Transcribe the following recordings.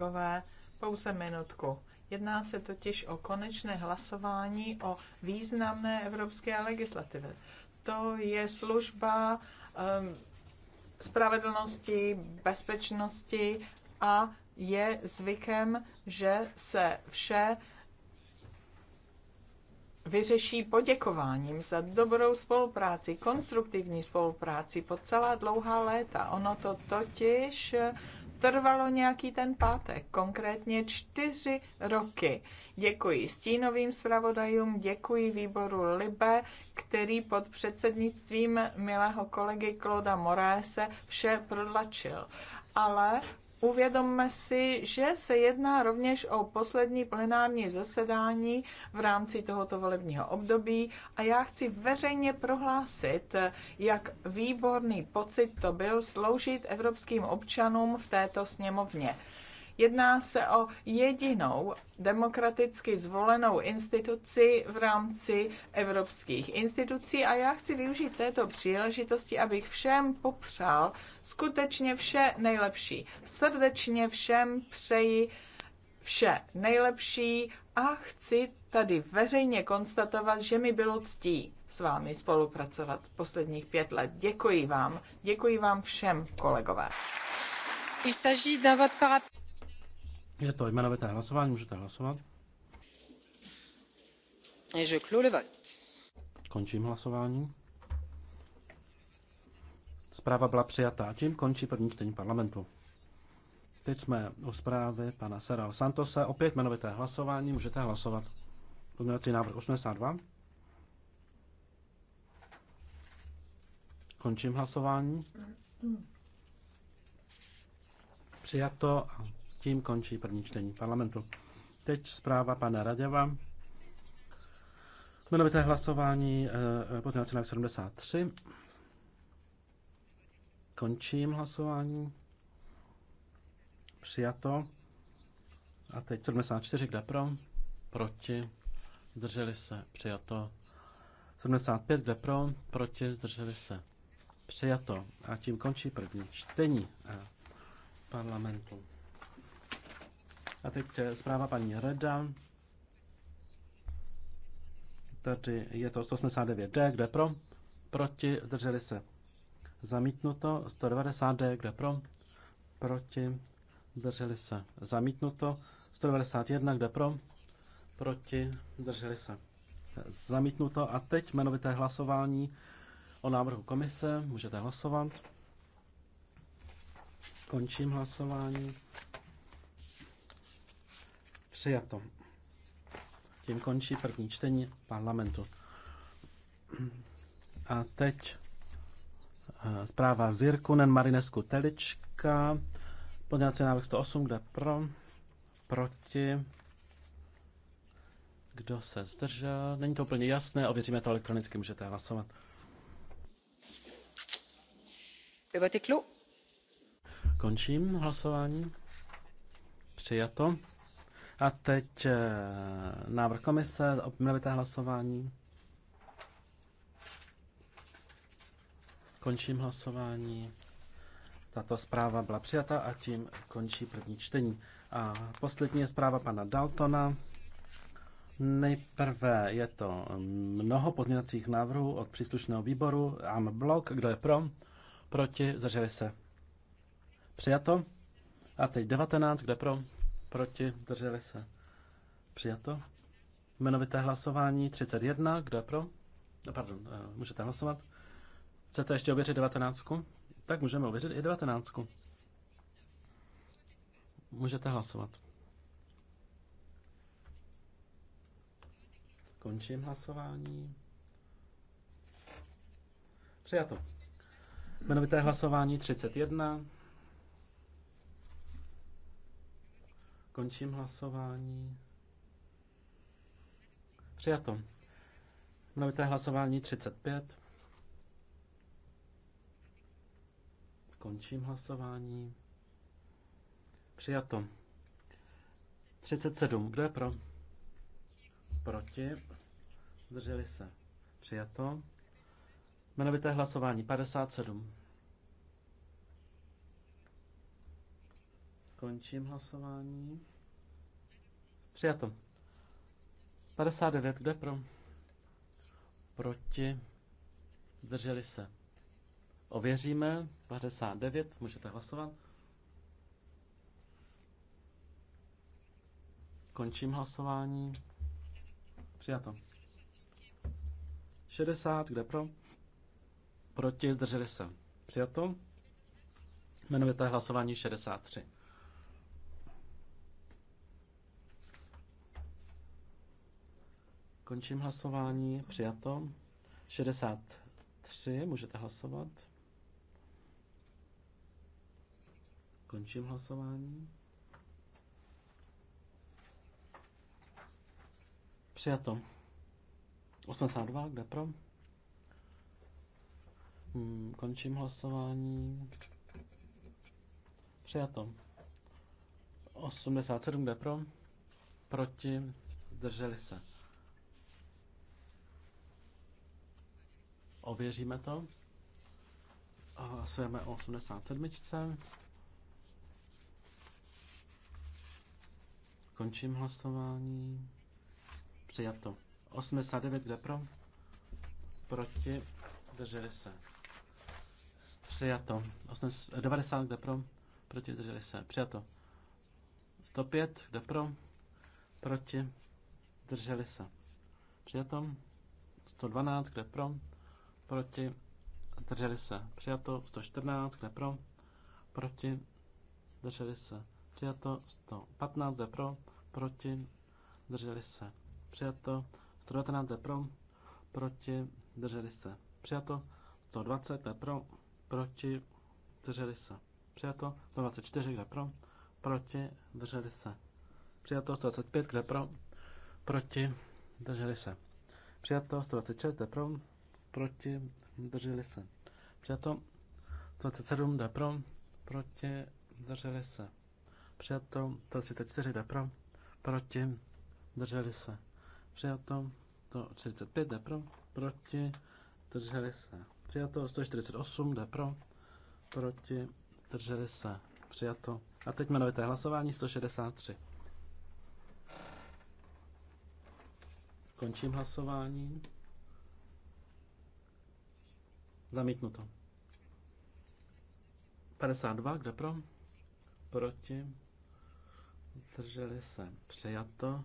kolegové, pouze minutku. Jedná se totiž o konečné hlasování o významné evropské legislativě. To je služba um, spravedlnosti, bezpečnosti a je zvykem, že se vše vyřeší poděkováním za dobrou spolupráci, konstruktivní spolupráci po celá dlouhá léta. Ono to totiž uh, trvalo nějaký ten pátek, konkrétně čtyři roky. Děkuji stínovým zpravodajům, děkuji výboru Libe, který pod předsednictvím milého kolegy Kloda Moráse vše prodlačil. Ale Uvědomme si, že se jedná rovněž o poslední plenární zasedání v rámci tohoto volebního období a já chci veřejně prohlásit, jak výborný pocit to byl sloužit evropským občanům v této sněmovně. Jedná se o jedinou demokraticky zvolenou instituci v rámci evropských institucí a já chci využít této příležitosti, abych všem popřál skutečně vše nejlepší. Srdečně všem přeji vše nejlepší a chci tady veřejně konstatovat, že mi bylo ctí s vámi spolupracovat posledních pět let. Děkuji vám, děkuji vám všem, kolegové. Je to jmenovité hlasování, můžete hlasovat. Je clôt le vote. Končím hlasování. Zpráva byla přijatá. Tím končí první čtení parlamentu. Teď jsme u zprávy pana Seral Santose. Opět jmenovité hlasování. Můžete hlasovat. Pozměňovací návrh 82. Končím hlasování. Přijato a tím končí první čtení parlamentu. Teď zpráva pana Raděva. Jmenovité hlasování eh, eh pozměňovací 73. Končím hlasování. Přijato. A teď 74, kde pro? Proti. Zdrželi se. Přijato. 75, kde pro? Proti. Zdrželi se. Přijato. A tím končí první čtení eh, parlamentu. A teď eh, zpráva paní Reda. Tady je to 189D, kde pro? Proti, zdrželi se. Zamítnuto, 190D, kde pro? Proti, zdrželi se. Zamítnuto, 191, kde pro? Proti, zdrželi se. Zamítnuto a teď jmenovité hlasování o návrhu komise. Můžete hlasovat. Končím hlasování. Přijato. Tím končí první čtení parlamentu. A teď eh, zpráva Virkunen Marinesku Telička. Pozměňovací návrh 108, kde pro, proti, kdo se zdržel. Není to úplně jasné, ověříme to elektronicky, můžete hlasovat. Končím hlasování. Přijato. A teď eh, návrh komise, obměnovité hlasování. Končím hlasování. Tato zpráva byla přijata a tím končí první čtení. A poslední je zpráva pana Daltona. Nejprve je to mnoho pozměňovacích návrhů od příslušného výboru. Am blok, kdo je pro, proti, zdrželi se. Přijato. A teď 19, kdo je pro, Proti? Drželi se. Přijato. Jmenovité hlasování 31. Kdo je pro? Eh, pardon, eh, můžete hlasovat. Chcete ještě ověřit 19? Tak můžeme ověřit i 19. Můžete hlasovat. Končím hlasování. Přijato. Jmenovité hlasování 31. Končím hlasování. Přijato. Mluvité hlasování 35. Končím hlasování. Přijato. 37. Kdo je pro? Proti. Drželi se. Přijato. Jmenovité hlasování 57. Končím hlasování. Přijato. 59, kde pro? Proti. Drželi se. Ověříme. 59, můžete hlasovat. Končím hlasování. Přijato. 60, kde pro? Proti, zdrželi se. Přijato. Jmenujete hlasování 63. Končím hlasování. Přijato. 63. Můžete hlasovat. Končím hlasování. Přijato. 82. Kde pro? Hmm, končím hlasování. Přijato. 87. Kde pro? Proti. Zdrželi se. Ověříme to. A Hlasujeme o 87. Končím hlasování. Přijato. 89, kde pro? Proti. Drželi se. Přijato. 90, kde pro? Proti. Drželi se. Přijato. 105, kde pro? Proti. Drželi se. Přijato. 112, kde pro? proti, drželi se, přijato, 114, kde pro, proti, drželi se, přijato, 115, kde pro, proti, drželi se, přijato, 119, kde pro, proti, drželi se, přijato, 120, kde pro, proti, drželi se, přijato, 124, kde pro, proti, drželi se, přijato, 125, kde pro, proti, drželi se, přijato, 126, kde pro, proti, drželi se. Přijato 27 jde pro, proti, drželi se. Přijato 34 jde pro, proti, drželi se. Přijato 35 jde pro, proti, drželi se. Přijato 148 jde pro, proti, drželi se. Přijato. A teď jmenujete hlasování 163. Končím hlasování. Zamítnuto. 52, kde pro? Proti. Drželi se. Přijato.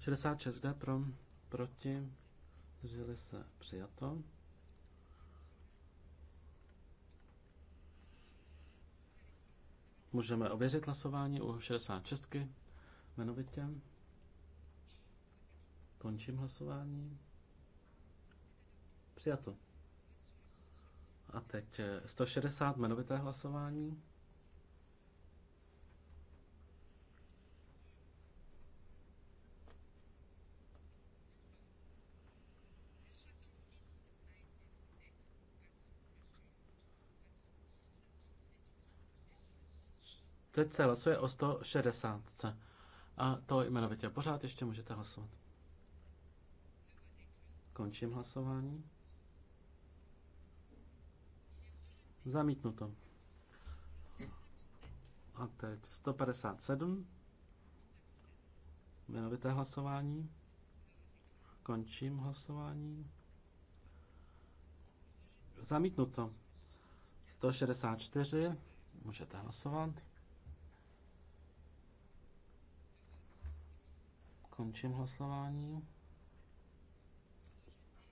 66, kde pro? Proti. Drželi se. Přijato. Můžeme ověřit hlasování u 66. Jmenovitě. Končím hlasování. Přijato. A teď 160 eh, jmenovité hlasování. Teď se hlasuje o 160. A to jmenovitě. Pořád ještě můžete hlasovat. Končím hlasování. Zamítnuto. A teď 157. Jmenovité hlasování. Končím hlasování. Zamítnuto. 164. Můžete hlasovat. Končím hlasování.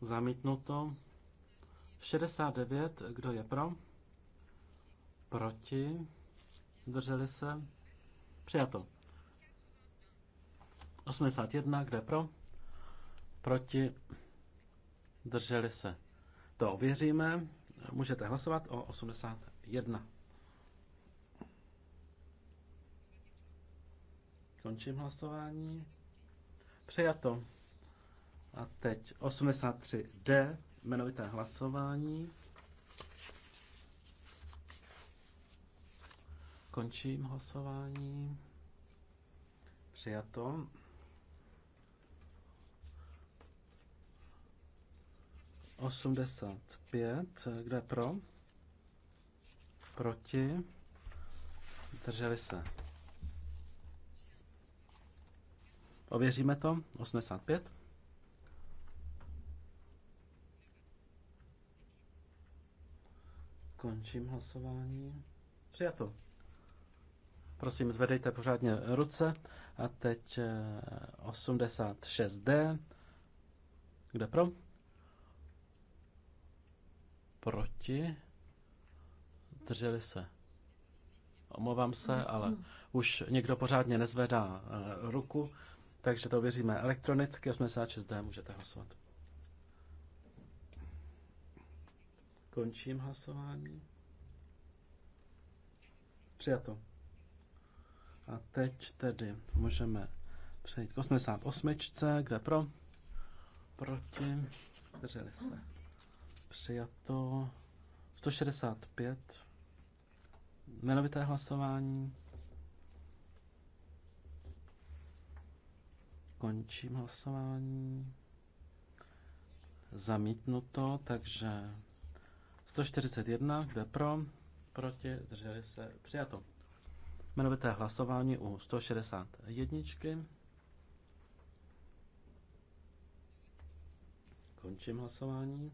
Zamítnuto. 69. Kdo je pro? Proti? Zdrželi se? Přijato. 81, kde pro? Proti? Drželi se. To ověříme. Můžete hlasovat o 81. Končím hlasování. Přijato. A teď 83D, jmenovité hlasování. Končím hlasování. Přijato. Osmdesát pět. Kde pro? Proti. Drželi se. Ověříme to. Osmdesát pět. Končím hlasování. Přijato. Prosím, zvedejte pořádně ruce. A teď 86D. Eh, Kde pro? Proti. Drželi se. Omlouvám se, ale už někdo pořádně nezvedá eh, ruku, takže to věříme elektronicky. 86D můžete hlasovat. Končím hlasování. Přijato. A teď tedy můžeme přejít k 88. Kde pro? Proti. Drželi se. Přijato. 165. Jmenovité hlasování. Končím hlasování. Zamítnuto, takže 141, kde pro, proti, drželi se, přijato jmenovité hlasování u 161. Končím hlasování.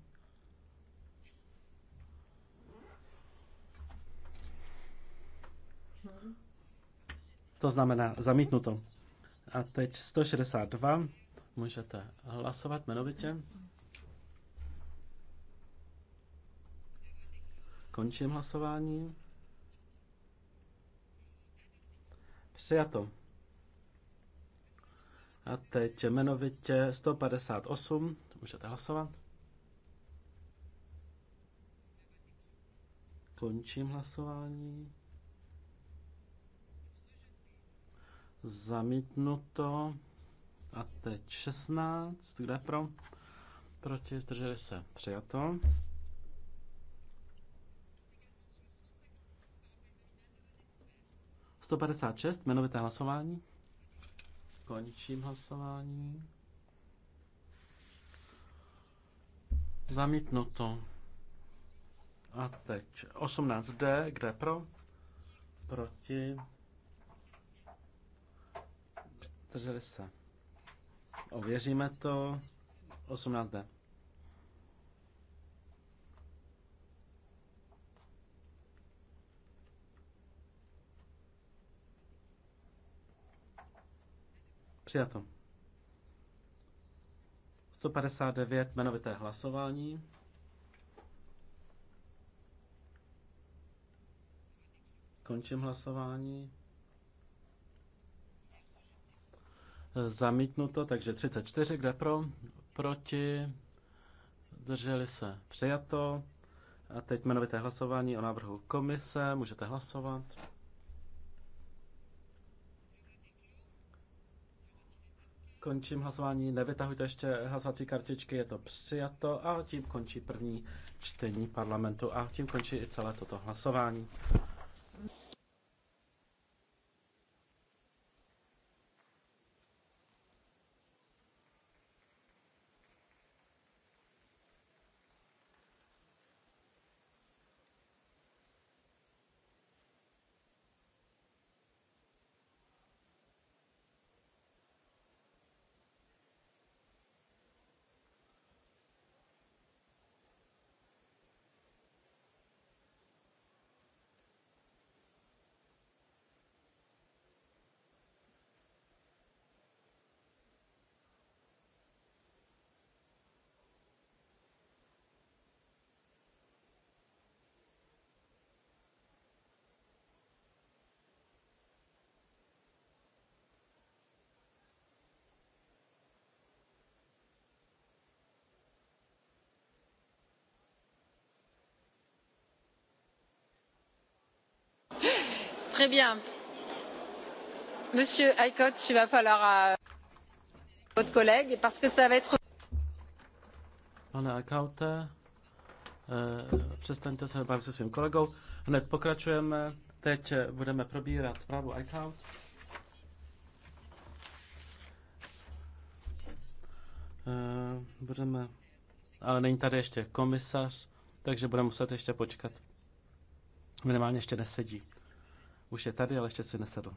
To znamená zamítnuto. A teď 162. Můžete hlasovat jmenovitě. Končím hlasování. Přijato. A teď jmenovitě 158. Můžete hlasovat. Končím hlasování. Zamítnuto. A teď 16. Kde pro? Proti zdrželi se. Přijato. 156, jmenovité hlasování. Končím hlasování. Zamítnuto. A teď 18D, kde pro? Proti. Drželi se. Ověříme to. 18D. Přijato. 159 jmenovité hlasování. Končím hlasování. Zamítnuto, takže 34, kde pro, proti, drželi se, přijato. A teď jmenovité hlasování o návrhu komise, můžete hlasovat. Končím hlasování, nevytahujte ještě hlasovací kartičky, je to přijato a tím končí první čtení parlamentu a tím končí i celé toto hlasování. Très bien. Monsieur Aykot, il va falloir à euh, votre collègue parce que ça va être. Pane Aykote, eh, přestaňte se bavit se svým kolegou. Hned pokračujeme. Teď eh, budeme probírat zprávu iCloud. Eh, budeme, ale není tady ještě komisař, takže budeme muset ještě počkat. Minimálně ještě nesedí. Už je tady, ale ještě si nesedl.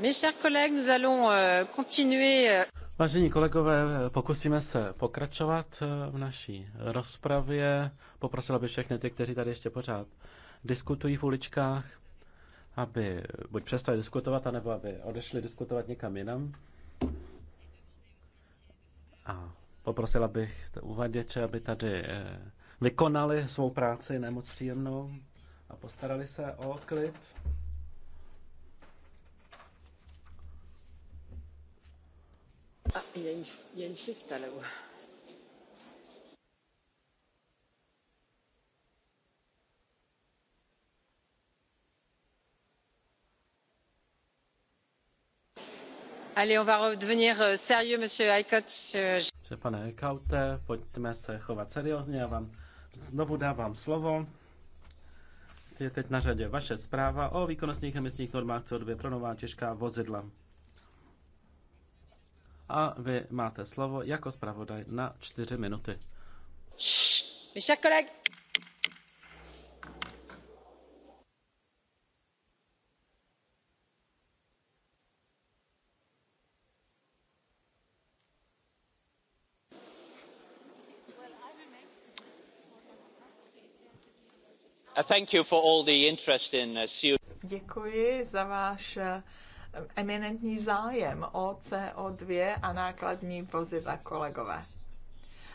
Euh, euh. Vážení kolegové, pokusíme se pokračovat eh, v naší rozpravě. Poprosila bych všechny ty, kteří tady ještě pořád diskutují v uličkách, aby buď přestali diskutovat, anebo aby odešli diskutovat někam jinam. A poprosila bych uvaděče, aby tady eh, vykonali svou práci nemoc příjemnou a postarali se o klid. jen, jen přistalev. Euh, Že pane Eichaute, pojďme se chovat seriózně, já vám znovu dávám slovo. Je teď na řadě vaše zpráva o výkonnostních emisních normách CO2 pro nová těžká vozidla a vy máte slovo jako zpravodaj na čtyři minuty. Uh, uh, Děkuji za váš eminentní zájem o CO2 a nákladní vozidla, kolegové.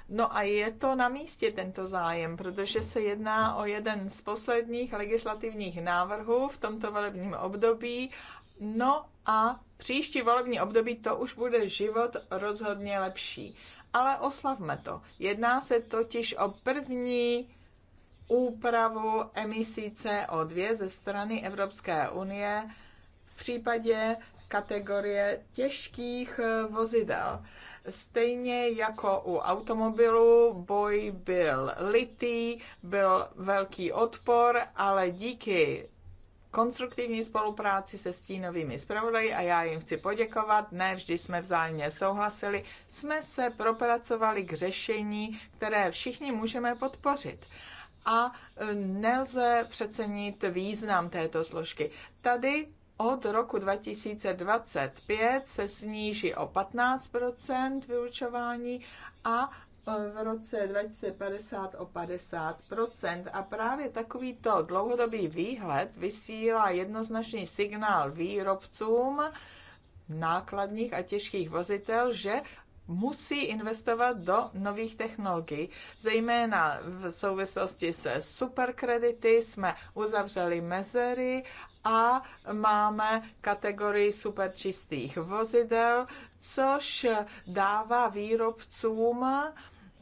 No a je to na místě tento zájem, protože se jedná o jeden z posledních legislativních návrhů v tomto volebním období. No a příští volební období to už bude život rozhodně lepší. Ale oslavme to. Jedná se totiž o první úpravu emisí CO2 ze strany Evropské unie případě kategorie těžkých eh, vozidel. Stejně jako u automobilu, boj byl litý, byl velký odpor, ale díky konstruktivní spolupráci se stínovými zpravodaji a já jim chci poděkovat. Ne vždy jsme vzájemně souhlasili. Jsme se propracovali k řešení, které všichni můžeme podpořit. A eh, nelze přecenit význam této složky. Tady od roku 2025 se sníží o 15 vylučování a v roce 2050 o 50 A právě takovýto dlouhodobý výhled vysílá jednoznačný signál výrobcům nákladních a těžkých vozitel, že musí investovat do nových technologií. Zejména v souvislosti se superkredity jsme uzavřeli mezery a máme kategorii superčistých vozidel, což dává výrobcům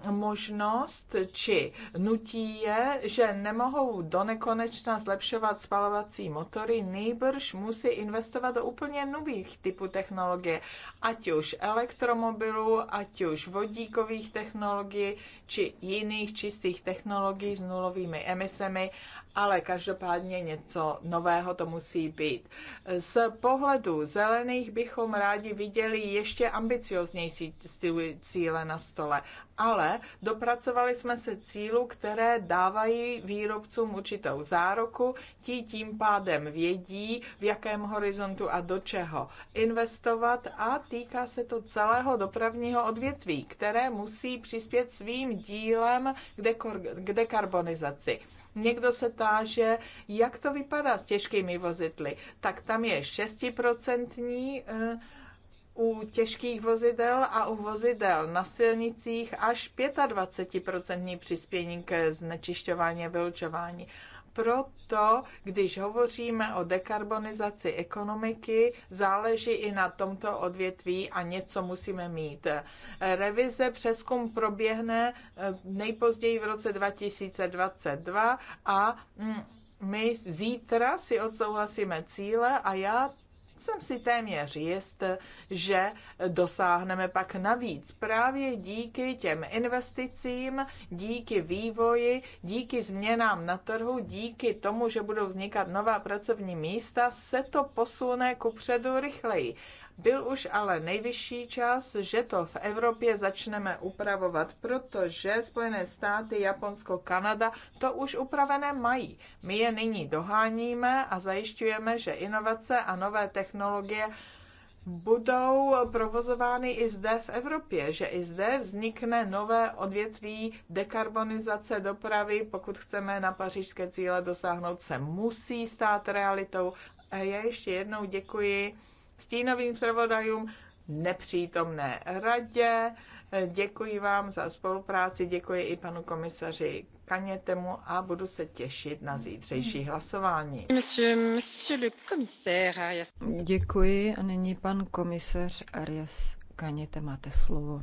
možnost či nutí je, že nemohou do nekonečna zlepšovat spalovací motory, nejbrž musí investovat do úplně nových typů technologie, ať už elektromobilů, ať už vodíkových technologií, či jiných čistých technologií s nulovými emisemi ale každopádně něco nového to musí být. Z pohledu zelených bychom rádi viděli ještě ambicioznější cíle na stole, ale dopracovali jsme se cílu, které dávají výrobcům určitou zároku, ti tím pádem vědí, v jakém horizontu a do čeho investovat a týká se to celého dopravního odvětví, které musí přispět svým dílem k dekarbonizaci. Někdo se táže, jak to vypadá s těžkými vozidly. Tak tam je 6% eh, u těžkých vozidel a u vozidel na silnicích až 25% přispění ke znečišťování a vylučování proto, když hovoříme o dekarbonizaci ekonomiky, záleží i na tomto odvětví a něco musíme mít. Revize přeskum proběhne eh, nejpozději v roce 2022 a mm, my zítra si odsouhlasíme cíle a já jsem si téměř jist, že dosáhneme pak navíc právě díky těm investicím, díky vývoji, díky změnám na trhu, díky tomu, že budou vznikat nová pracovní místa, se to posune ku předu rychleji. Byl už ale nejvyšší čas, že to v Evropě začneme upravovat, protože Spojené státy, Japonsko, Kanada to už upravené mají. My je nyní doháníme a zajišťujeme, že inovace a nové technologie budou provozovány i zde v Evropě, že i zde vznikne nové odvětví dekarbonizace dopravy, pokud chceme na pařížské cíle dosáhnout, se musí stát realitou. Já ještě jednou děkuji stínovým zpravodajům, nepřítomné radě. Děkuji vám za spolupráci, děkuji i panu komisaři Kanětemu a budu se těšit na zítřejší hlasování. Děkuji a nyní pan komisař Arias Kaněte, máte slovo.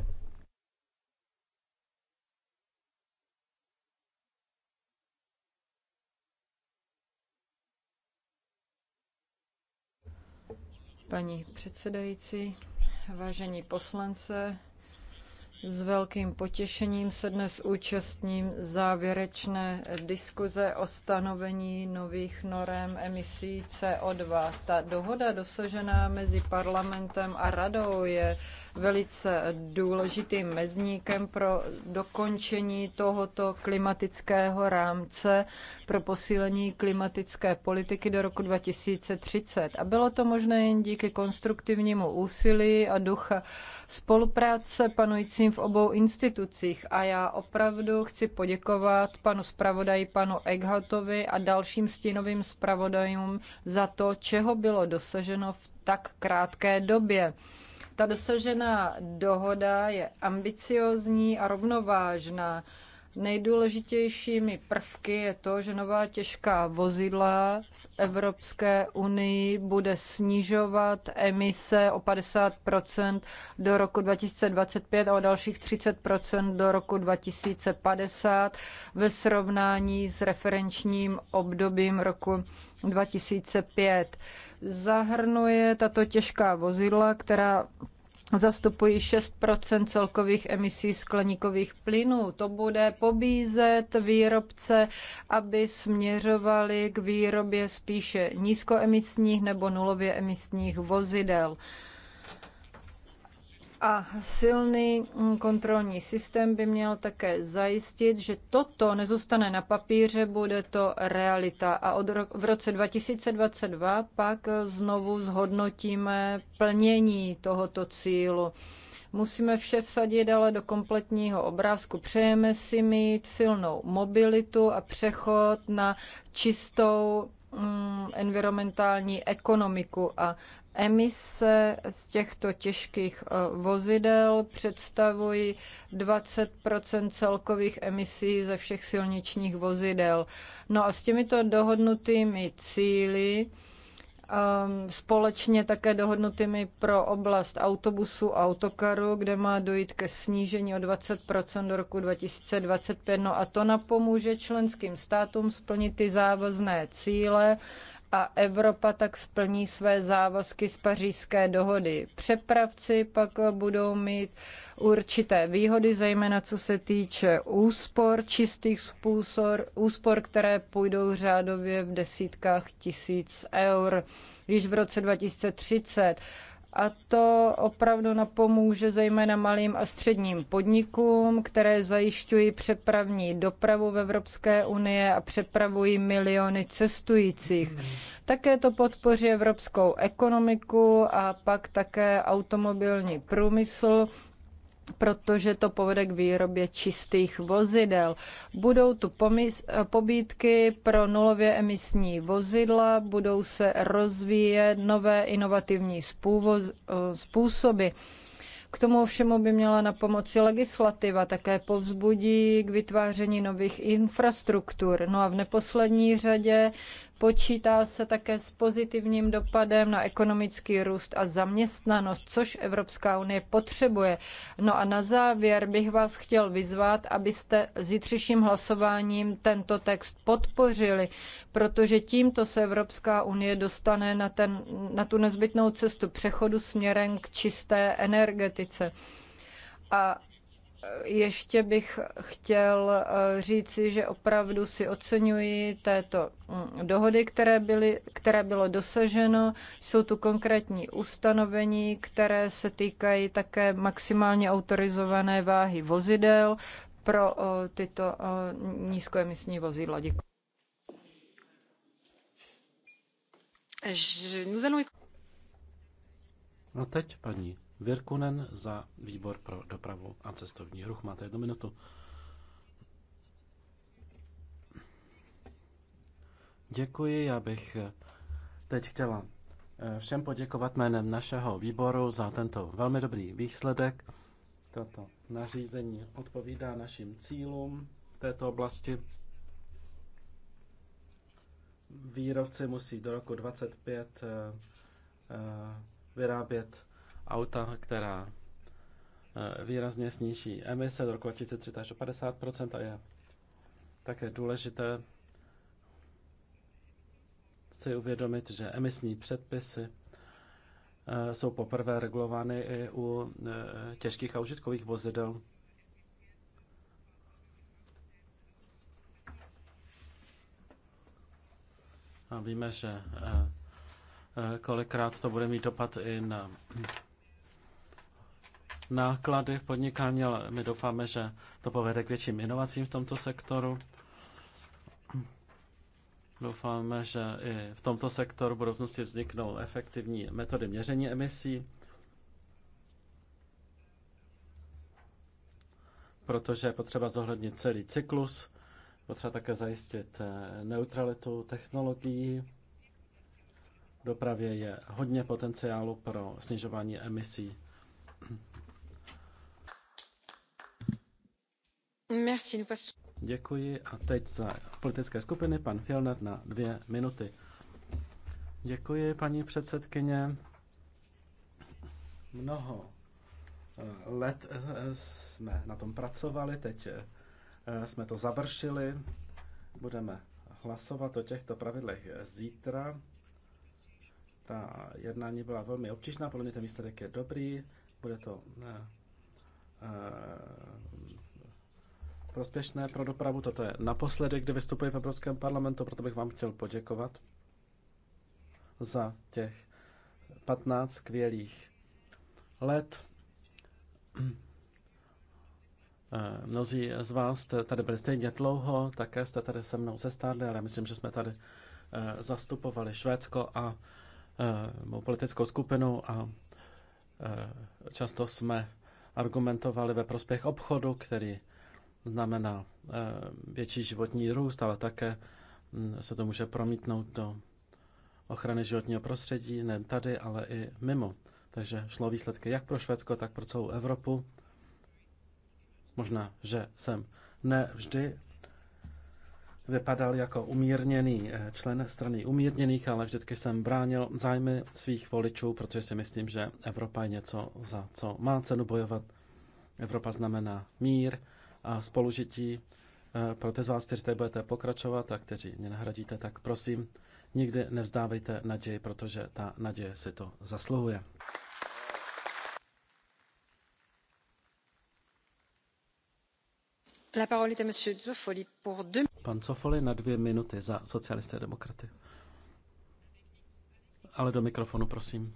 paní předsedající, vážení poslance, s velkým potěšením se dnes účastním závěrečné diskuze o stanovení nových norem emisí CO2. Ta dohoda dosažená mezi parlamentem a radou je velice důležitým mezníkem pro dokončení tohoto klimatického rámce pro posílení klimatické politiky do roku 2030. A bylo to možné jen díky konstruktivnímu úsilí a ducha spolupráce panujícím v obou institucích. A já opravdu chci poděkovat panu zpravodaji, panu Eghatovi a dalším stínovým zpravodajům za to, čeho bylo dosaženo v tak krátké době. Ta dosažená dohoda je ambiciozní a rovnovážná. Nejdůležitějšími prvky je to, že nová těžká vozidla v Evropské unii bude snižovat emise o 50 do roku 2025 a o dalších 30 do roku 2050 ve srovnání s referenčním obdobím roku 2005. Zahrnuje tato těžká vozidla, která zastupují 6 celkových emisí skleníkových plynů. To bude pobízet výrobce, aby směřovali k výrobě spíše nízkoemisních nebo nulově emisních vozidel. A silný mm, kontrolní systém by měl také zajistit, že toto nezůstane na papíře, bude to realita. A od ro- v roce 2022 pak znovu zhodnotíme plnění tohoto cílu. Musíme vše vsadit ale do kompletního obrázku. Přejeme si mít silnou mobilitu a přechod na čistou mm, environmentální ekonomiku a Emise z těchto těžkých eh, vozidel představují 20 celkových emisí ze všech silničních vozidel. No a s těmito dohodnutými cíly ehm, společně také dohodnutými pro oblast autobusu a autokaru, kde má dojít ke snížení o 20 do roku 2025. No a to napomůže členským státům splnit ty závazné cíle a Evropa tak splní své závazky z pařížské dohody. Přepravci pak budou mít určité výhody, zejména co se týče úspor, čistých způsor, úspor, které půjdou řádově v desítkách tisíc eur. Již v roce 2030 a to opravdu napomůže zejména malým a středním podnikům, které zajišťují přepravní dopravu v Evropské unie a přepravují miliony cestujících. Také to podpoří evropskou ekonomiku a pak také automobilní průmysl, protože to povede k výrobě čistých vozidel. Budou tu pobídky pro nulově emisní vozidla, budou se rozvíjet nové inovativní způsoby. K tomu všemu by měla na pomoci legislativa, také povzbudí k vytváření nových infrastruktur. No a v neposlední řadě Počítá se také s pozitivním dopadem na ekonomický růst a zaměstnanost, což Evropská unie potřebuje. No a na závěr bych vás chtěl vyzvat, abyste zítřejším hlasováním tento text podpořili, protože tímto se Evropská unie dostane na, ten, na tu nezbytnou cestu přechodu směrem k čisté energetice. A ještě bych chtěl eh, říci, že opravdu si oceňuji této mm, dohody, které, byly, které bylo dosaženo. Jsou tu konkrétní ustanovení, které se týkají také maximálně autorizované váhy vozidel pro eh, tyto eh, nízkoemisní vozidla. Děkuji. No teď, paní Virkunen za výbor pro dopravu a cestovní ruch. Máte jednu minutu. Děkuji, já bych eh, teď chtěla eh, všem poděkovat jménem našeho výboru za tento velmi dobrý výsledek. Toto nařízení odpovídá našim cílům v této oblasti. Výrobci musí do roku 25 eh, vyrábět auta, která eh, výrazně sníží emise do roku 2030 až o 50 a je také důležité si uvědomit, že emisní předpisy eh, jsou poprvé regulovány i u eh, těžkých a užitkových vozidel. A víme, že kolikrát to bude mít dopad i na náklady v podnikání, ale my doufáme, že to povede k větším inovacím v tomto sektoru. Doufáme, že i v tomto sektoru v budoucnosti vzniknou efektivní metody měření emisí, protože je potřeba zohlednit celý cyklus, potřeba také zajistit eh, neutralitu technologií. V dopravě je hodně potenciálu pro snižování emisí. Děkuji a teď za politické skupiny pan Fjellner na dvě minuty. Děkuji, paní předsedkyně. Mnoho eh, let eh, jsme na tom pracovali, teď eh, jsme to završili. Budeme hlasovat o těchto pravidlech zítra. Ta jednání byla velmi obtížná, podle mě ten výsledek je dobrý. Bude to prospěšné pro dopravu. Toto je naposledy, kdy vystupuji v Evropském parlamentu, proto bych vám chtěl poděkovat za těch 15 skvělých let. Eh, mnozí z vás jste tady byli stejně dlouho, také jste tady se mnou sestárli, ale myslím, že jsme tady eh, zastupovali Švédsko a eh, mou politickou skupinu a často jsme argumentovali ve prospěch obchodu, který znamená eh, větší životní růst, ale také mm, se to může promítnout do ochrany životního prostředí, ne tady, ale i mimo. Takže šlo výsledky jak pro Švédsko, tak pro celou Evropu. Možná, že jsem ne vždy vypadal jako umírněný eh, člen strany umírněných, ale vždycky jsem bránil zájmy svých voličů, protože si myslím, že Evropa je něco, za co má cenu bojovat. Evropa znamená mír, a spolužití. Eh, pro ty z vás, kteří budete pokračovat a kteří mě nahradíte, tak prosím, nikdy nevzdávejte naději, protože ta naděje si to zasluhuje. La parole est à monsieur Zofoli pour deux... Pan Zofoli na dvě minuty za socialisté demokraty. Ale do mikrofonu, prosím.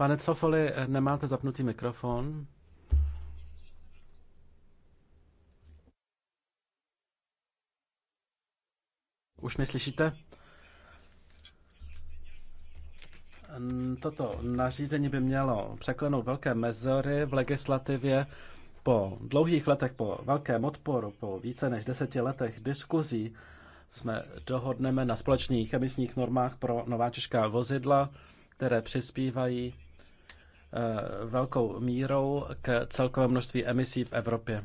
Pane Cofoli, nemáte zapnutý mikrofon? Už mě slyšíte? Toto nařízení by mělo překlenout velké mezery v legislativě. Po dlouhých letech, po velkém odporu, po více než deseti letech diskuzí jsme dohodneme na společných emisních normách pro nová česká vozidla, které přispívají Eh, velkou mírou k celkové množství emisí v Evropě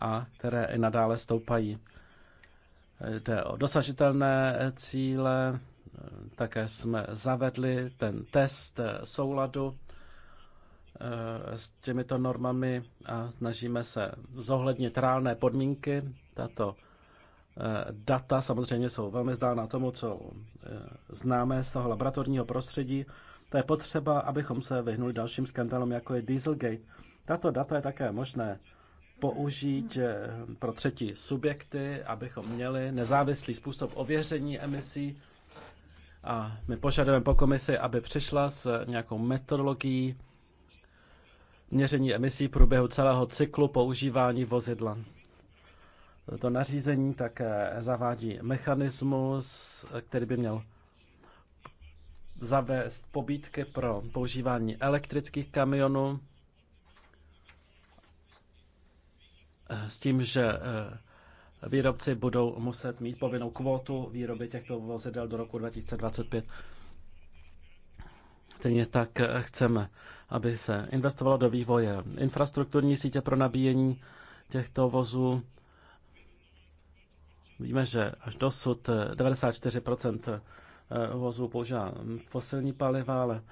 a které i nadále stoupají. Jde o dosažitelné cíle, eh, také jsme zavedli ten test souladu eh, s těmito normami a snažíme se zohlednit reálné podmínky. Tato data samozřejmě jsou velmi vzdálená tomu, co známe z toho laboratorního prostředí, to je potřeba, abychom se vyhnuli dalším skandalům, jako je Dieselgate. Tato data je také možné použít eh, pro třetí subjekty, abychom měli nezávislý způsob ověření emisí. A my požadujeme po komisi, aby přišla s nějakou metodologií měření emisí v průběhu celého cyklu používání vozidla. To nařízení také zavádí mechanismus, eh, který by měl zavést pobídky pro používání elektrických kamionů eh, s tím, že eh, výrobci budou muset mít povinnou kvotu výroby těchto vozidel do roku 2025. Stejně tak eh, chceme, aby se investovalo do vývoje infrastrukturní sítě pro nabíjení těchto vozů. Víme, že až dosud 94 Eh, vozu používá fosilní paliva, ale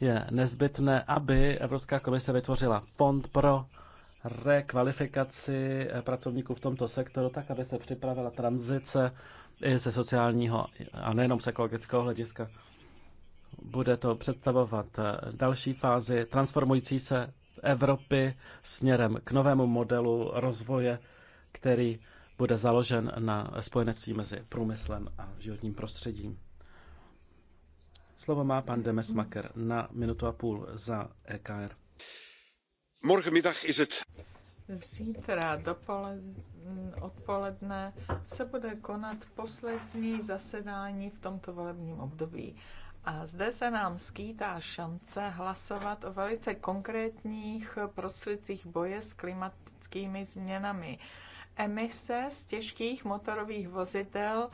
je nezbytné, aby Evropská komise vytvořila fond pro rekvalifikaci eh, pracovníků v tomto sektoru, tak aby se připravila tranzice i ze sociálního a nejenom z ekologického hlediska. Bude to představovat eh, další fázi transformující se Evropy směrem k novému modelu rozvoje, který bude založen na spojenectví mezi průmyslem a životním prostředím. Slovo má pan Maker na minutu a půl za EKR. Morgenmiddag is het. Zítra dopoledne, odpoledne se bude konat poslední zasedání v tomto volebním období. A zde se nám skýtá šance hlasovat o velice konkrétních prostředcích boje s klimatickými změnami. Emise z těžkých motorových vozidel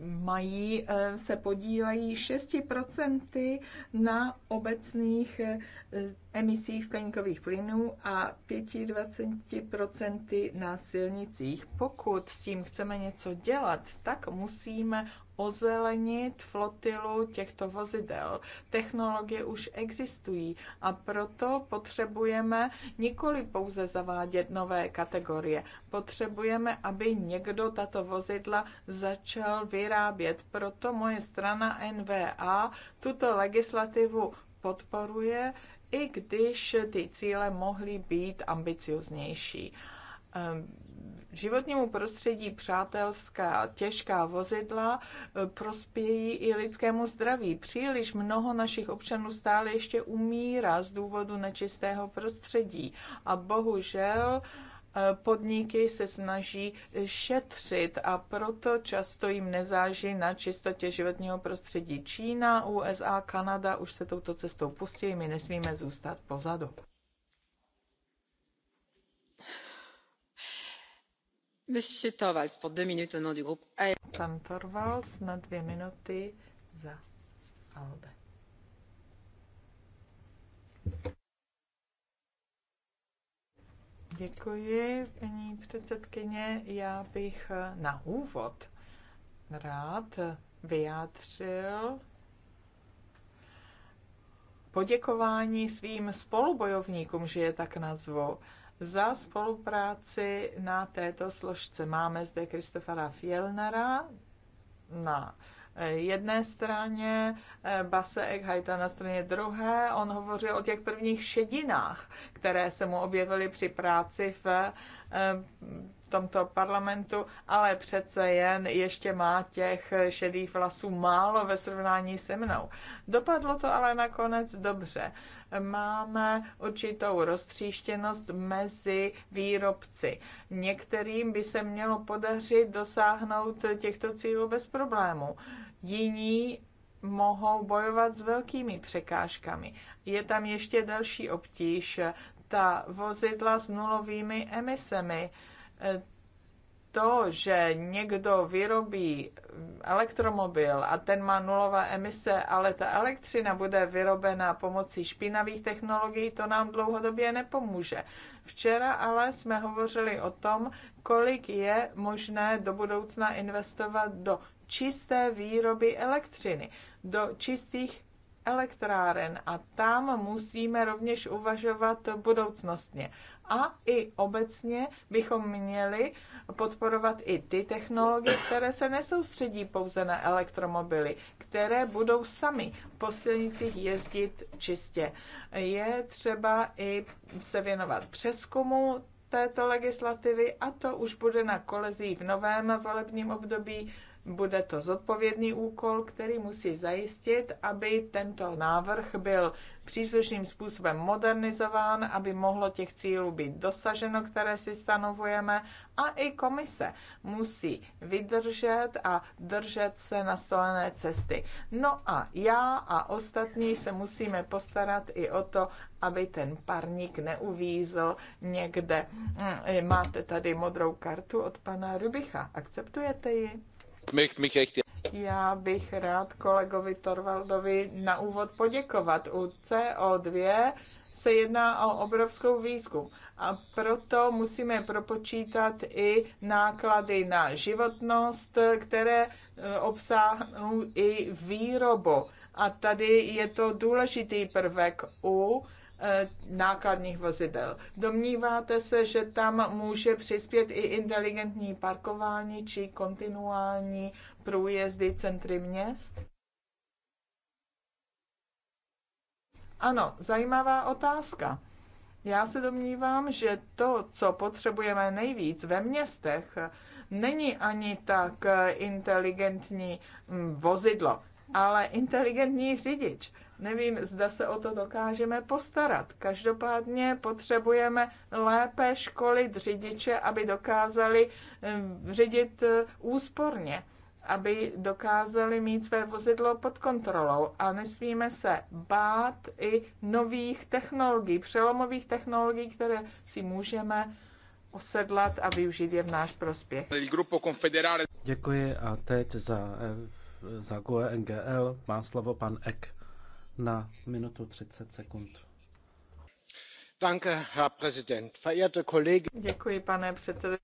mají, eh, se podílejí 6% na obecných eh, emisí skleníkových plynů a 25% na silnicích. Pokud s tím chceme něco dělat, tak musíme ozelenit flotilu těchto vozidel. Technologie už existují a proto potřebujeme nikoli pouze zavádět nové kategorie. Potřebujeme, aby někdo tato vozidla začal vyrábět. Proto moje strana NVA tuto legislativu podporuje i když ty cíle mohly být ambicioznější. Ehm, životnímu prostředí přátelská těžká vozidla e, prospějí i lidskému zdraví. Příliš mnoho našich občanů stále ještě umírá z důvodu nečistého prostředí a bohužel E, podniky se snaží šetřit a proto často jim nezáží na čistotě životního prostředí. Čína, USA, Kanada už se touto cestou pustí, my nesmíme zůstat pozadu. Torvalds, pour deux minutes, au nom du groupe. Pan Torvalds na dvě minuty za Alde. Děkuji, paní předsedkyně. Já bych na úvod rád vyjádřil poděkování svým spolubojovníkům, že je tak nazvu, za spolupráci na této složce. Máme zde Kristofera Fielnera na jedné straně, eh, Base Eghajta na straně druhé. On hovořil o těch prvních šedinách, které se mu objevily při práci v eh, tomto parlamentu, ale přece jen ještě má těch šedých vlasů málo ve srovnání se mnou. Dopadlo to ale nakonec dobře. Máme určitou roztříštěnost mezi výrobci. Některým by se mělo podařit dosáhnout těchto cílů bez problémů jiní mohou bojovat s velkými překážkami. Je tam ještě další obtíž, ta vozidla s nulovými emisemi. E, to, že někdo vyrobí elektromobil a ten má nulové emise, ale ta elektřina bude vyrobena pomocí špinavých technologií, to nám dlouhodobě nepomůže. Včera ale jsme hovořili o tom, kolik je možné do budoucna investovat do čisté výroby elektřiny, do čistých elektráren a tam musíme rovněž uvažovat budoucnostně. A i obecně bychom měli podporovat i ty technologie, které se nesoustředí pouze na elektromobily, které budou sami po silnicích jezdit čistě. Je třeba i se věnovat přeskumu této legislativy a to už bude na kolezí v novém volebním období bude to zodpovědný úkol, který musí zajistit, aby tento návrh byl příslušným způsobem modernizován, aby mohlo těch cílů být dosaženo, které si stanovujeme. A i komise musí vydržet a držet se nastolené cesty. No a já a ostatní se musíme postarat i o to, aby ten parník neuvízl někde. Hm, máte tady modrou kartu od pana Rubicha. Akceptujete ji? Já bych rád kolegovi Torvaldovi na úvod poděkovat. U CO2 se jedná o obrovskou výzkum a proto musíme propočítat i náklady na životnost, které e, obsahují i výrobu. A tady je to důležitý prvek u Eh, nákladních vozidel. Domníváte se, že tam může přispět i inteligentní parkování či kontinuální průjezdy centry měst? Ano, zajímavá otázka. Já se domnívám, že to, co potřebujeme nejvíc ve městech, není ani tak inteligentní mm, vozidlo, ale inteligentní řidič Nevím, zda se o to dokážeme postarat. Každopádně potřebujeme lépe školit řidiče, aby dokázali eh, řídit eh, úsporně, aby dokázali mít své vozidlo pod kontrolou. A nesmíme se bát i nových technologií, přelomových technologií, které si můžeme osedlat a využít je v náš prospěch. Děkuji a teď za, eh, za GOE NGL má slovo pan Ek na minutu 30 sekund. Danke, Herr Präsident. Verehrte Kollegen. Děkuji, pane předsedo.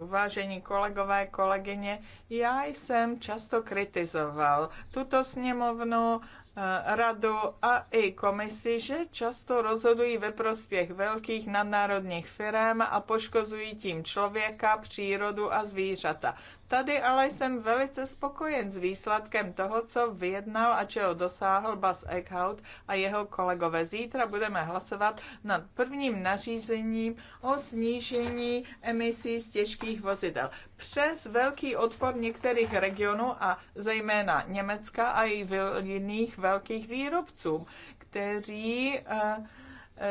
Vážení kolegové, kolegyně, já jsem často kritizoval tuto sněmovnu, eh, radu a i komisi, že často rozhodují ve prospěch velkých nadnárodních firm a poškozují tím člověka, přírodu a zvířata. Tady ale jsem velice spokojen s výsledkem toho, co vyjednal a čeho dosáhl Bas Eckhout a jeho kolegové. Zítra budeme hlasovat nad prvním nařízením o snížení emisí z těžkých vozidel. Přes velký odpor některých regionů a zejména Německa a i jiných velkých výrobců, kteří uh,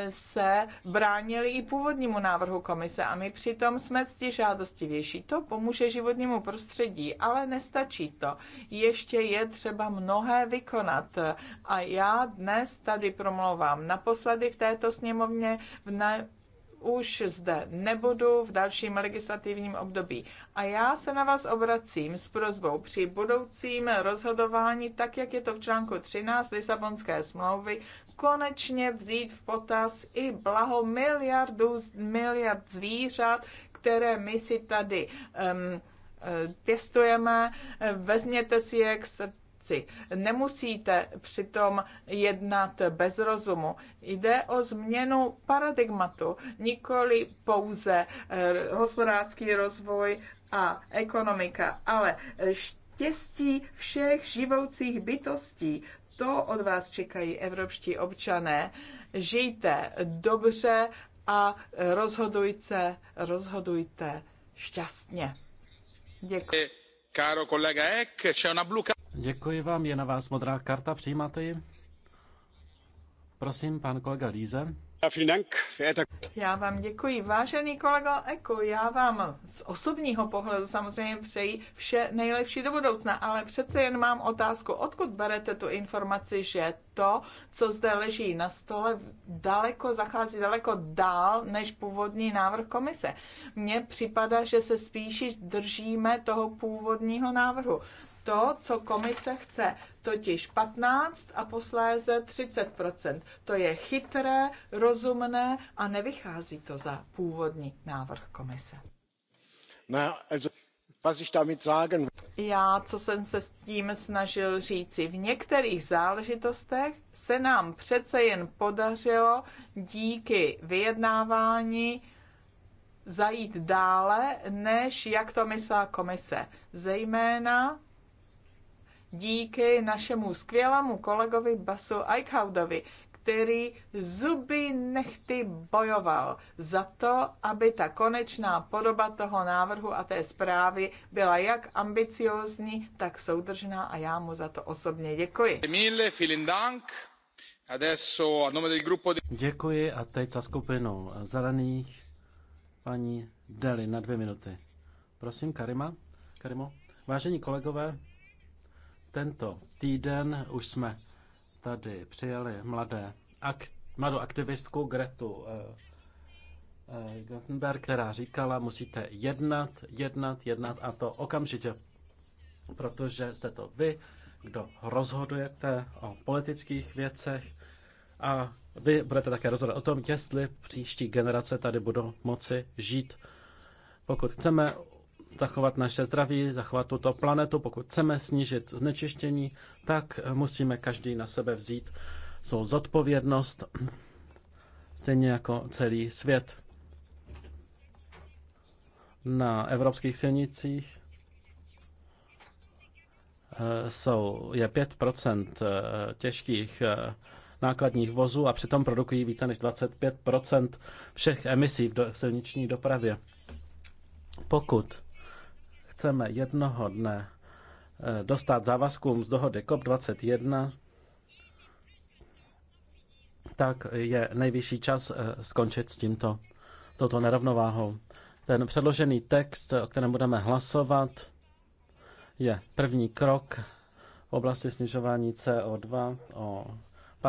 se bránili i původnímu návrhu komise a my přitom jsme cti žádostivější. To pomůže životnímu prostředí, ale nestačí to. Ještě je třeba mnohé vykonat a já dnes tady promlouvám naposledy v této sněmovně v ne- už zde nebudu v dalším legislativním období. A já se na vás obracím s prozbou při budoucím rozhodování, tak jak je to v článku 13 Lisabonské smlouvy, konečně vzít v potaz i blaho miliardů, miliard zvířat, které my si tady um, pěstujeme, vezměte si je k srdci. Nemusíte přitom jednat bez rozumu. Jde o změnu paradigmatu, nikoli pouze eh, hospodářský rozvoj a ekonomika, ale štěstí všech živoucích bytostí to od vás čekají evropští občané. Žijte dobře a rozhodujte, rozhodujte šťastně. Děkuji. Káro kolega Eck, na bluka. Děkuji vám, je na vás modrá karta, přijímáte ji? Prosím, pan kolega Líze. Já vám děkuji. Vážený kolego Eko, já vám z osobního pohledu samozřejmě přeji vše nejlepší do budoucna, ale přece jen mám otázku, odkud berete tu informaci, že to, co zde leží na stole, daleko zachází daleko dál než původní návrh komise. Mně připadá, že se spíš držíme toho původního návrhu. To, co komise chce totiž 15 a posléze 30 To je chytré, rozumné a nevychází to za původní návrh komise. Na, also, was ich damit sagen... Já, co jsem se s tím snažil říci, v některých záležitostech se nám přece jen podařilo díky vyjednávání zajít dále, než jak to myslá komise. Zejména díky našemu skvělému kolegovi Basu Eichhaudovi, který zuby nechty bojoval za to, aby ta konečná podoba toho návrhu a té zprávy byla jak ambiciózní, tak soudržná a já mu za to osobně děkuji. Děkuji a teď za skupinu zelených paní Deli na dvě minuty. Prosím, Karima. Karimo. Vážení kolegové, tento týden už jsme tady přijeli mladé ak- mladou aktivistku Gretu eh, eh, Gutenberg, která říkala, musíte jednat, jednat, jednat a to okamžitě, protože jste to vy, kdo rozhodujete o politických věcech a vy budete také rozhodovat o tom, jestli příští generace tady budou moci žít. Pokud chceme zachovat naše zdraví, zachovat tuto planetu. Pokud chceme snížit znečištění, tak musíme každý na sebe vzít svou zodpovědnost, stejně jako celý svět. Na evropských silnicích eh, jsou, je 5% eh, těžkých eh, nákladních vozů a přitom produkují více než 25 všech emisí v silniční dopravě. Pokud chceme jednoho dne eh, dostat závazkům z dohody COP21, tak je nejvyšší čas eh, skončit s tímto, touto nerovnováhou. Ten předložený text, o kterém budeme hlasovat, je první krok v oblasti snižování CO2 o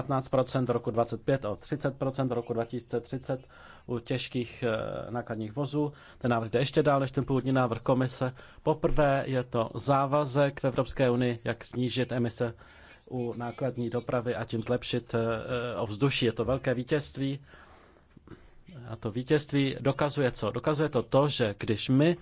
15% roku 2025 o 30% roku 2030 u těžkých eh, nákladních vozů. Ten návrh jde ještě dál než ten původní návrh komise. Poprvé je to závazek v Evropské unii, jak snížit emise u nákladní dopravy a tím zlepšit eh, eh, ovzduší. Je to velké vítězství. A to vítězství dokazuje co? Dokazuje to to, že když my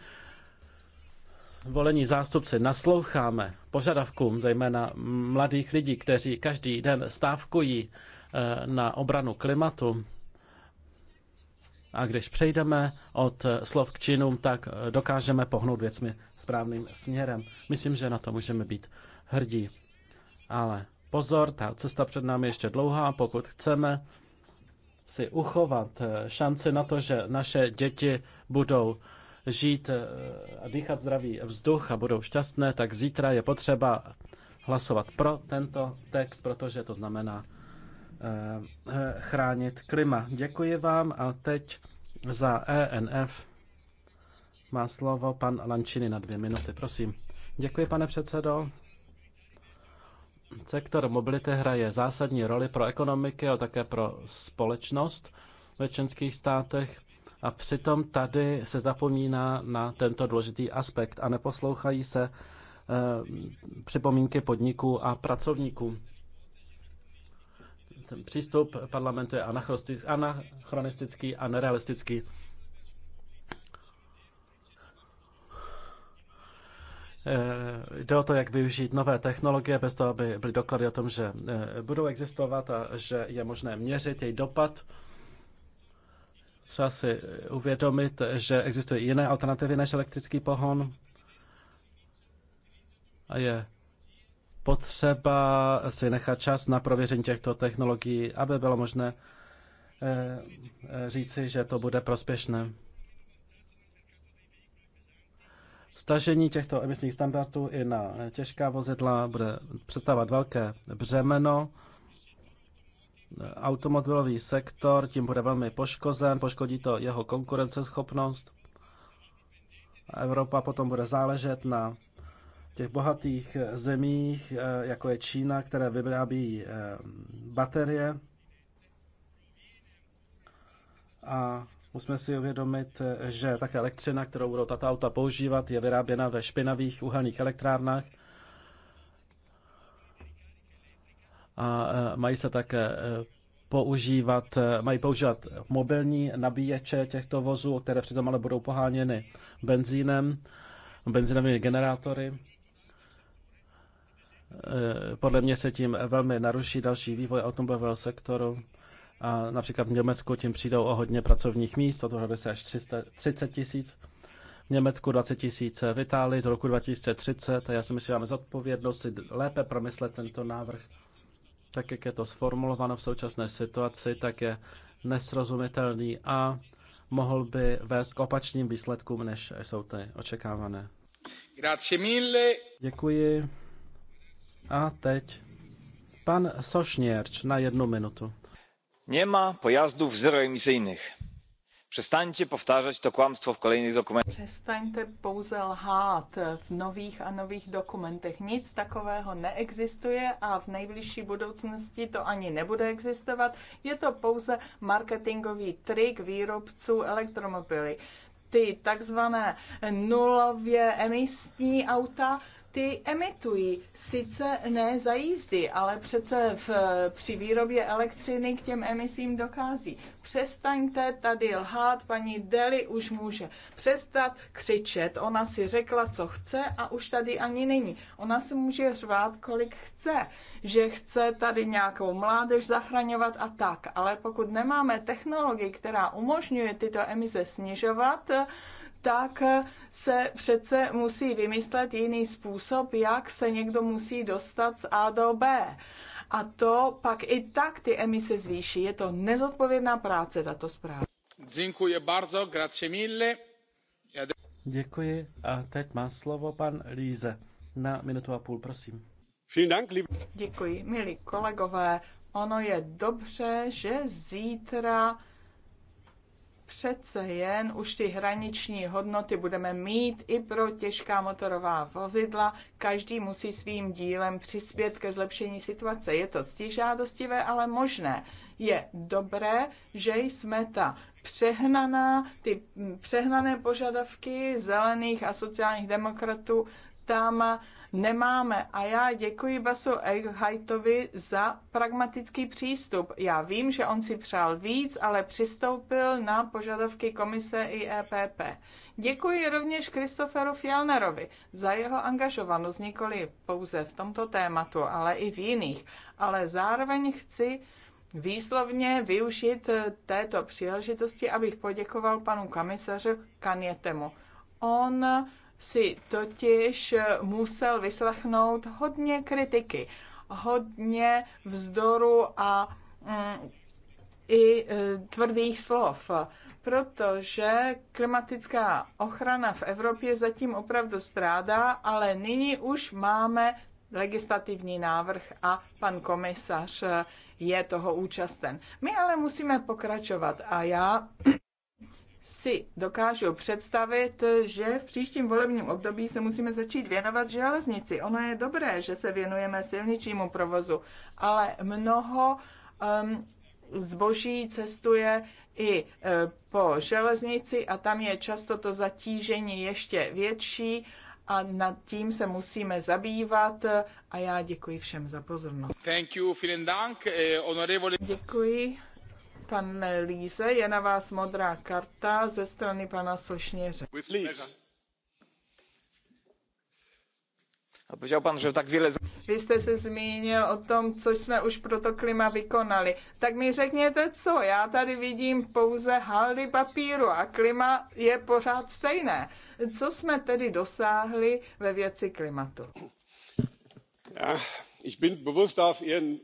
volení zástupci nasloucháme požadavkům zejména mladých lidí, kteří každý den stávkují eh, na obranu klimatu, a když přejdeme od eh, slov k činům, tak eh, dokážeme pohnout věcmi správným směrem. Myslím, že na to můžeme být hrdí. Ale pozor, ta cesta před námi je ještě dlouhá. Pokud chceme si uchovat šanci na to, že naše děti budou žít eh, a dýchat zdravý vzduch a budou šťastné, tak zítra je potřeba hlasovat pro tento text, protože to znamená eh, eh, chránit klima. Děkuji vám a teď za ENF má slovo pan Lančiny na dvě minuty, prosím. Děkuji, pane předsedo. Sektor mobility hraje zásadní roli pro ekonomiky, ale také pro společnost ve členských státech. A přitom tady se zapomíná na tento důležitý aspekt a neposlouchají se e, připomínky podniků a pracovníků. Ten přístup parlamentu je anachronistický a nerealistický. Eh, jde o to, jak využít nové technologie bez toho, aby byly doklady o tom, že eh, budou existovat a že je možné měřit její dopad třeba si uvědomit, že existují jiné alternativy než elektrický pohon a je potřeba si nechat čas na prověření těchto technologií, aby bylo možné eh, eh, říci, že to bude prospěšné. Stažení těchto emisních standardů i na těžká vozidla bude představovat velké břemeno automobilový sektor tím bude velmi poškozen, poškodí to jeho konkurenceschopnost. Evropa potom bude záležet na těch bohatých zemích, eh, jako je Čína, které vyrábí eh, baterie. A musíme si uvědomit, eh, že také elektřina, kterou budou tato auta používat, je vyráběna ve špinavých uhelných elektrárnách. a e, mají se také e, používat, e, mají používat mobilní nabíječe těchto vozů, které přitom ale budou poháněny benzínem, benzínovými generátory. Podle mě se tím velmi naruší další vývoj automobilového sektoru a například v Německu tím přijdou o hodně pracovních míst, by se až 30 tisíc. V Německu 20 tisíc, v Itálii do roku 2030. A já si myslím, že máme zodpovědnost si lépe promyslet tento návrh tak jak je to sformulováno v současné situaci, tak je nesrozumitelný a mohl by vést k opačným výsledkům, než jsou ty očekávané. Grazie mille. Děkuji. A teď pan Sošněrč na jednu minutu. Nemá pojazdů zeroemizijných. Přestaňte povtářet to klamstvo v kolejných dokumentech. Přestaňte pouze lhát v nových a nových dokumentech. Nic takového neexistuje a v nejbližší budoucnosti to ani nebude existovat. Je to pouze marketingový trik výrobců elektromobily. Ty takzvané nulově emisní auta, ty emitují. Sice ne za jízdy, ale přece v, při výrobě elektřiny k těm emisím dokází. Přestaňte tady lhát, paní Deli už může přestat křičet. Ona si řekla, co chce a už tady ani není. Ona si může řvát, kolik chce, že chce tady nějakou mládež zachraňovat a tak. Ale pokud nemáme technologii, která umožňuje tyto emise snižovat, tak se přece musí vymyslet jiný způsob, jak se někdo musí dostat z A do B. A to pak i tak ty emise zvýší. Je to nezodpovědná práce, tato zpráva. Dziękuję bardzo, grazie mille. Děkuji a teď má slovo pan Líze. Na minutu a půl, prosím. Děkuji, milí kolegové. Ono je dobře, že zítra přece jen už ty hraniční hodnoty budeme mít i pro těžká motorová vozidla. Každý musí svým dílem přispět ke zlepšení situace. Je to ctižádostivé, ale možné. Je dobré, že jsme ta přehnaná, ty přehnané požadavky zelených a sociálních demokratů tam nemáme. A já děkuji Basu Eichhajtovi za pragmatický přístup. Já vím, že on si přál víc, ale přistoupil na požadavky komise i EPP. Děkuji rovněž Kristoferu Fjellnerovi za jeho angažovanost nikoli pouze v tomto tématu, ale i v jiných. Ale zároveň chci výslovně využít této příležitosti, abych poděkoval panu komisaři Kanietemu. On si totiž eh, musel vyslechnout hodně kritiky, hodně vzdoru a mm, i eh, tvrdých slov, protože klimatická ochrana v Evropě zatím opravdu strádá, ale nyní už máme legislativní návrh a pan komisař eh, je toho účasten. My ale musíme pokračovat a já si dokážu představit, že v příštím volebním období se musíme začít věnovat železnici. Ono je dobré, že se věnujeme silničnímu provozu, ale mnoho um, zboží cestuje i eh, po železnici a tam je často to zatížení ještě větší a nad tím se musíme zabývat a já děkuji všem za pozornost. Thank you, vielen Dank, eh, honorable... Děkuji. Pane Líze, je na vás modrá karta ze strany pana Sošněře. A pan, že tak wiele... Vy jste se zmínil o tom, co jsme už pro to klima vykonali. Tak mi řekněte, co? Já tady vidím pouze haldy papíru a klima je pořád stejné. Co jsme tedy dosáhli ve věci klimatu? Já, ich bin bewusst auf ihren...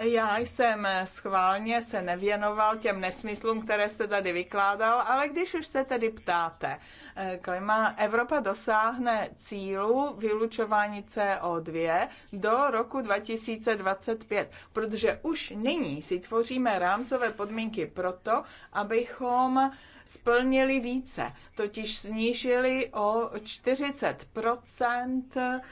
Já jsem schválně se nevěnoval těm nesmyslům, které jste tady vykládal, ale když už se tedy ptáte, eh, klima Evropa dosáhne cílu vylučování CO2 do roku 2025, protože už nyní si tvoříme rámcové podmínky pro to, abychom splnili více, totiž snížili o 40 eh,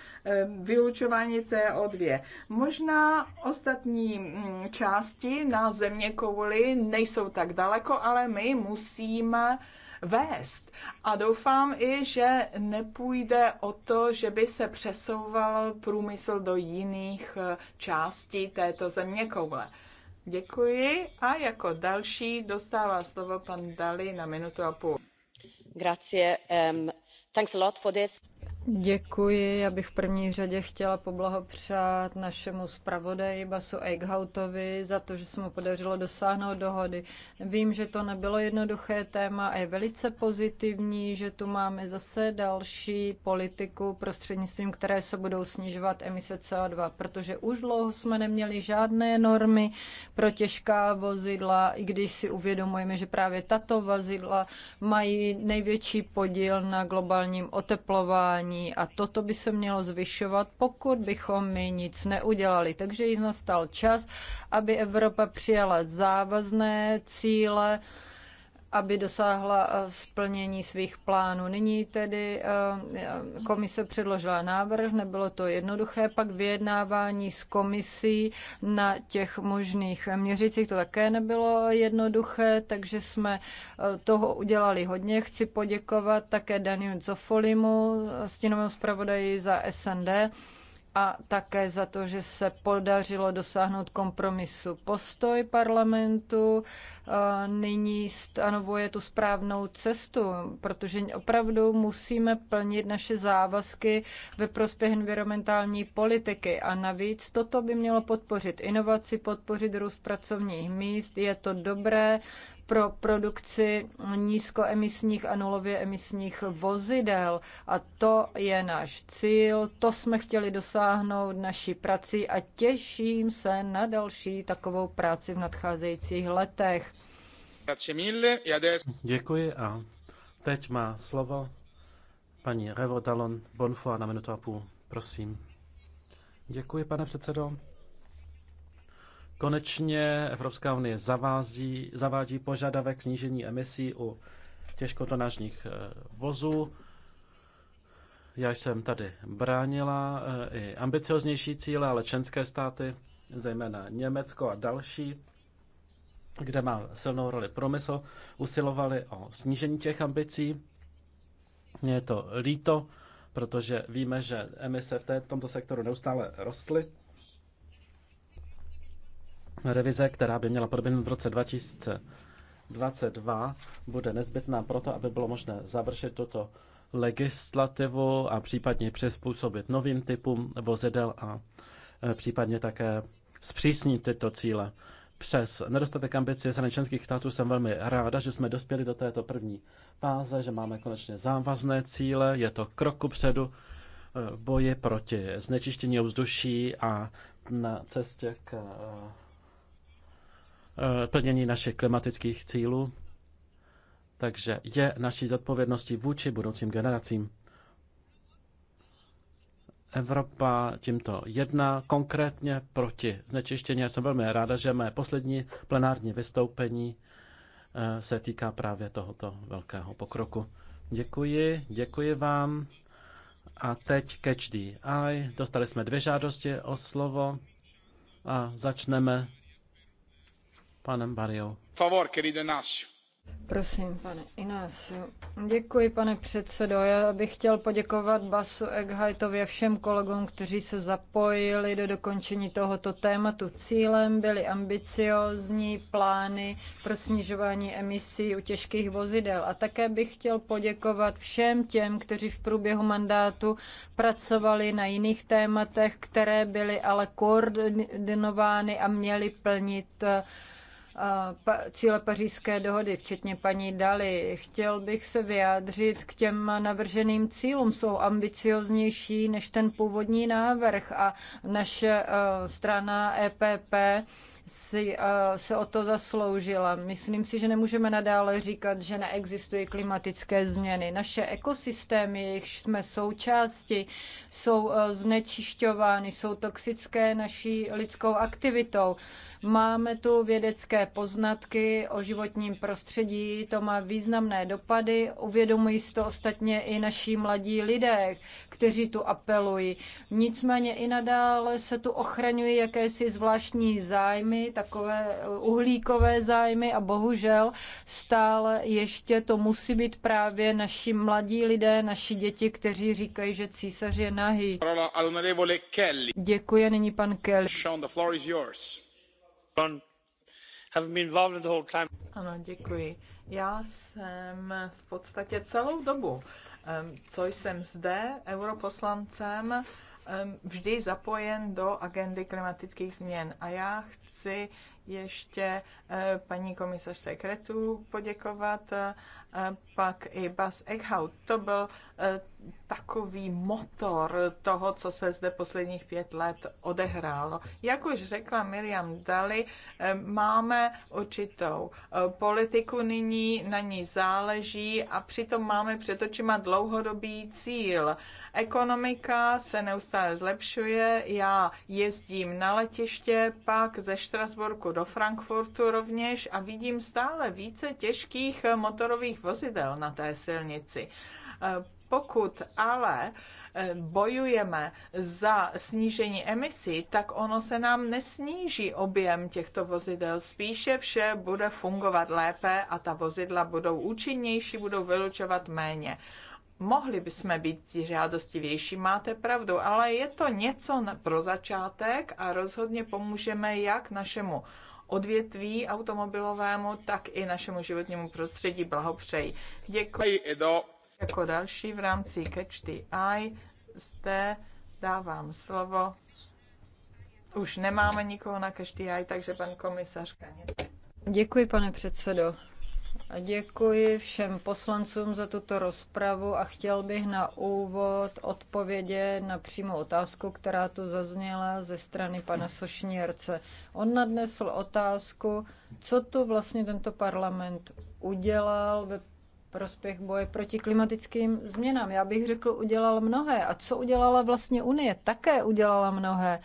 vylučování CO2. Možná ostatní mm, části na země kouly nejsou tak daleko, ale my musíme vést. A doufám i, že nepůjde o to, že by se přesouval průmysl do jiných eh, částí této země koule. Děkuji a jako další dostává slovo pan Dali na minutu a půl. Grazie. Um, thanks a lot for this. Děkuji. Já bych v první řadě chtěla poblahopřát našemu zpravodaji Basu Eichhautovi za to, že se mu podařilo dosáhnout dohody. Vím, že to nebylo jednoduché téma a je velice pozitivní, že tu máme zase další politiku prostřednictvím, které se budou snižovat emise CO2, protože už dlouho jsme neměli žádné normy pro těžká vozidla, i když si uvědomujeme, že právě tato vozidla mají největší podíl na globálním oteplování vzdělání a toto by se mělo zvyšovat, pokud bychom my nic neudělali. Takže již nastal čas, aby Evropa přijala závazné cíle, aby dosáhla eh, splnění svých plánů. Nyní tedy eh, komise předložila návrh, nebylo to jednoduché, pak vyjednávání s komisí na těch možných měřicích to také nebylo jednoduché, takže jsme eh, toho udělali hodně. Chci poděkovat také Danielu Zofolimu, stínovému zpravodaji za SND, a také za to, že se podařilo dosáhnout kompromisu. Postoj parlamentu nyní stanovuje tu správnou cestu, protože opravdu musíme plnit naše závazky ve prospěch environmentální politiky a navíc toto by mělo podpořit inovaci, podpořit růst pracovních míst. Je to dobré pro produkci nízkoemisních a nulově emisních vozidel. A to je náš cíl, to jsme chtěli dosáhnout naší prací a těším se na další takovou práci v nadcházejících letech. E Děkuji a teď má slovo paní Revo Dalon a na minutu a půl. Prosím. Děkuji, pane předsedo. Konečně Evropská unie zavází, zavádí požadavek snížení emisí u těžkotonážních eh, vozů. Já jsem tady bránila eh, i ambicioznější cíle, ale členské státy, zejména Německo a další, kde má silnou roli promysl, usilovali o snížení těch ambicí. Mně je to líto, protože víme, že emise v tomto sektoru neustále rostly Revize, která by měla proběhnout v roce 2022, bude nezbytná proto, aby bylo možné završit toto legislativu a případně přizpůsobit novým typům vozidel a e, případně také zpřísnit tyto cíle. Přes nedostatek ambice ze členských států jsem velmi ráda, že jsme dospěli do této první fáze, že máme konečně závazné cíle, je to kroku předu e, boji proti znečištění ovzduší a na cestě k e, Eh, plnění našich klimatických cílů. Takže je naší zodpovědností vůči budoucím generacím. Evropa tímto jedná konkrétně proti znečištění. Já jsem velmi ráda, že mé poslední plenární vystoupení eh, se týká právě tohoto velkého pokroku. Děkuji, děkuji vám. A teď catch the eye. Dostali jsme dvě žádosti o slovo a začneme panem Barrio. Favor, querido Inácio. Prosím, pane Inácio. Děkuji, pane předsedo. Já bych chtěl poděkovat Basu Eghajtovi a všem kolegům, kteří se zapojili do dokončení tohoto tématu. Cílem byly ambiciózní plány pro snižování emisí u těžkých vozidel. A také bych chtěl poděkovat všem těm, kteří v průběhu mandátu pracovali na jiných tématech, které byly ale koordinovány a měly plnit uh, cíle pařížské dohody, včetně paní Dali. Chtěl bych se vyjádřit k těm navrženým cílům. Jsou ambicioznější než ten původní návrh a naše e, strana EPP si, e, se o to zasloužila. Myslím si, že nemůžeme nadále říkat, že neexistují klimatické změny. Naše ekosystémy, jejichž jsme součásti, jsou e, znečišťovány, jsou toxické naší lidskou aktivitou. Máme tu vědecké poznatky o životním prostředí, to má významné dopady, uvědomují si to ostatně i naši mladí lidé, kteří tu apelují. Nicméně i nadále se tu ochraňují jakési zvláštní zájmy, takové eh, uhlíkové zájmy a bohužel stále ještě to musí být právě naši mladí lidé, naši děti, kteří říkají, že císař je nahý. Děkuji, nyní pan Kelly. the floor is yours. Ano, děkuji. Já jsem v podstatě celou dobu, co jsem zde europoslancem, vždy zapojen do agendy klimatických změn. A já chci ještě eh, paní komisařce Kretu poděkovat pak i Bas Eichhout. To byl e, takový motor toho, co se zde posledních pět let odehrálo. Jak už řekla Miriam Daly, e, máme určitou e, politiku nyní, na ní záleží a přitom máme před očima dlouhodobý cíl. Ekonomika se neustále zlepšuje, já jezdím na letiště, pak ze Štrasburku do Frankfurtu rovněž a vidím stále více těžkých motorových vozidel na té silnici. Eh, pokud ale eh, bojujeme za snížení emisí, tak ono se nám nesníží objem těchto vozidel. Spíše vše bude fungovat lépe a ta vozidla budou účinnější, budou vylučovat méně mohli bychom být žádostivější, máte pravdu, ale je to něco pro začátek a rozhodně pomůžeme jak našemu odvětví automobilovému, tak i našemu životnímu prostředí blahopřeji. Děkuji. Jako další v rámci Catch the Eye zde dávám slovo. Už nemáme nikoho na Catch the Eye, takže pan komisař Děkuji, pane předsedo. Děkuji všem poslancům za tuto rozpravu a chtěl bych na úvod odpovědět na přímou otázku, která tu zazněla ze strany pana Sošnírce. On nadnesl otázku, co tu vlastně tento parlament udělal ve prospěch boje proti klimatickým změnám. Já bych řekl, udělal mnohé. A co udělala vlastně Unie? Také udělala mnohé.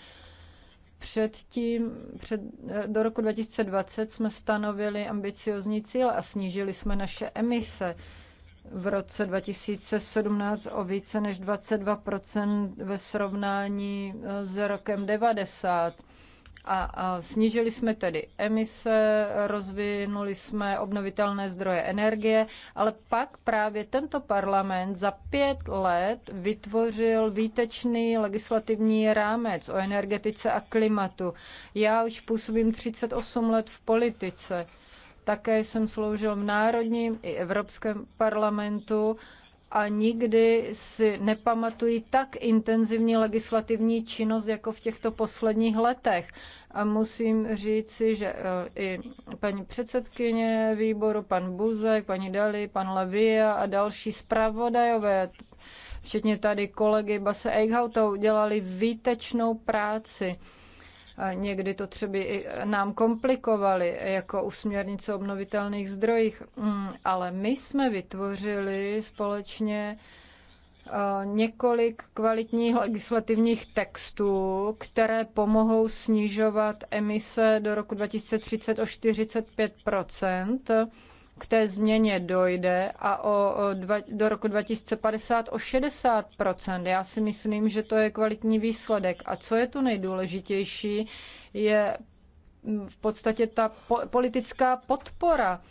Předtím, před, eh, do roku 2020 jsme stanovili ambiciozní cíl a snížili jsme naše emise v roce 2017 o více než 22 ve srovnání eh, s rokem 90. A, a snížili jsme tedy emise, rozvinuli jsme obnovitelné zdroje energie, ale pak právě tento parlament za pět let vytvořil výtečný legislativní rámec o energetice a klimatu. Já už působím 38 let v politice. Také jsem sloužil v Národním i Evropském parlamentu a nikdy si nepamatuji tak intenzivní legislativní činnost jako v těchto posledních letech. A musím říci, že e, i paní předsedkyně výboru, pan Buzek, paní Dali, pan Levia a další zpravodajové, včetně tady kolegy Base Eichhouta, udělali výtečnou práci. Někdy to třeba i nám komplikovali, jako u směrnice obnovitelných zdrojích, mm, ale my jsme vytvořili společně několik kvalitních legislativních textů, které pomohou snižovat emise do roku 2030 o 45 k té změně dojde a o, o dva, do roku 2050 o 60 Já si myslím, že to je kvalitní výsledek. A co je tu nejdůležitější, je v podstatě ta po, politická podpora.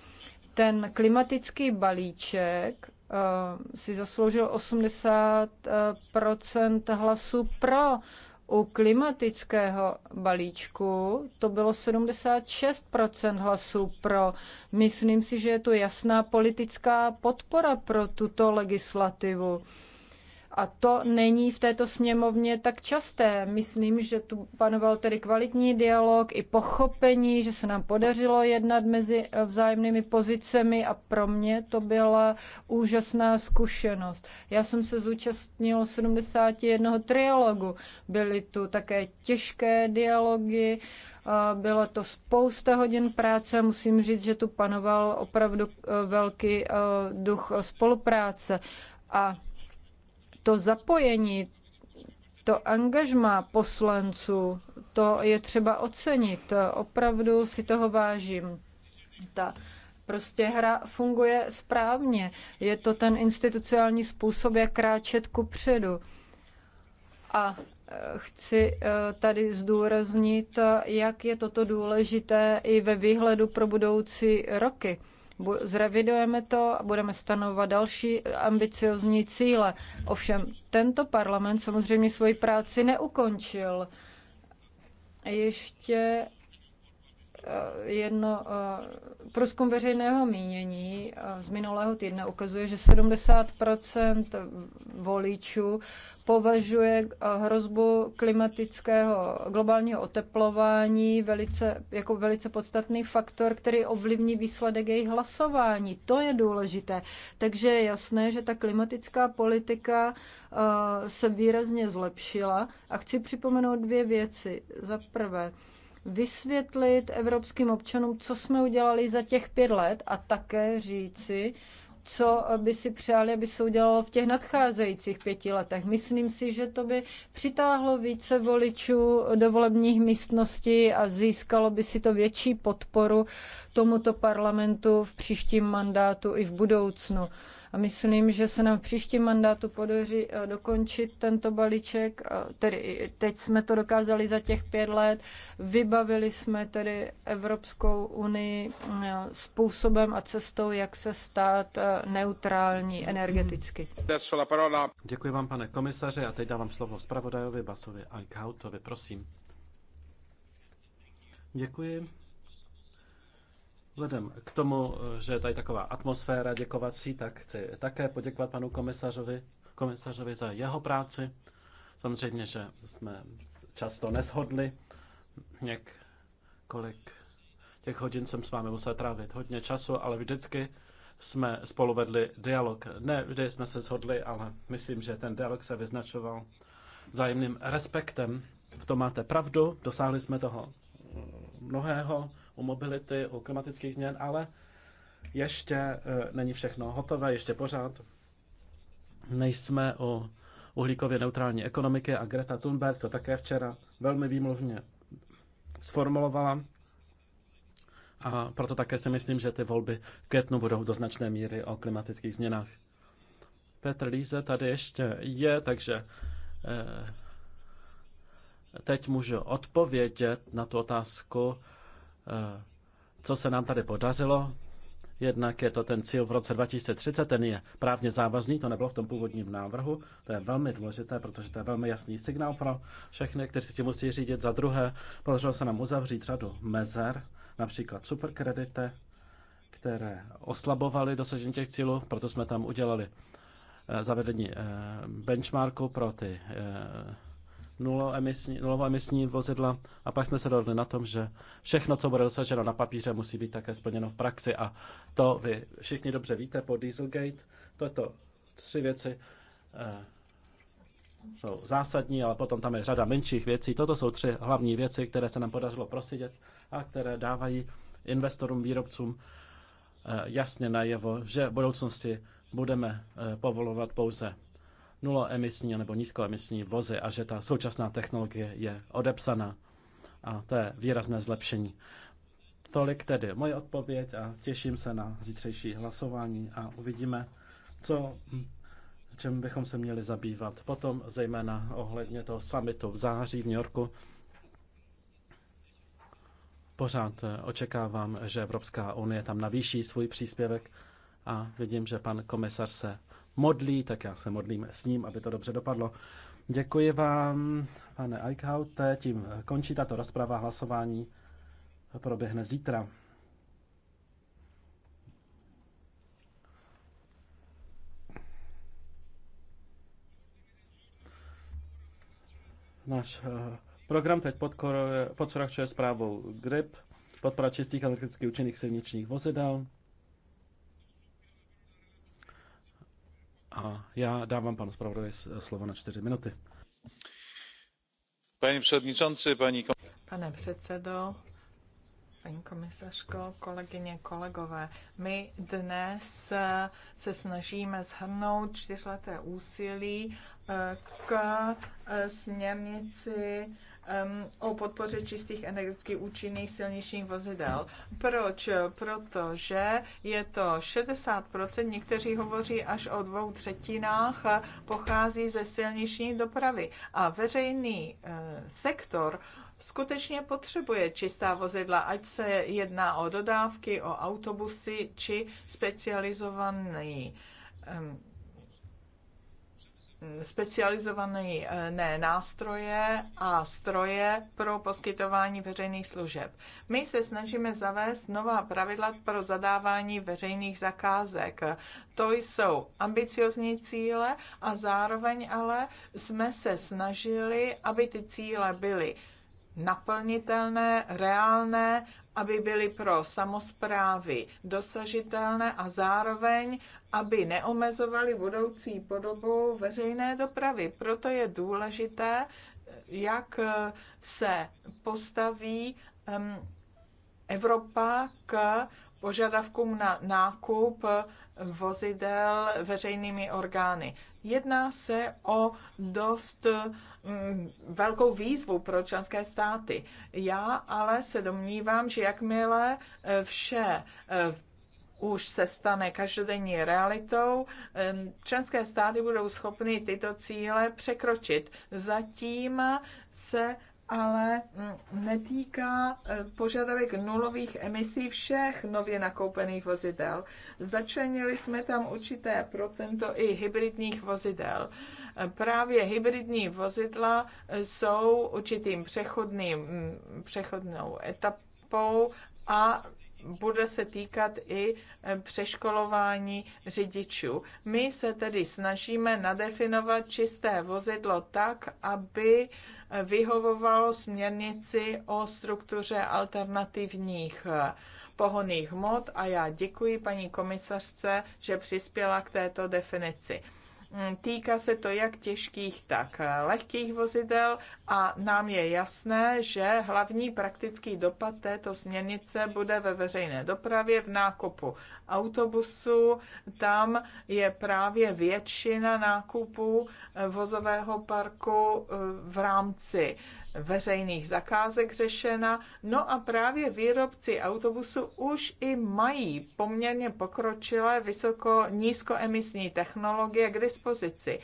Ten klimatický balíček uh, si zasloužil 80 eh, hlasů pro. U klimatického balíčku to bylo 76 hlasů pro. Myslím si, že je to jasná politická podpora pro tuto legislativu. A to není v této sněmovně tak časté. Myslím, že tu panoval tedy kvalitní dialog i pochopení, že se nám podařilo jednat mezi eh, vzájemnými pozicemi a pro mě to byla úžasná zkušenost. Já jsem se zúčastnil 71 trialogu. Byly tu také těžké dialogy, bylo to spousta hodin práce, musím říct, že tu panoval opravdu eh, velký eh, duch spolupráce. A to zapojení, to angažma poslanců, to je třeba ocenit. Opravdu si toho vážím. Ta prostě hra funguje správně. Je to ten institucionální způsob, jak kráčet ku předu. A e, chci e, tady zdůraznit, e, jak je toto důležité i ve výhledu pro budoucí roky. Zrevidujeme to a budeme stanovat další ambiciozní cíle. Ovšem, tento parlament samozřejmě svoji práci neukončil. Ještě Eh, jedno eh, průzkum veřejného mínění eh, z minulého týdne ukazuje, že 70 voličů považuje hrozbu klimatického globálního oteplování velice, jako velice podstatný faktor, který ovlivní výsledek jejich hlasování. To je důležité. Takže je jasné, že ta klimatická politika se výrazně zlepšila. A chci připomenout dvě věci. Za prvé, vysvětlit evropským občanům, co jsme udělali za těch pět let a také říci, co by si přáli, aby se udělalo v těch nadcházejících pěti letech. Myslím si, že to by přitáhlo více voličů do volebních místností a získalo by si to větší podporu tomuto parlamentu v příštím mandátu i v budoucnu. A myslím, že se nám v příštím mandátu podaří eh, dokončit tento balíček. Eh, tedy teď jsme to dokázali za těch pět let. Vybavili jsme tedy Evropskou unii eh, způsobem a cestou, jak se stát neutrální energeticky. Děkuji vám, pane komisaře, a teď dávám slovo zpravodajovi Basovi Eichhautovi. Prosím. Děkuji. Vzhledem k tomu, že je tady taková atmosféra děkovací, tak chci také poděkovat panu komisařovi, komisařovi za jeho práci. Samozřejmě, že jsme často neshodli. Několik těch hodin jsem s vámi musel trávit hodně času, ale vždycky jsme spolu vedli dialog. Ne vždy jsme se shodli, ale myslím, že ten dialog se vyznačoval vzájemným respektem. V tom máte pravdu, dosáhli jsme toho mnohého o mobility, o klimatických změn, ale ještě eh, není všechno hotové, ještě pořád nejsme o uhlíkově neutrální ekonomiky a Greta Thunberg to také včera velmi výmluvně sformulovala. A proto také si myslím, že ty volby v květnu budou do značné míry o klimatických změnách. Petr Líze tady ještě je, takže eh, teď můžu odpovědět na tu otázku Eh, co se nám tady podařilo. Jednak je to ten cíl v roce 2030, ten je právně závazný, to nebylo v tom původním návrhu. To je velmi důležité, protože to je velmi jasný signál pro všechny, kteří si tím musí řídit. Za druhé, podařilo se nám uzavřít řadu mezer, například superkredity, které oslabovaly dosažení těch cílů, proto jsme tam udělali eh, zavedení eh, benchmarku pro ty nuloemisní, emisní vozidla a pak jsme se dohodli na tom, že všechno, co bude dosaženo na papíře, musí být také splněno v praxi a to vy všichni dobře víte po Dieselgate. To to tři věci eh, jsou zásadní, ale potom tam je řada menších věcí. Toto jsou tři hlavní věci, které se nám podařilo prosidět a které dávají investorům, výrobcům eh, jasně najevo, že v budoucnosti budeme eh, povolovat pouze nuloemisní nebo nízkoemisní vozy a že ta současná technologie je odepsaná. A to je výrazné zlepšení. Tolik tedy moje odpověď a těším se na zítřejší hlasování a uvidíme, co, čem bychom se měli zabývat. Potom zejména ohledně toho summitu v září v New Yorku. Pořád eh, očekávám, že Evropská unie tam navýší svůj příspěvek a vidím, že pan komisař se modlí, tak já se modlím s ním, aby to dobře dopadlo. Děkuji vám, pane Eichhaute. Tím končí tato rozprava. Hlasování proběhne zítra. Náš eh, program teď podporuje, eh, podporuje zprávou GRIP, podpora čistých elektrických účinných silničních vozidel. A já dávám panu zpravodaji slovo na čtyři minuty. Pani předsedající, paní Pane předsedo, paní komisařko, kolegyně, kolegové, my dnes eh, se snažíme zhrnout čtyřleté úsilí eh, k eh, směrnici o podpoře čistých energeticky účinných silničních vozidel. Proč? Protože je to 60%, někteří hovoří až o dvou třetinách, pochází ze silniční dopravy. A veřejný eh, sektor skutečně potřebuje čistá vozidla, ať se jedná o dodávky, o autobusy či specializovaný specializované eh, ne, nástroje a stroje pro poskytování veřejných služeb. My se snažíme zavést nová pravidla pro zadávání veřejných zakázek. To jsou ambiciozní cíle a zároveň ale jsme se snažili, aby ty cíle byly naplnitelné, reálné, aby byly pro samozprávy dosažitelné a zároveň, aby neomezovaly budoucí podobu veřejné dopravy. Proto je důležité, jak se postaví Evropa k požadavkům na nákup vozidel veřejnými orgány. Jedná se o dost Mm, velkou výzvu pro členské státy. Já ale se domnívám, že jakmile eh, vše eh, už se stane každodenní realitou, eh, členské státy budou schopny tyto cíle překročit. Zatím se ale mm, netýká požadavek nulových emisí všech nově nakoupených vozidel. Začlenili jsme tam určité procento i hybridních vozidel. Právě hybridní vozidla jsou určitým přechodným, mm, přechodnou etapou a bude se týkat i eh, přeškolování řidičů. My se tedy snažíme nadefinovat čisté vozidlo tak, aby eh, vyhovovalo směrnici o struktuře alternativních eh, pohoných hmot a já děkuji paní komisařce, že přispěla k této definici. Mm, týká se to jak těžkých, tak eh, lehkých vozidel a nám je jasné, že hlavní praktický dopad této směrnice bude ve veřejné dopravě, v nákupu autobusu. Tam je právě většina nákupu eh, vozového parku eh, v rámci veřejných zakázek řešena. No a právě výrobci autobusu už i mají poměrně pokročilé vysoko nízkoemisní technologie k dispozici.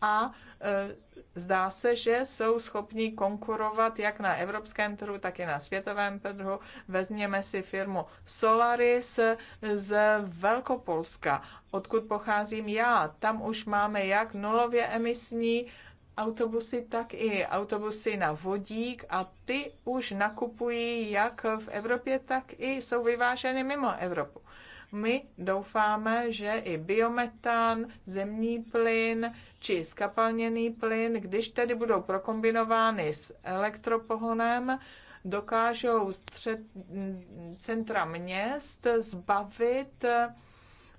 A e, zdá se, že jsou schopni konkurovat jak na evropském trhu, tak i na světovém trhu. Vezměme si firmu Solaris z Velkopolska, odkud pocházím já. Tam už máme jak nulově emisní autobusy, tak i autobusy na vodík a ty už nakupují jak v Evropě, tak i jsou vyváženy mimo Evropu. My doufáme, že i biometan, zemní plyn či skapalněný plyn, když tedy budou prokombinovány s elektropohonem, dokážou střed, centra měst zbavit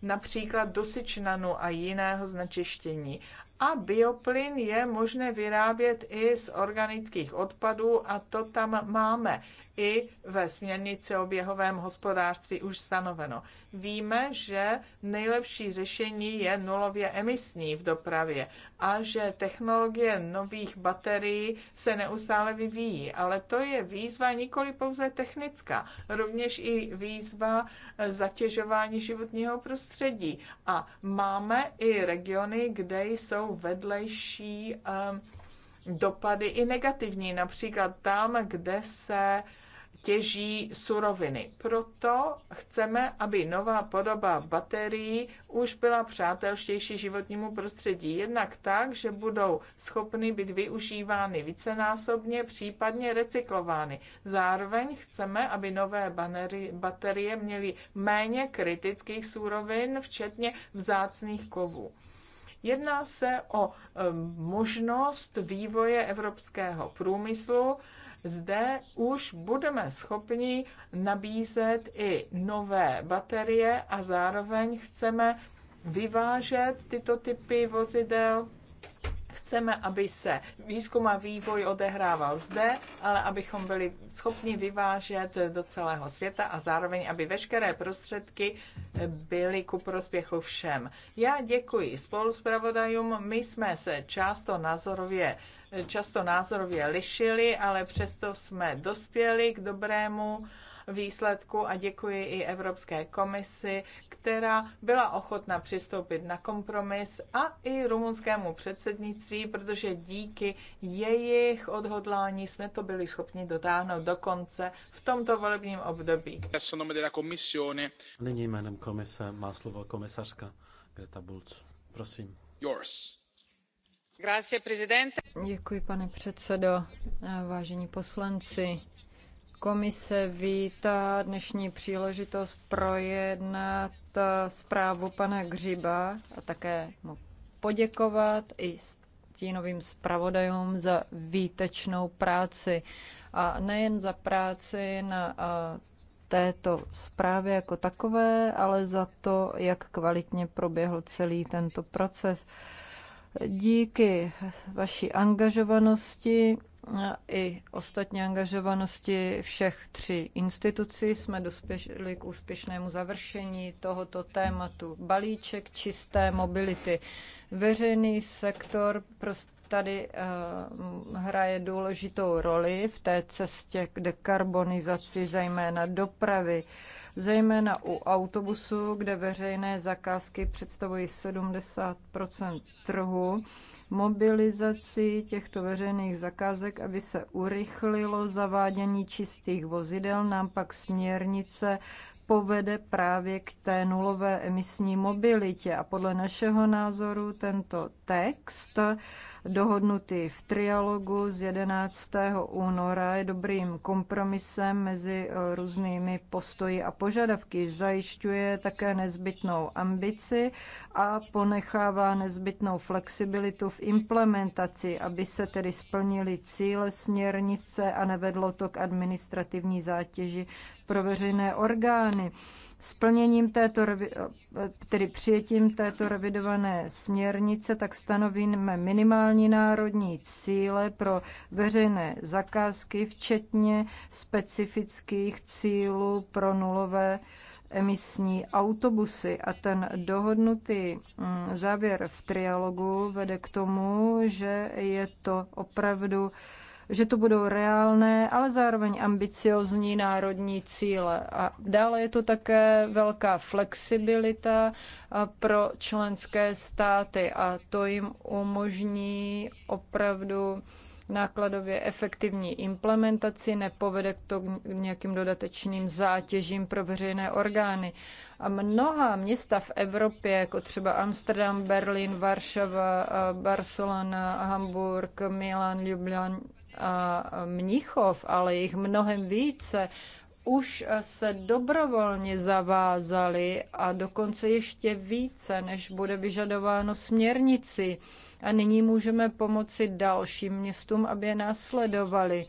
například dusičnanu a jiného znečištění. A bioplyn je možné vyrábět i z organických odpadů a to tam máme i ve směrnici o běhovém hospodářství už stanoveno. Víme, že nejlepší řešení je nulově emisní v dopravě a že technologie nových baterií se neustále vyvíjí, ale to je výzva nikoli pouze technická, rovněž i výzva zatěžování životního prostředí. A máme i regiony, kde jsou vedlejší um, dopady i negativní, například tam, kde se těží suroviny. Proto chceme, aby nová podoba baterií už byla přátelštější životnímu prostředí. Jednak tak, že budou schopny být využívány vícenásobně, případně recyklovány. Zároveň chceme, aby nové banery, baterie měly méně kritických surovin, včetně vzácných kovů. Jedná se o eh, možnost vývoje evropského průmyslu, zde už budeme schopni nabízet i nové baterie a zároveň chceme vyvážet tyto typy vozidel chceme, aby se výzkum a vývoj odehrával zde, ale abychom byli schopni vyvážet do celého světa a zároveň, aby veškeré prostředky byly ku prospěchu všem. Já děkuji spoluzpravodajům, my jsme se často názorově často názorově lišili, ale přesto jsme dospěli k dobrému výsledku a děkuji i Evropské komisi, která byla ochotna přistoupit na kompromis a i rumunskému předsednictví, protože díky jejich odhodlání jsme to byli schopni dotáhnout do konce v tomto volebním období. Nyní jménem komise má slovo komisařka Greta Bulc. Prosím. Yours. Děkuji, pane předsedo. Vážení poslanci, komise vítá dnešní příležitost projednat zprávu pana Gřiba a také mu poděkovat i stínovým zpravodajům za výtečnou práci. A nejen za práci na této zprávě jako takové, ale za to, jak kvalitně proběhl celý tento proces. Díky vaší angažovanosti i ostatní angažovanosti všech tří institucí jsme dospěli k úspěšnému završení tohoto tématu. Balíček čisté mobility. Veřejný sektor tady eh, hraje důležitou roli v té cestě k dekarbonizaci, zejména dopravy zejména u autobusu, kde veřejné zakázky představují 70 trhu, mobilizaci těchto veřejných zakázek, aby se urychlilo zavádění čistých vozidel, nám pak směrnice povede právě k té nulové emisní mobilitě. A podle našeho názoru tento text dohodnutý v trialogu z 11. února je dobrým kompromisem mezi eh, různými postoji a požadavky. Zajišťuje také nezbytnou ambici a ponechává nezbytnou flexibilitu v implementaci, aby se tedy splnili cíle směrnice a nevedlo to k administrativní zátěži pro veřejné orgány. Splněním této, eh, tedy přijetím této revidované směrnice, tak stanovíme minimální národní cíle pro veřejné zakázky, včetně specifických cílů pro nulové emisní autobusy a ten dohodnutý mm, závěr v trialogu vede k tomu, že je to opravdu že to budou reálné, ale zároveň ambiciozní národní cíle. A dále je to také velká flexibilita pro členské státy a to jim umožní opravdu nákladově efektivní implementaci, nepovede k to k nějakým dodatečným zátěžím pro veřejné orgány. A mnoha města v Evropě, jako třeba Amsterdam, Berlín, Varšava, Barcelona, Hamburg, Milan, Ljubljana, Mnichov, ale jich mnohem více, už se dobrovolně zavázali a dokonce ještě více, než bude vyžadováno směrnici. A nyní můžeme pomoci dalším městům, aby je následovali.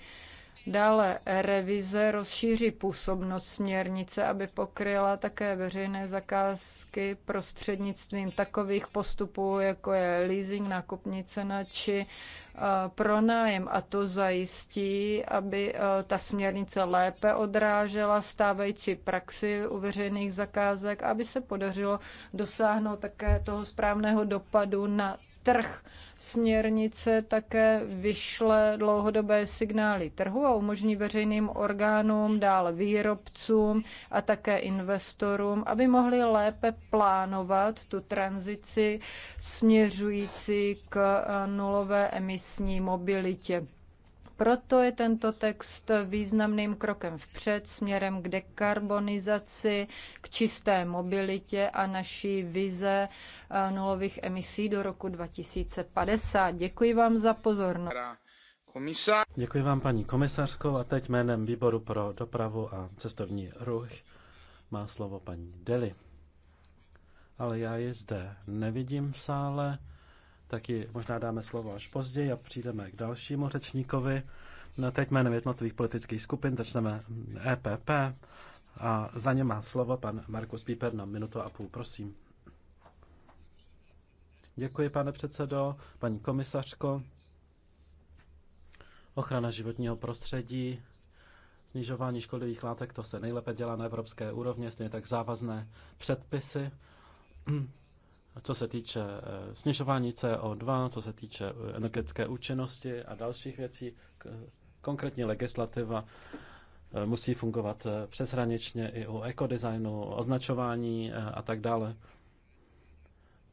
Dále revize rozšíří působnost směrnice, aby pokryla také veřejné zakázky prostřednictvím takových postupů, jako je leasing, nákupní cena či eh, pronájem. A to zajistí, aby eh, ta směrnice lépe odrážela stávající praxi u veřejných zakázek, aby se podařilo dosáhnout také toho správného dopadu na trh. Směrnice také vyšle dlouhodobé signály trhu a umožní veřejným orgánům, dále výrobcům a také investorům, aby mohli lépe plánovat tu tranzici směřující k nulové emisní mobilitě. Proto je tento text významným krokem vpřed směrem k dekarbonizaci, k čisté mobilitě a naší vize eh, nulových emisí do roku 2050. Děkuji vám za pozornost. Děkuji vám, paní komisařko, a teď jménem Výboru pro dopravu a cestovní ruch má slovo paní Deli. Ale já je zde nevidím v sále taky možná dáme slovo až později a přijdeme k dalšímu řečníkovi. No, teď jménem jednotlivých politických skupin začneme EPP a za ně má slovo pan Markus Píper na minutu a půl, prosím. Děkuji, pane předsedo, paní komisařko. Ochrana životního prostředí, snižování škodlivých látek, to se nejlépe dělá na evropské úrovni, stejně tak závazné předpisy co se týče eh, snižování CO2, co se týče eh, energetické účinnosti a dalších věcí, konkrétní legislativa eh, musí fungovat přeshraničně i u ekodesignu, označování a tak dále.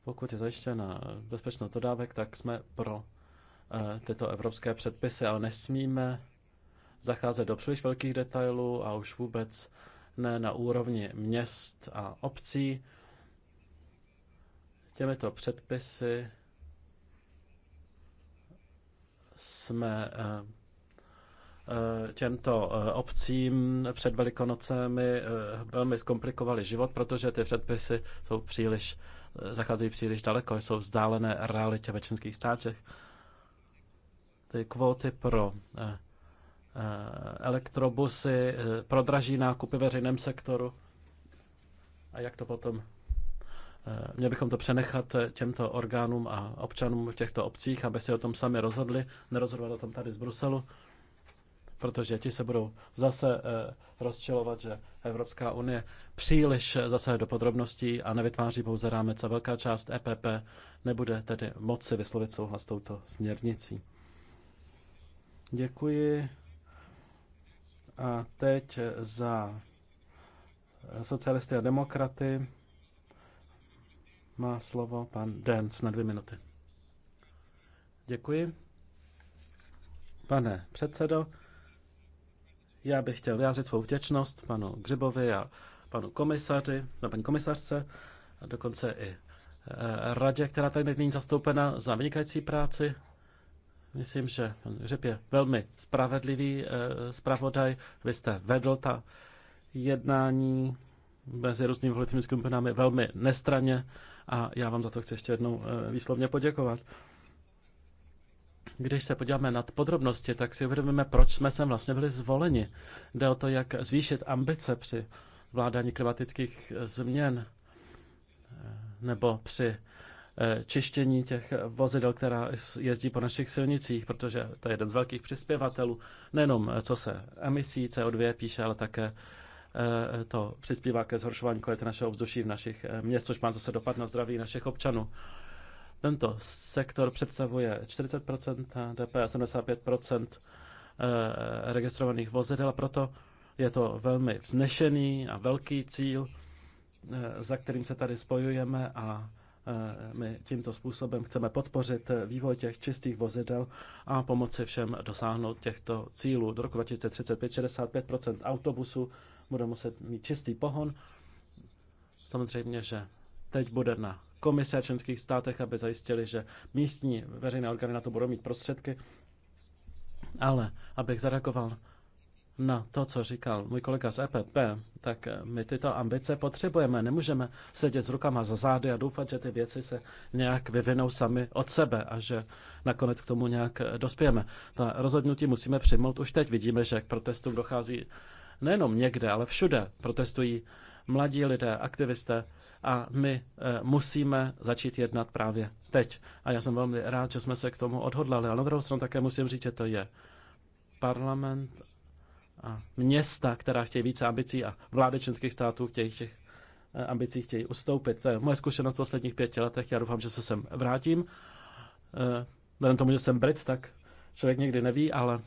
Pokud je zajištěna bezpečnost dodávek, tak jsme pro tyto evropské předpisy, ale nesmíme zacházet do příliš velkých detailů a už vůbec ne na úrovni měst a obcí Těmito předpisy jsme eh, eh, těmto eh, obcím před Velikonocemi velmi zkomplikovali život, protože ty předpisy jsou příliš, zacházejí příliš daleko, jsou vzdálené realitě ve členských státech. Ty kvóty pro elektrobusy prodraží nákupy veřejném sektoru. A jak to potom Eh, měli bychom to přenechat eh, těmto orgánům a občanům v těchto obcích, aby si o tom sami rozhodli, nerozhodovat o tom tady z Bruselu, protože ti se budou zase eh, rozčilovat, že Evropská unie příliš zasahuje do podrobností a nevytváří pouze rámec a velká část EPP nebude tedy moci vyslovit souhlas s touto směrnicí. Děkuji. A teď za socialisty a demokraty má slovo pan Dance na dvě minuty. Děkuji. Pane předsedo, já bych chtěl vyjádřit svou vděčnost panu Gřibovi a panu komisaři, na no, paní komisařce, a dokonce i e, radě, která tady není zastoupena za vynikající práci. Myslím, že pan Gřib je velmi spravedlivý e, zpravodaj. Vy jste vedl ta jednání mezi různými politickými skupinami velmi nestraně a já vám za to chci ještě jednou eh, výslovně poděkovat. Když se podíváme nad podrobnosti, tak si uvědomíme, proč jsme sem vlastně byli zvoleni. Jde o to, jak zvýšit ambice při vládání klimatických eh, změn eh, nebo při čištění těch vozidel, která jezdí po našich silnicích, protože to je jeden z velkých přispěvatelů, nejenom co se emisí CO2 píše, ale také Eh, to přispívá ke zhoršování kvality našeho ovzduší v našich eh, měst, což má zase dopad na zdraví našich občanů. Tento sektor představuje 40 DP a 75 eh, registrovaných vozidel, a proto je to velmi vznešený a velký cíl, za kterým se tady spojujeme a my tímto způsobem chceme podpořit vývoj těch čistých vozidel a pomoci všem dosáhnout těchto cílů. Do roku 2035 65 autobusů bude muset mít čistý pohon. Samozřejmě, že teď bude na komise a členských státech, aby zajistili, že místní veřejné orgány na to budou mít prostředky. Ale abych zareagoval na to, co říkal můj kolega z EPP, tak my tyto ambice potřebujeme. Nemůžeme sedět s rukama za zády a doufat, že ty věci se nějak vyvinou sami od sebe a že nakonec k tomu nějak dospějeme. Ta rozhodnutí musíme přijmout už teď. Vidíme, že k protestům dochází nejenom někde, ale všude protestují mladí lidé, aktivisté a my eh, musíme začít jednat právě teď. A já jsem velmi rád, že jsme se k tomu odhodlali. A na druhou stranu také musím říct, že to je parlament a města, která chtějí více ambicí a vlády členských států chtějí těch eh, ambicí chtějí ustoupit. To je moje zkušenost v posledních pěti letech. Já doufám, že se sem vrátím. Eh, vzhledem tomu, že jsem Brit, tak člověk někdy neví, ale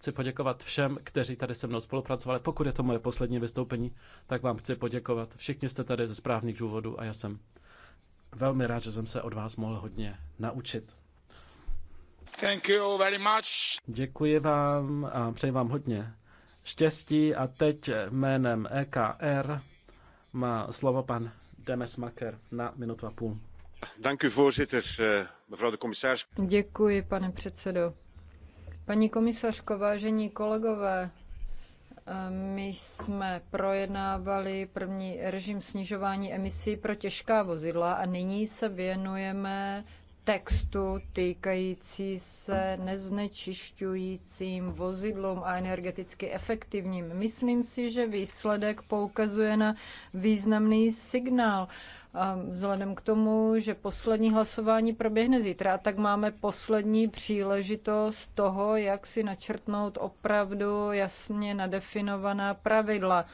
Chci poděkovat všem, kteří tady se mnou spolupracovali. Pokud je to moje poslední vystoupení, tak vám chci poděkovat. Všichni jste tady ze správných důvodů a já jsem velmi rád, že jsem se od vás mohl hodně naučit. Thank you very much. Děkuji vám a přeji vám hodně štěstí a teď jménem EKR má slovo pan Maker na minutu a půl. Eh, Děkuji, pane předsedo. Paní komisařko, vážení kolegové, eh, my jsme projednávali první režim snižování emisí pro těžká vozidla a nyní se věnujeme textu týkající se neznečišťujícím vozidlům a energeticky efektivním. Myslím si, že výsledek poukazuje na významný signál. Vzhledem k tomu, že poslední hlasování proběhne zítra, tak máme poslední příležitost toho, jak si načrtnout opravdu jasně nadefinovaná pravidla,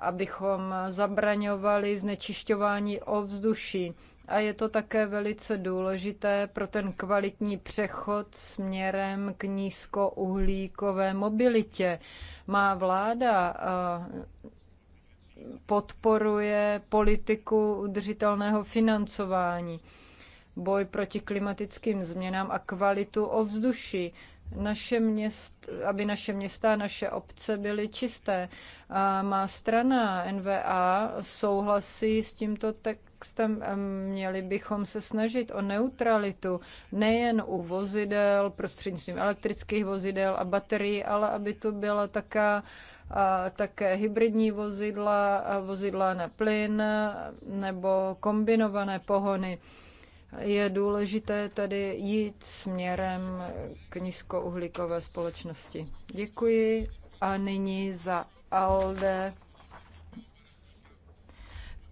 abychom zabraňovali znečišťování ovzduší. A je to také velice důležité pro ten kvalitní přechod směrem k nízkouhlíkové mobilitě. Má vláda podporuje politiku udržitelného financování, boj proti klimatickým změnám a kvalitu ovzduší naše měst, aby naše města, naše obce byly čisté. A má strana NVA souhlasí s tímto te- textem měli bychom se snažit o neutralitu nejen u vozidel, prostřednictvím elektrických vozidel a baterií, ale aby to byla taká a také hybridní vozidla, a vozidla na plyn nebo kombinované pohony. Je důležité tady jít směrem k nízkouhlíkové společnosti. Děkuji a nyní za ALDE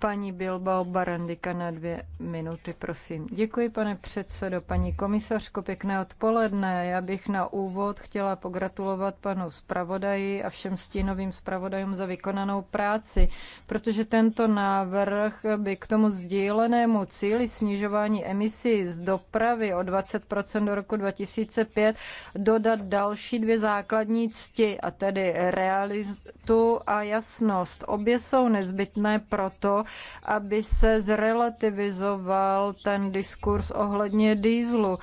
Paní Bilbao Barandika na dvě minuty, prosím. Děkuji, pane předsedo. Paní komisařko, pěkné odpoledne. Já bych na úvod chtěla pogratulovat panu zpravodaji a všem stínovým zpravodajům za vykonanou práci, protože tento návrh by k tomu sdílenému cíli snižování emisí z dopravy o 20% do roku 2005 dodat další dvě základní cti, a tedy realitu a jasnost. Obě jsou nezbytné proto, aby se zrelativizoval ten diskurs ohledně dýzlu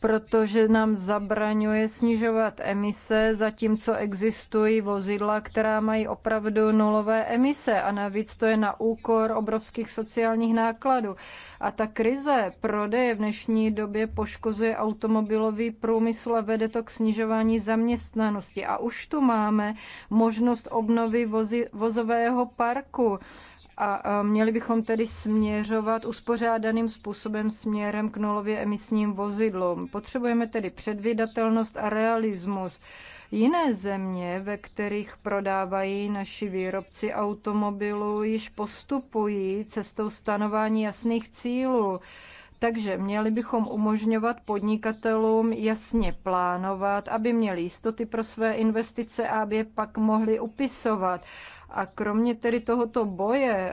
protože nám zabraňuje snižovat emise, zatímco existují vozidla, která mají opravdu nulové emise a navíc to je na úkor obrovských sociálních nákladů. A ta krize prodeje v dnešní době poškozuje automobilový průmysl a vede to k snižování zaměstnanosti. A už tu máme možnost obnovy vozi, vozového parku a měli bychom tedy směřovat uspořádaným způsobem směrem k nulově emisním vozidlům. Potřebujeme tedy předvídatelnost a realismus. Jiné země, ve kterých prodávají naši výrobci automobilů, již postupují cestou stanování jasných cílů. Takže měli bychom umožňovat podnikatelům jasně plánovat, aby měli jistoty pro své investice a aby je pak mohli upisovat. A kromě tedy tohoto boje eh,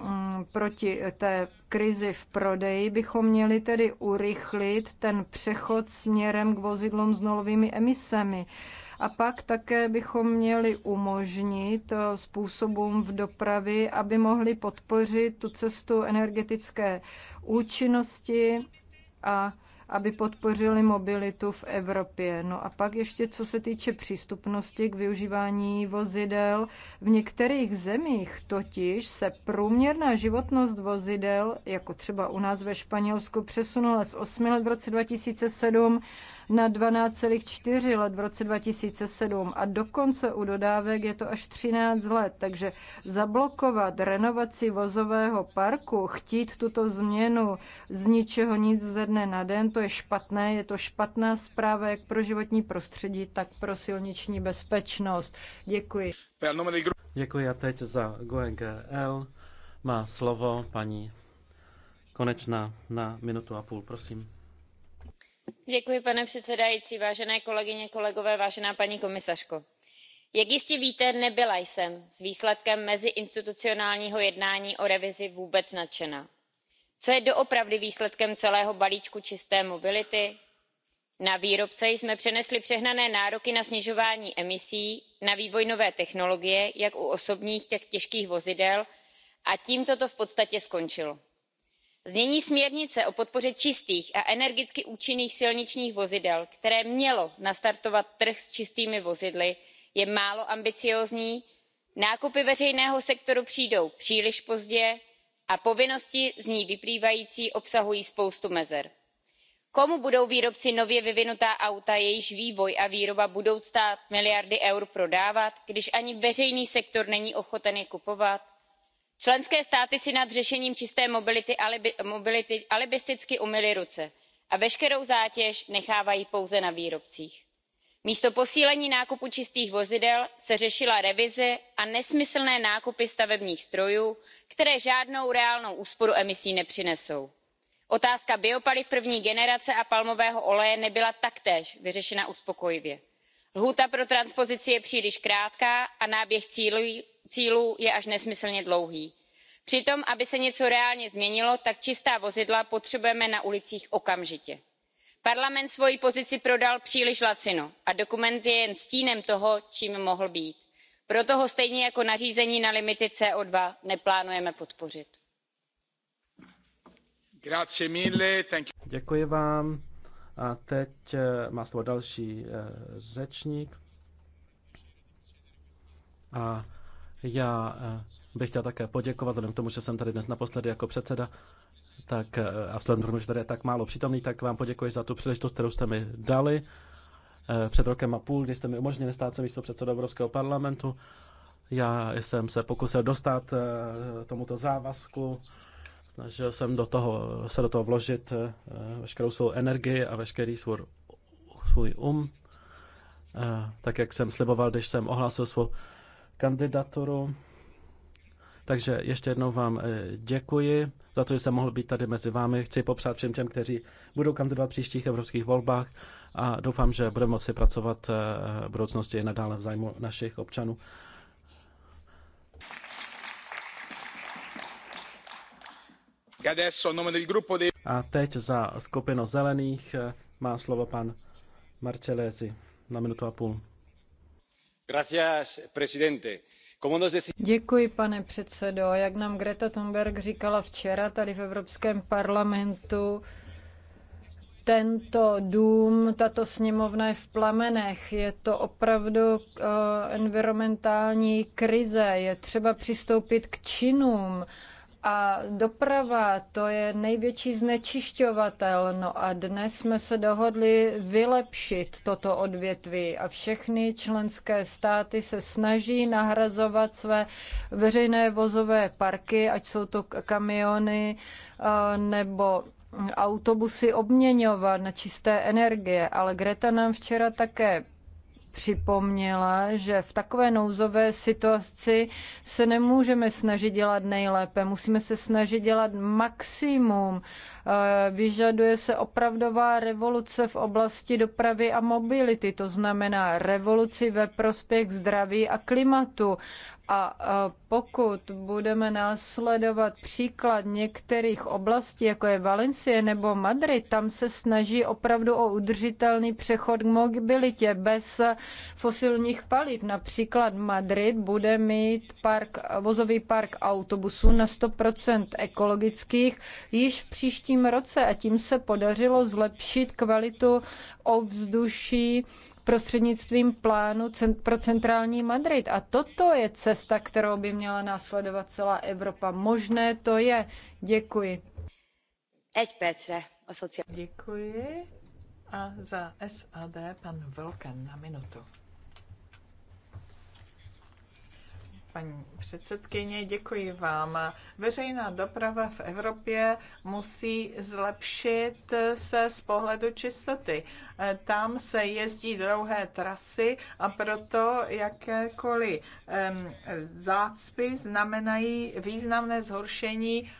mm, proti té krizi v prodeji bychom měli tedy urychlit ten přechod směrem k vozidlům s nulovými emisemi. A pak také bychom měli umožnit eh, způsobům v dopravy, aby mohli podpořit tu cestu energetické účinnosti a aby podpořili mobilitu v Evropě. No a pak ještě, co se týče přístupnosti k využívání vozidel, v některých zemích totiž se průměrná životnost vozidel, jako třeba u nás ve Španělsku, přesunula z 8 let v roce 2007 na 12,4 let v roce 2007 a dokonce u dodávek je to až 13 let. Takže zablokovat renovaci vozového parku, chtít tuto změnu z ničeho nic ze dne na den, to je špatné. Je to špatná zpráva jak pro životní prostředí, tak pro silniční bezpečnost. Děkuji. Děkuji a teď za GOEGL. Má slovo paní Konečná na minutu a půl, prosím pane předsedající vážené kolegyně kolegové vážená paní komisařko jak jistě víte nebyla jsem z výsledku meziinstitucionálního jednání o revizi vůbec nadšená. co je doopravdy výsledkem celého balíčku čisté mobility? na výrobce jsme přenesli přehnané nároky na snižování emisí na vývoj nové technologie jak u osobních tak těžkých vozidel a tím to v podstatě skončilo znění směrnice o podpoře čistých a energicky účinných silničních vozidel které mělo nastartovat trh s čistými vozidly je málo ambiciózní nákupy veřejného sektoru přijdou příliš pozdě a povinnosti z ní vyplývající obsahují spoustu mezer. komu budou výrobci nově vyvinutá auta jejichž vývoj a výroba budou stát miliardy eur prodávat když ani veřejný sektor není ochoten je kupovat? členské státy si nad řešením čisté mobility alibisticky umyly ruce a veškerou zátěž nechávají pouze na výrobcích. místo posílení nákupu čistých vozidel se řešila revize a nesmyslné nákupy stavebních strojů které žádnou reálnou úsporu emisí nepřinesou. otázka biopaliv první generace a palmového oleje nebyla taktéž vyřešena uspokojivě lhůta pro transpozici je příliš krátká a náběh cílů je až nesmyslně dlouhý. přitom aby se něco reálně změnilo tak čistá vozidla potřebujeme na ulicích okamžitě. parlament svoji pozici prodal příliš lacino a dokument je jen stínem toho čím mohl být. proto ho stejně jako nařízení na limity co two neplánujeme podpořit. Děkuji vám. A teď eh, má slovo další eh, řečník. A já eh, bych chtěl také poděkovat, vzhledem k tomu, že jsem tady dnes naposledy jako předseda, tak a vzhledem k tomu, že tady je tak málo přítomný, tak vám poděkuji za tu příležitost, kterou jste mi dali před rokem a půl, kdy jste mi umožnili stát se místo předseda Evropského parlamentu. Já jsem se pokusil dostat tomuto závazku Snažil jsem do toho, se do toho vložit eh, veškerou svou energii a veškerý svůj, svůj um, eh, tak jak jsem sliboval, když jsem ohlásil svou kandidaturu. Takže ještě jednou vám eh, děkuji za to, že jsem mohl být tady mezi vámi. Chci popřát všem těm, kteří budou kandidovat v příštích evropských volbách a doufám, že budeme moci pracovat v budoucnosti i nadále v zájmu našich občanů. E a teď za skupinu zelených eh, má slovo pan Marcellesi na minutu a půl. Děkuji, pane předsedo. Jak nám Greta Thunberg říkala včera tady v Evropském parlamentu, tento dům, tato sněmovna je v plamenech. Je to opravdu uh, environmentální krize. Je třeba přistoupit k činům. Uh, a doprava, to je největší znečišťovatel. No a dnes jsme se dohodli vylepšit toto odvětví a všechny členské státy se snaží nahrazovat své veřejné vozové parky, ať jsou to kamiony eh, nebo autobusy obměňovat na čisté energie. Ale Greta nám včera také připomněla, že v takové nouzové situaci se nemůžeme snažit dělat nejlépe, musíme se snažit dělat maximum Eh, vyžaduje se opravdová revoluce v oblasti dopravy a mobility, to znamená revoluci ve prospěch zdraví a klimatu. A eh, pokud budeme následovat příklad některých oblastí, jako je Valencie nebo Madrid, tam se snaží opravdu o udržitelný přechod k mobilitě bez eh, fosilních paliv. Například Madrid bude mít park, vozový park autobusů na 100% ekologických již v příštím letošním roce a tím se podařilo zlepšit kvalitu ovzduší prostřednictvím plánu pro centrální Madrid. A toto je cesta, kterou by měla následovat celá Evropa. Možné to je. Děkuji. Děkuji. A za SAD pan Vlken na minutu. Paní předsedkyně, děkuji vám. Veřejná doprava v Evropě musí zlepšit se z pohledu čistoty. Tam se jezdí dlouhé trasy a proto jakékoliv zácpy znamenají významné zhoršení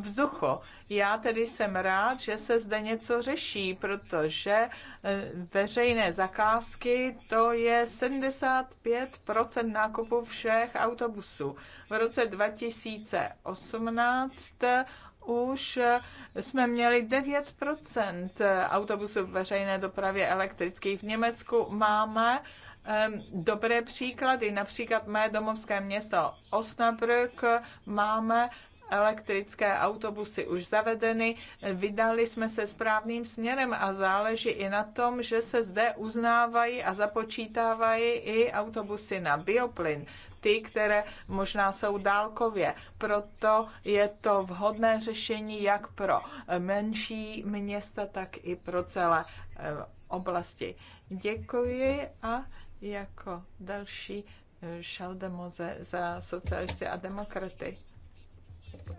Vzducho, Já tedy jsem rád, že se zde něco řeší, protože eh, veřejné zakázky to je 75% nákupu všech autobusů. V roce 2018 eh, už eh, jsme měli 9% autobusů v veřejné dopravě elektrických. V Německu máme ehm, dobré příklady, například mé domovské město Osnabrück máme elektrické autobusy už zavedeny, vydali jsme se správným směrem a záleží i na tom, že se zde uznávají a započítávají i autobusy na bioplyn ty, které možná jsou dálkově. Proto je to vhodné řešení jak pro menší města, tak i pro celé eh, oblasti. Děkuji a jako další eh, Šaldemoze za socialisty a demokraty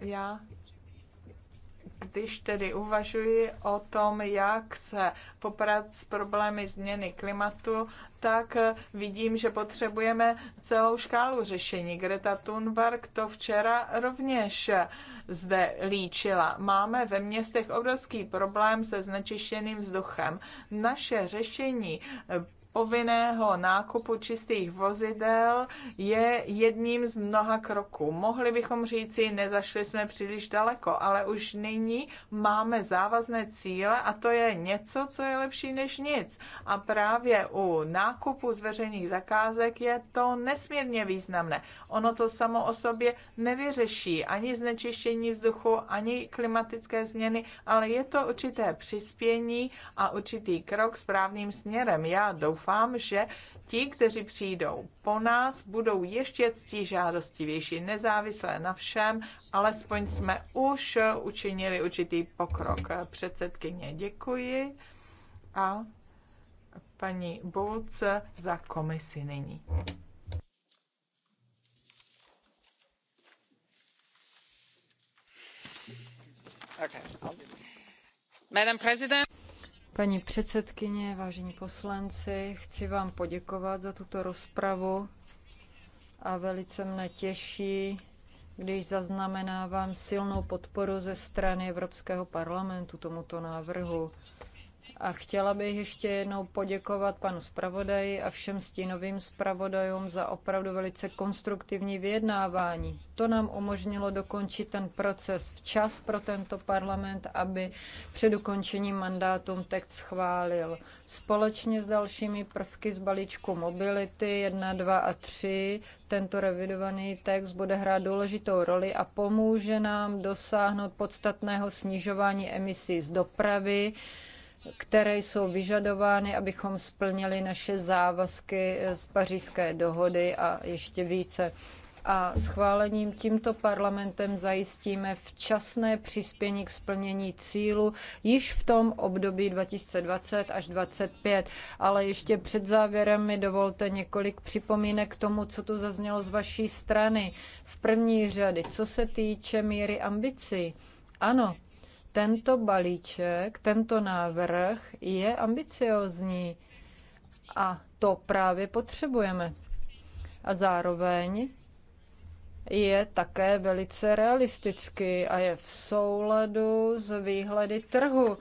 já když tedy uvažuji o tom, jak se poprat s problémy změny klimatu, tak eh, vidím, že potřebujeme celou škálu řešení. Greta Thunberg to včera rovněž eh, zde líčila. Máme ve městech obrovský problém se znečištěným vzduchem. Naše řešení eh, povinného nákupu čistých vozidel je jedním z mnoha kroků. Mohli bychom říci, nezašli jsme příliš daleko, ale už nyní máme závazné cíle a to je něco, co je lepší než nic. A právě u nákupu z veřejných zakázek je to nesmírně významné. Ono to samo o sobě nevyřeší ani znečištění vzduchu, ani klimatické změny, ale je to určité přispění a určitý krok správným směrem. Já doufám, doufám, že ti, kteří přijdou po nás, budou ještě ctí žádostivější, nezávislé na všem, alespoň jsme už učinili určitý pokrok. Předsedkyně, děkuji a paní Bouc za komisi nyní. Okay. Madam President. Paní předsedkyně, vážení poslanci, chci vám poděkovat za tuto rozpravu a velice mne těší, když zaznamenávám silnou podporu ze strany Evropského parlamentu tomuto návrhu. A chtěla bych ještě jednou poděkovat panu zpravodaji a všem stínovým zpravodajům za opravdu velice konstruktivní vyjednávání. To nám umožnilo dokončit ten proces včas pro tento parlament, aby před ukončením mandátum text schválil. Společně s dalšími prvky z balíčku mobility 1, 2 a 3 tento revidovaný text bude hrát důležitou roli a pomůže nám dosáhnout podstatného snižování emisí z dopravy, které jsou vyžadovány, abychom splnili naše závazky z pařížské dohody a ještě více. A schválením tímto parlamentem zajistíme včasné přispění k splnění cílu již v tom období 2020 až 2025. Ale ještě před závěrem mi dovolte několik připomínek k tomu, co to zaznělo z vaší strany. V první řady, co se týče míry ambicí. Ano, tento balíček, tento návrh je ambiciozní a to právě potřebujeme. A zároveň je také velice realistický a je v souladu s výhledy trhu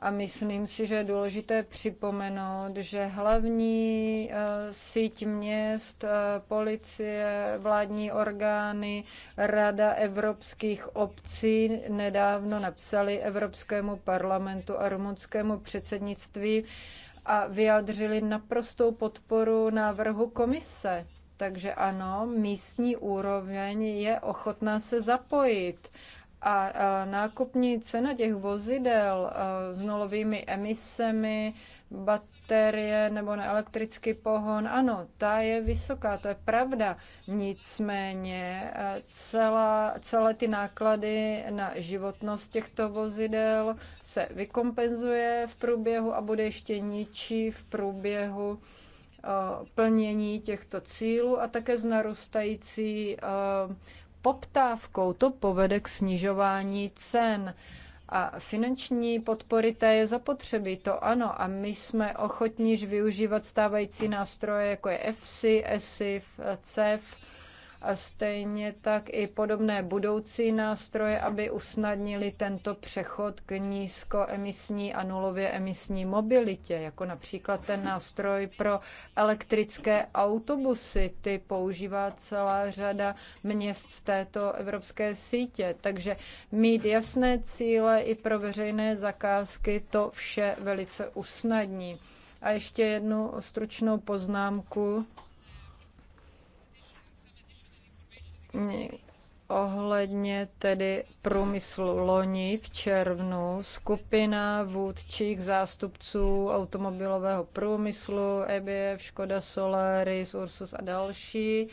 a myslím si, že je důležité připomenout, že hlavní eh, síť měst, eh, policie, vládní orgány, Rada evropských obcí nedávno napsali Evropskému parlamentu a rumunskému předsednictví a vyjádřili naprostou podporu návrhu komise. Takže ano, místní úroveň je ochotná se zapojit a nákupní cena těch vozidel s nulovými emisemi, baterie nebo na elektrický pohon, ano, ta je vysoká, to je pravda. Nicméně celá, celé ty náklady na životnost těchto vozidel se vykompenzuje v průběhu a bude ještě ničí v průběhu plnění těchto cílů a také s narůstající poptávkou. To povede k snižování cen. A finanční podpory té je zapotřebí, to ano. A my jsme ochotníž využívat stávající nástroje, jako je EFSI, ESIF, CEF, a stejně tak i podobné budoucí nástroje, aby usnadnili tento přechod k nízkoemisní a nulově emisní mobilitě, jako například ten nástroj pro elektrické autobusy. Ty používá celá řada měst z této evropské sítě. Takže mít jasné cíle i pro veřejné zakázky to vše velice usnadní. A ještě jednu stručnou poznámku Ohledně tedy průmyslu loni v červnu skupina vůdčích zástupců automobilového průmyslu EBF, Škoda Solaris, Ursus a další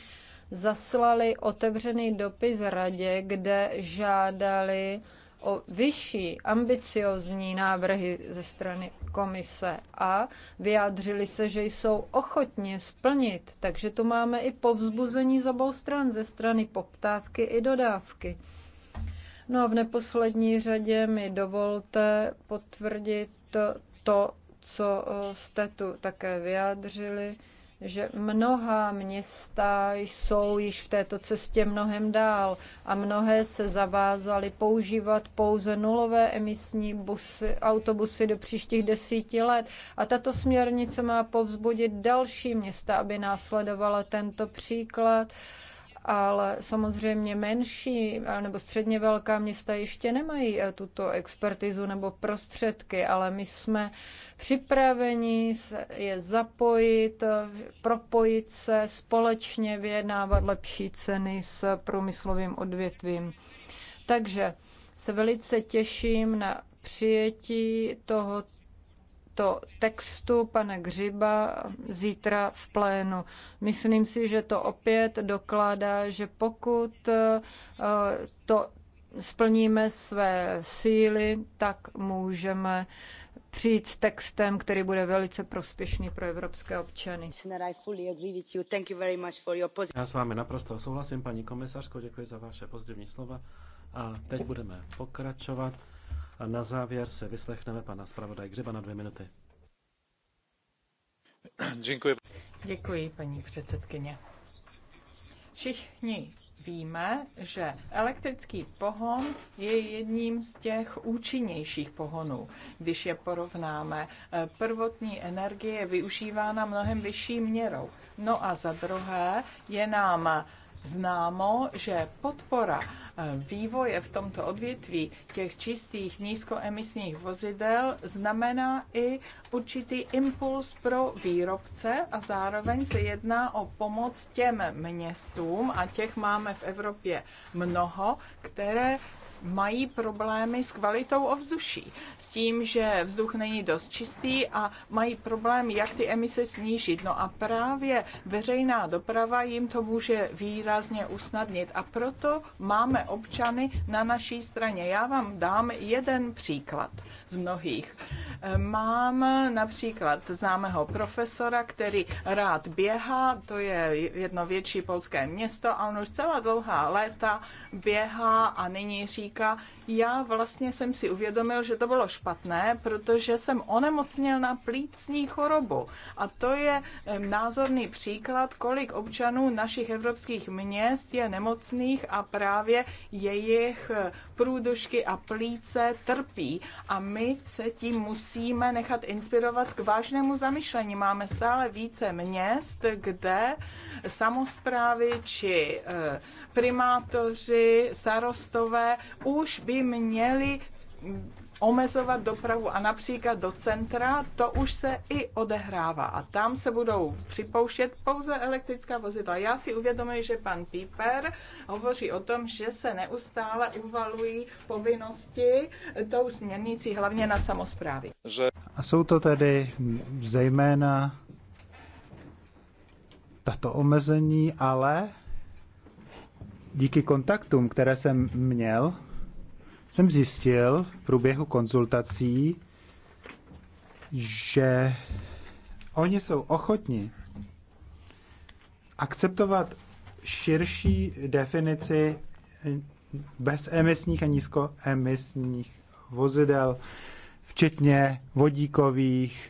zaslali otevřený dopis radě, kde žádali o vyšší ambiciozní návrhy ze strany komise a vyjádřili se, že jsou ochotně splnit. Takže tu máme i povzbuzení z obou stran, ze strany poptávky i dodávky. No a v neposlední řadě mi dovolte potvrdit to, co eh, jste tu také vyjádřili že mnoha města jsou již v této cestě mnohem dál a mnohé se zavázaly používat pouze nulové emisní busy, autobusy do příštích desíti let. A tato směrnice má povzbudit další města, aby následovala tento příklad ale samozřejmě menší eh, nebo středně velká města ještě nemají eh, tuto expertizu nebo prostředky, ale my jsme připraveni je zapojit, eh, propojit se, společně vyjednávat lepší ceny s průmyslovým odvětvím. Takže se velice těším na přijetí tohoto to textu pana Gřiba zítra v plénu. Myslím si, že to opět dokládá, že pokud eh, to splníme své síly, tak můžeme přijít s textem, který bude velice prospěšný pro evropské občany. Já s vámi naprosto souhlasím, paní komisařko, děkuji za vaše pozdivní slova. A teď budeme pokračovat. A na závěr se vyslechneme pana zpravodaje Gřeba na dvě minuty. Děkuji. Děkuji, paní předsedkyně. Všichni víme, že elektrický pohon je jedním z těch účinnějších pohonů. Když je porovnáme, eh, prvotní energie je využívána mnohem vyšší měrou. No a za druhé je nám známo, že podpora eh, vývoje v tomto odvětví těch čistých nízkoemisních vozidel znamená i určitý impuls pro výrobce a zároveň se jedná o pomoc těm městům a těch máme v Evropě mnoho, které mají problémy s kvalitou ovzduší, s tím, že vzduch není dost čistý a mají problém, jak ty emise snížit. No a právě veřejná doprava jim to může výrazně usnadnit a proto máme občany na naší straně. Já vám dám jeden příklad z mnohých. Mám například známého profesora, který rád běhá, to je jedno větší polské město a on už celá dlouhá léta běhá a nyní říká, já vlastně jsem si uvědomil, že to bylo špatné, protože jsem onemocněl na plícní chorobu. A to je názorný příklad, kolik občanů našich evropských měst je nemocných a právě jejich eh, průdušky a plíce trpí. A my se tím musíme nechat inspirovat k vážnému zamyšlení. Máme stále více měst, kde samozprávy či eh, primátoři, starostové už by měli omezovat dopravu a například do centra, to už se i odehrává a tam se budou připouštět pouze elektrická vozidla. Já si uvědomuji, že pan Píper hovoří o tom, že se neustále uvalují povinnosti tou směrnicí hlavně na samozprávy. A jsou to tedy zejména tato omezení, ale díky kontaktům, které jsem měl jsem zjistil v průběhu konzultací, že oni jsou ochotni akceptovat širší definici bezemisních a nízkoemisních vozidel, včetně vodíkových,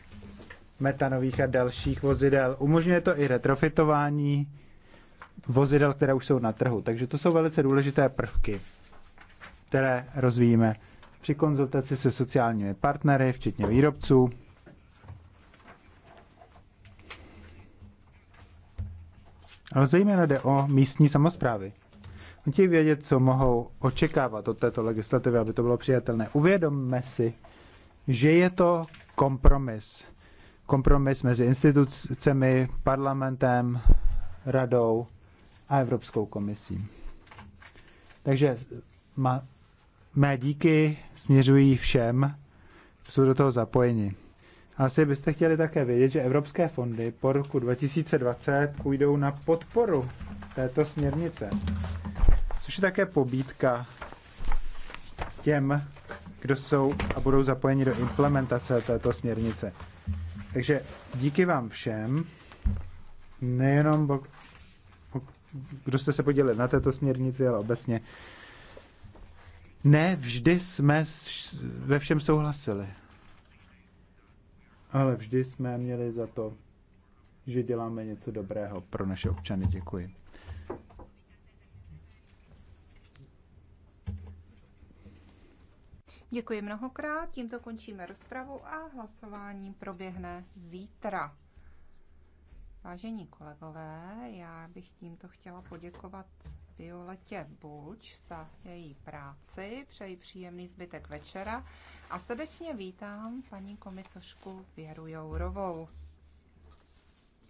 metanových a dalších vozidel. Umožňuje to i retrofitování vozidel, které už jsou na trhu. Takže to jsou velice důležité prvky které rozvíjíme při konzultaci se sociálními partnery, včetně výrobců. Ale zejména jde o místní samozprávy. Chtějí vědět, co mohou očekávat od této legislativy, aby to bylo přijatelné. Uvědomme si, že je to kompromis. Kompromis mezi institucemi, parlamentem, radou a Evropskou komisí. Takže má, Mé díky směřují všem, jsou do toho zapojeni. Asi byste chtěli také vědět, že evropské fondy po roku 2020 půjdou na podporu této směrnice, což je také pobídka těm, kdo jsou a budou zapojeni do implementace této směrnice. Takže díky vám všem, nejenom kdo jste se podělili na této směrnici, ale obecně ne vždy jsme ve všem souhlasili. Ale vždy jsme měli za to, že děláme něco dobrého pro naše občany. Děkuji. Děkuji mnohokrát, tímto končíme rozpravu a hlasování proběhne zítra. Vážení kolegové, já bych tímto chtěla poděkovat Violetě Bulč za její práci. Přeji příjemný zbytek večera a srdečně vítám paní komisošku Věru Jourovou.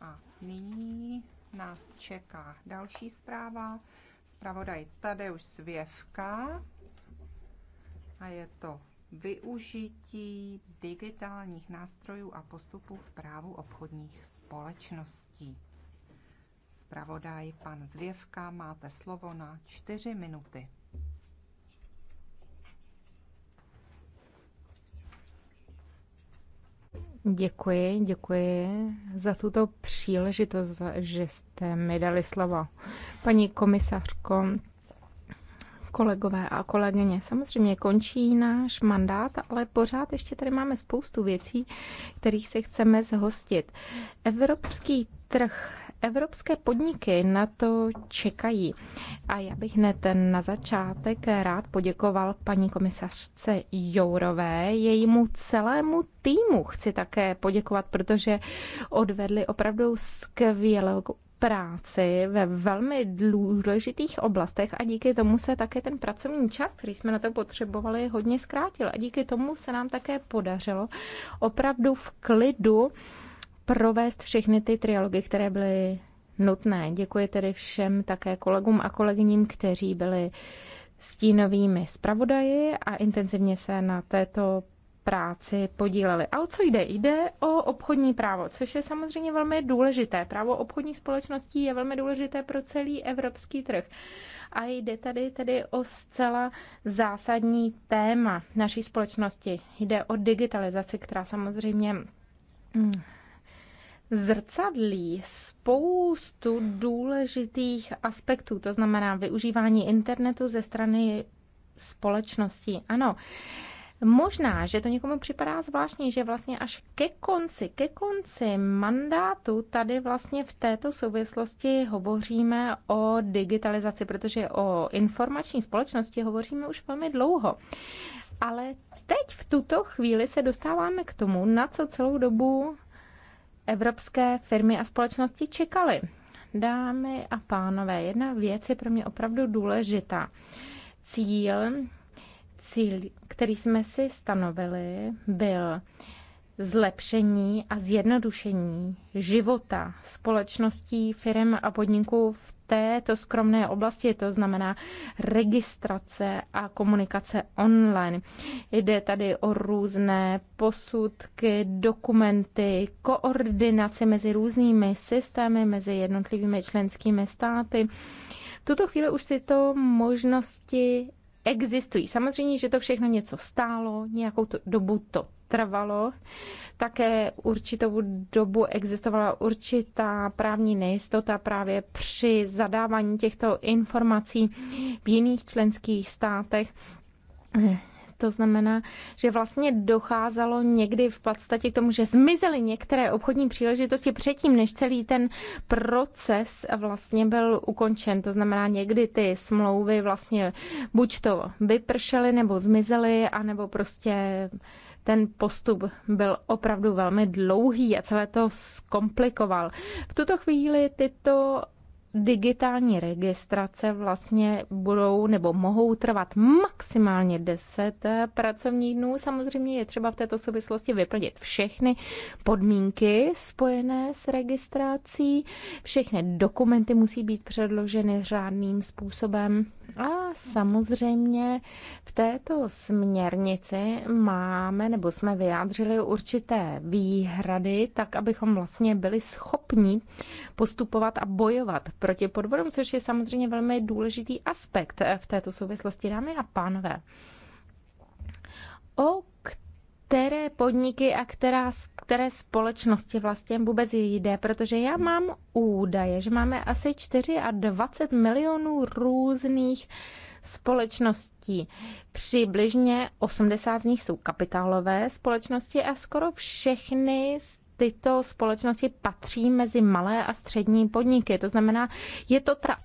A nyní nás čeká další zpráva. Spravodaj Tadeuš Svěvka a je to využití digitálních nástrojů a postupů v právu obchodních společností zpravodaj, pan Zvěvka. Máte slovo na čtyři minuty. Děkuji, děkuji za tuto příležitost, že jste mi dali slovo. Paní komisařko, kolegové a kolegyně, samozřejmě končí náš mandát, ale pořád ještě tady máme spoustu věcí, kterých se chceme zhostit. Evropský trh Evropské podniky na to čekají. A já bych hned na začátek rád poděkoval paní komisařce Jourové, jejímu celému týmu chci také poděkovat, protože odvedli opravdu skvělou práci ve velmi důležitých oblastech a díky tomu se také ten pracovní čas, který jsme na to potřebovali, hodně zkrátil. A díky tomu se nám také podařilo opravdu v klidu provést všechny ty trialogy, které byly nutné. Děkuji tedy všem také kolegům a kolegyním, kteří byli stínovými zpravodaji a intenzivně se na této práci podíleli. A o co jde? Jde o obchodní právo, což je samozřejmě velmi důležité. Právo obchodních společností je velmi důležité pro celý evropský trh. A jde tady tedy o zcela zásadní téma naší společnosti. Jde o digitalizaci, která samozřejmě zrcadlí spoustu důležitých aspektů, to znamená využívání internetu ze strany společnosti. Ano, Možná, že to někomu připadá zvláštní, že vlastně až ke konci, ke konci mandátu tady vlastně v této souvislosti hovoříme o digitalizaci, protože o informační společnosti hovoříme už velmi dlouho. Ale teď v tuto chvíli se dostáváme k tomu, na co celou dobu evropské firmy a společnosti čekaly. Dámy a pánové, jedna věc je pro mě opravdu důležitá. Cíl, cíl, který jsme si stanovili, byl zlepšení a zjednodušení života společností, firm a podniků v této skromné oblasti, to znamená registrace a komunikace online. Jde tady o různé posudky, dokumenty, koordinaci mezi různými systémy, mezi jednotlivými členskými státy. V tuto chvíli už tyto možnosti existují. Samozřejmě, že to všechno něco stálo, nějakou to dobu to trvalo. Také určitou dobu existovala určitá právní nejistota právě při zadávání těchto informací v jiných členských státech. To znamená, že vlastně docházelo někdy v podstatě k tomu, že zmizely některé obchodní příležitosti předtím, než celý ten proces vlastně byl ukončen. To znamená, někdy ty smlouvy vlastně buď to vypršely nebo zmizely, anebo prostě ten postup byl opravdu velmi dlouhý a celé to zkomplikoval. V tuto chvíli tyto digitální registrace vlastně budou nebo mohou trvat maximálně 10 eh, pracovních dnů. Samozřejmě je třeba v této souvislosti vyplnit všechny podmínky spojené s registrací. Všechny dokumenty musí být předloženy řádným způsobem. A samozřejmě v této směrnici máme nebo jsme vyjádřili určité výhrady, tak abychom vlastně byli schopni postupovat a bojovat proti podvodům, což je samozřejmě velmi důležitý aspekt v této souvislosti, dámy a pánové. O které podniky a která, které společnosti vlastně vůbec jde, protože já mám údaje, že máme asi 24 milionů různých společností. Přibližně 80 z nich jsou kapitálové společnosti a skoro všechny tyto společnosti patří mezi malé a střední podniky. To znamená, je to ta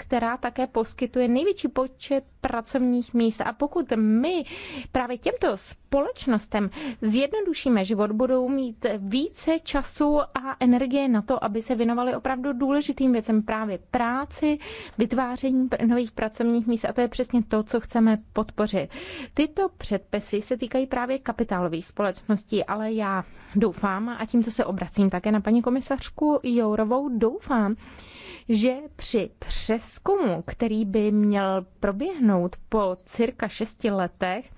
která také poskytuje největší počet pracovních míst. A pokud my právě těmto společnostem zjednodušíme život, budou mít více času a energie na to, aby se věnovali opravdu důležitým věcem právě práci, vytváření nových pracovních míst a to je přesně to, co chceme podpořit. Tyto předpisy se týkají právě kapitálových společností, ale já doufám, a tímto se obracím také na paní komisařku Jourovou, doufám, že při přeskumu, který by měl proběhnout po cirka šesti letech,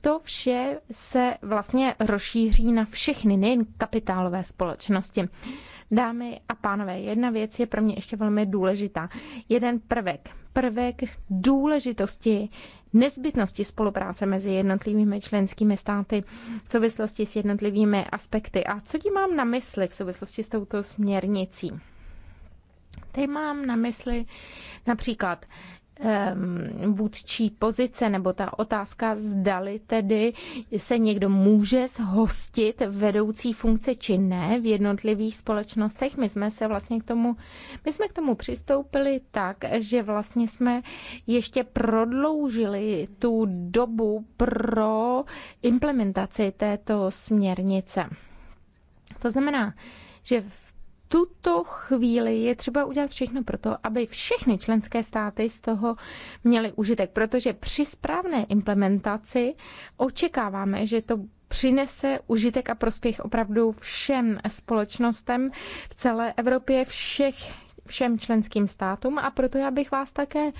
to vše se vlastně rozšíří na všechny, nejen kapitálové společnosti. Dámy a pánové, jedna věc je pro mě ještě velmi důležitá. Jeden prvek, prvek důležitosti nezbytnosti spolupráce mezi jednotlivými členskými státy v souvislosti s jednotlivými aspekty. A co tím mám na mysli v souvislosti s touto směrnicí? Teď mám na mysli například vůdčí pozice nebo ta otázka, zdali tedy se někdo může zhostit vedoucí funkce či ne v jednotlivých společnostech. My jsme se vlastně k tomu, my jsme k tomu přistoupili tak, že vlastně jsme ještě prodloužili tu dobu pro implementaci této směrnice. To znamená, že v tuto chvíli je třeba udělat všechno pro to, aby všechny členské státy z toho měly užitek, protože při správné implementaci očekáváme, že to přinese užitek a prospěch opravdu všem společnostem v celé Evropě, všech všem členským státům a proto já bych vás také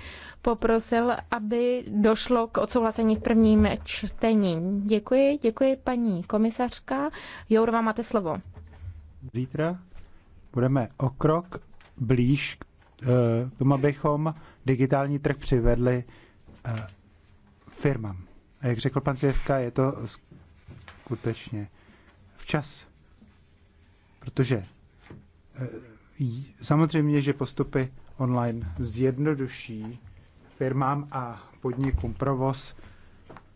poprosil, aby došlo k odsouhlasení v prvním čtení. Děkuji, děkuji paní komisařka. Jourova, máte slovo. Zítra budeme o krok blíž eh, k tomu, abychom digitální trh přivedli eh, firmám. A jak řekl pan Cvěvka, je to skutečně včas, protože eh, samozřejmě, že postupy online zjednoduší firmám a podnikům provoz.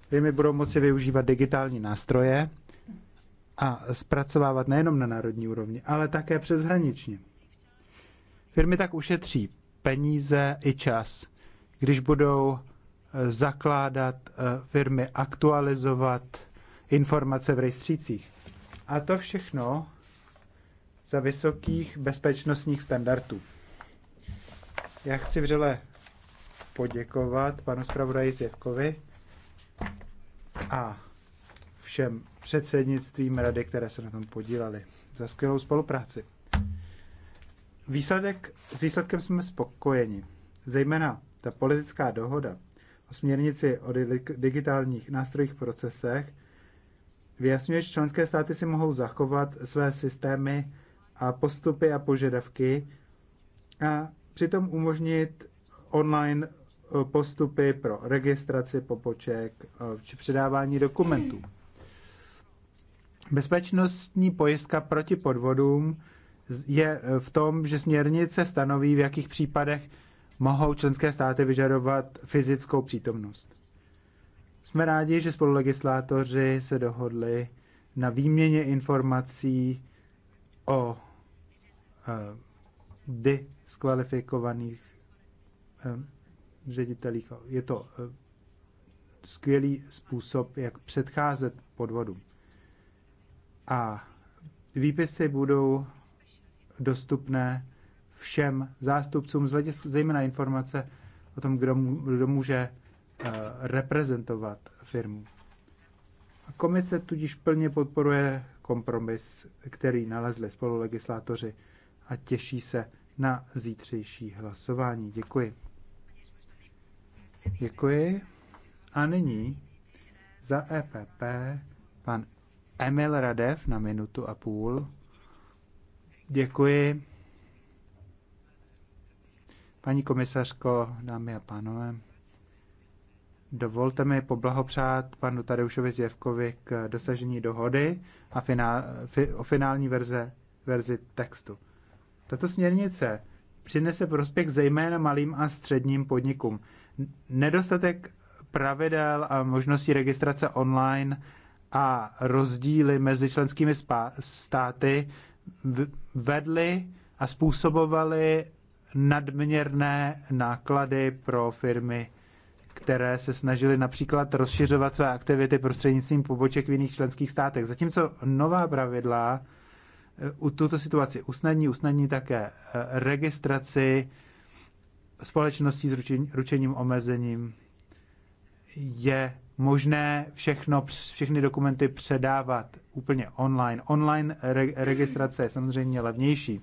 Firmy budou moci využívat digitální nástroje a zpracovávat nejenom na národní úrovni, ale také přeshraničně. Firmy tak ušetří peníze i čas, když budou eh, zakládat eh, firmy, aktualizovat informace v rejstřících. A to všechno za vysokých bezpečnostních standardů. Já chci vřele poděkovat panu zpravodaji Zjevkovi a všem předsednictvím rady, které se na tom podílely, za skvělou spolupráci. Výsledek, s výsledkem jsme spokojeni. Zejména ta politická dohoda o směrnici o digitálních nástrojích procesech vyjasňuje, že členské státy si mohou zachovat své systémy a postupy a požadavky a přitom umožnit online eh, postupy pro registraci popoček eh, či předávání dokumentů. Bezpečnostní pojistka proti podvodům je v tom, že směrnice stanoví, v jakých případech mohou členské státy vyžadovat fyzickou přítomnost. Jsme rádi, že spolulegislátoři se dohodli na výměně informací o uh, diskvalifikovaných uh, ředitelích. Je to uh, skvělý způsob, jak předcházet podvodům a výpisy budou dostupné všem zástupcům, zejména informace o tom, kdo, kdo může eh, reprezentovat firmu. Komise tudíž plně podporuje kompromis, který nalezli spolulegislátoři a těší se na zítřejší hlasování. Děkuji. Děkuji. A nyní za EPP pan Emil Radev na minutu a půl. Děkuji. Paní komisařko, dámy a pánové, dovolte mi poblahopřát panu Tadeušovi Zjevkovi k dosažení dohody a finál, fi, o finální verze, verzi textu. Tato směrnice přinese prospěch zejména malým a středním podnikům. Nedostatek pravidel a možností registrace online a rozdíly mezi členskými státy vedly a způsobovaly nadměrné náklady pro firmy, které se snažily například rozšiřovat své aktivity prostřednictvím poboček v jiných členských státech. Zatímco nová pravidla eh, u tuto situaci usnadní, usnadní také eh, registraci společností s ručením omezením je možné všechno, všechny dokumenty předávat úplně online. Online re- registrace je samozřejmě levnější.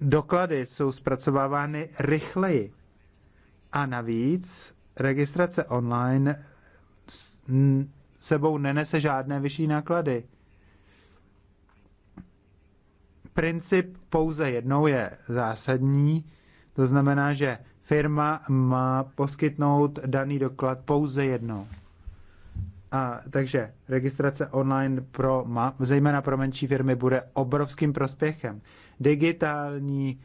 Doklady jsou zpracovávány rychleji. A navíc registrace online sebou nenese žádné vyšší náklady. Princip pouze jednou je zásadní, to znamená, že firma má poskytnout daný doklad pouze jednou. A, takže registrace online pro, zejména pro menší firmy bude obrovským prospěchem. Digitální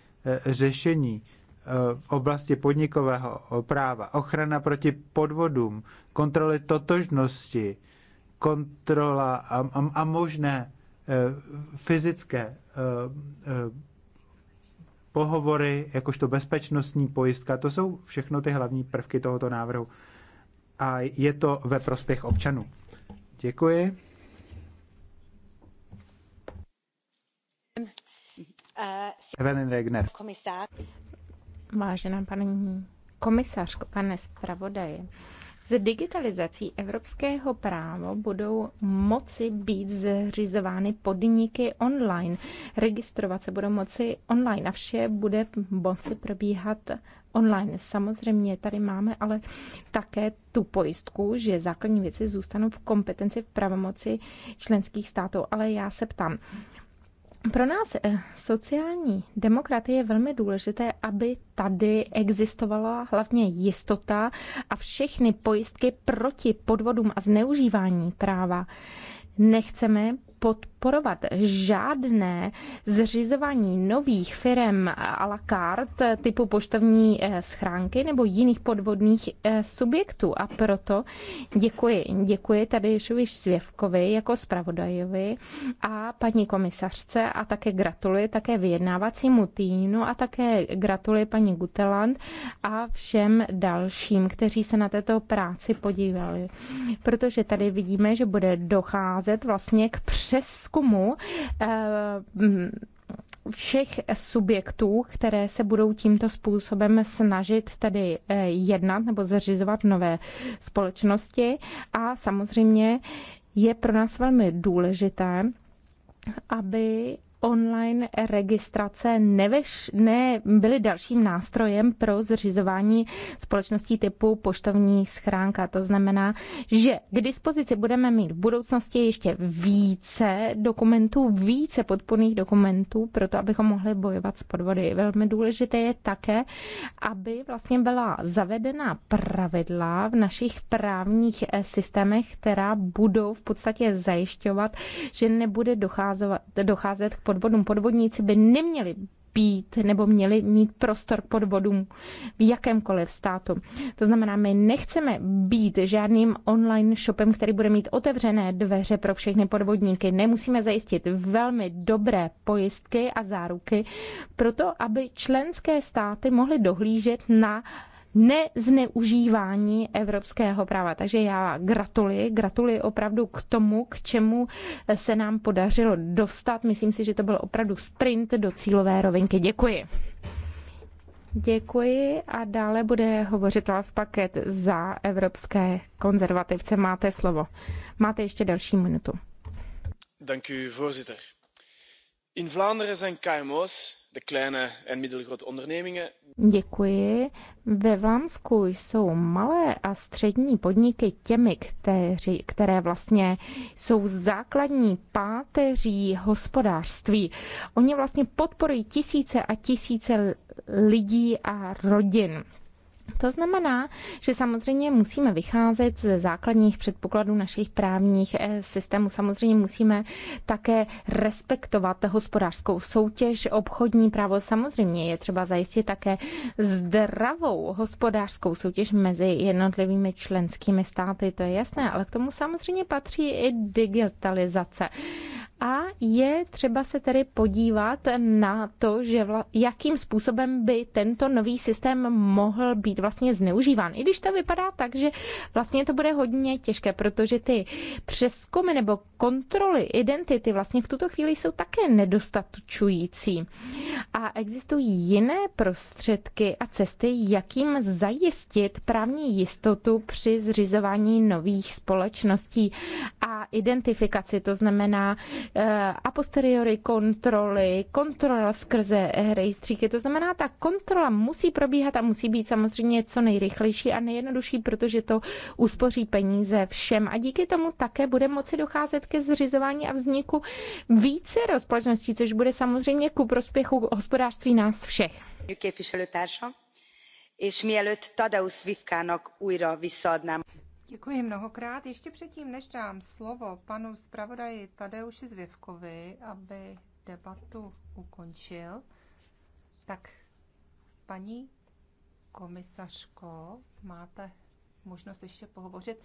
e, řešení eh, oblasti podnikového eh, práva, ochrana proti podvodům, kontroly totožnosti, kontrola a, a, a možné e, fyzické e, e, pohovory, jakožto bezpečnostní pojistka, to jsou všechno ty hlavní prvky tohoto návrhu. A je to ve prospěch občanů. Děkuji. Evelyn Regner. Vážená paní komisařko, pane zpravodaji, s digitalizací evropského práva budou moci být zřizovány podniky online. Registrovat se budou moci online a vše bude moci probíhat online. Samozřejmě tady máme ale také tu pojistku, že základní věci zůstanou v kompetenci v pravomoci členských států. Ale já se ptám, pro nás eh, sociální demokraty je velmi důležité, aby tady existovala hlavně jistota a všechny pojistky proti podvodům a zneužívání práva. Nechceme pod podporovat žádné zřizování nových firm a la carte typu poštovní eh, schránky nebo jiných podvodných eh, subjektů. A proto děkuji. Děkuji tady Šuviš Svěvkovi jako zpravodajovi a paní komisařce a také gratuluji také vyjednávacímu týmu a také gratuluji paní Guteland a všem dalším, kteří se na této práci podívali. Protože tady vidíme, že bude docházet vlastně k přes průzkumu eh, všech subjektů, které se budou tímto způsobem snažit tedy eh, jednat nebo zařizovat nové společnosti. A samozřejmě je pro nás velmi důležité, aby online registrace neveš, ne, byly dalším nástrojem pro zřizování společností typu poštovní schránka. To znamená, že k dispozici budeme mít v budoucnosti ještě více dokumentů, více podporných dokumentů, proto abychom mohli bojovat s podvody. Velmi důležité je také, aby vlastně byla zavedena pravidla v našich právních eh, systémech, která budou v podstatě zajišťovat, že nebude docházet k podvodům podvodům. Podvodníci by neměli být nebo měli mít prostor k podvodům v jakémkoliv státu. To znamená, my nechceme být žádným online shopem, který bude mít otevřené dveře pro všechny podvodníky. Nemusíme zajistit velmi dobré pojistky a záruky proto, aby členské státy mohly dohlížet na nezneužívání evropského práva. Takže já gratuluji, gratuluji opravdu k tomu, k čemu se nám podařilo dostat. Myslím si, že to byl opravdu sprint do cílové rovinky. Děkuji. Děkuji a dále bude hovořit v paket za evropské konzervativce. Máte slovo. Máte ještě další minutu. Děkuji, voorzitter. In Vlaanderen zijn KMO's Děkuji. Ve Vlámsku jsou malé a střední podniky těmi, kteří, které vlastně jsou základní páteří hospodářství. Oni vlastně podporují tisíce a tisíce lidí a rodin. To znamená, že samozřejmě musíme vycházet ze základních předpokladů našich právních eh, systémů. Samozřejmě musíme také respektovat hospodářskou soutěž, obchodní právo. Samozřejmě je třeba zajistit také zdravou hospodářskou soutěž mezi jednotlivými členskými státy, to je jasné, ale k tomu samozřejmě patří i digitalizace. A je třeba se tedy podívat na to, že vla, jakým způsobem by tento nový systém mohl být být vlastně zneužíván. I když to vypadá tak, že vlastně to bude hodně těžké, protože ty přeskumy nebo kontroly identity vlastně v tuto chvíli jsou také nedostatčující. A existují jiné prostředky a cesty, jakým zajistit právní jistotu při zřizování nových společností a identifikaci, to znamená eh, a posteriori kontroly, kontrola skrze rejstříky, to znamená, ta kontrola musí probíhat a musí být samozřejmě samozřejmě co nejrychlejší a nejjednodušší, protože to uspoří peníze všem. A díky tomu také bude moci docházet ke zřizování a vzniku více rozpočností, což bude samozřejmě ku prospěchu hospodářství nás všech. Děkuji mnohokrát. Ještě předtím, než dám slovo panu zpravodaji Tadeuši Zvěvkovi, aby debatu ukončil, tak paní komisařko, máte možnost ještě pohovořit.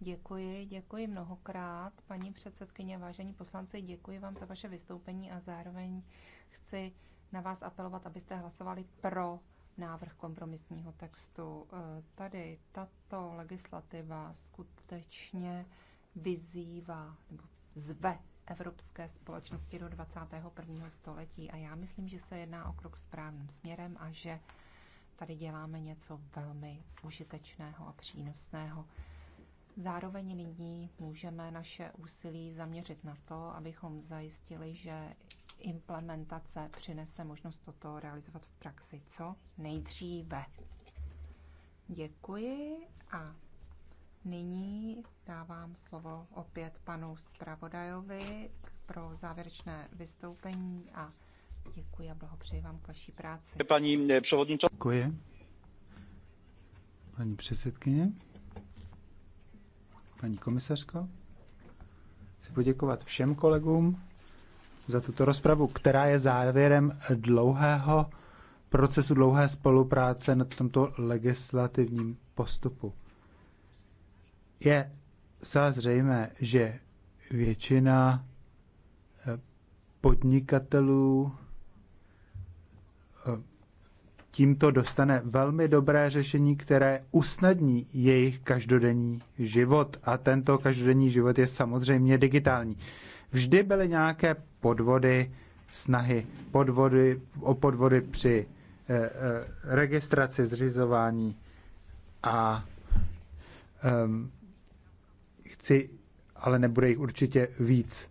Děkuji, děkuji mnohokrát, paní předsedkyně, vážení poslanci, děkuji vám za vaše vystoupení a zároveň chci na vás apelovat, abyste hlasovali pro návrh kompromisního textu. E, tady tato legislativa skutečně vyzývá nebo zve evropské společnosti do 21. století a já myslím, že se jedná o krok správným směrem a že tady děláme něco velmi užitečného a přínosného. Zároveň nyní můžeme naše úsilí zaměřit na to, abychom zajistili, že implementace přinese možnost toto realizovat v praxi co nejdříve. Děkuji a nyní dávám slovo opět panu zpravodajovi pro závěrečné vystoupení a Děkuji a blahopřeji vám k vaší práci. Paní eh, převodnička. Děkuji. Paní předsedkyně. Paní komisařko. Chci poděkovat všem kolegům za tuto rozpravu, která je závěrem dlouhého procesu dlouhé spolupráce na tomto legislativním postupu. Je zřejmé, že většina eh, podnikatelů tímto dostane velmi dobré řešení, které usnadní jejich každodenní život. A tento každodenní život je samozřejmě digitální. Vždy byly nějaké podvody, snahy podvody, o podvody při e, e, registraci, zřizování a e, chci, ale nebude jich určitě víc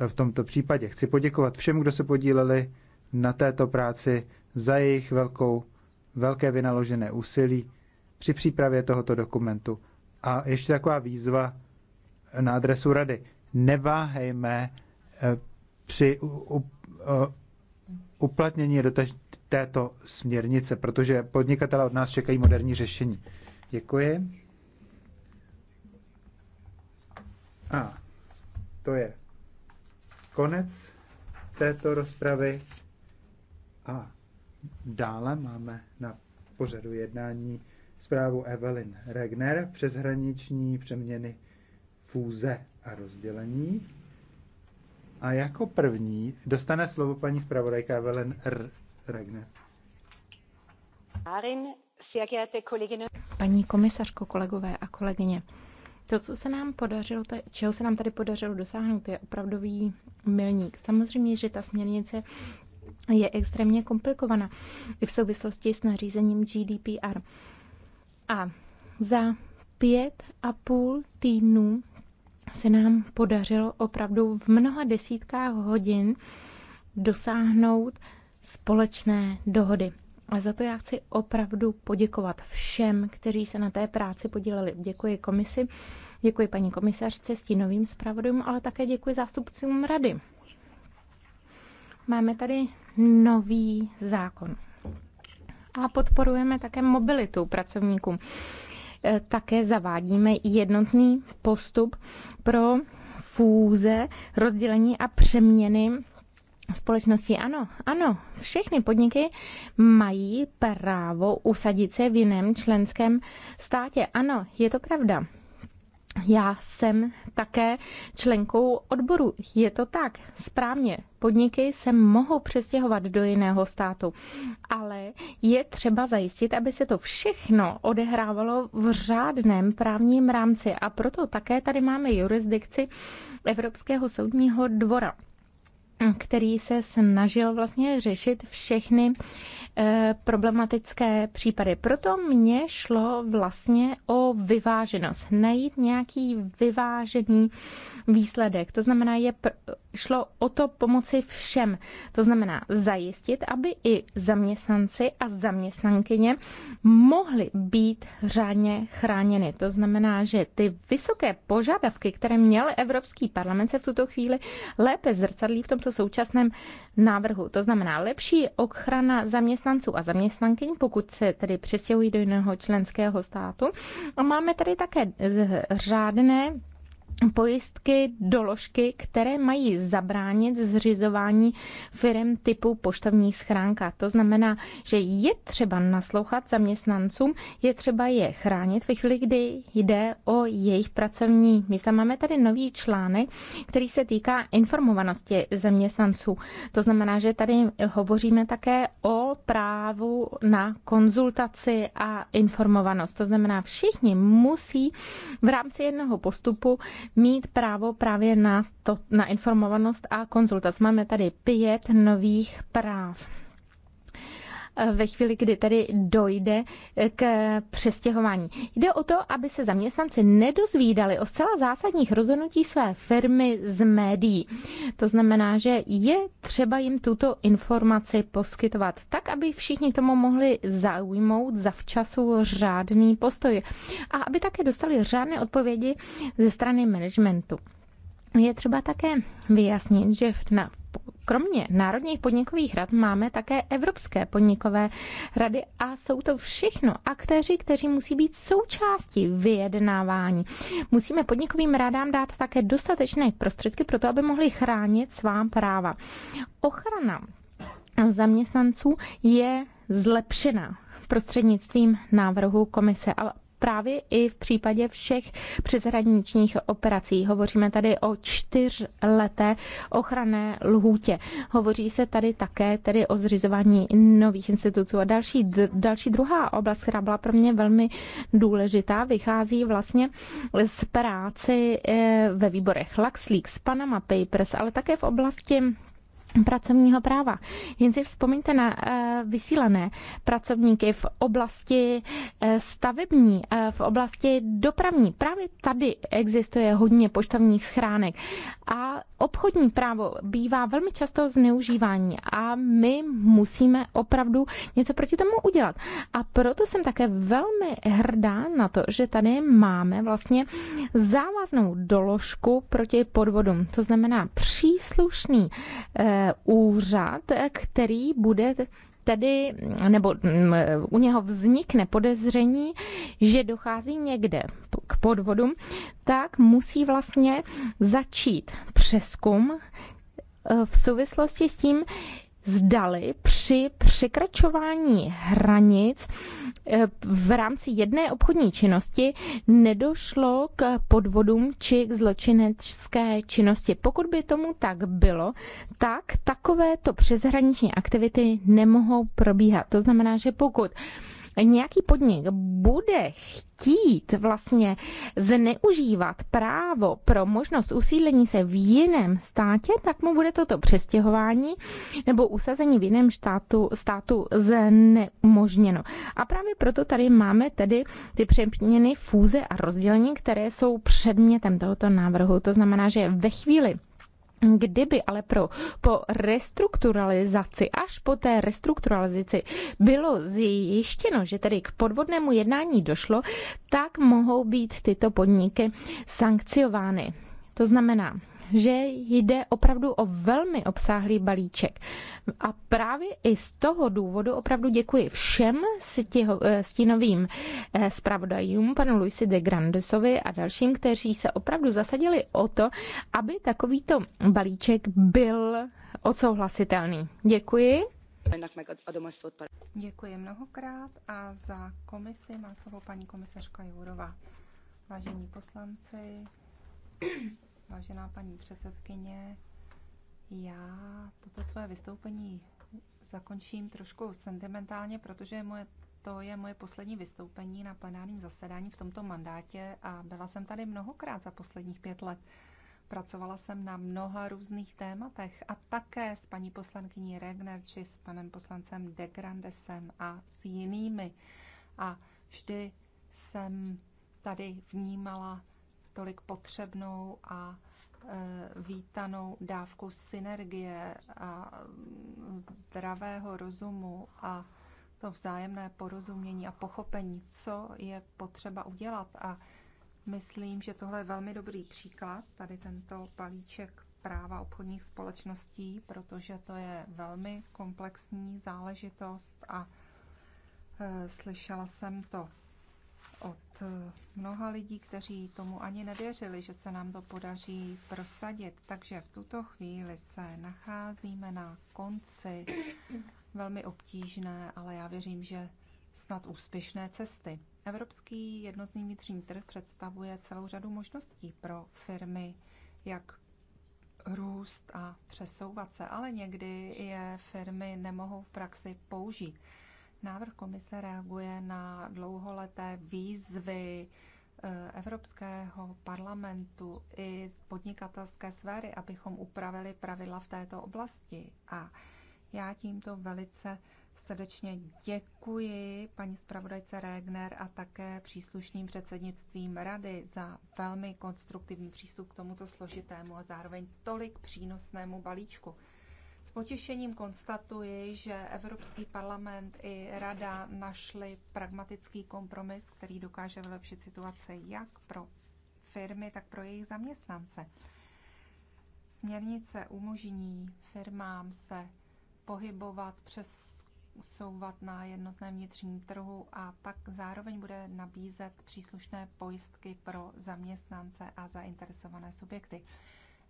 eh, v tomto případě. Chci poděkovat všem, kdo se podíleli na této práci za jejich velkou, velké vynaložené úsilí při přípravě tohoto dokumentu. A ještě taková výzva na adresu rady. Neváhejme eh, při eh, uplatnění do této směrnice, protože podnikatele od nás čekají moderní řešení. Děkuji. A to je konec této rozpravy. A Dále máme na pořadu jednání zprávu Evelyn Regner přeshraniční přeměny fůze a rozdělení. A jako první dostane slovo paní zpravodajka Evelyn R. Regner. Paní komisařko, kolegové a kolegyně, to, co se nám podařilo, čeho se nám tady podařilo dosáhnout, je opravdový milník. Samozřejmě, že ta směrnice je extrémně komplikovaná i v souvislosti s nařízením GDPR. A za pět a půl týdnů se nám podařilo opravdu v mnoha desítkách hodin dosáhnout společné dohody. A za to já chci opravdu poděkovat všem, kteří se na té práci podíleli. Děkuji komisi, děkuji paní komisařce, s tím novým zpravodům, ale také děkuji zástupcům rady. Máme tady nový zákon. A podporujeme také mobilitu pracovníků. E, také zavádíme jednotný postup pro fůze, rozdělení a přeměny společnosti. Ano, ano, všechny podniky mají právo usadit se v jiném členském státě. Ano, je to pravda. Já jsem také členkou odboru. Je to tak, správně. Podniky se mohou přestěhovat do jiného státu, ale je třeba zajistit, aby se to všechno odehrávalo v řádném právním rámci. A proto také tady máme jurisdikci Evropského soudního dvora který se snažil vlastně řešit všechny e, problematické případy. Proto mně šlo vlastně o vyváženost, najít nějaký vyvážený výsledek. To znamená, je pr- šlo o to pomoci všem. To znamená zajistit, aby i zaměstnanci a zaměstnankyně mohli být řádně chráněny. To znamená, že ty vysoké požadavky, které měl Evropský parlament, se v tuto chvíli lépe zrcadlí v tomto současném návrhu. To znamená lepší ochrana zaměstnanců a zaměstnankyň, pokud se tedy přestěhují do jiného členského státu. A máme tady také řádné pojistky, doložky, které mají zabránit zřizování firm typu poštovní schránka. To znamená, že je třeba naslouchat zaměstnancům, je třeba je chránit ve chvíli, kdy jde o jejich pracovní místa. Máme tady nový článek, který se týká informovanosti zaměstnanců. To znamená, že tady hovoříme také o právu na konzultaci a informovanost. To znamená, všichni musí v rámci jednoho postupu mít právo právě na, to, na informovanost a konzultaci. Máme tady pět nových práv ve chvíli, kdy tedy dojde k přestěhování. Jde o to, aby se zaměstnanci nedozvídali o zcela zásadních rozhodnutí své firmy z médií. To znamená, že je třeba jim tuto informaci poskytovat tak, aby všichni tomu mohli zaujmout zavčasu řádný postoj a aby také dostali řádné odpovědi ze strany managementu. Je třeba také vyjasnit, že na kromě národních podnikových rad máme také evropské podnikové rady a jsou to všechno aktéři, kteří musí být součástí vyjednávání. Musíme podnikovým radám dát také dostatečné prostředky pro to, aby mohli chránit svá práva. Ochrana zaměstnanců je zlepšena prostřednictvím návrhu komise. A právě i v případě všech přeshraničních operací. Hovoříme tady o čtyřleté ochranné lhůtě. Hovoří se tady také tedy o zřizování nových institucí a další, další druhá oblast, která byla pro mě velmi důležitá, vychází vlastně z práci eh, ve výborech Lux Leaks, Panama Papers, ale také v oblasti pracovního práva. Jen si vzpomeňte na eh, vysílané pracovníky v oblasti eh, stavební, eh, v oblasti dopravní. Právě tady existuje hodně poštovních schránek a obchodní právo bývá velmi často zneužívání a my musíme opravdu něco proti tomu udělat. A proto jsem také velmi hrdá na to, že tady máme vlastně závaznou doložku proti podvodům. To znamená příslušný úřad, který bude tedy, nebo mm, u něho vznikne podezření, že dochází někde k podvodům, tak musí vlastně začít přeskum eh, v souvislosti s tím, zdali při překračování hranic eh, v rámci jedné obchodní činnosti nedošlo k podvodům či k zločinecké činnosti. Pokud by tomu tak bylo, tak takovéto přeshraniční aktivity nemohou probíhat. To znamená, že pokud nějaký podnik bude chtít vlastně zneužívat právo pro možnost usídlení se v jiném státě, tak mu bude toto přestěhování nebo usazení v jiném státu státu znemožněno. A právě proto tady máme tedy ty přeměny fůze a rozdělení, které jsou předmětem tohoto návrhu. To znamená, že ve chvíli, Kdyby ale pro, po restrukturalizaci, až po té restrukturalizaci bylo zjištěno, že tedy k podvodnému jednání došlo, tak mohou být tyto podniky sankciovány. To znamená, že jde opravdu o velmi obsáhlý balíček. A právě i z toho důvodu opravdu děkuji všem eh, stínovým eh, zpravodajům, panu Luisi de Grandesovi a dalším, kteří se opravdu zasadili o to, aby takovýto balíček byl odsouhlasitelný. Děkuji. Děkuji mnohokrát a za komisi má slovo paní komisařka Jourová. Vážení poslanci, Vážená paní předsedkyně, já toto své vystoupení zakončím trošku sentimentálně, protože moje, to je moje poslední vystoupení na plenárním zasedání v tomto mandátě a byla jsem tady mnohokrát za posledních pět let. Pracovala jsem na mnoha různých tématech a také s paní poslankyní Regner či s panem poslancem De Grandesem a s jinými. A vždy jsem tady vnímala tolik potřebnou a e, vítanou dávku synergie a zdravého rozumu a to vzájemné porozumění a pochopení, co je potřeba udělat. A myslím, že tohle je velmi dobrý příklad, tady tento palíček práva obchodních společností, protože to je velmi komplexní záležitost a e, slyšela jsem to od eh, mnoha lidí, kteří tomu ani nevěřili, že se nám to podaří prosadit. Takže v tuto chvíli se nacházíme na konci velmi obtížné, ale já věřím, že snad úspěšné cesty. Evropský jednotný vnitřní trh představuje celou řadu možností pro firmy, jak růst a přesouvat se, ale někdy je firmy nemohou v praxi použít. Návrh komise reaguje na dlouholeté výzvy eh, Evropského parlamentu i z podnikatelské sféry, abychom upravili pravidla v této oblasti. A já tímto velice srdečně děkuji paní zpravodajce Regner a také příslušným předsednictvím rady za velmi konstruktivní přístup k tomuto složitému a zároveň tolik přínosnému balíčku. S potěšením konstatuji, že Evropský parlament i Rada našli pragmatický kompromis, který dokáže vylepšit situaci jak pro firmy, tak pro jejich zaměstnance. Směrnice umožní firmám se pohybovat, přesouvat na jednotném vnitřním trhu a tak zároveň bude nabízet příslušné pojistky pro zaměstnance a zainteresované subjekty.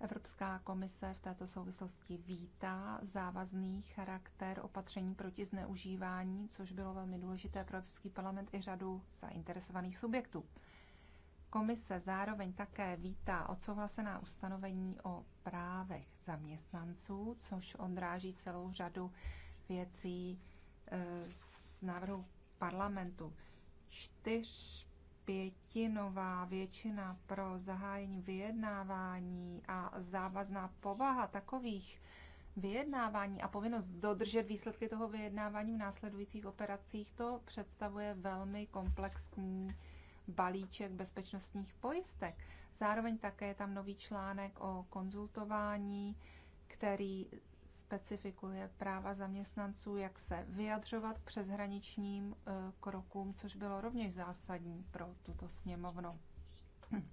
Evropská komise v této souvislosti vítá závazný charakter opatření proti zneužívání, což bylo velmi důležité pro Evropský parlament i řadu zainteresovaných subjektů. Komise zároveň také vítá odsouhlasená ustanovení o právech zaměstnanců, což odráží celou řadu věcí eh, z návrhu parlamentu. Čtyř pětinová většina pro zahájení vyjednávání a závazná povaha takových vyjednávání a povinnost dodržet výsledky toho vyjednávání v následujících operacích, to představuje velmi komplexní balíček bezpečnostních pojistek. Zároveň také je tam nový článek o konzultování, který specifikuje práva zaměstnanců, jak se vyjadřovat k přeshraničním eh, krokům, což bylo rovněž zásadní pro tuto sněmovnu.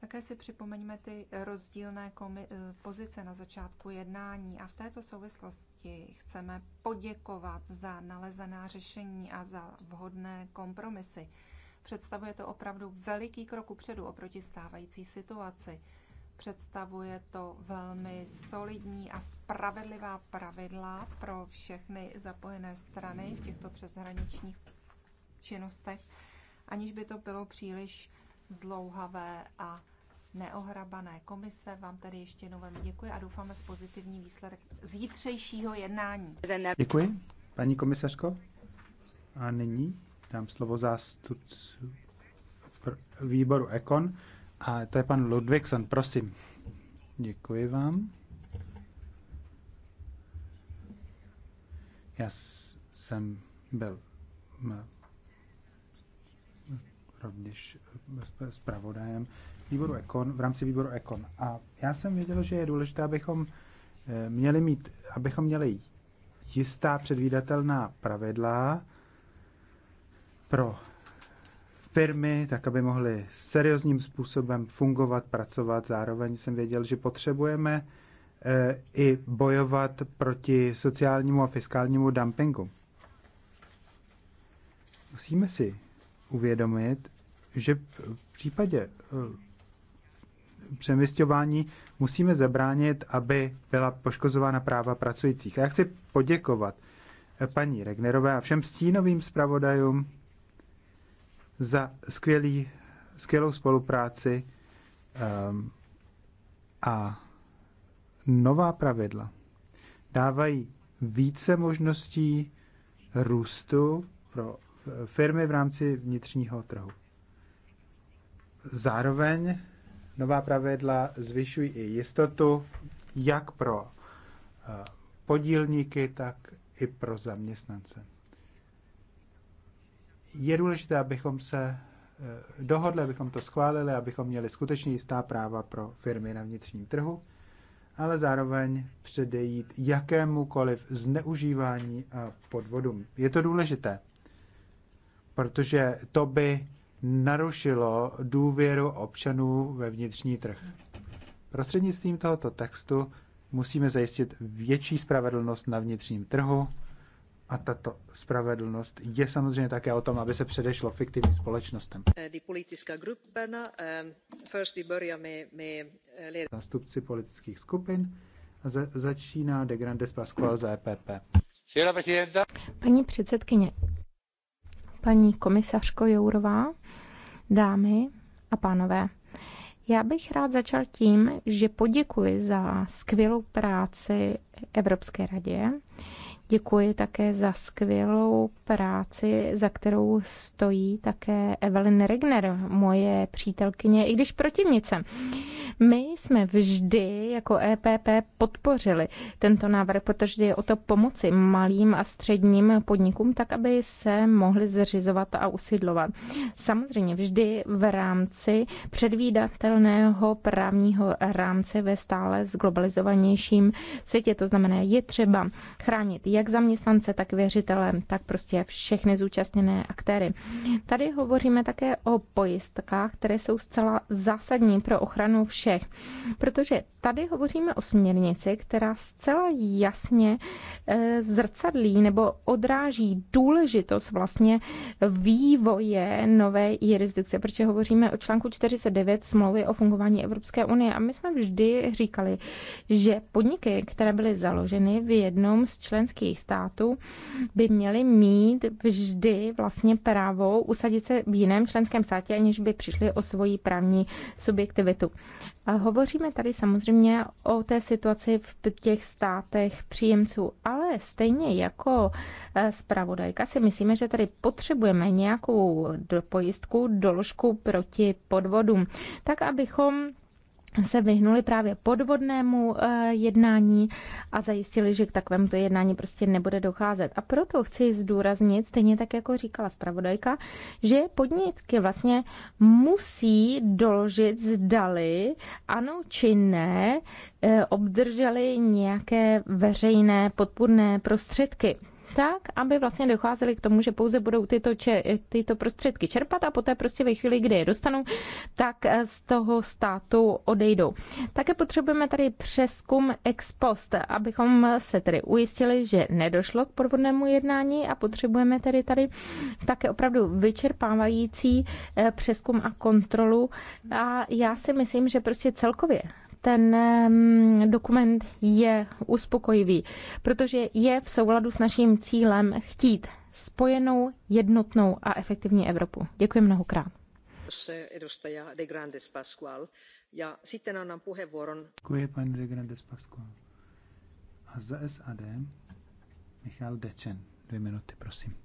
Také si připomeňme ty rozdílné eh, pozice na začátku jednání a v této souvislosti chceme poděkovat za nalezená řešení a za vhodné kompromisy. Představuje to opravdu veliký krok upředu oproti stávající situaci. Představuje to velmi solidní a spravedlivá pravidla pro všechny zapojené strany v těchto přeshraničních činnostech, aniž by to bylo příliš zlouhavé a neohrabané komise. Vám tedy ještě jednou velmi děkuji a doufáme v pozitivní výsledek zítřejšího jednání. Děkuji, paní komisařko. A nyní dám slovo zástupců výboru Ekon. A to je pan Ludvíkson, prosím. Děkuji vám. Já jsem byl rovněž zpravodajem výboru Ekon, v rámci výboru Ekon. A já jsem věděl, že je důležité, abychom eh, měli mít, abychom měli jistá předvídatelná pravidla pro firmy, tak aby mohly seriózním způsobem fungovat, pracovat. Zároveň jsem věděl, že potřebujeme eh, i bojovat proti sociálnímu a fiskálnímu dumpingu. Musíme si uvědomit, že v případě eh, přemysťování musíme zabránit, aby byla poškozována práva pracujících. A já chci poděkovat eh, paní Regnerové a všem stínovým zpravodajům za skvělý, skvělou spolupráci um, a nová pravidla dávají více možností růstu pro firmy v rámci vnitřního trhu. Zároveň nová pravidla zvyšují i jistotu jak pro eh, podílníky, tak i pro zaměstnance je důležité, abychom se eh, dohodli, abychom to schválili, abychom měli skutečně jistá práva pro firmy na vnitřním trhu, ale zároveň předejít jakémukoliv zneužívání a podvodům. Je to důležité, protože to by narušilo důvěru občanů ve vnitřní trh. Prostřednictvím tohoto textu musíme zajistit větší spravedlnost na vnitřním trhu a tato spravedlnost je samozřejmě také o tom, aby se předešlo fiktivním společnostem. Eh, eh, eh, Zastupci politických skupin za, začíná De Grandes Pascual za EPP. Paní předsedkyně, paní komisařko Jourová, dámy a pánové, já bych rád začal tím, že poděkuji za skvělou práci Evropské radě Děkuji také za skvělou práci, za kterou stojí také Evelyn Regner, moje přítelkyně, i když protivnice. My jsme vždy jako EPP podpořili tento návrh, protože je o to pomoci malým a středním podnikům, tak aby se mohli zřizovat a usidlovat. Samozřejmě vždy v rámci předvídatelného právního rámce ve stále zglobalizovanějším světě. To znamená, je třeba chránit jak zaměstnance, tak věřitele, tak prostě všechny zúčastněné aktéry. Tady hovoříme také o pojistkách, které jsou zcela zásadní pro ochranu všech, protože tady hovoříme o směrnici, která zcela jasně eh, zrcadlí nebo odráží důležitost vlastně vývoje nové jurisdikce, protože hovoříme o článku 49 smlouvy o fungování Evropské unie a my jsme vždy říkali, že podniky, které byly založeny v jednom z členských členských států by měli mít vždy vlastně právo usadit se v jiném členském státě, aniž by přišli o svoji právní subjektivitu. A hovoříme tady samozřejmě o té situaci v těch státech příjemců, ale stejně jako e, zpravodajka si myslíme, že tady potřebujeme nějakou pojistku, doložku proti podvodům, tak abychom se vyhnuli právě podvodnému eh, jednání a zajistili, že k takovému to jednání prostě nebude docházet. A proto chci zdůraznit, stejně tak jako říkala zpravodajka, že podniky vlastně musí doložit zdali, ano či ne, eh, obdrželi nějaké veřejné podpůrné prostředky tak, aby vlastně docházeli k tomu, že pouze budou tyto, če, tyto prostředky čerpat a poté prostě ve chvíli, kdy je dostanou, tak eh, z toho státu odejdou. Také potřebujeme tady přeskum ex post, abychom se tedy ujistili, že nedošlo k podvodnému jednání a potřebujeme tedy tady také opravdu vyčerpávající eh, přeskum a kontrolu. A já si myslím, že prostě celkově ten dokument je uspokojivý, protože je v souladu s naším cílem chtít spojenou, jednotnou a efektivní Evropu. Děkuji mnohokrát. Děkuji, paní de Grandes Pascual. A za SAD Michal Dečen. Dvě minuty, prosím.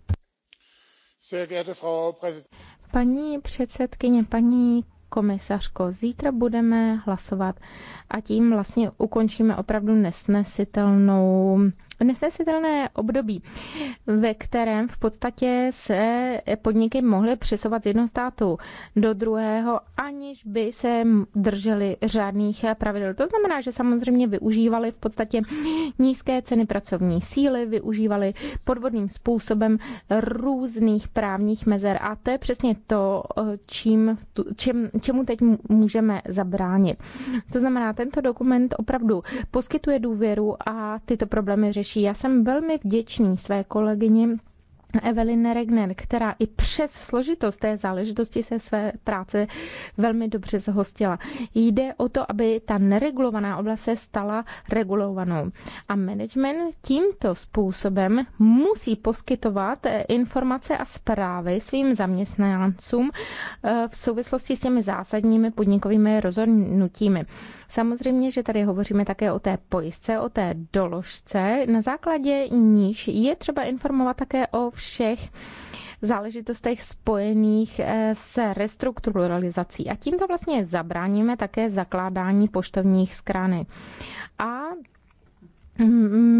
Paní předsedkyně, paní komisařko, zítra budeme hlasovat a tím vlastně ukončíme opravdu nesnesitelnou nesnesitelné období, ve kterém v podstatě se podniky mohly přesovat z jednoho státu do druhého, aniž by se drželi řádných pravidel. To znamená, že samozřejmě využívali v podstatě nízké ceny pracovní síly, využívali podvodným způsobem různých právních mezer. A to je přesně to, čím, čem, čemu teď můžeme zabránit. To znamená, tento dokument opravdu poskytuje důvěru a tyto problémy řeší nejrůznější. Já jsem velmi vděčný své kolegyni Evelyn Regner, která i přes složitost té záležitosti se své práce velmi dobře zhostila. Jde o to, aby ta neregulovaná oblast se stala regulovanou. A management tímto způsobem musí poskytovat eh, informace a zprávy svým zaměstnancům eh, v souvislosti s těmi zásadními podnikovými rozhodnutími. Samozřejmě, že tady hovoříme také o té pojistce, o té doložce, na základě níž je třeba informovat také o všech záležitostech spojených eh, se restrukturalizací. A tímto vlastně zabráníme také zakládání poštovních skrany. A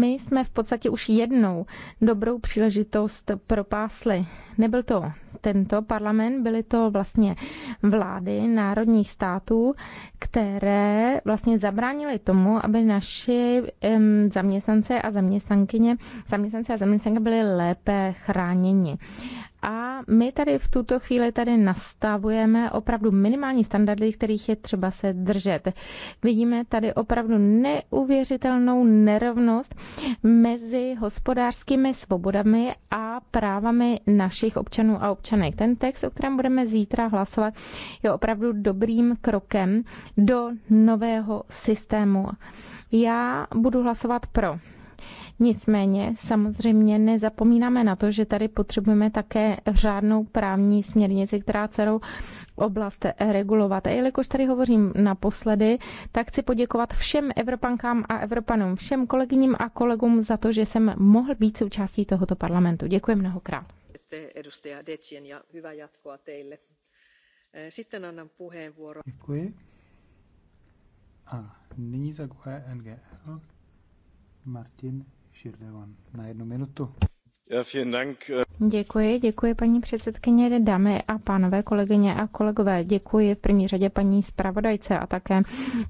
my jsme v podstatě už jednou dobrou příležitost propásli. Nebyl to tento parlament, byly to vlastně vlády národních států, které vlastně zabránily tomu, aby naši zaměstnance a zaměstnankyně, zaměstnance a zaměstnanky byli lépe chráněni. A my tady v tuto chvíli tady nastavujeme opravdu minimální standardy, kterých je třeba se držet. Vidíme tady opravdu neuvěřitelnou nerovnost mezi hospodářskými svobodami a právami našich občanů a občanek. Ten text, o kterém budeme zítra hlasovat, je opravdu dobrým krokem do nového systému. Já budu hlasovat pro. Nicméně samozřejmě nezapomínáme na to, že tady potřebujeme také řádnou právní směrnici, která celou oblast regulovat. A jelikož tady hovořím naposledy, tak chci poděkovat všem Evropankám a Evropanům, všem kolegyním a kolegům za to, že jsem mohl být součástí tohoto parlamentu. Děkuji mnohokrát. Eh, Děkuji. A nyní za NGL Martin Širdevan na jednu minutu. Ja, Děkuji, děkuji paní předsedkyně, dámy a pánové, kolegyně a kolegové. Děkuji v první řadě paní zpravodajce a také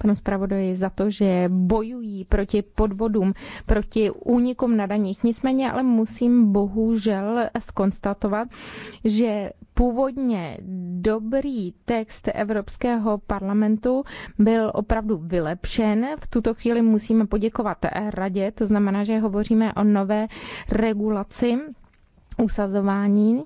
panu zpravodaji za to, že bojují proti podvodům, proti únikům na daních. Nicméně ale musím bohužel skonstatovat, že původně dobrý text Evropského parlamentu byl opravdu vylepšen. V tuto chvíli musíme poděkovat radě, to znamená, že hovoříme o nové regulaci usazování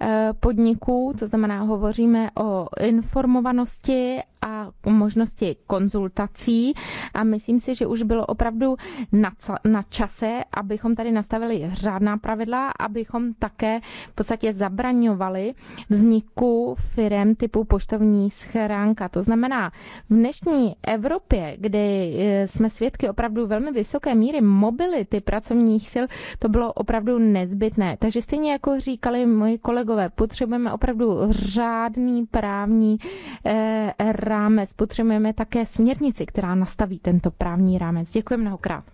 eh, podniků, to znamená, hovoříme o informovanosti a možnosti konzultací a myslím si, že už bylo opravdu na, na čase, abychom tady nastavili řádná pravidla, abychom také v podstatě zabraňovali vzniku firem typu poštovní schránka. To znamená, v dnešní Evropě, kdy e, jsme svědky opravdu velmi vysoké míry mobility pracovních sil, to bylo opravdu nezbytné. Takže stejně jako říkali moji kolegové, potřebujeme opravdu řádný právní eh, rámec, potřebujeme také směrnici, která nastaví tento právní rámec. Děkuji mnohokrát.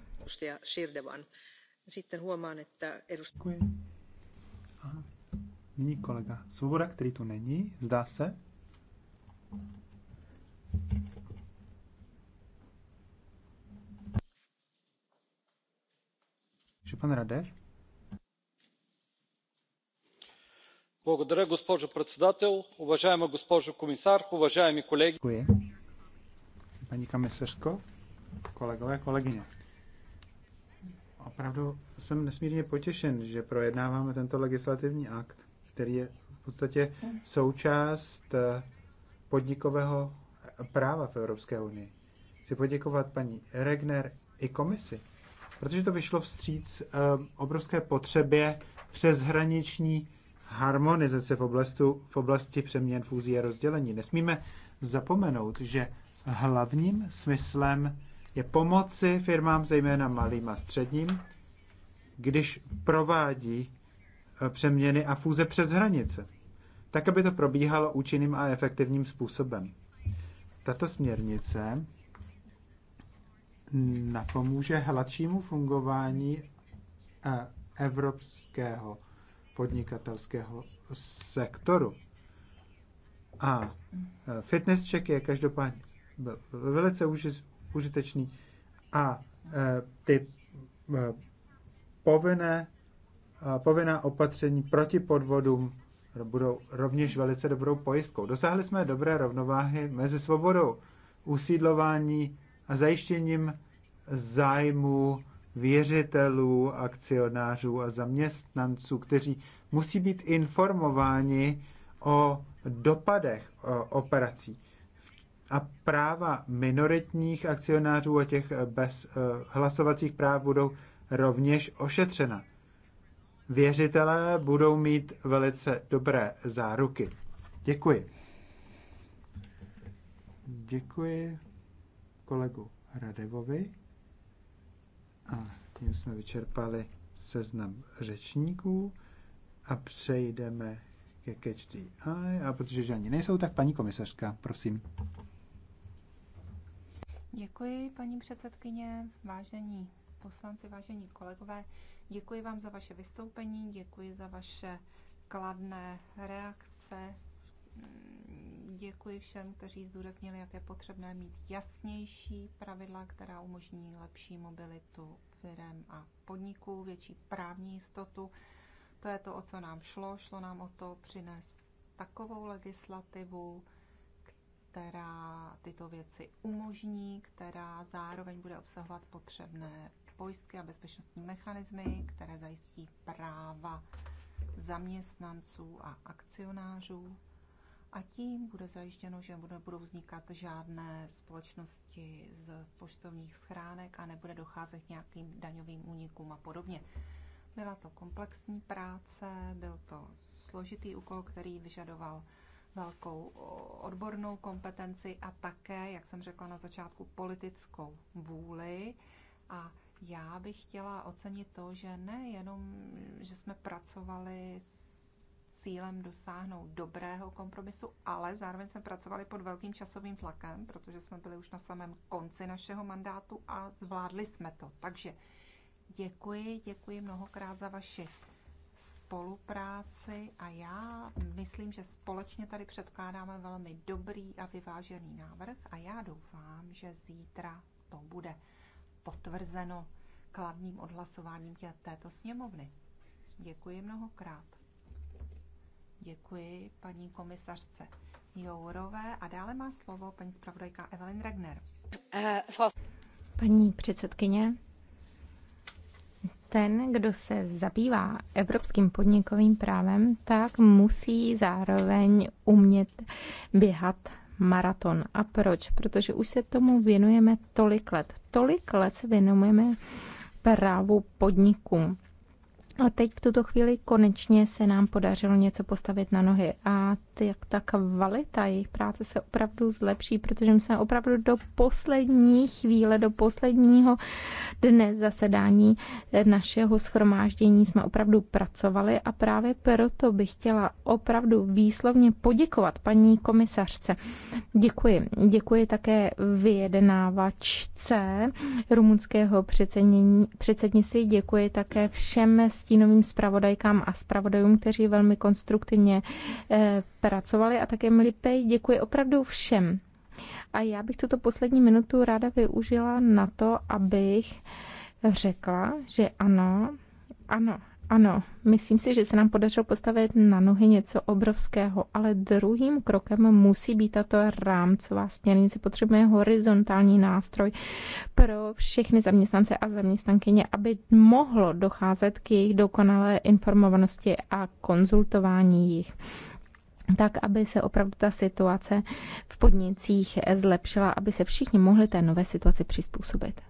Nyní kolega Svoboda, který tu není, zdá se. Že pan Radev? госпожо председател. Уважаема госпожо комисар, уважаеми колеги. Paní komisařko, kolegové, kolegyně. Opravdu jsem nesmírně potěšen, že projednáváme tento legislativní akt, který je v podstatě součást eh, podnikového práva v Evropské unii. Chci poděkovat paní Regner i komisi, protože to vyšlo vstříc eh, obrovské potřebě přeshraniční harmonizace v, oblastu, v oblasti přeměn fúzí a rozdělení. Nesmíme zapomenout, že hlavním smyslem je pomoci firmám, zejména malým a středním, když provádí eh, přeměny a fúze přes hranice, tak aby to probíhalo účinným a efektivním způsobem. Tato směrnice napomůže hladšímu fungování eh, evropského podnikatelského sektoru. A e, fitness check je každopádně velice užitečný a e, ty e, povinné, povinná opatření proti podvodům budou rovněž velice dobrou pojistkou. Dosáhli jsme dobré rovnováhy mezi svobodou usídlování a zajištěním zájmu věřitelů, akcionářů a zaměstnanců, kteří musí být informováni o dopadech operací a práva minoritních akcionářů a těch bez eh, hlasovacích práv budou rovněž ošetřena. Věřitelé budou mít velice dobré záruky. Děkuji. Děkuji kolegu Radevovi. A tím jsme vyčerpali seznam řečníků a přejdeme ke Catch the Eye. A protože žádní nejsou, tak paní komisařka, prosím. Děkuji, paní předsedkyně, vážení poslanci, vážení kolegové. Děkuji vám za vaše vystoupení, děkuji za vaše kladné reakce Děkuji všem, kteří zdůraznili, jak je potřebné mít jasnější pravidla, která umožní lepší mobilitu firm a podniků, větší právní jistotu. To je to, o co nám šlo. Šlo nám o to přinést takovou legislativu, která tyto věci umožní, která zároveň bude obsahovat potřebné pojistky a bezpečnostní mechanismy, které zajistí práva zaměstnanců a akcionářů a tím bude zajištěno, že nebudou vznikat žádné společnosti z poštovních schránek a nebude docházet k nějakým daňovým únikům a podobně. Byla to komplexní práce, byl to složitý úkol, který vyžadoval velkou odbornou kompetenci a také, jak jsem řekla na začátku, politickou vůli. A já bych chtěla ocenit to, že nejenom, že jsme pracovali s cílem dosáhnout dobrého kompromisu, ale zároveň jsme pracovali pod velkým časovým tlakem, protože jsme byli už na samém konci našeho mandátu a zvládli jsme to. Takže děkuji, děkuji mnohokrát za vaši spolupráci a já myslím, že společně tady předkládáme velmi dobrý a vyvážený návrh a já doufám, že zítra to bude potvrzeno kladným odhlasováním této sněmovny. Děkuji mnohokrát. Děkuji paní komisařce Jourové a dále má slovo paní zpravodajka Evelyn Regner. Paní předsedkyně, ten, kdo se zabývá evropským podnikovým právem, tak musí zároveň umět běhat maraton. A proč? Protože už se tomu věnujeme tolik let. Tolik let se věnujeme právu podnikům. A teď v tuto chvíli konečně se nám podařilo něco postavit na nohy. A jak ta kvalita jejich práce se opravdu zlepší, protože my jsme opravdu do poslední chvíle, do posledního dne zasedání eh, našeho schromáždění jsme opravdu pracovali a právě proto bych chtěla opravdu výslovně poděkovat paní komisařce. Děkuji. Děkuji také vyjednávačce rumunského předsednictví. Děkuji také všem stínovým spravodajkám a spravodajům, kteří velmi konstruktivně eh, pracovali a také milí Pej, děkuji opravdu všem. A já bych tuto poslední minutu ráda využila na to, abych řekla, že ano, ano, ano, myslím si, že se nám podařilo postavit na nohy něco obrovského, ale druhým krokem musí být tato rámcová směrnice. Potřebujeme horizontální nástroj pro všechny zaměstnance a zaměstnankyně, aby mohlo docházet k jejich dokonalé informovanosti a konzultování jich tak, aby se opravdu ta situace v podnicích zlepšila, aby se všichni mohli té nové situaci přizpůsobit.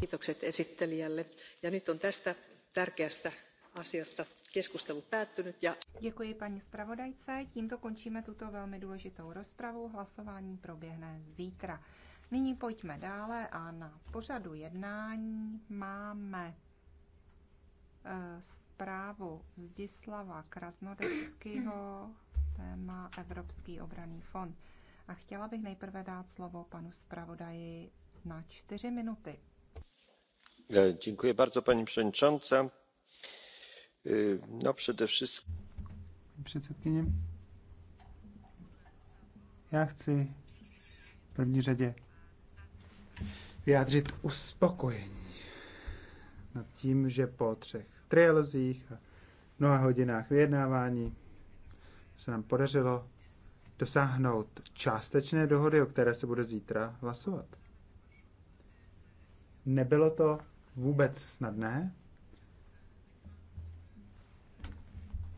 Kiitokset esittelijälle. Ja nyt on tästä tärkeästä asiasta keskustelu päättynyt. Ja... Děkuji paní zpravodajce. Tímto končíme tuto velmi důležitou rozpravu. Hlasování proběhne zítra. Nyní pojďme dále a na pořadu jednání máme Eh, zprávu Zdislava Krasnodebského, téma Evropský obraný fond. A chtěla bych nejprve dát slovo panu zpravodaji na čtyři minuty. Eh, Děkuji bardzo, paní předsedkyně. Eh, no, především. Předsedkyně, já chci v první řadě vyjádřit uspokojení nad tím, že po třech trialozích a mnoha hodinách vyjednávání se nám podařilo dosáhnout částečné dohody, o které se bude zítra hlasovat. Nebylo to vůbec snadné,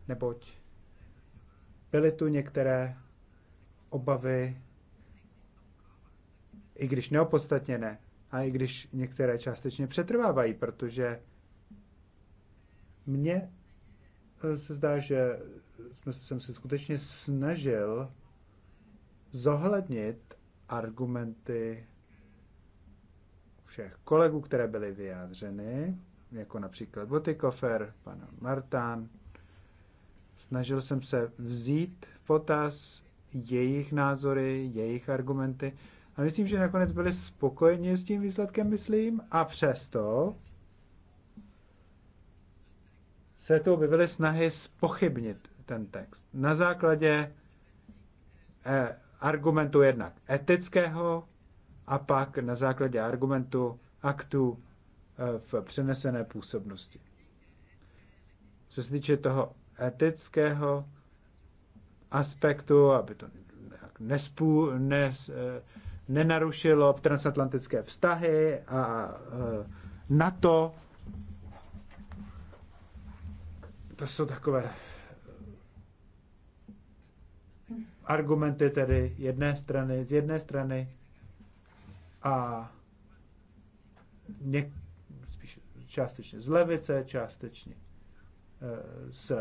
neboť byly tu některé obavy, i když neopodstatněné, a i když některé částečně přetrvávají, protože mně eh, se zdá, že jsem se skutečně snažil zohlednit argumenty všech kolegů, které byly vyjádřeny, jako například Botikofer, pan Martán. Snažil jsem se vzít v potaz jejich názory, jejich argumenty. A myslím, že nakonec byli spokojeni s tím výsledkem, myslím. A přesto se tu objevily snahy spochybnit ten text. Na základě eh, argumentu jednak etického a pak na základě argumentu aktu eh, v přenesené působnosti. Co se týče toho etického aspektu, aby to nespů, nes, eh, nenarušilo transatlantické vztahy a eh, NATO, to jsou takové argumenty tedy jedné strany, z jedné strany a něk, spíš částečně z levice, částečně eh, z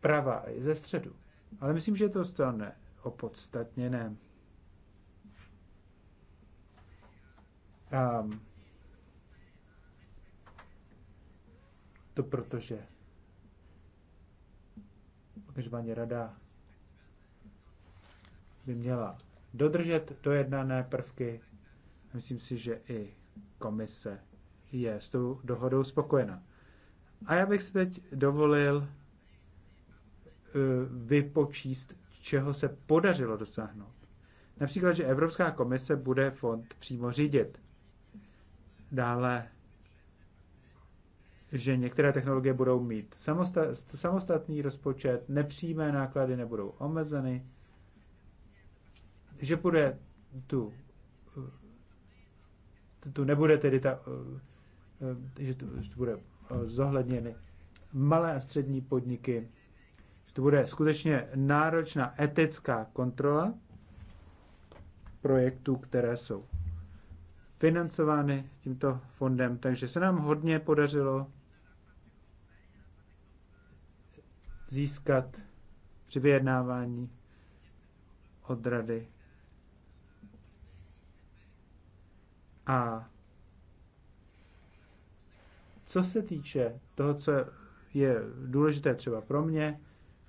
prava i ze středu. Ale myslím, že je to zcela neopodstatněné. Um, ehm, to protože Žvaně rada by měla dodržet dojednané prvky. Myslím si, že i komise je s tou dohodou spokojena. A já bych si teď dovolil e, vypočíst, čeho se podařilo dosáhnout. Například, že Evropská komise bude fond přímo řídit. Dále že některé technologie budou mít samostatný rozpočet, nepřímé náklady nebudou omezeny, že bude tu, tu nebude tedy ta, eh, že tu, že tu bude eh, zohledněny malé a střední podniky, že to bude skutečně náročná etická kontrola projektů, které jsou financovány tímto fondem. Takže se nám hodně podařilo získat při vyjednávání od rady. A co se týče toho, co je důležité třeba pro mě,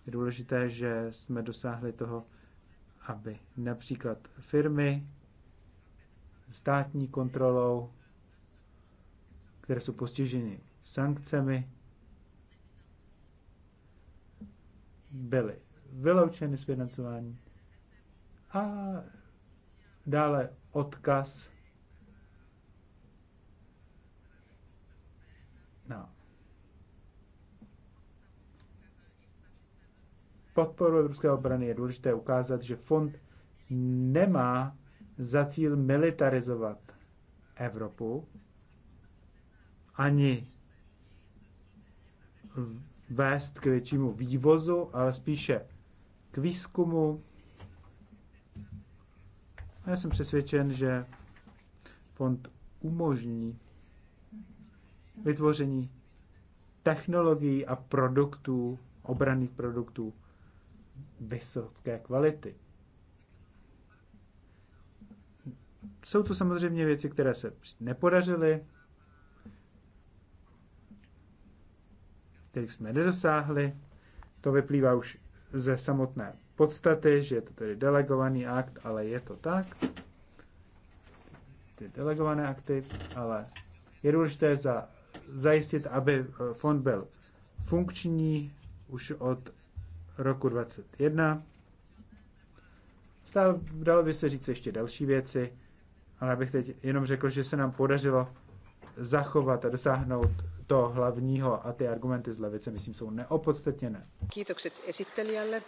je důležité, že jsme dosáhli toho, aby například firmy státní kontrolou, které jsou postiženy sankcemi, byly vyloučeny z financování. A dále odkaz na podporu evropské obrany je důležité ukázat, že fond nemá za cíl militarizovat Evropu ani vést k většímu vývozu, ale spíše k výzkumu. A já jsem přesvědčen, že fond umožní vytvoření technologií a produktů, obraných produktů vysoké kvality. Jsou to samozřejmě věci, které se nepodařily, kterých jsme nedosáhli. To vyplývá už ze samotné podstaty, že je to tedy delegovaný akt, ale je to tak. Ty delegované akty, ale je důležité za, zajistit, aby eh, fond byl funkční už od roku 2021. Stále dalo by se říct ještě další věci, ale abych teď jenom řekl, že se nám podařilo zachovat a dosáhnout to hlavního a ty argumenty z levice, myslím, jsou neopodstatněné. Kiitokset esittelijälle.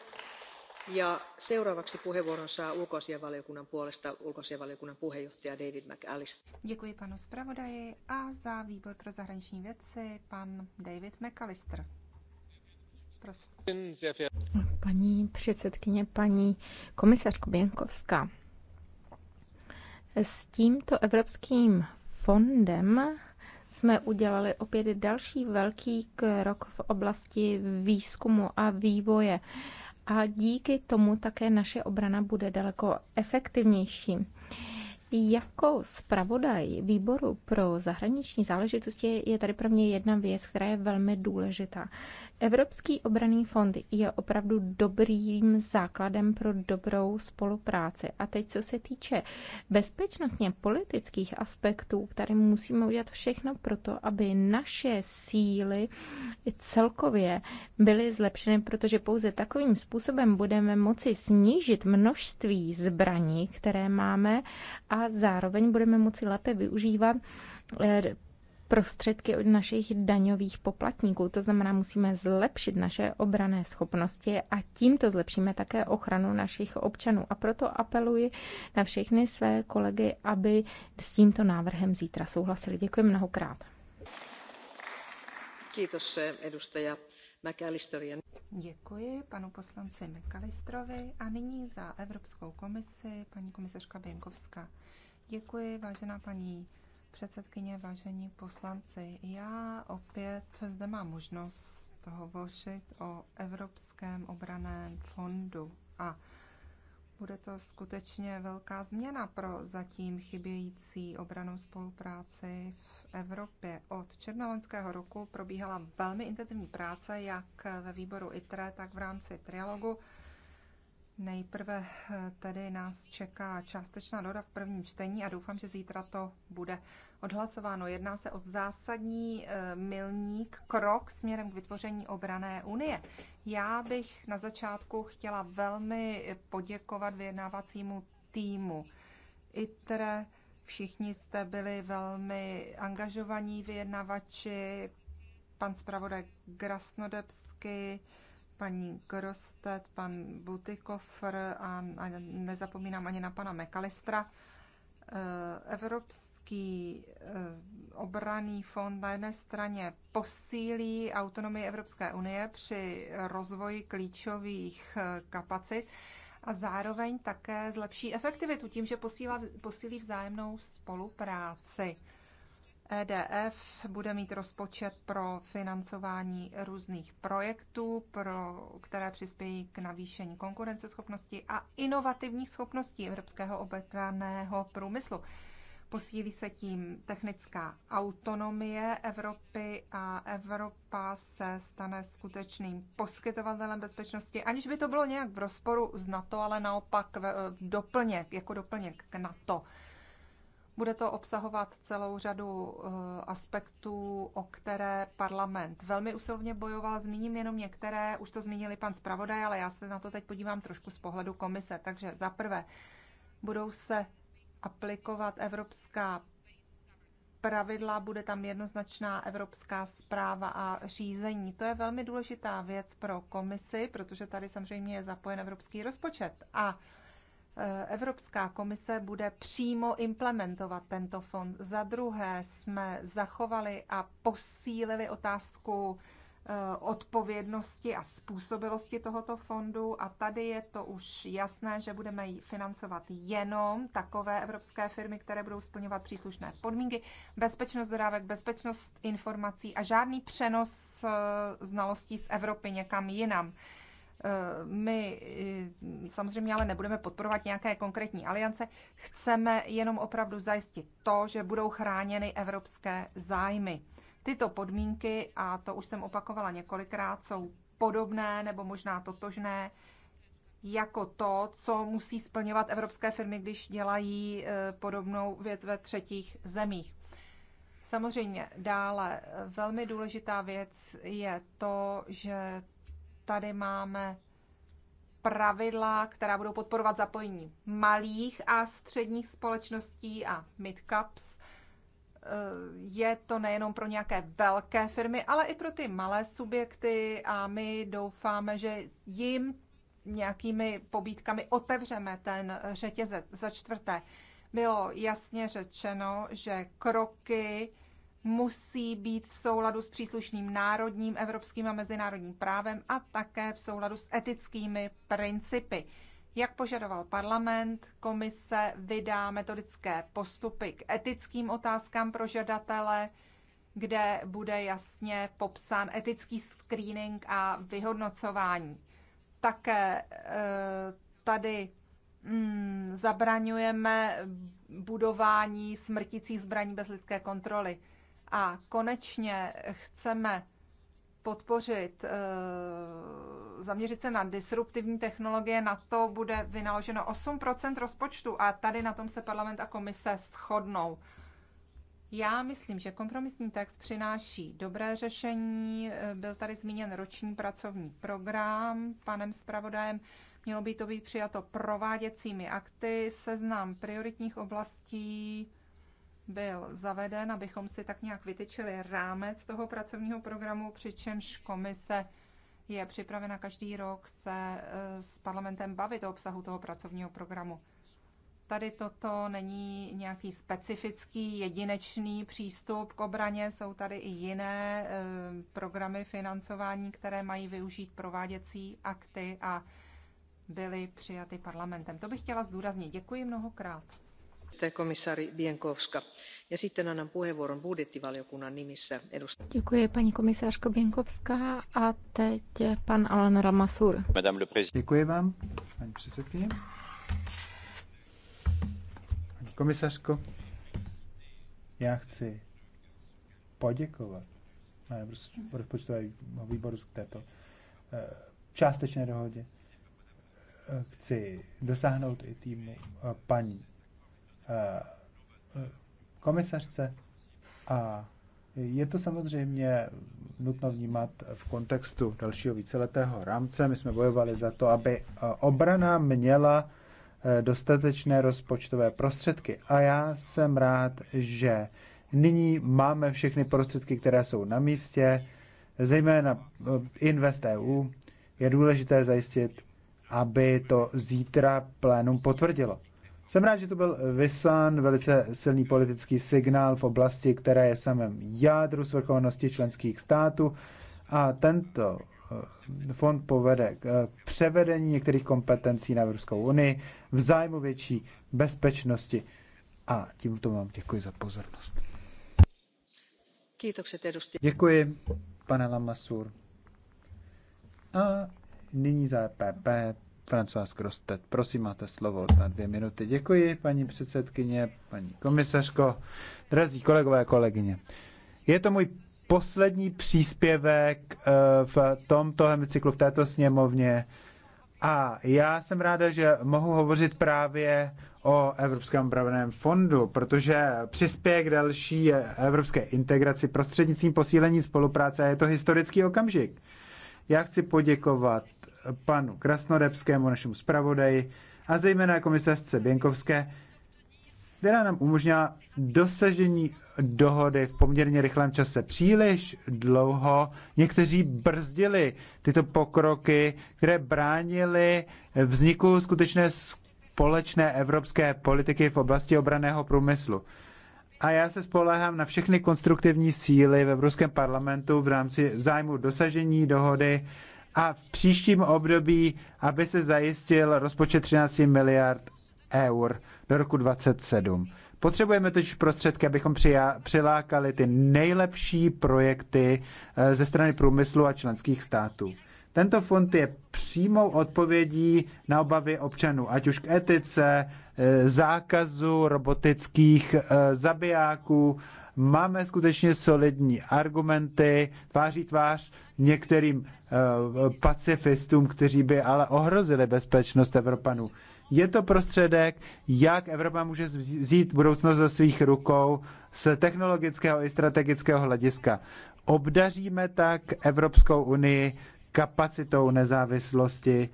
Ja seuraavaksi puheenvuoron saa ulkoasianvaliokunnan puolesta ulkoasianvaliokunnan puheenjohtaja David McAllister. Děkuji panu zpravodaji a za výbor pro zahraniční věci pan David McAllister. Prosím. Paní předsedkyně, paní komisařko Běnkovská, s tímto Evropským fondem jsme udělali opět další velký krok v oblasti výzkumu a vývoje. A díky tomu také naše obrana bude daleko efektivnější. Jako zpravodaj výboru pro zahraniční záležitosti je tady pro mě jedna věc, která je velmi důležitá. Evropský obraný fond je opravdu dobrým základem pro dobrou spolupráci. A teď, co se týče bezpečnostně politických aspektů, tady musíme udělat všechno pro to, aby naše síly celkově byly zlepšeny, protože pouze takovým způsobem budeme moci snížit množství zbraní, které máme a zároveň budeme moci lépe využívat eh, prostředky od našich daňových poplatníků. To znamená, musíme zlepšit naše obrané schopnosti a tímto zlepšíme také ochranu našich občanů. A proto apeluji na všechny své kolegy, aby s tímto návrhem zítra souhlasili. Děkuji mnohokrát. Děkuji panu poslanci McAllisterovi a nyní za Evropskou komisi paní komisařka Běnkovská. Děkuji, vážená paní předsedkyně, vážení poslanci, já opět zde mám možnost hovořit o Evropském obraném fondu a bude to skutečně velká změna pro zatím chybějící obranou spolupráci v Evropě. Od června loňského roku probíhala velmi intenzivní práce, jak ve výboru ITRE, tak v rámci trialogu Nejprve eh, tedy nás čeká částečná dohoda v prvním čtení a doufám, že zítra to bude odhlasováno. Jedná se o zásadní eh, milník, krok směrem k vytvoření obrané unie. Já bych na začátku chtěla velmi poděkovat vyjednávacímu týmu ITRE. Všichni jste byli velmi angažovaní vyjednavači, pan zpravodaj Grasnodebsky, paní Grostet, pan Butikofr a, a nezapomínám ani na pana Mekalistra. Eh, Evropský eh, obraný fond na jedné straně posílí autonomii Evropské unie při rozvoji klíčových eh, kapacit a zároveň také zlepší efektivitu tím, že posílá, posílí vzájemnou spolupráci. EDF bude mít rozpočet pro financování různých projektů, pro, které přispějí k navýšení konkurenceschopnosti a inovativních schopností evropského obraného průmyslu. Posílí se tím technická autonomie Evropy a Evropa se stane skutečným poskytovatelem bezpečnosti, aniž by to bylo nějak v rozporu s NATO, ale naopak v, v doplněk, jako doplněk k NATO. Bude to obsahovat celou řadu eh, aspektů, o které parlament velmi usilovně bojoval. Zmíním jenom některé, už to zmínili pan zpravodaj, ale já se na to teď podívám trošku z pohledu komise. Takže za prvé, budou se aplikovat evropská pravidla, bude tam jednoznačná evropská zpráva a řízení. To je velmi důležitá věc pro komisi, protože tady samozřejmě je zapojen evropský rozpočet. A Eh, Evropská komise bude přímo implementovat tento fond. Za druhé jsme zachovali a posílili otázku eh, odpovědnosti a způsobilosti tohoto fondu a tady je to už jasné, že budeme financovat jenom takové evropské firmy, které budou splňovat příslušné podmínky, bezpečnost dodávek, bezpečnost informací a žádný přenos eh, znalostí z Evropy někam jinam. My eh, samozřejmě ale nebudeme podporovat nějaké konkrétní aliance, chceme jenom opravdu zajistit to, že budou chráněny evropské zájmy. Tyto podmínky, a to už jsem opakovala několikrát, jsou podobné nebo možná totožné jako to, co musí splňovat evropské firmy, když dělají eh, podobnou věc ve třetích zemích. Samozřejmě dále velmi důležitá věc je to, že Tady máme pravidla, která budou podporovat zapojení malých a středních společností a midcaps. Eh, je to nejenom pro nějaké velké firmy, ale i pro ty malé subjekty a my doufáme, že jim nějakými pobídkami otevřeme ten řetězec. Za čtvrté, bylo jasně řečeno, že kroky musí být v souladu s příslušným národním, evropským a mezinárodním právem a také v souladu s etickými principy. Jak požadoval parlament, komise vydá metodické postupy k etickým otázkám pro žadatele, kde bude jasně popsán etický screening a vyhodnocování. Také eh, tady mm, zabraňujeme budování smrtících zbraní bez lidské kontroly. A konečně chceme podpořit, eh, zaměřit se na disruptivní technologie, na to bude vynaloženo 8 rozpočtu a tady na tom se parlament a komise shodnou. Já myslím, že kompromisní text přináší dobré řešení. Eh, byl tady zmíněn roční pracovní program panem zpravodajem. Mělo by to být přijato prováděcími akty, seznam prioritních oblastí, byl zaveden, abychom si tak nějak vytyčili rámec toho pracovního programu, přičemž komise je připravena každý rok se e, s parlamentem bavit o obsahu toho pracovního programu. Tady toto není nějaký specifický, jedinečný přístup k obraně, jsou tady i jiné e, programy financování, které mají využít prováděcí akty a byly přijaty parlamentem. To bych chtěla zdůraznit. Děkuji mnohokrát. Děkuji, paní komisařko Běnkovská. A teď pan Alan Ramasur. Děkuji vám, paní předsedkyně. Paní komisařko, já chci poděkovat Na rozpočtového výboru k této eh, částečné dohodě. Eh, chci dosáhnout i týmu eh, paní Eh, komisařce a je to samozřejmě nutno vnímat v kontextu dalšího víceletého rámce. My jsme bojovali za to, aby eh, obrana měla eh, dostatečné rozpočtové prostředky. A já jsem rád, že nyní máme všechny prostředky, které jsou na místě, zejména Invest EU. Je důležité zajistit, aby to zítra plénum potvrdilo. Jsem rád, že to byl vyslán velice silný politický signál v oblasti, která je samém jádru svrchovanosti členských států a tento eh, fond povede k eh, převedení některých kompetencí na Evropskou unii v zájmu větší bezpečnosti. A tímto vám děkuji za pozornost. Děkuji, pane Lamasur. A nyní za PP e François Krostet. Prosím, máte slovo na dvě minuty. Děkuji, paní předsedkyně, paní komisařko, drazí kolegové a kolegyně. Je to můj poslední příspěvek eh, v tomto hemicyklu, v této sněmovně. A já jsem ráda, že mohu hovořit právě o Evropském obraveném fondu, protože přispěje k další evropské integraci prostřednictvím posílení spolupráce a je to historický okamžik. Já chci poděkovat panu Krasnodebskému, našemu zpravodaji, a zejména komisařce jako Běnkovské, která nám umožnila dosažení dohody v poměrně rychlém čase. Příliš dlouho někteří brzdili tyto pokroky, které bránili vzniku skutečné společné evropské politiky v oblasti obraného průmyslu. A já se spoléhám na všechny konstruktivní síly v Evropském parlamentu v rámci zájmu dosažení dohody a v příštím období, aby se zajistil rozpočet 13 miliard eur do roku 2027. Potřebujeme teď prostředky, abychom přilákali ty nejlepší projekty eh, ze strany průmyslu a členských států. Tento fond je přímou odpovědí na obavy občanů, ať už k etice, eh, zákazu robotických eh, zabijáků, máme skutečně solidní argumenty tváří tvář některým uh, pacifistům, kteří by ale ohrozili bezpečnost Evropanů. Je to prostředek, jak Evropa může vzít budoucnost ze svých rukou z technologického i strategického hlediska. Obdaříme tak Evropskou unii kapacitou nezávislosti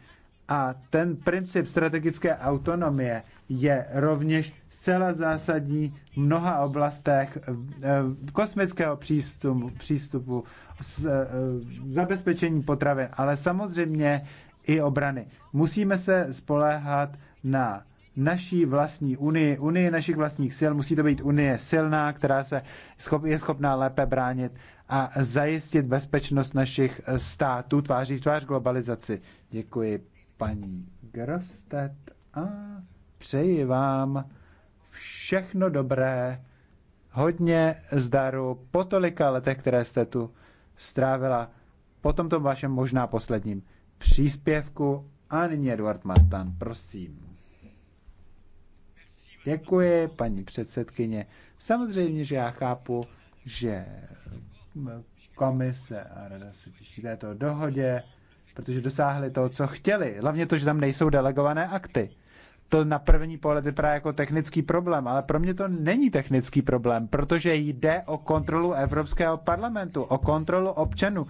a ten princip strategické autonomie je rovněž zcela zásadní v mnoha oblastech eh, eh, kosmického přístupu, přístupu eh, zabezpečení potravin, ale samozřejmě i obrany. Musíme se spoléhat na naší vlastní unii, unii našich vlastních sil. Musí to být unie silná, která se schop, je schopná lépe bránit a zajistit bezpečnost našich států tváří v tvář globalizaci. Děkuji paní Grostet a přeji vám všechno dobré, hodně zdaru po tolika letech, které jste tu strávila, po tomto vašem možná posledním příspěvku. A nyní Eduard Martan, prosím. Děkuji, paní předsedkyně. Samozřejmě, že já chápu, že komise a rada se těší této dohodě, protože dosáhli toho, co chtěli. Hlavně to, že tam nejsou delegované akty to na první pohled vypadá jako technický problém, ale pro mě to není technický problém, protože jde o kontrolu Evropského parlamentu, o kontrolu občanů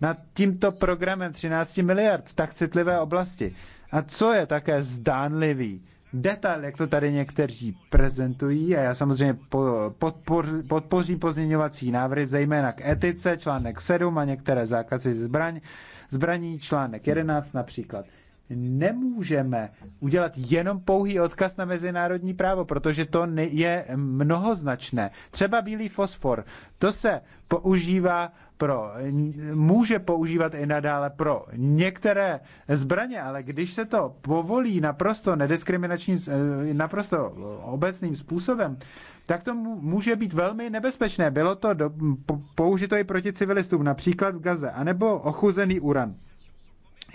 nad tímto programem 13 miliard v tak citlivé oblasti. A co je také zdánlivý detail, jak to tady někteří prezentují, a já samozřejmě podpor, podpořím pozměňovací návrhy, zejména k etice, článek 7 a některé zákazy zbraň, zbraní, článek 11 například nemůžeme udělat jenom pouhý odkaz na mezinárodní právo, protože to je mnohoznačné. Třeba bílý fosfor, to se používá pro, může používat i nadále pro některé zbraně, ale když se to povolí naprosto nediskriminačním, eh, naprosto obecným způsobem, tak to může být velmi nebezpečné. Bylo to do, použito i proti civilistům, například v Gaze, anebo ochuzený uran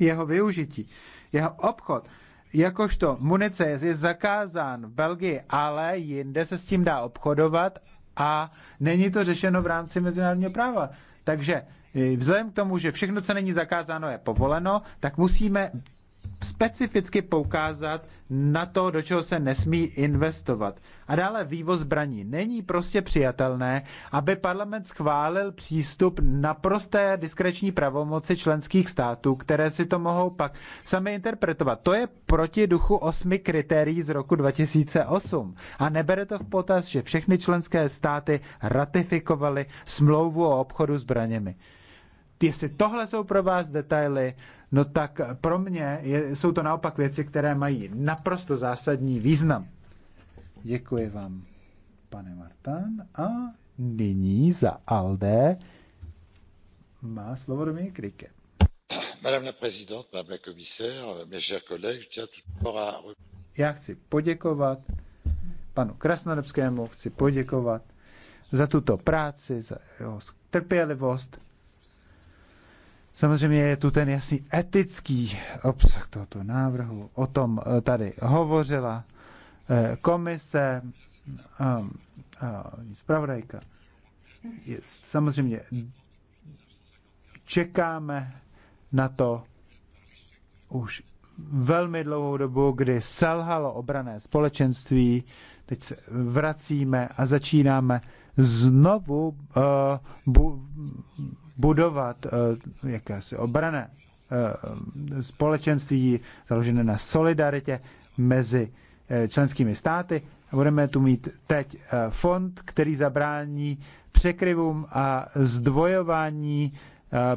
jeho využití. Jeho obchod jakožto munice je zakázán v Belgii, ale jinde se s tím dá obchodovat a není to řešeno v rámci mezinárodního práva. Takže eh, vzhledem k tomu, že všechno, co není zakázáno, je povoleno, tak musíme specificky poukázat na to, do čeho se nesmí investovat. A dále vývoz zbraní. Není prostě přijatelné, aby parlament schválil přístup na prosté diskreční pravomoci členských států, které si to mohou pak sami interpretovat. To je proti duchu osmi kritérií z roku 2008. A nebere to v potaz, že všechny členské státy ratifikovaly smlouvu o obchodu zbraněmi. Jestli tohle jsou pro vás detaily, no tak pro mě je, jsou to naopak věci, které mají naprosto zásadní význam. Děkuji vám, pane Martán. A nyní za Alde má slovo do mě Rike. Madame la présidente, madame la commissaire, mes chers collègues, je tiens tout d'abord à... Já chci poděkovat panu Krasnodebskému, chci poděkovat za tuto práci, za jeho trpělivost Samozřejmě je tu ten jasný etický obsah tohoto návrhu. O tom eh, tady hovořila eh, komise, ehm, eh, zpravodajka. Samozřejmě čekáme na to už velmi dlouhou dobu, kdy selhalo obrané společenství. Teď se vracíme a začínáme znovu uh, bu, budovat eh, jakési obrané eh, společenství založené na solidaritě mezi eh, členskými státy. Budeme tu mít teď fond, který zabrání překryvům a zdvojování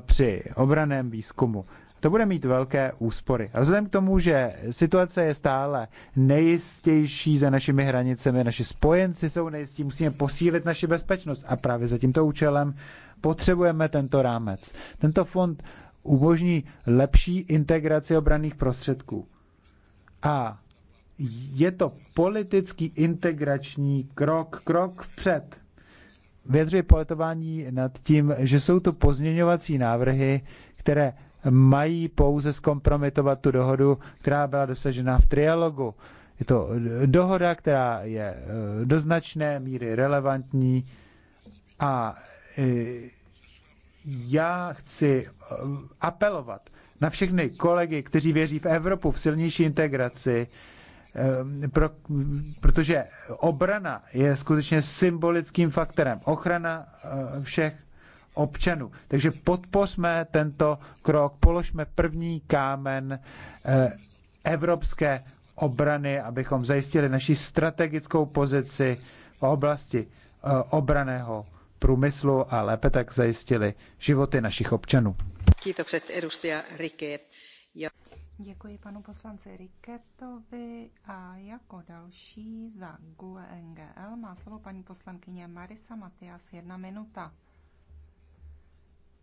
při obraném výzkumu. To bude mít velké úspory. A vzhledem k tomu, že situace je stále nejistější za našimi hranicemi, naši spojenci jsou nejistí, musíme posílit naši bezpečnost a právě za tímto účelem potřebujeme tento rámec. Tento fond umožní lepší integraci obraných prostředků. A je to politický integrační krok, krok vpřed. Vědřuji politování nad tím, že jsou to pozměňovací návrhy, které mají pouze zkompromitovat tu dohodu, která byla dosažena v trialogu. Je to eh, dohoda, která je eh, do značné míry relevantní a eh, já chci apelovat na všechny kolegy, kteří věří v Evropu, v silnější integraci, pro, protože obrana je skutečně symbolickým faktorem. Ochrana všech občanů. Takže podpořme tento krok, položme první kámen eh, evropské obrany, abychom zajistili naši strategickou pozici v oblasti eh, obraného průmyslu a lépe tak zajistili životy našich občanů. Děkuji panu poslanci Riketovi a jako další za GUE NGL má slovo paní poslankyně Marisa Matias, jedna minuta.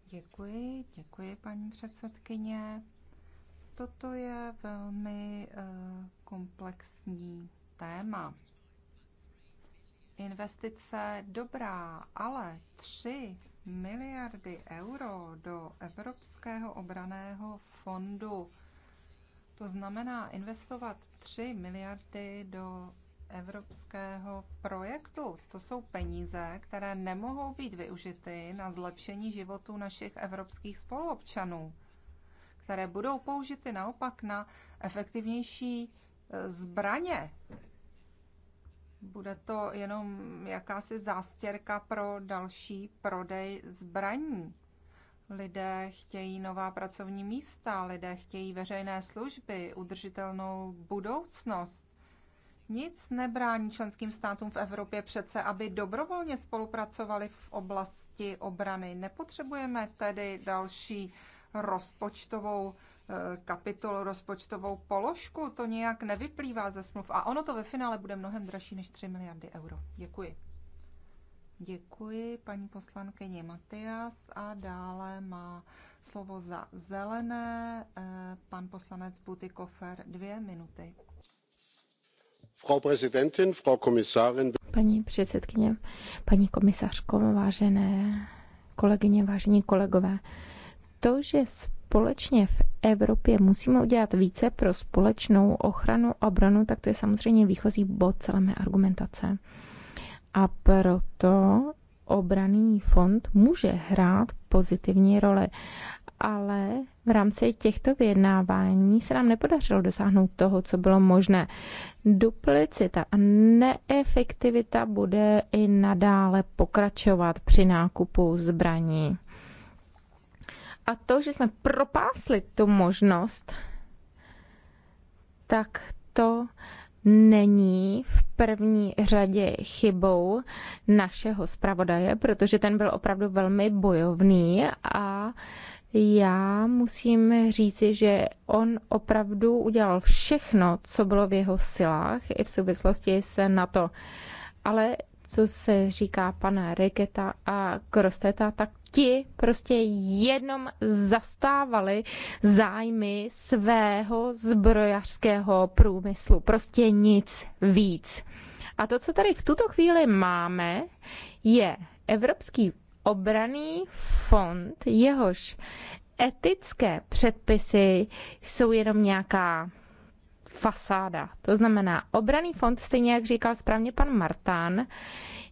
Děkuji, děkuji paní předsedkyně. Toto je velmi eh, komplexní téma. Investice dobrá, ale 3 miliardy euro do Evropského obraného fondu. To znamená investovat 3 miliardy do evropského projektu. To jsou peníze, které nemohou být využity na zlepšení životu našich evropských spoluobčanů, které budou použity naopak na efektivnější e, zbraně. Bude to jenom jakási zástěrka pro další prodej zbraní. Lidé chtějí nová pracovní místa, lidé chtějí veřejné služby, udržitelnou budoucnost nic nebrání členským státům v Evropě přece, aby dobrovolně spolupracovali v oblasti obrany. Nepotřebujeme tedy další rozpočtovou eh, kapitolu, rozpočtovou položku. To nějak nevyplývá ze smluv. A ono to ve finále bude mnohem dražší než 3 miliardy euro. Děkuji. Děkuji paní poslankyně Matias a dále má slovo za zelené eh, pan poslanec Butikofer dvě minuty. Paní předsedkyně, paní komisařko, vážené kolegyně, vážení kolegové, to, že společně v Evropě musíme udělat více pro společnou ochranu a obranu, tak to je samozřejmě výchozí bod celé mé argumentace. A proto obraný fond může hrát pozitivní roli ale v rámci těchto vyjednávání se nám nepodařilo dosáhnout toho, co bylo možné. Duplicita a neefektivita bude i nadále pokračovat při nákupu zbraní. A to, že jsme propásli tu možnost, tak to není v první řadě chybou našeho zpravodaje, protože ten byl opravdu velmi bojovný a já musím říci, že on opravdu udělal všechno, co bylo v jeho silách, i v souvislosti se na to. Ale co se říká pana Regeta a Krosteta, tak ti prostě jenom zastávali zájmy svého zbrojařského průmyslu. Prostě nic víc. A to, co tady v tuto chvíli máme, je Evropský obraný fond, jehož etické předpisy jsou jenom nějaká fasáda. To znamená, obraný fond, stejně jak říkal správně pan Martán,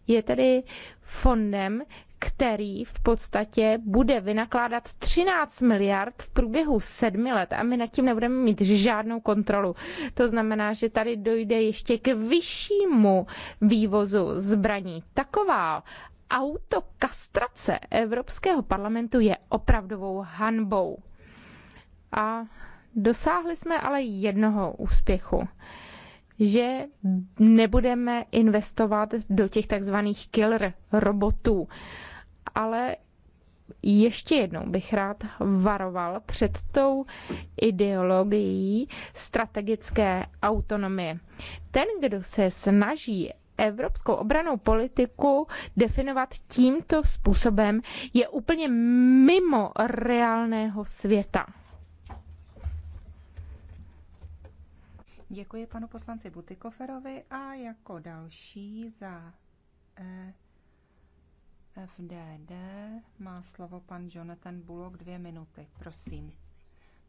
je tedy fondem, který v podstatě bude vynakládat 13 miliard v průběhu sedmi let a my nad tím nebudeme mít žádnou kontrolu. To znamená, že tady dojde ještě k vyššímu vývozu zbraní. Taková autokastrace Evropského parlamentu je opravdovou hanbou. A dosáhli jsme ale jednoho úspěchu že nebudeme investovat do těch takzvaných killer robotů. Ale ještě jednou bych rád varoval před tou ideologií strategické autonomie. Ten, kdo se snaží evropskou obranou politiku definovat tímto způsobem je úplně mimo reálného světa. Děkuji panu poslanci Butikoferovi a jako další za eh, FDD má slovo pan Jonathan Bullock dvě minuty, prosím.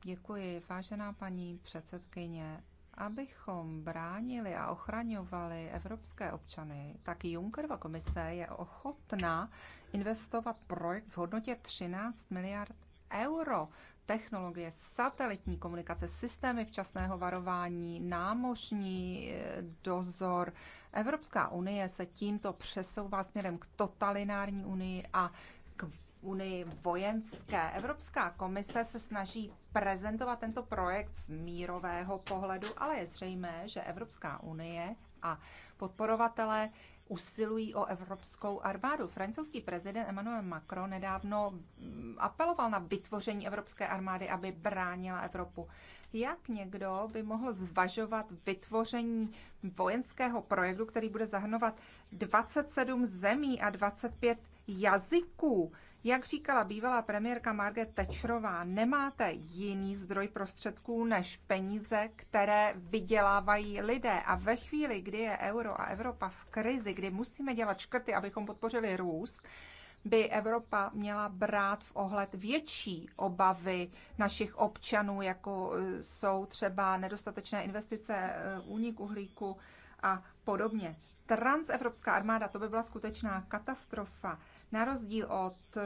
Děkuji, vážená paní předsedkyně. Abychom bránili a ochraňovali evropské občany, tak Junckerova komise je ochotná investovat projekt v hodnotě 13 miliard euro. Technologie, satelitní komunikace, systémy včasného varování, námořní eh, dozor. Evropská unie se tímto přesouvá směrem k totalinární unii a unii vojenské. Evropská komise se snaží prezentovat tento projekt z mírového pohledu, ale je zřejmé, že Evropská unie a podporovatelé usilují o evropskou armádu. Francouzský prezident Emmanuel Macron nedávno mm, apeloval na vytvoření evropské armády, aby bránila Evropu. Jak někdo by mohl zvažovat vytvoření vojenského projektu, který bude zahrnovat 27 zemí a 25 jazyků? Jak říkala bývalá premiérka Margaret Thatcherová, nemáte jiný zdroj prostředků než peníze, které vydělávají lidé. A ve chvíli, kdy je euro a Evropa v krizi, kdy musíme dělat škrty, abychom podpořili růst, by Evropa měla brát v ohled větší obavy našich občanů, jako e, jsou třeba nedostatečné investice, e, únik uhlíku, a podobně. Transevropská armáda, to by byla skutečná katastrofa. Na rozdíl od e,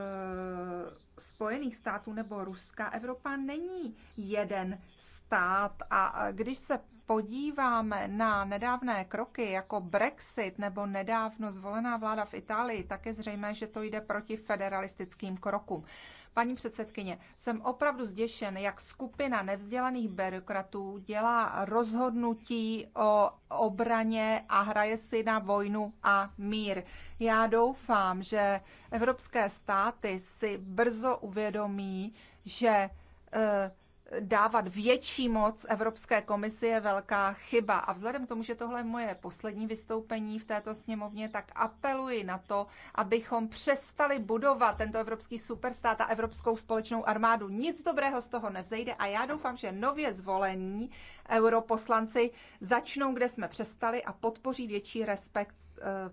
Spojených států nebo Ruska, Evropa není jeden stát. A když se podíváme na nedávné kroky jako Brexit nebo nedávno zvolená vláda v Itálii, tak je zřejmé, že to jde proti federalistickým krokům. Paní předsedkyně, jsem opravdu zděšen, jak skupina nevzdělaných byrokratů dělá rozhodnutí o obraně a hraje si na vojnu a mír. Já doufám, že evropské státy si brzo uvědomí, že eh, dávat větší moc Evropské komisi je velká chyba. A vzhledem k tomu, že tohle je moje poslední vystoupení v této sněmovně, tak apeluji na to, abychom přestali budovat tento evropský superstát a evropskou společnou armádu. Nic dobrého z toho nevzejde a já doufám, že nově zvolení europoslanci začnou, kde jsme přestali a podpoří větší respekt eh,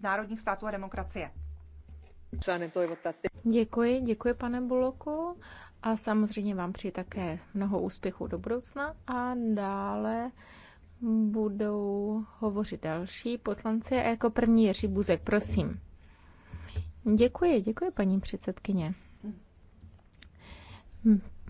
národních států a demokracie. Děkuji, děkuji pane Buloku a samozřejmě vám přeji také mnoho úspěchů do budoucna a dále budou hovořit další poslanci a jako první Jiří Buzek, prosím. Děkuji, děkuji paní předsedkyně.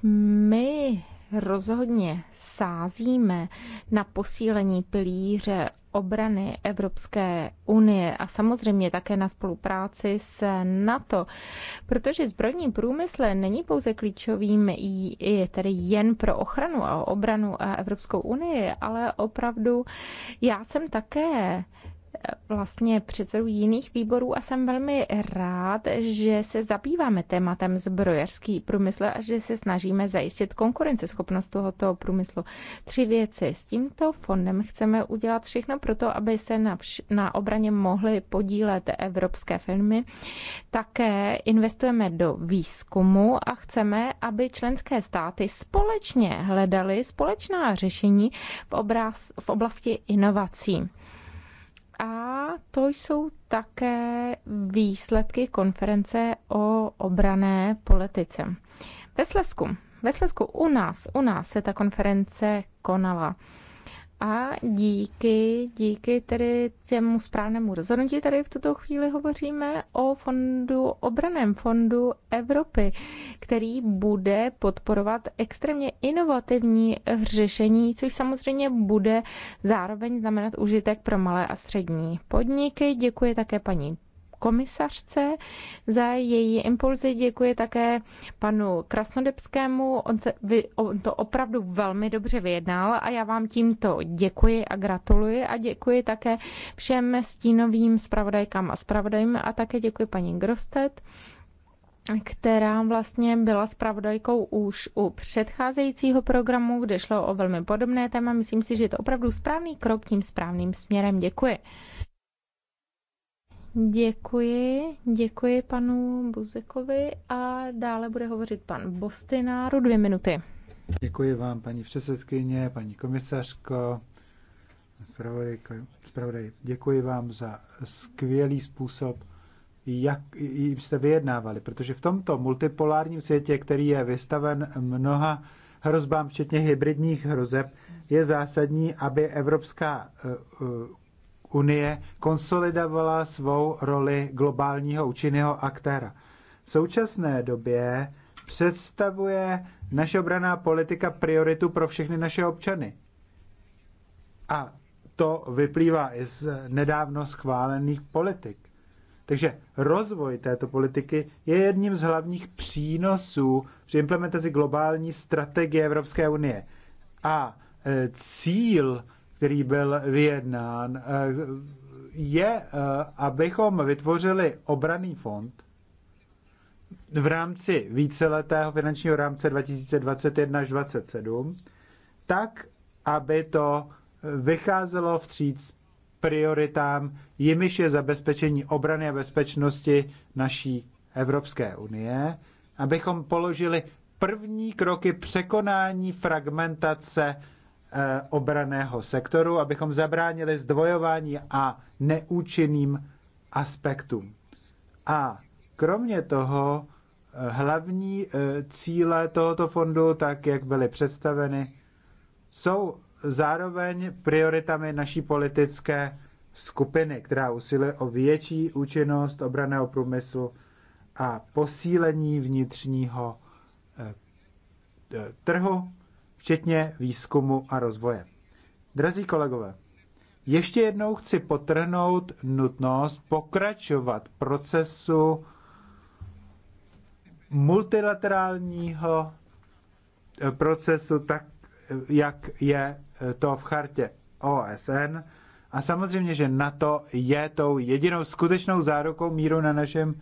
My rozhodně sázíme na posílení pilíře obrany Evropské unie a samozřejmě také na spolupráci s NATO, protože zbrojní průmysl není pouze klíčovým je tedy jen pro ochranu a obranu a Evropskou unii, ale opravdu já jsem také vlastně předsedů jiných výborů a jsem velmi rád, že se zabýváme tématem zbrojařský průmysl a že se snažíme zajistit konkurenceschopnost tohoto průmyslu. Tři věci. S tímto fondem chceme udělat všechno pro to, aby se na, vš- na obraně mohly podílet evropské firmy. Také investujeme do výzkumu a chceme, aby členské státy společně hledaly společná řešení v, obraz- v oblasti inovací. A to jsou také výsledky konference o obrané politice. Ve Slesku, ve Slesku u nás, u nás se ta konference konala. A díky, díky tedy těmu správnému rozhodnutí tady v tuto chvíli hovoříme o fondu obraném fondu Evropy, který bude podporovat extrémně inovativní řešení, což samozřejmě bude zároveň znamenat užitek pro malé a střední podniky. Děkuji také paní komisařce za její impulzy. Děkuji také panu Krasnodebskému. On, se, on to opravdu velmi dobře vyjednal a já vám tímto děkuji a gratuluji a děkuji také všem stínovým spravodajkám a spravodajům a také děkuji paní Grostet která vlastně byla spravodajkou už u předcházejícího programu, kde šlo o velmi podobné téma. Myslím si, že je to opravdu správný krok tím správným směrem. Děkuji. Děkuji, děkuji panu Buzekovi a dále bude hovořit pan Bostináru dvě minuty. Děkuji vám, paní předsedkyně, paní komisařko, zpravodaj. Děkuji vám za skvělý způsob, jak jste vyjednávali, protože v tomto multipolárním světě, který je vystaven mnoha hrozbám, včetně hybridních hrozeb, je zásadní, aby Evropská eh, unie konsolidovala svou roli globálního účinného aktéra. V současné době představuje naše obraná politika prioritu pro všechny naše občany. A to vyplývá i z nedávno schválených politik. Takže rozvoj této politiky je jedním z hlavních přínosů při implementaci globální strategie Evropské unie. A e, cíl který byl vyjednán, eh, je, eh, abychom vytvořili obraný fond v rámci víceletého finančního rámce 2021 až 2027, tak, aby to vycházelo vstříc prioritám, jimiž je zabezpečení obrany a bezpečnosti naší Evropské unie, abychom položili první kroky překonání fragmentace Eh, obraného sektoru, abychom zabránili zdvojování a neúčinným aspektům. A kromě toho eh, hlavní eh, cíle tohoto fondu, tak jak byly představeny, jsou zároveň prioritami naší politické skupiny, která usiluje o větší účinnost obraného průmyslu a posílení vnitřního trhu včetně výzkumu a rozvoje. Drazí kolegové, ještě jednou chci potrhnout nutnost pokračovat procesu multilaterálního eh, procesu, tak eh, jak je eh, to v chartě OSN. A samozřejmě, že NATO je tou jedinou skutečnou zárukou míru na našem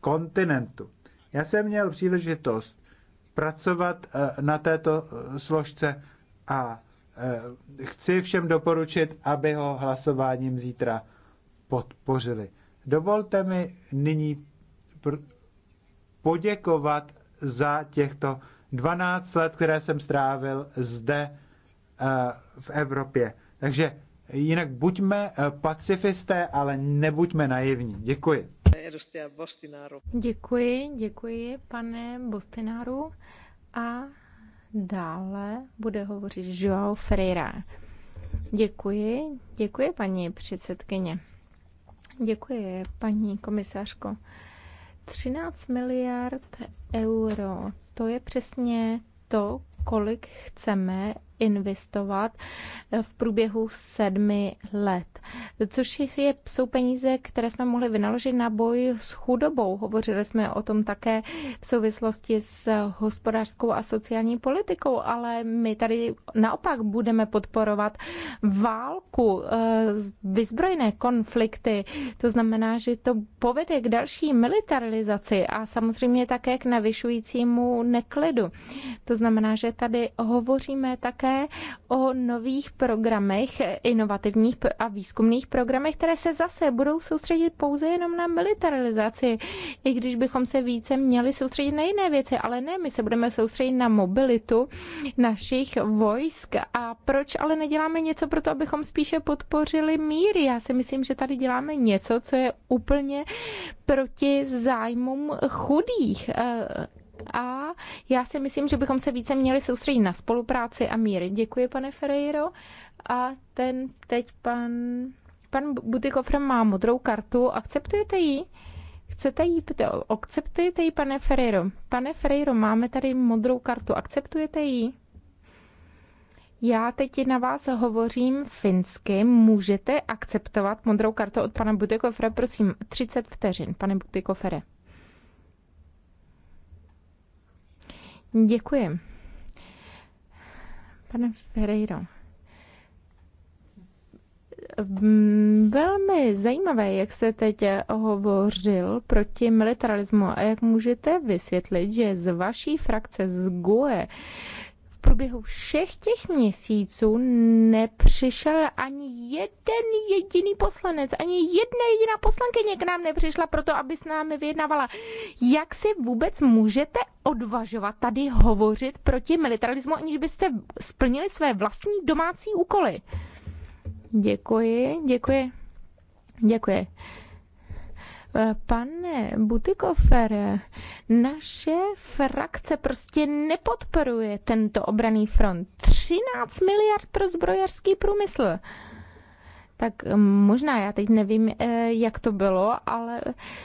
kontinentu. Já jsem měl příležitost pracovat eh, na této eh, složce a eh, chci všem doporučit, aby ho hlasováním zítra podpořili. Dovolte mi nyní poděkovat za těchto 12 let, které jsem strávil zde v Evropě. Takže jinak buďme pacifisté, ale nebuďme naivní. Děkuji. Děkuji, děkuji, pane Bostináru. A dále bude hovořit Joao Ferreira. Děkuji, děkuji, paní předsedkyně. Děkuji, paní komisařko. 13 miliard euro, to je přesně to, kolik chceme investovat v průběhu sedmi let, což je, jsou peníze, které jsme mohli vynaložit na boj s chudobou. Hovořili jsme o tom také v souvislosti s hospodářskou a sociální politikou, ale my tady naopak budeme podporovat válku, eh, vyzbrojené konflikty. To znamená, že to povede k další militarizaci a samozřejmě také k navyšujícímu neklidu. To znamená, že tady hovoříme také se o nových programech, inovativních a výzkumných programech, které se zase budou soustředit pouze jenom na militarizaci, i když bychom se více měli soustředit na jiné věci, ale ne, my se budeme soustředit na mobilitu našich vojsk. A proč ale neděláme něco pro to, abychom spíše podpořili mír? Já si myslím, že tady děláme něco, co je úplně proti zájmům chudých, eh, a já si myslím, že bychom se více měli soustředit na spolupráci a mír. Děkuji, pane Ferreiro. A ten teď pan, pan Butikofr má modrou kartu. Akceptujete ji? Chcete ji, akceptujete ji, pane Ferreiro? Pane Ferreiro, máme tady modrou kartu. Akceptujete ji? Já teď na vás hovořím finsky. Můžete akceptovat modrou kartu od pana Butikofra, Prosím, 30 vteřin, pane Butikofere. Děkuji. Pane Ferreiro, mm, velmi zajímavé, jak se teď hovořil proti militarismu a jak můžete vysvětlit, že z vaší frakce, z GUE, průběhu všech těch měsíců nepřišel ani jeden jediný poslanec, ani jedna jediná poslankyně k nám nepřišla proto, aby s námi vyjednavala. Jak si vůbec můžete odvažovat tady hovořit proti militarismu, aniž byste splnili své vlastní domácí úkoly? Děkuji, děkuji, děkuji. Pane Butikofere, naše frakce prostě nepodporuje tento obraný front. 13 miliard pro zbrojařský průmysl tak eh, možná, já teď nevím, eh, jak to bylo, ale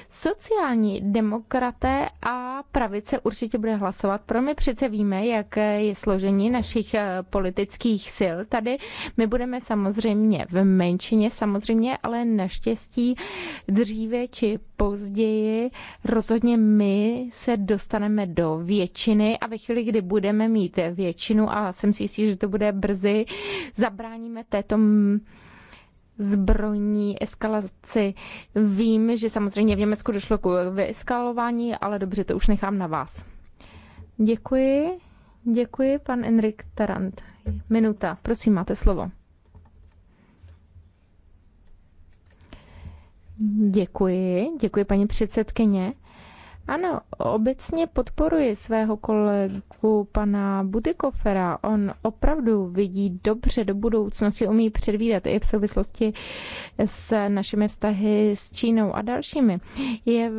sociální demokraté a pravice určitě bude hlasovat. Pro my přece víme, jak eh, je složení našich politických sil. Tady my budeme samozřejmě v menšině, samozřejmě, ale naštěstí dříve či později rozhodně my se dostaneme do většiny a ve chvíli, kdy budeme mít většinu a jsem si jistý, že to bude brzy, zabráníme této zbrojní eskalaci. Vím, že samozřejmě v Německu došlo k vyeskalování, ale dobře, to už nechám na vás. Děkuji. Děkuji, pan Enrik Tarant. Minuta, prosím, máte slovo. Děkuji, děkuji paní předsedkyně. Ano, obecně podporuji svého kolegu pana Budikofera. On opravdu vidí dobře do budoucnosti, umí předvídat i v souvislosti s našimi vztahy s Čínou a dalšími. Je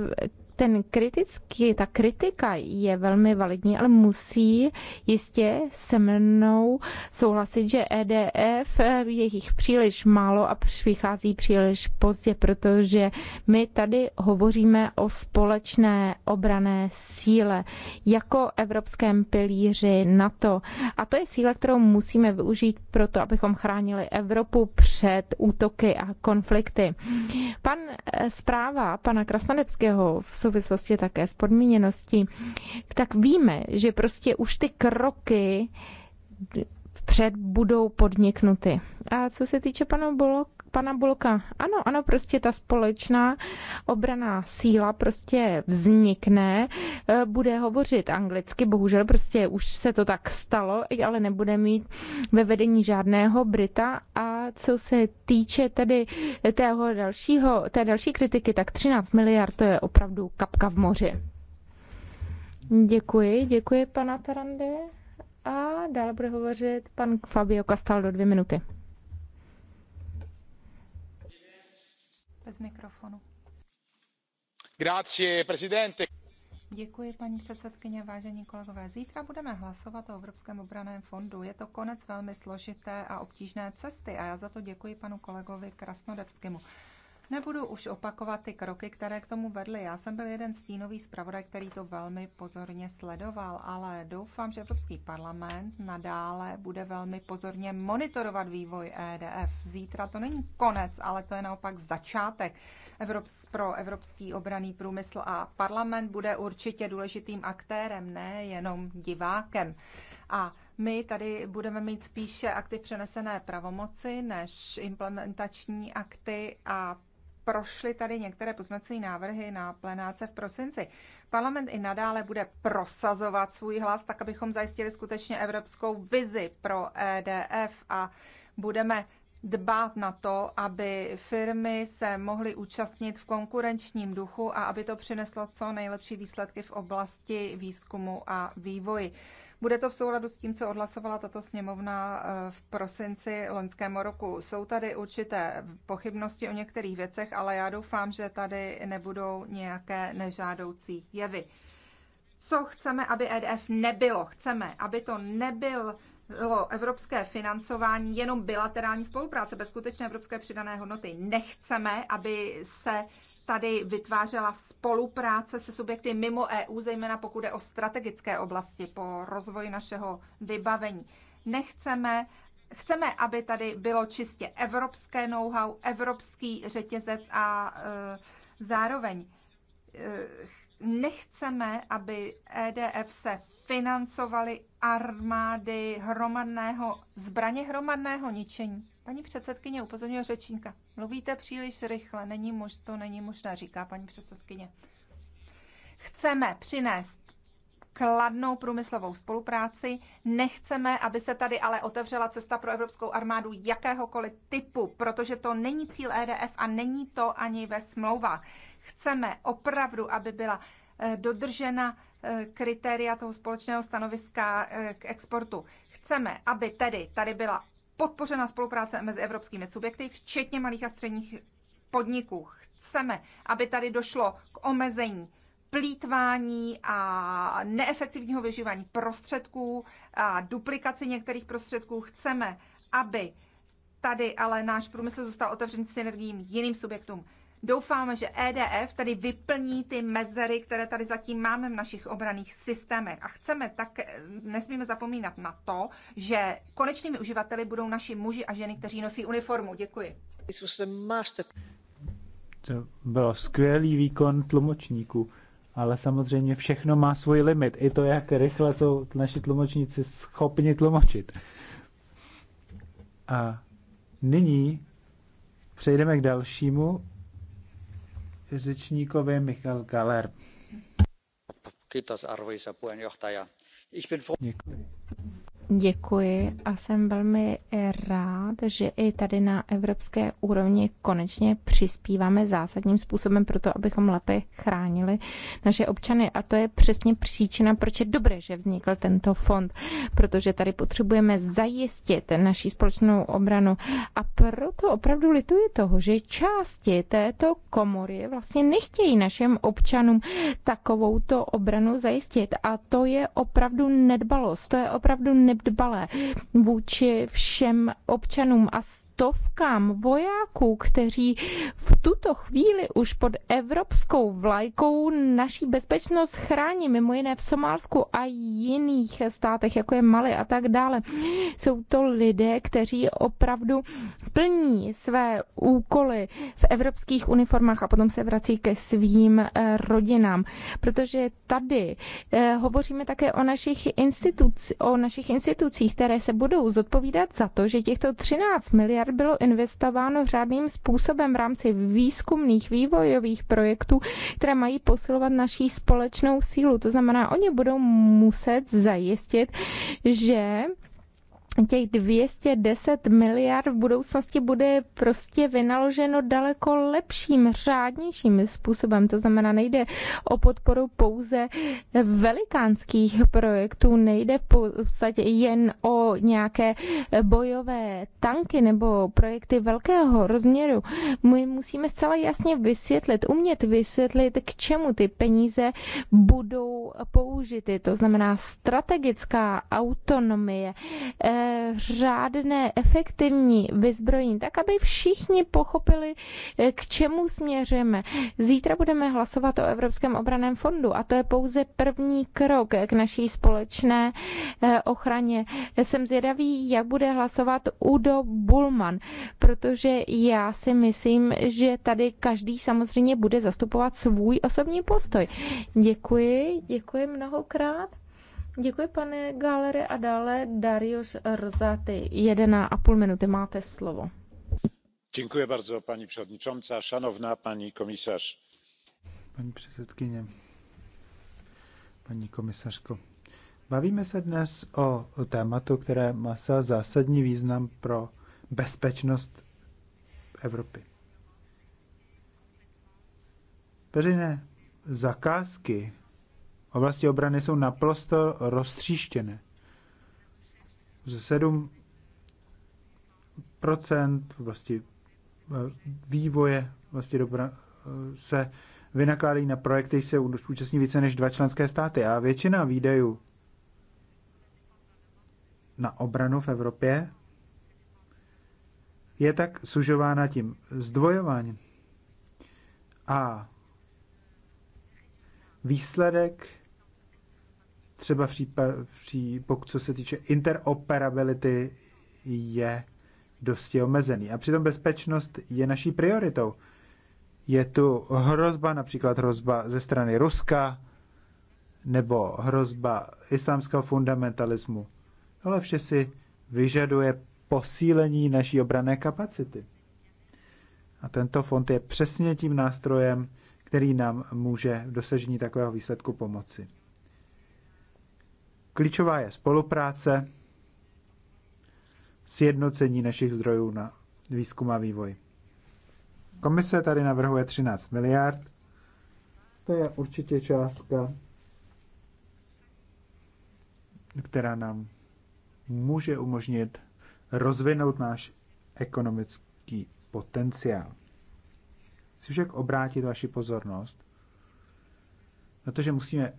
ten kritický, ta kritika je velmi validní, ale musí jistě se mnou souhlasit, že EDF eh, je jich příliš málo a přichází příliš pozdě, protože my tady hovoříme o společné obrané síle jako evropském pilíři NATO. A to je síla, kterou musíme využít proto, abychom chránili Evropu před útoky a konflikty. Pan eh, zpráva pana Krasnodebského v souvislosti také s podmíněností, tak víme, že prostě už ty kroky před budou podniknuty. A co se týče panu Bolok? pana Bulka. Ano, ano, prostě ta společná obraná síla prostě vznikne, eh, bude hovořit anglicky, bohužel prostě už se to tak stalo, ale nebude mít ve vedení žádného Brita a co se týče tedy tého dalšího, té další kritiky, tak 13 miliard to je opravdu kapka v moři. Děkuji, děkuji pana Tarande. A dále bude hovořit pan Fabio Castaldo dvě minuty. Děkuji, paní předsedkyně, vážení kolegové. Zítra budeme hlasovat o Evropském obraném fondu. Je to konec velmi složité a obtížné cesty a já za to děkuji panu kolegovi Krasnodebskému. Nebudu už opakovat ty kroky, které k tomu vedly. Já jsem byl jeden stínový zpravodaj, který to velmi pozorně sledoval, ale doufám, že Evropský parlament nadále bude velmi pozorně monitorovat vývoj EDF. Zítra to není konec, ale to je naopak začátek Evrops- pro evropský obraný průmysl a parlament bude určitě důležitým aktérem, ne jenom divákem. A my tady budeme mít spíše akty přenesené pravomoci než implementační akty a prošly tady některé pozměcí návrhy na plenáce v prosinci. Parlament i nadále bude prosazovat svůj hlas, tak abychom zajistili skutečně evropskou vizi pro EDF a budeme dbát na to, aby firmy se mohly účastnit v konkurenčním duchu a aby to přineslo co nejlepší výsledky v oblasti výzkumu a vývoji. Bude to v souladu s tím, co odhlasovala tato sněmovna eh, v prosinci loňskému roku. Jsou tady určité pochybnosti o některých věcech, ale já doufám, že tady nebudou nějaké nežádoucí jevy. Co chceme, aby EDF nebylo? Chceme, aby to nebyl evropské financování jenom bilaterální spolupráce bez skutečné evropské přidané hodnoty. Nechceme, aby se tady vytvářela spolupráce se subjekty mimo EU, zejména pokud je o strategické oblasti po rozvoji našeho vybavení. Nechceme, chceme, aby tady bylo čistě evropské know-how, evropský řetězec a e, zároveň e, nechceme, aby EDF se financovaly armády hromadného, zbraně hromadného ničení. Paní předsedkyně upozorňuje řečníka. Mluvíte příliš rychle, není mož, to není možné, říká paní předsedkyně. Chceme přinést kladnou průmyslovou spolupráci. Nechceme, aby se tady ale otevřela cesta pro evropskou armádu jakéhokoliv typu, protože to není cíl EDF a není to ani ve smlouvách. Chceme opravdu, aby byla eh, dodržena eh, kritéria toho společného stanoviska eh, k exportu. Chceme, aby tedy tady byla podpořena spolupráce mezi evropskými subjekty, včetně malých a středních podniků. Chceme, aby tady došlo k omezení plítvání a neefektivního využívání prostředků a duplikaci některých prostředků. Chceme, aby Tady ale náš průmysl zůstal otevřen synergiím jiným subjektům. Doufáme, že EDF tady vyplní ty mezery, které tady zatím máme v našich obraných systémech. A chceme tak, eh, nesmíme zapomínat na to, že konečnými uživateli budou naši muži a ženy, kteří nosí uniformu. Děkuji. To byl skvělý výkon tlumočníků, ale samozřejmě všechno má svůj limit. I to, jak rychle jsou naši tlumočníci schopni tlumočit. A Nyní přejdeme k dalšímu řečníkovi Michal Galer. Děkuji. Děkuji a jsem velmi rád, že i tady na evropské úrovni konečně přispíváme zásadním způsobem pro to, abychom lépe chránili naše občany. A to je přesně příčina, proč je dobré, že vznikl tento fond, protože tady potřebujeme zajistit naší společnou obranu. A proto opravdu lituji toho, že části této komory vlastně nechtějí našim občanům takovouto obranu zajistit. A to je opravdu nedbalost, to je opravdu nedbalost nedbalé vůči všem občanům a stovkám vojáků, kteří v tuto chvíli už pod evropskou vlajkou naší bezpečnost chrání, mimo jiné v Somálsku a jiných státech, jako je Mali a tak dále. Jsou to lidé, kteří opravdu plní své úkoly v evropských uniformách a potom se vrací ke svým eh, rodinám. Protože tady eh, hovoříme také o našich, instituc- o našich institucích, které se budou zodpovídat za to, že těchto 13 miliard miliard bylo investováno řádným způsobem v rámci výzkumných vývojových projektů, které mají posilovat naší společnou sílu. To znamená, oni budou muset zajistit, že těch 210 miliard v budoucnosti bude prostě vynaloženo daleko lepším, řádnějším způsobem. To znamená, nejde o podporu pouze velikánských projektů, nejde v podstatě jen o nějaké bojové tanky nebo projekty velkého rozměru. My musíme zcela jasně vysvětlit, umět vysvětlit, k čemu ty peníze budou použity. To znamená strategická autonomie, řádné, efektivní vyzbrojení, tak aby všichni pochopili, eh, k čemu směřujeme. Zítra budeme hlasovat o Evropském obraném fondu a to je pouze první krok k naší společné eh, ochraně. Jsem zvědavý, jak bude hlasovat Udo Bulman, protože já si myslím, že tady každý samozřejmě bude zastupovat svůj osobní postoj. Děkuji, děkuji mnohokrát. Děkuji, pane Galere, a dále Darius Rzaty. Jedená a půl minuty máte slovo. Děkuji bardzo, paní předsedající, šanovná paní komisař. Paní předsedkyně, paní komisařko, bavíme se dnes o tématu, které má zásadní význam pro bezpečnost Evropy. Veřejné zakázky oblasti obrany jsou naprosto roztříštěné. Ze 7 vlastně eh, vývoje vlastně dobra, eh, se vynakládají na projekty, se účastní více než dva členské státy a většina výdajů na obranu v Evropě je tak sužována tím zdvojováním. A výsledek třeba v případě, co se týče interoperability, je dosti omezený. A přitom bezpečnost je naší prioritou. Je tu hrozba, například hrozba ze strany Ruska, nebo hrozba islámského fundamentalismu. Ale vše si vyžaduje posílení naší obrané kapacity. A tento fond je přesně tím nástrojem, který nám může v dosažení takového výsledku pomoci. Klíčová je spolupráce, sjednocení našich zdrojů na výzkum a vývoj. Komise tady navrhuje 13 miliard. To je určitě částka, která nám může umožnit rozvinout náš ekonomický potenciál. Chci však obrátit vaši pozornost na to, že musíme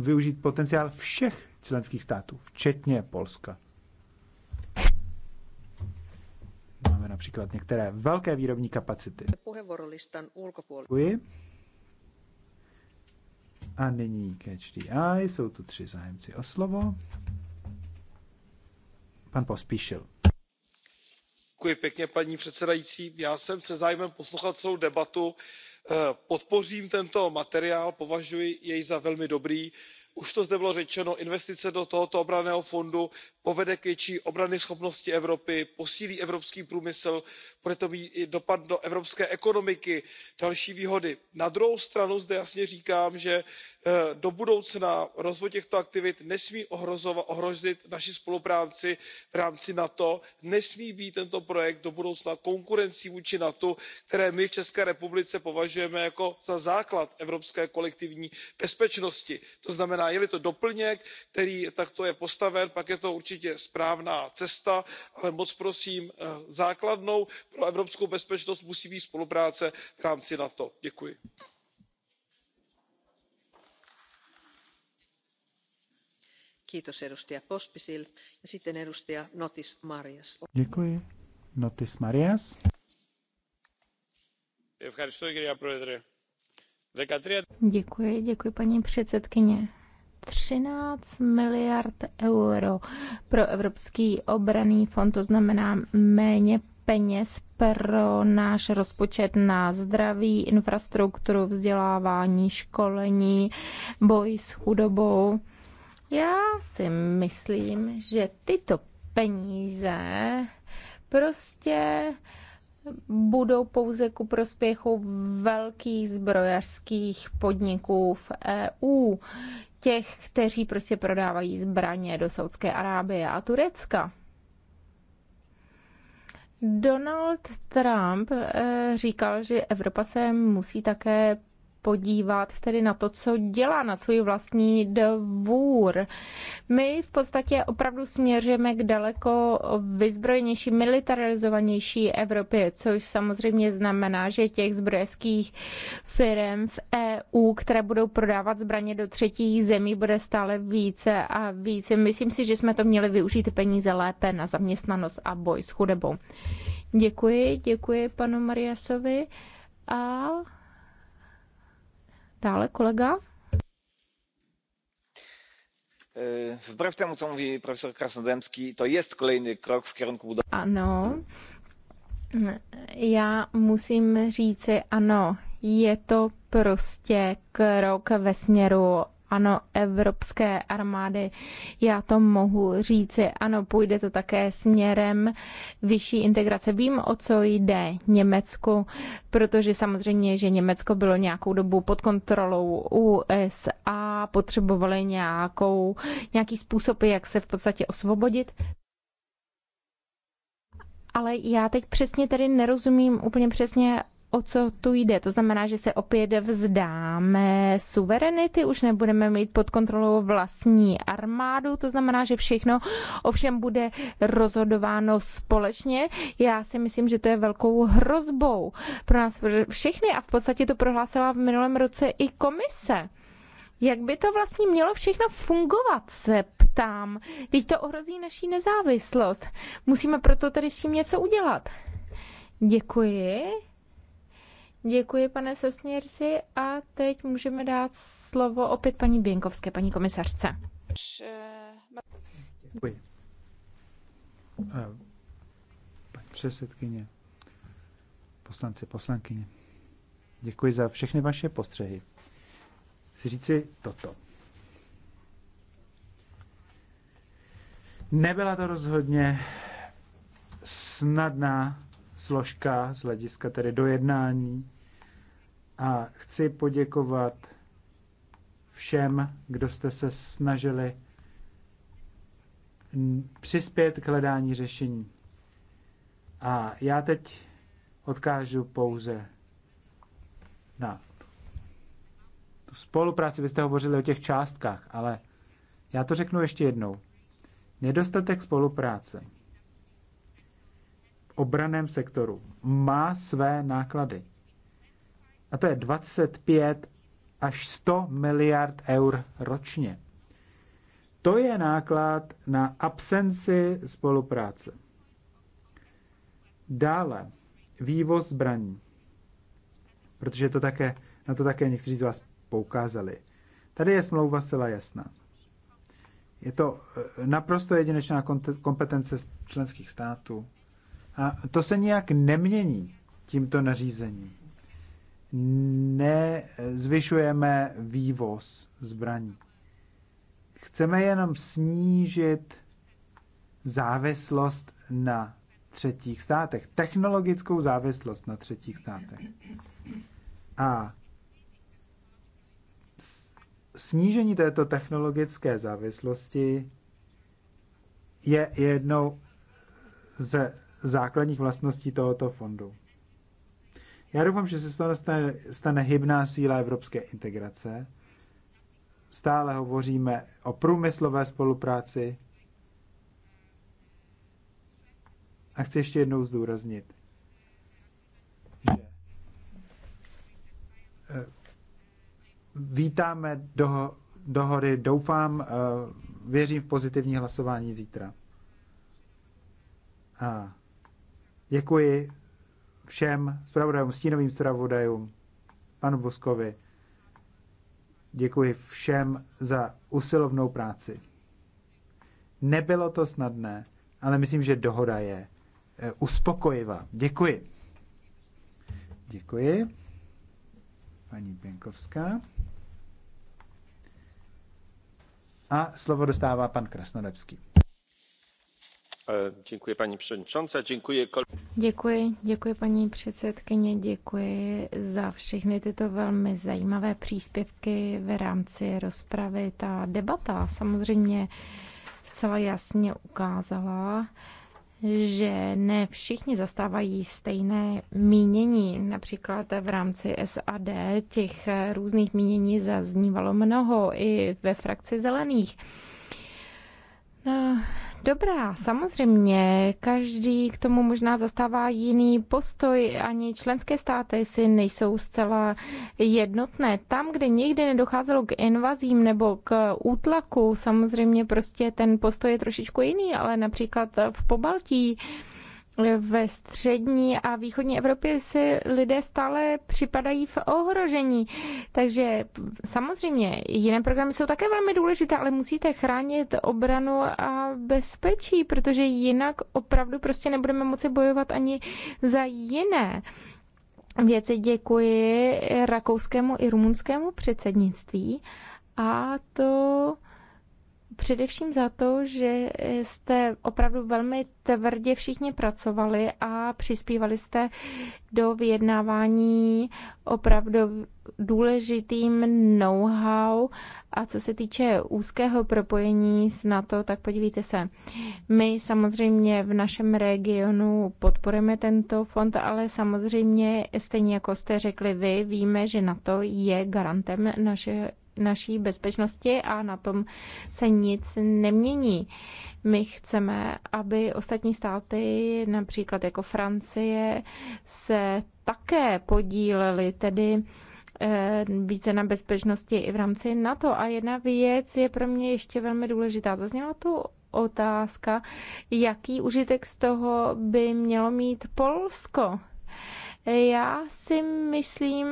využít potenciál všech členských států, včetně Polska. Máme například některé velké výrobní kapacity. A nyní catch the eye. Jsou tu tři zájemci o slovo. Pan Pospíšil paní předsedající já jsem se zájmem poslouchal celou debatu eh, podpořím tento materiál považuji jej za velmi dobrý. už to zde bylo řečeno investice do tohoto obranného fondu by měly být povede k větší obranyschopnosti evropy posílí evropský průmysl bude to mít i dopad do evropské ekonomiky další výhody. na druhou stranu zde jasně říkám že eh, do budoucna rozvoj těchto aktivit nesmí ohrozit naši spolupráci v rámci nato nesmí být tento projekt do budoucna konkurencí vůči nato které my v české republice považujeme jako za základ evropské kolektivní bezpečnosti. to znamená je li to doplněk který takto je postaven pak je to určitě správná cesta ale moc prosím eh, základnou pro evropskou bezpečnost musí být spolupráce v rámci nato. děkuji. Děkuji, děkuji paní předsedkyně. 13 miliard euro pro Evropský obraný fond, to znamená méně peněz pro náš rozpočet na zdraví, infrastrukturu, vzdělávání, školení, boj s chudobou. Já si myslím, že tyto peníze prostě budou pouze ku prospěchu velkých zbrojařských podniků v EU těch, kteří prostě prodávají zbraně do Saudské Arábie a Turecka. Donald Trump eh, říkal, že Evropa se musí také podívat tedy na to, co dělá na svůj vlastní dvůr. My v podstatě opravdu směřujeme k daleko vyzbrojenější, militarizovanější Evropě, což samozřejmě znamená, že těch zbrojeckých firm v EU, které budou prodávat zbraně do třetích zemí, bude stále více a více. Myslím si, že jsme to měli využít peníze lépe na zaměstnanost a boj s chudebou. Děkuji, děkuji panu Mariasovi a Dále kolega. E, vbrev tomu, co mluví profesor Krasnodemský, to je kolejný krok v kierunku budování. Ano, já musím říci ano, je to prostě krok ve směru ano, evropské armády. Já to mohu říci, ano, půjde to také směrem vyšší integrace. Vím, o co jde Německu, protože samozřejmě, že Německo bylo nějakou dobu pod kontrolou USA, potřebovali nějakou, nějaký způsob, jak se v podstatě osvobodit. Ale já teď přesně tady nerozumím úplně přesně, o co tu jde. To znamená, že se opět vzdáme suverenity, už nebudeme mít pod kontrolou vlastní armádu, to znamená, že všechno ovšem bude rozhodováno společně. Já si myslím, že to je velkou hrozbou pro nás všechny a v podstatě to prohlásila v minulém roce i komise. Jak by to vlastně mělo všechno fungovat, se ptám. Teď to ohrozí naší nezávislost. Musíme proto tady s tím něco udělat. Děkuji. Děkuji, pane Sosněrci, a teď můžeme dát slovo opět paní Běnkovské, paní komisařce. Děkuji. Paní předsedkyně, poslanci, poslankyně, děkuji za všechny vaše postřehy. Chci říci toto. Nebyla to rozhodně snadná složka z hlediska tedy dojednání a chci poděkovat všem, kdo jste se snažili přispět k hledání řešení. A já teď odkážu pouze na tu spolupráci. Vy jste hovořili o těch částkách, ale já to řeknu ještě jednou. Nedostatek spolupráce v obraném sektoru má své náklady a to je 25 až 100 miliard eur ročně. To je náklad na absenci spolupráce. Dále vývoz zbraní, protože to také, na to také někteří z vás poukázali. Tady je smlouva zcela jasná. Je to eh, naprosto jedinečná kompetence členských států. A to se nijak nemění tímto nařízením nezvyšujeme vývoz zbraní. Chceme jenom snížit závislost na třetích státech, technologickou závislost na třetích státech. A snížení této technologické závislosti je jednou ze základních vlastností tohoto fondu. Já doufám, že se z toho stane, stane hybná síla evropské integrace. Stále hovoříme o průmyslové spolupráci. A chci ještě jednou zdůraznit, že eh, vítáme do, dohody, doufám, eh, věřím v pozitivní hlasování zítra. A děkuji všem zpravodajům, stínovým zpravodajům, panu Boskovi. Děkuji všem za usilovnou práci. Nebylo to snadné, ale myslím, že dohoda je eh, uspokojivá. Děkuji. Děkuji. Paní Pěnkovská. A slovo dostává pan Krasnodebský. Eh, děkuji paní předsedkyně, děkuji. Děkuji, děkuji paní předsedkyně, děkuji za všechny tyto velmi zajímavé příspěvky v rámci rozpravy. Ta debata samozřejmě zcela jasně ukázala, že ne všichni zastávají stejné mínění. Například v rámci SAD těch různých mínění zaznívalo mnoho i ve frakci zelených. No, Dobrá, samozřejmě, každý k tomu možná zastává jiný postoj, ani členské státy si nejsou zcela jednotné. Tam, kde nikdy nedocházelo k invazím nebo k útlaku, samozřejmě prostě ten postoj je trošičku jiný, ale například v Pobaltí, ve střední a východní Evropě si lidé stále připadají v ohrožení. Takže samozřejmě jiné programy jsou také velmi důležité, ale musíte chránit obranu a bezpečí, protože jinak opravdu prostě nebudeme moci bojovat ani za jiné věci. Děkuji rakouskému i rumunskému předsednictví a to Především za to, že jste opravdu velmi tvrdě všichni pracovali a přispívali jste do vyjednávání opravdu důležitým know-how. A co se týče úzkého propojení s NATO, tak podívejte se. My samozřejmě v našem regionu podporujeme tento fond, ale samozřejmě stejně jako jste řekli vy, víme, že NATO je garantem naše, naší bezpečnosti a na tom se nic nemění. My chceme, aby ostatní státy, například jako Francie, se také podílely, tedy eh, více na bezpečnosti i v rámci NATO. A jedna věc je pro mě ještě velmi důležitá. Zazněla tu otázka, jaký užitek z toho by mělo mít Polsko. Já si myslím,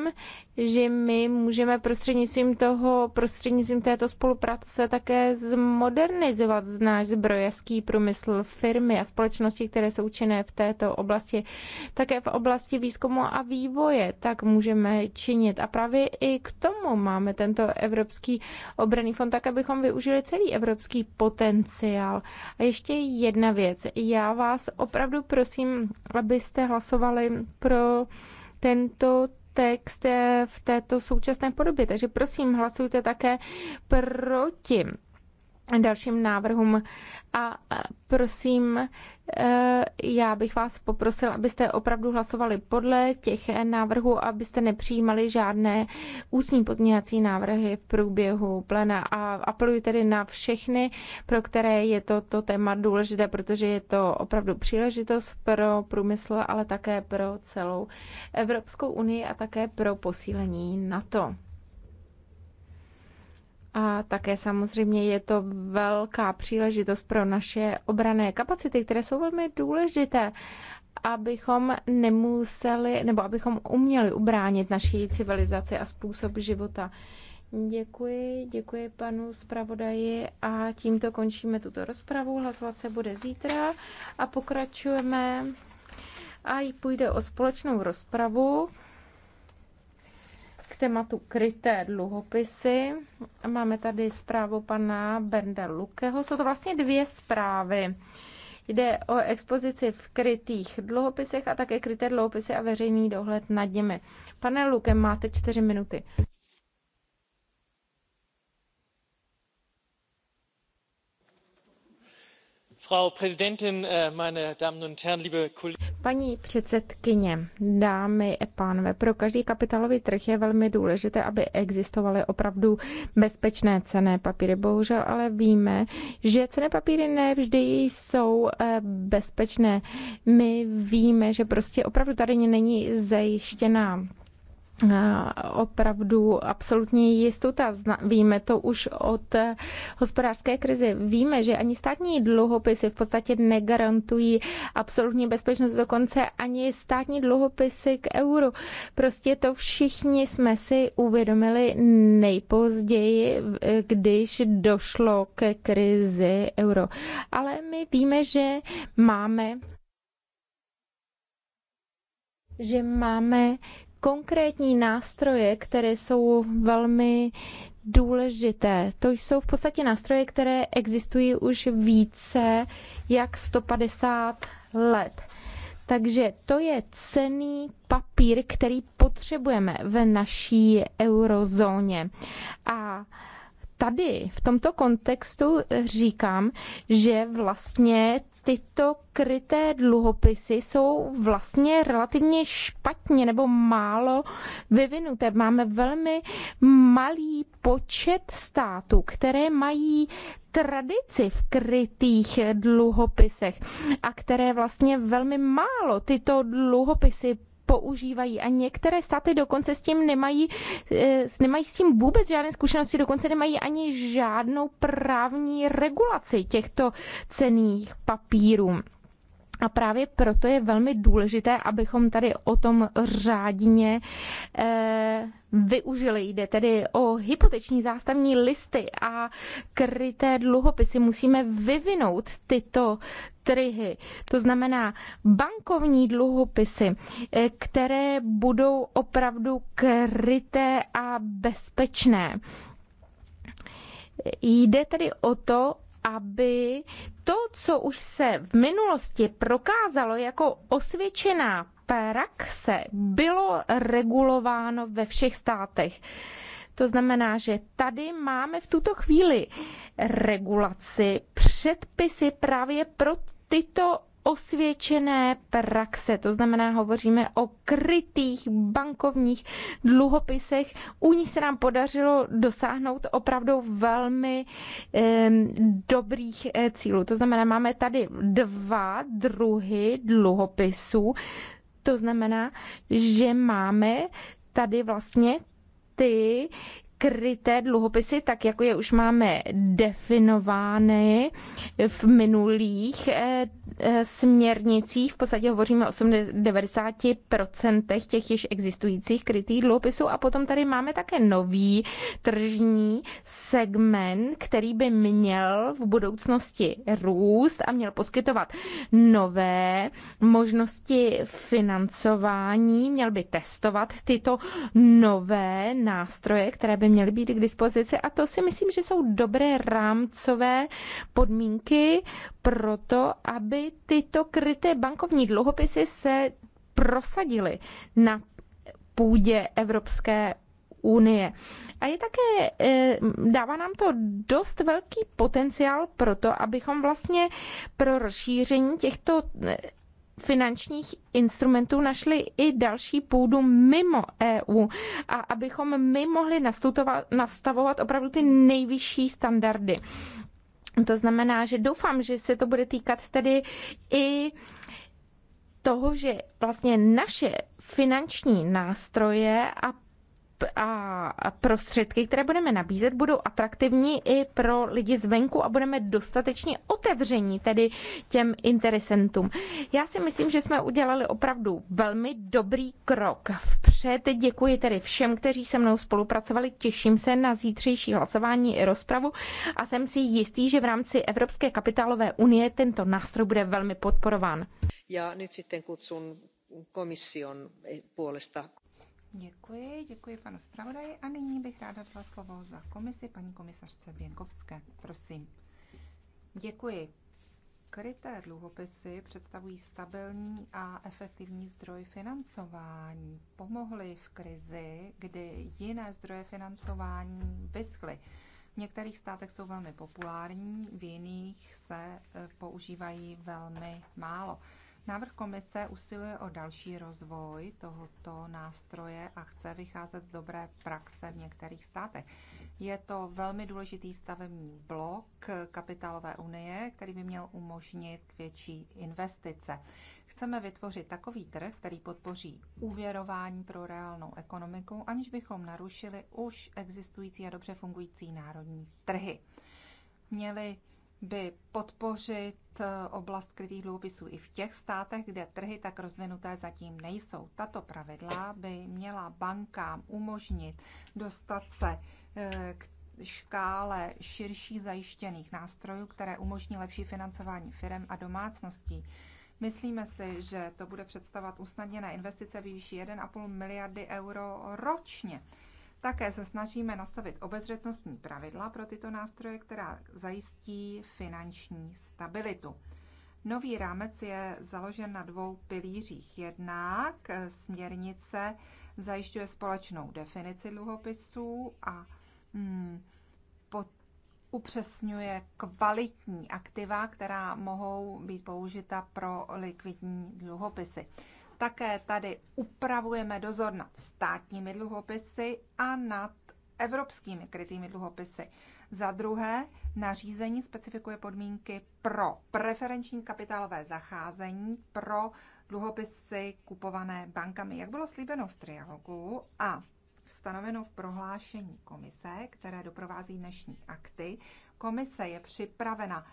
že my můžeme prostřednictvím toho, prostřednictvím této spolupráce také zmodernizovat náš zbrojařský průmysl, firmy a společnosti, které jsou činné v této oblasti, také v oblasti výzkumu a vývoje, tak můžeme činit. A právě i k tomu máme tento Evropský obraný fond, tak abychom využili celý evropský potenciál. A ještě jedna věc. Já vás opravdu prosím, abyste hlasovali pro tento text v této současné podobě. Takže prosím, hlasujte také proti dalším návrhům. A prosím, e, já bych vás poprosil, abyste opravdu hlasovali podle těch návrhů, abyste nepřijímali žádné ústní pozměňovací návrhy v průběhu plena. A apeluji tedy na všechny, pro které je toto téma důležité, protože je to opravdu příležitost pro průmysl, ale také pro celou Evropskou unii a také pro posílení NATO. A také samozřejmě je to velká příležitost pro naše obrané kapacity, které jsou velmi důležité, abychom nemuseli, nebo abychom uměli ubránit naší civilizaci a způsob života. Děkuji, děkuji panu zpravodaji a tímto končíme tuto rozpravu. Hlasovat se bude zítra a pokračujeme a půjde o společnou rozpravu tématu kryté dluhopisy. Máme tady zprávu pana Bernda Lukeho. Jsou to vlastně dvě zprávy. Jde o expozici v krytých dluhopisech a také kryté dluhopisy a veřejný dohled nad nimi. Pane Luke, máte čtyři minuty. Äh, Paní předsedkyně, dámy a pánové, pro každý kapitálový trh je velmi důležité, aby existovaly opravdu bezpečné cené papíry. Bohužel ale víme, že cené papíry nevždy jsou eh, bezpečné. My víme, že prostě opravdu tady není zajištěná Eh, opravdu absolutní jistota. Víme to už od eh, hospodářské krize. Víme, že ani státní dluhopisy v podstatě negarantují absolutní bezpečnost, dokonce ani státní dluhopisy k euru. Prostě to všichni jsme si uvědomili nejpozději, eh, když došlo ke krizi euro. Ale my víme, že máme že máme konkrétní nástroje, které jsou velmi důležité. To jsou v podstatě nástroje, které existují už více jak 150 let. Takže to je cený papír, který potřebujeme v naší eurozóně. A tady v tomto kontextu říkám, že vlastně tyto kryté dluhopisy jsou vlastně relativně špatně nebo málo vyvinuté. Máme velmi malý počet států, které mají tradici v krytých dluhopisech a které vlastně velmi málo tyto dluhopisy používají. A některé státy dokonce s tím nemají, eh, nemají s tím vůbec žádné zkušenosti, dokonce nemají ani žádnou právní regulaci těchto cených papírů. A právě proto je velmi důležité, abychom tady o tom řádně e, eh, využili. Jde tedy o hypoteční zástavní listy a kryté dluhopisy. Musíme vyvinout tyto trihy, to znamená bankovní dluhopisy, eh, které budou opravdu kryté a bezpečné. Jde tedy o to, aby to, co už se v minulosti prokázalo jako osvědčená praxe, bylo regulováno ve všech státech. To znamená, že tady máme v tuto chvíli regulaci, předpisy právě pro tyto osvědčené praxe, to znamená, hovoříme o krytých bankovních dluhopisech. U ní se nám podařilo dosáhnout opravdu velmi eh, dobrých eh, cílů. To znamená, máme tady dva druhy dluhopisů. To znamená, že máme tady vlastně ty, kryté dluhopisy, tak jako je už máme definovány v minulých eh, eh, směrnicích, v podstatě hovoříme o 90% těch již existujících krytých dluhopisů a potom tady máme také nový tržní segment, který by měl v budoucnosti růst a měl poskytovat nové možnosti financování, měl by testovat tyto nové nástroje, které by měly být k dispozici a to si myslím, že jsou dobré rámcové podmínky pro to, aby tyto kryté bankovní dluhopisy se prosadily na půdě Evropské unie. A je také, eh, dává nám to dost velký potenciál pro to, abychom vlastně pro rozšíření těchto eh, finančních instrumentů našli i další půdu mimo EU a abychom my mohli nastavovat opravdu ty nejvyšší standardy. To znamená, že doufám, že se to bude týkat tedy i toho, že vlastně naše finanční nástroje a a prostředky, které budeme nabízet, budou atraktivní i pro lidi zvenku a budeme dostatečně otevření tedy těm interesentům. Já si myslím, že jsme udělali opravdu velmi dobrý krok vpřed. Děkuji tedy všem, kteří se mnou spolupracovali. Těším se na zítřejší hlasování i rozpravu a jsem si jistý, že v rámci Evropské kapitálové unie tento nástroj bude velmi podporován. Já nyt sitten kutsun komission puolesta Děkuji, děkuji panu zpravodaji a nyní bych ráda dala slovo za komisi paní komisařce Běnkovské. Prosím. Děkuji. Kryté dluhopisy představují stabilní a efektivní zdroj financování. Pomohly v krizi, kdy jiné zdroje financování vyschly. V některých státech jsou velmi populární, v jiných se e, používají velmi málo. Návrh komise usiluje o další rozvoj tohoto nástroje a chce vycházet z dobré praxe v některých státech. Je to velmi důležitý stavební blok kapitálové unie, který by měl umožnit větší investice. Chceme vytvořit takový trh, který podpoří uvěrování pro reálnou ekonomiku, aniž bychom narušili už existující a dobře fungující národní trhy. Měli by podpořit eh, oblast krytých dluhopisů i v těch státech, kde trhy tak rozvinuté zatím nejsou. Tato pravidla by měla bankám umožnit dostat se eh, k škále širší zajištěných nástrojů, které umožní lepší financování firm a domácností. Myslíme si, že to bude představovat usnadněné investice vyšší výši 1,5 miliardy euro ročně. Také se snažíme nastavit obezřetnostní pravidla pro tyto nástroje, která zajistí finanční stabilitu. Nový rámec je založen na dvou pilířích. Jednak směrnice zajišťuje společnou definici dluhopisů a hmm, pot, upřesňuje kvalitní aktiva, která mohou být použita pro likvidní dluhopisy. Také tady upravujeme dozor nad státními dluhopisy a nad evropskými krytými dluhopisy. Za druhé, nařízení specifikuje podmínky pro preferenční kapitálové zacházení pro dluhopisy kupované bankami, jak bylo slíbeno v trialogu a stanoveno v prohlášení komise, které doprovází dnešní akty. Komise je připravena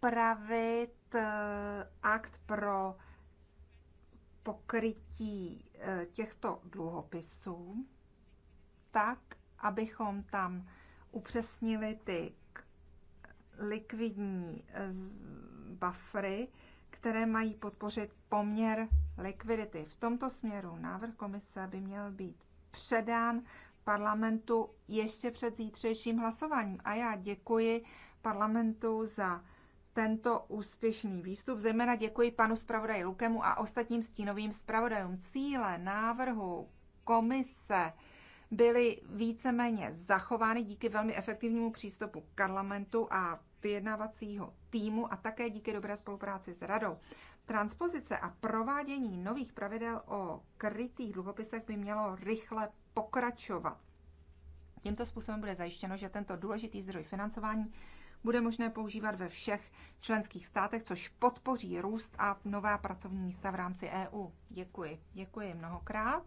upravit eh, akt pro pokrytí eh, těchto dluhopisů tak, abychom tam upřesnili ty likvidní eh, buffery, které mají podpořit poměr likvidity. V tomto směru návrh komise by měl být předán parlamentu ještě před zítřejším hlasováním. A já děkuji parlamentu za tento úspěšný výstup. Zejména děkuji panu zpravodaji Lukemu a ostatním stínovým zpravodajům. Cíle návrhu komise byly víceméně zachovány díky velmi efektivnímu přístupu k parlamentu a vyjednávacího týmu a také díky dobré spolupráci s radou. Transpozice a provádění nových pravidel o krytých dluhopisech by mělo rychle pokračovat. Tímto způsobem bude zajištěno, že tento důležitý zdroj financování bude možné používat ve všech členských státech, což podpoří růst a nová pracovní místa v rámci EU. Děkuji. Děkuji mnohokrát.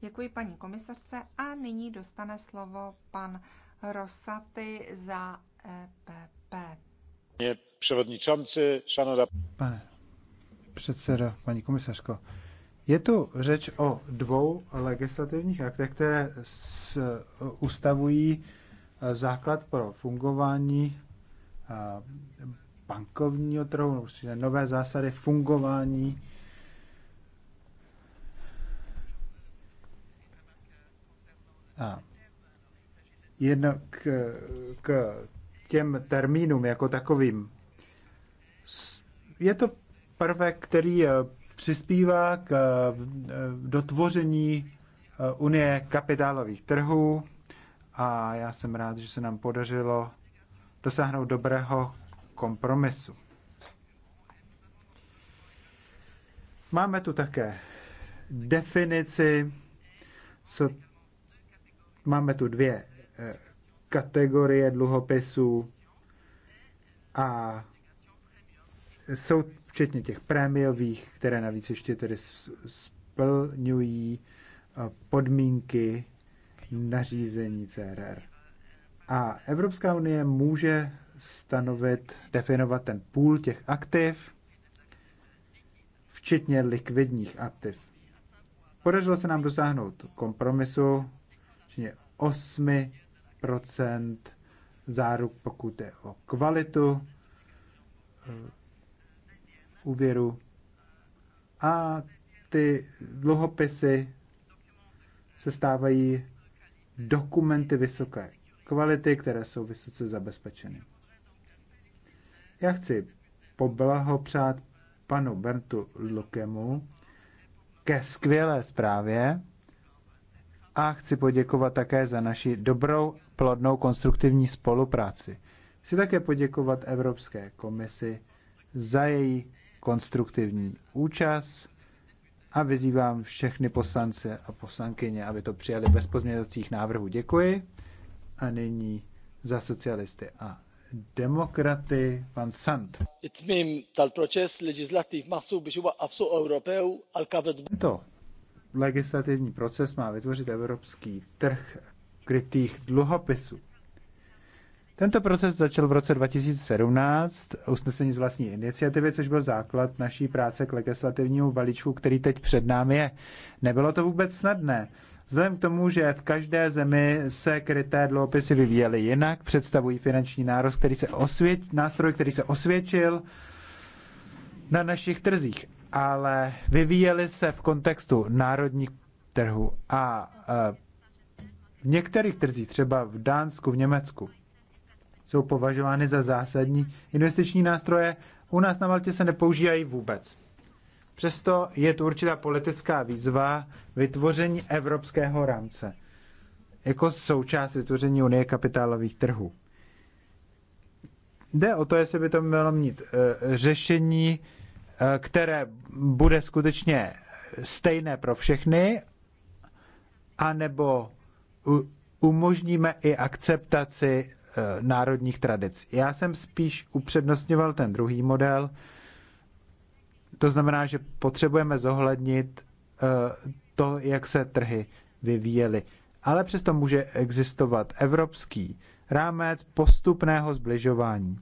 Děkuji paní komisařce a nyní dostane slovo pan Rosaty za EPP. Pane předsedající, Pane předsedo, paní komisařko, je tu řeč o dvou legislativních aktech, které s, ustavují eh, základ pro fungování bankovního trhu, určitě prostě nové zásady fungování A jen k, k těm termínům jako takovým. Je to prvek, který e, přispívá k e, dotvoření e, Unie kapitálových trhů a já jsem rád, že se nám podařilo dosáhnout dobrého kompromisu. Máme tu také definici, co, máme tu dvě eh, kategorie dluhopisů a jsou včetně těch prémiových, které navíc ještě tedy splňují eh, podmínky nařízení CRR. A Evropská unie může stanovit, definovat ten půl těch aktiv, včetně likvidních aktiv. Podařilo se nám dosáhnout kompromisu, včetně 8 záruk, pokud je o kvalitu eh, úvěru. A ty dluhopisy se stávají dokumenty vysoké kvality, které jsou vysoce zabezpečeny. Já chci poblahopřát panu Bertu Lukemu ke skvělé zprávě a chci poděkovat také za naši dobrou, plodnou, konstruktivní spolupráci. Chci také poděkovat Evropské komisi za její konstruktivní účast a vyzývám všechny poslance a poslankyně, aby to přijali bez pozměňovacích návrhů. Děkuji a nyní za socialisty a demokraty pan Sant. Tento legislativní proces má vytvořit evropský trh krytých dluhopisů. Tento proces začal v roce 2017 usnesení z vlastní iniciativy, což byl základ naší práce k legislativnímu balíčku, který teď před námi je. Nebylo to vůbec snadné. Vzhledem k tomu, že v každé zemi se kryté dluhopisy vyvíjely jinak, představují finanční nárost, který se osvěd, nástroj, který se osvědčil na našich trzích, ale vyvíjely se v kontextu národních trhů a e, v některých trzích, třeba v Dánsku, v Německu, jsou považovány za zásadní investiční nástroje. U nás na Maltě se nepoužívají vůbec. Přesto je tu určitá politická výzva vytvoření evropského rámce jako součást vytvoření Unie kapitálových trhů. Jde o to, jestli by to mělo mít eh, řešení, eh, které bude skutečně stejné pro všechny, anebo umožníme i akceptaci eh, národních tradic. Já jsem spíš upřednostňoval ten druhý model, to znamená, že potřebujeme zohlednit eh, to, jak se trhy vyvíjely. Ale přesto může existovat evropský rámec postupného zbližování.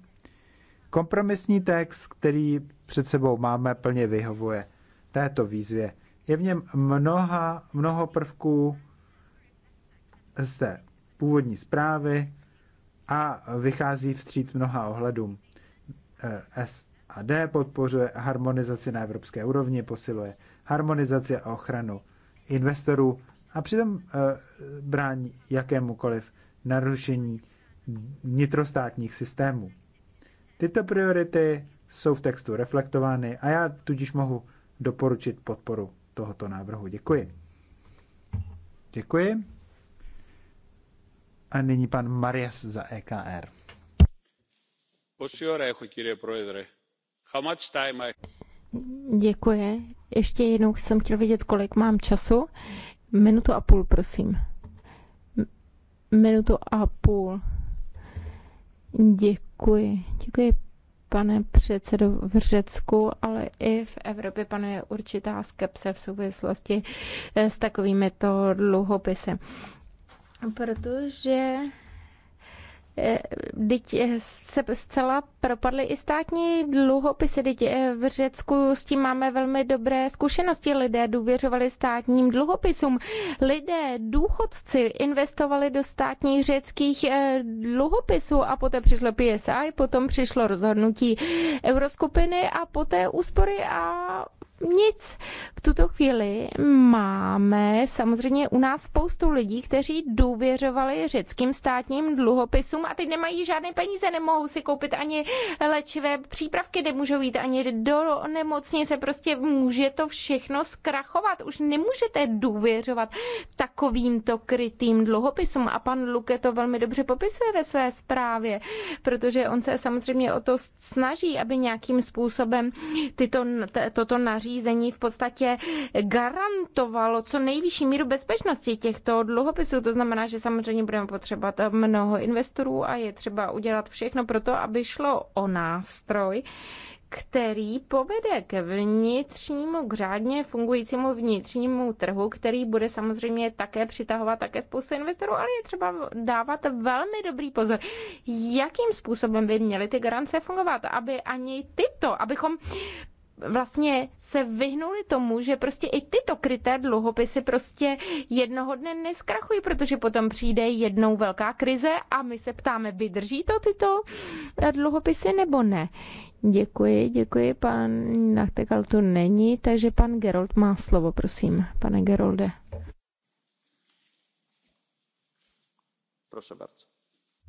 Kompromisní text, který před sebou máme, plně vyhovuje této výzvě. Je v něm mnoha, mnoho prvků z té původní zprávy a vychází vstříc mnoha ohledům. Eh, a D podpořuje harmonizaci na evropské úrovni, posiluje harmonizaci a ochranu investorů a přitom e, brání jakémukoliv narušení vnitrostátních systémů. Tyto priority jsou v textu reflektovány a já tudíž mohu doporučit podporu tohoto návrhu. Děkuji. Děkuji. A nyní pan Marias za EKR. Posi hora echo, kyrie Děkuji. Ještě jednou jsem chtěl vědět, kolik mám času. Minutu a půl, prosím. Minutu a půl. Děkuji. Děkuji, pane předsedo, v Řecku, ale i v Evropě panuje určitá skepse v souvislosti eh, s takovými to dluhopisy. Protože Teď eh, eh, se zcela propadly i státní dluhopisy. Teď eh, v Řecku s tím máme velmi dobré zkušenosti. Lidé důvěřovali státním dluhopisům. Lidé, důchodci investovali do státních řeckých dluhopisů a poté přišlo PSI, potom přišlo rozhodnutí euroskupiny a poté úspory a nic. V tuto chvíli máme samozřejmě u nás spoustu lidí, kteří důvěřovali řeckým státním dluhopisům a teď nemají žádné peníze, nemohou si koupit ani léčivé přípravky, nemůžou jít ani do nemocnice, prostě může to všechno zkrachovat. Už nemůžete důvěřovat takovýmto krytým dluhopisům a pan Luke to velmi dobře popisuje ve své zprávě, protože on se samozřejmě o to snaží, aby nějakým způsobem tyto, toto nařízení nařízení v podstatě garantovalo co nejvyšší míru bezpečnosti těchto dluhopisů. To znamená, že samozřejmě budeme potřebovat mnoho investorů a je třeba udělat všechno pro to, aby šlo o nástroj, který povede k vnitřnímu, k řádně fungujícímu vnitřnímu trhu, který bude samozřejmě také přitahovat také spoustu investorů, ale je třeba dávat velmi dobrý pozor, jakým způsobem by měly ty garance fungovat, aby ani tyto, abychom vlastně se vyhnuli tomu, že prostě i tyto kryté dluhopisy prostě jednoho dne neskrachují, protože potom přijde jednou velká krize a my se ptáme, vydrží to tyto eh, dluhopisy nebo ne? Děkuji, děkuji. Pan Nachtekal tu není, takže pan Gerold má slovo, prosím. Pane Gerolde.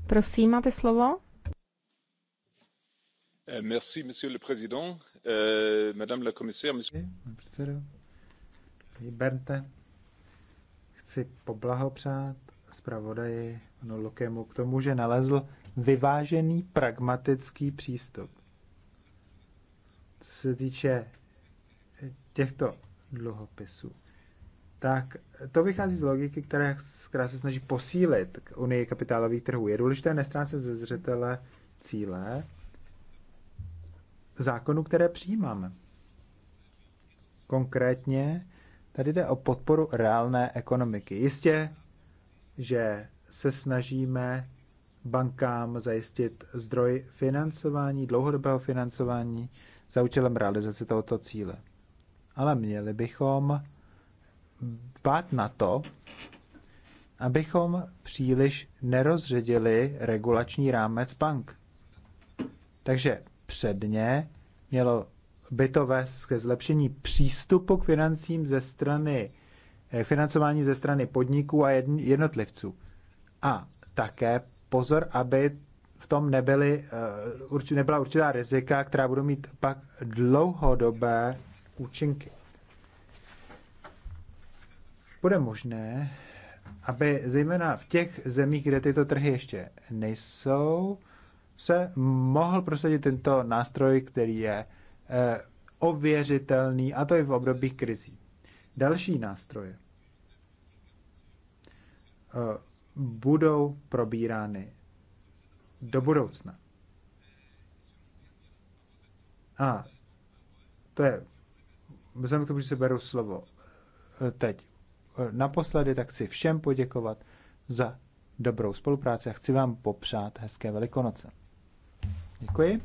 Prosím, máte slovo? Euh, euh, chci poblahopřát zpravodaji panu Lokemu k tomu, že nalezl vyvážený pragmatický přístup. Co se týče těchto dluhopisů, tak to vychází z logiky, která se snaží posílit k unii kapitálových trhů. Je důležité nestrát se ze zřetele cíle, zákonů, které přijímáme. Konkrétně tady jde o podporu reálné ekonomiky. Jistě, že se snažíme bankám zajistit zdroj financování, dlouhodobého financování za účelem realizace tohoto cíle. Ale měli bychom dbát na to, abychom příliš nerozředili regulační rámec bank. Takže předně, mělo by to vést ke zlepšení přístupu k financím ze strany, eh, financování ze strany podniků a jednotlivců. A také pozor, aby v tom nebyly, eh, nebyla určitá rizika, která budou mít pak dlouhodobé účinky. Bude možné, aby zejména v těch zemích, kde tyto trhy ještě nejsou, se mohl prosadit tento nástroj, který je eh, ověřitelný, a to i v obdobích krizí. Další nástroje eh, budou probírány do budoucna. A to je, vzhledem k tomu, že se beru slovo eh, teď naposledy, tak si všem poděkovat za dobrou spolupráci a chci vám popřát hezké Velikonoce. Děkuji.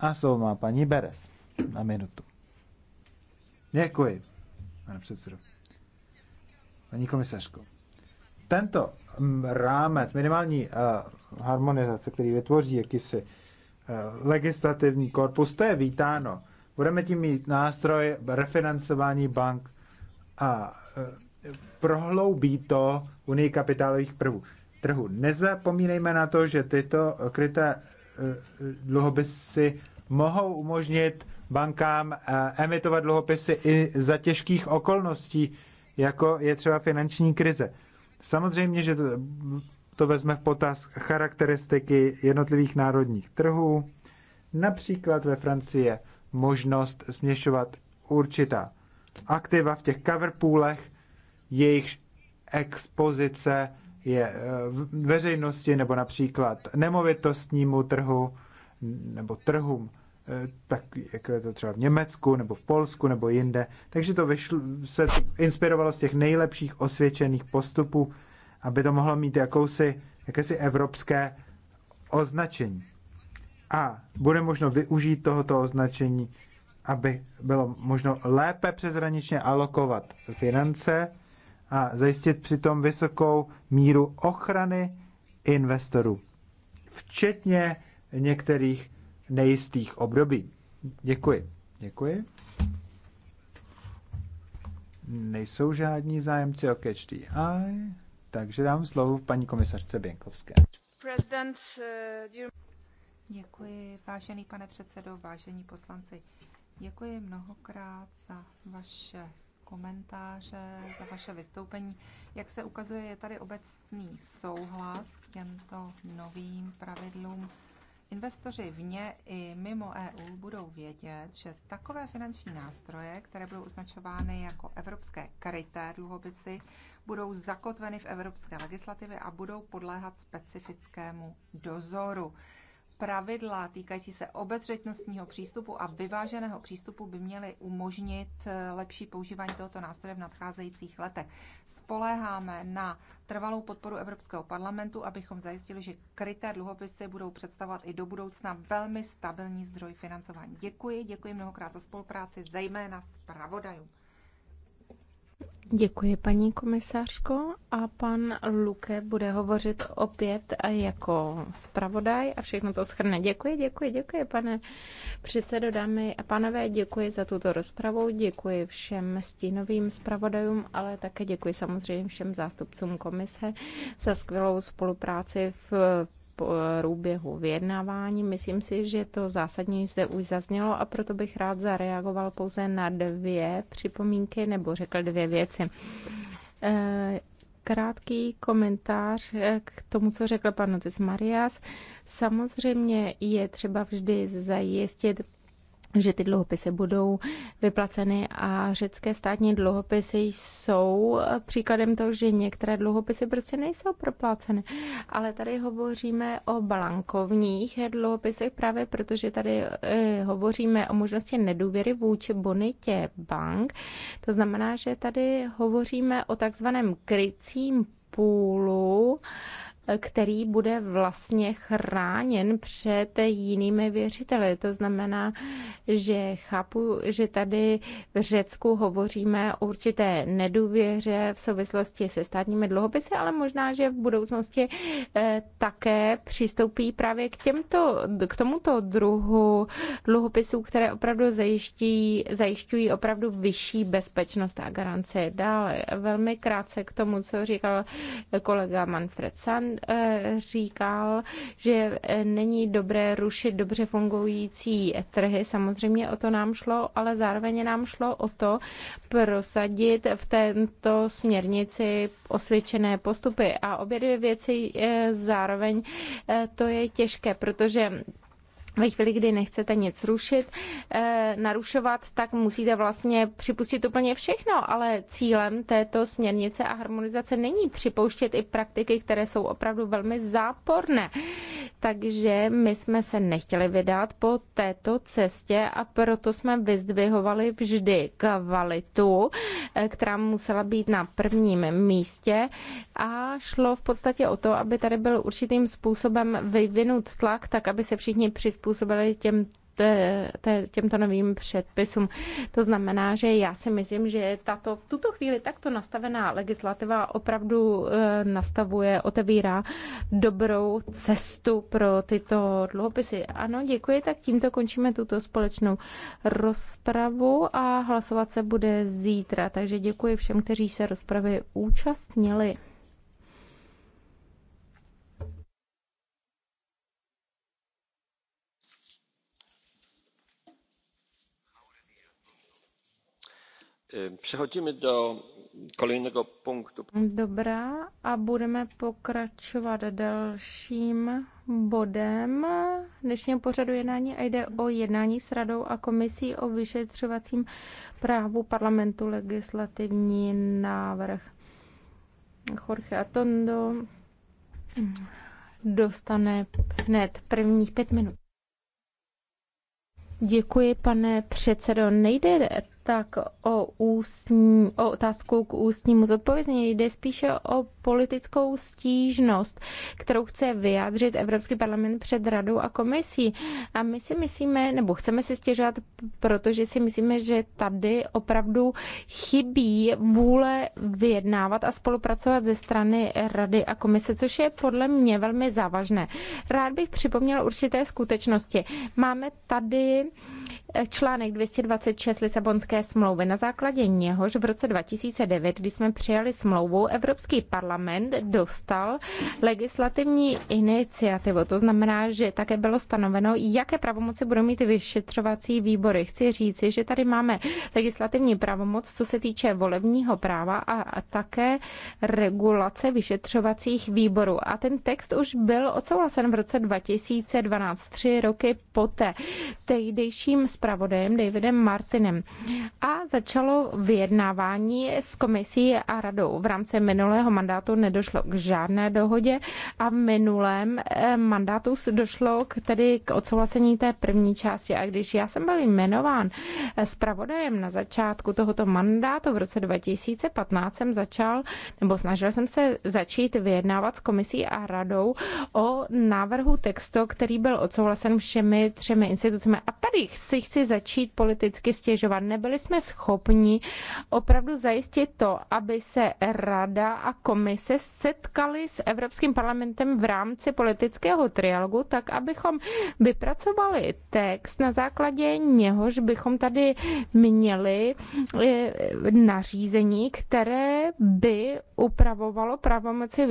A slovo má paní Beres na minutu. Děkuji, pane předsedo. Paní komisařko, tento mm, rámec minimální uh, harmonizace, který vytvoří jakýsi uh, legislativní korpus, to je vítáno. Budeme tím mít nástroj refinancování bank a uh, prohloubí to unii kapitálových prvů trhu. Nezapomínejme na to, že tyto kryté eh, dluhopisy mohou umožnit bankám eh, emitovat dluhopisy i za těžkých okolností, jako je třeba finanční krize. Samozřejmě, že to, to vezme v potaz charakteristiky jednotlivých národních trhů, například ve Francii je možnost směšovat určitá aktiva v těch cover jejich expozice je eh, veřejnosti nebo například nemovitostnímu trhu nebo trhům, eh, tak jako je to třeba v Německu nebo v Polsku nebo jinde. Takže to vyšlo, se inspirovalo z těch nejlepších osvědčených postupů, aby to mohlo mít jakousi, jakési evropské označení. A bude možno využít tohoto označení, aby bylo možno lépe přezraničně alokovat finance, a zajistit přitom vysokou míru ochrany investorů, včetně některých nejistých období. Děkuji. Děkuji. Nejsou žádní zájemci o Catch takže dám slovo paní komisařce Běnkovské. Eh, Děkuji, vážený pane předsedo, vážení poslanci. Děkuji mnohokrát za vaše komentáře, za vaše vystoupení. Jak se ukazuje, je tady obecný souhlas k těmto novým pravidlům. Investoři vně i mimo EU budou vědět, že takové finanční nástroje, které budou označovány jako evropské kryté dluhopisy, budou zakotveny v evropské legislativě a budou podléhat specifickému dozoru pravidla týkající se obezřetnostního přístupu a vyváženého přístupu by měly umožnit eh, lepší používání tohoto nástroje v nadcházejících letech. Spoléháme na trvalou podporu Evropského parlamentu, abychom zajistili, že kryté dluhopisy budou představovat i do budoucna velmi stabilní zdroj financování. Děkuji, děkuji mnohokrát za spolupráci, zejména zpravodajům. Děkuji, paní komisářko. A pan Luke bude hovořit opět jako zpravodaj a všechno to schrne. Děkuji, děkuji, děkuji, pane předsedo, dámy a panové, děkuji za tuto rozpravu, děkuji všem stínovým zpravodajům, ale také děkuji samozřejmě všem zástupcům komise za skvělou spolupráci v Eh, průběhu vyjednávání. Myslím si, že to zásadně zde už zaznělo a proto bych rád zareagoval pouze na dvě připomínky nebo řekl dvě věci. Eh, krátký komentář eh, k tomu, co řekl pan Otis Marias. Samozřejmě je třeba vždy zajistit že ty dluhopisy budou vyplaceny a řecké státní dluhopisy jsou příkladem toho, že některé dluhopisy prostě nejsou propláceny. Ale tady hovoříme o blankovních dluhopisech právě protože tady eh, hovoříme o možnosti nedůvěry vůči bonitě bank. To znamená, že tady hovoříme o takzvaném krycím půlu, který bude vlastně chráněn před jinými věřiteli. To znamená, že chápu, že tady v Řecku hovoříme o určité nedůvěře v souvislosti se státními dluhopisy, ale možná, že v budoucnosti eh, také přistoupí právě k, těmto, k tomuto druhu dluhopisů, které opravdu zajišťují, zajišťují opravdu vyšší bezpečnost a garance. Dále velmi krátce k tomu, co říkal kolega Manfred Sand, Eh, říkal, že eh, není dobré rušit dobře fungující trhy. Samozřejmě o to nám šlo, ale zároveň nám šlo o to prosadit v této směrnici osvědčené postupy. A obě dvě věci eh, zároveň to je těžké, protože ve chvíli, kdy nechcete nic rušit, eh, narušovat, tak musíte vlastně připustit úplně všechno, ale cílem této směrnice a harmonizace není připouštět i praktiky, které jsou opravdu velmi záporné. Takže my jsme se nechtěli vydat po této cestě a proto jsme vyzdvihovali vždy kvalitu, eh, která musela být na prvním místě a šlo v podstatě o to, aby tady byl určitým způsobem vyvinut tlak, tak aby se všichni přizpůsobili přizpůsobili těm těmto novým předpisům. To znamená, že já si myslím, že tato v tuto chvíli takto nastavená legislativa opravdu eh, nastavuje, otevírá dobrou cestu pro tyto dluhopisy. Ano, děkuji, tak tímto končíme tuto společnou rozpravu a hlasovat se bude zítra. Takže děkuji všem, kteří se rozpravy účastnili. Přechodíme do kolejného punktu. Dobrá, a budeme pokračovat dalším bodem dnešního pořadu jednání a jde o jednání s radou a komisí o vyšetřovacím právu parlamentu legislativní návrh. Jorge Atondo dostane hned prvních pět minut. Děkuji, pane předsedo. Nejde tak o, ústní, o otázku k ústnímu zodpovězení. Jde spíše o politickou stížnost, kterou chce vyjádřit Evropský parlament před radou a komisí. A my si myslíme, nebo chceme si stěžovat, protože si myslíme, že tady opravdu chybí vůle vyjednávat a spolupracovat ze strany rady a komise, což je podle mě velmi závažné. Rád bych připomněl určité skutečnosti. Máme tady článek 226 Lisabonské Lisabonské smlouvy. Na základě něhož v roce 2009, kdy jsme přijali smlouvu, Evropský parlament dostal legislativní iniciativu. To znamená, že také bylo stanoveno, jaké pravomoci budou mít vyšetřovací výbory. Chci říci, že tady máme legislativní pravomoc, co se týče volebního práva a také regulace vyšetřovacích výborů. A ten text už byl odsouhlasen v roce 2012, tři roky poté tehdejším zpravodajem Davidem Martinem a začalo vyjednávání s komisí a radou. V rámci minulého mandátu nedošlo k žádné dohodě a v minulém eh, mandátu došlo k, tedy k odsouhlasení té první části. A když já jsem byl jmenován eh, zpravodajem na začátku tohoto mandátu v roce 2015, jsem začal, nebo snažil jsem se začít vyjednávat s komisí a radou o návrhu textu, který byl odsouhlasen všemi třemi institucemi. A tady si chci začít politicky stěžovat. Nebyly byli jsme schopni opravdu zajistit to, aby se rada a komise setkali s Evropským parlamentem v rámci politického trialogu, tak abychom vypracovali text, na základě něhož bychom tady měli eh, nařízení, které by upravovalo pravomoci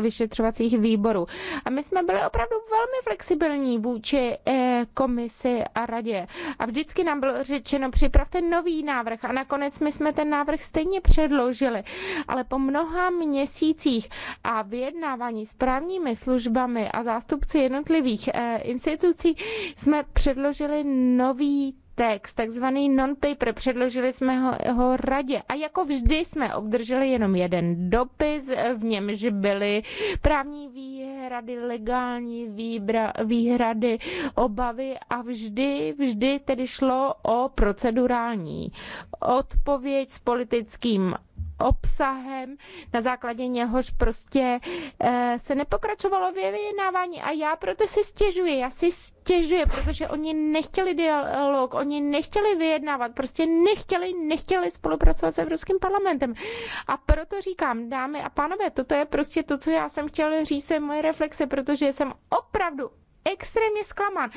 vyšetřovacích výborů. A my jsme byli opravdu velmi flexibilní vůči eh, komisi a radě. A vždycky nám bylo řečeno při připravte nový návrh. A nakonec my jsme ten návrh stejně předložili. Ale po mnoha měsících a vyjednávání s právními službami a zástupci jednotlivých eh, institucí jsme předložili nový text, takzvaný non-paper, předložili jsme ho, ho radě a jako vždy jsme obdrželi jenom jeden dopis, v němž byly právní výhrady, legální výbra, výhrady, obavy a vždy, vždy tedy šlo o procedurální odpověď s politickým obsahem, na základě něhož prostě eh, se nepokračovalo vyjednávání a já proto si stěžuji, já si stěžuji, protože oni nechtěli dialog, oni nechtěli vyjednávat, prostě nechtěli, nechtěli spolupracovat s Evropským parlamentem. A proto říkám, dámy a pánové, toto je prostě to, co já jsem chtěla říct, je moje reflexe, protože jsem opravdu, extrémně zklamán,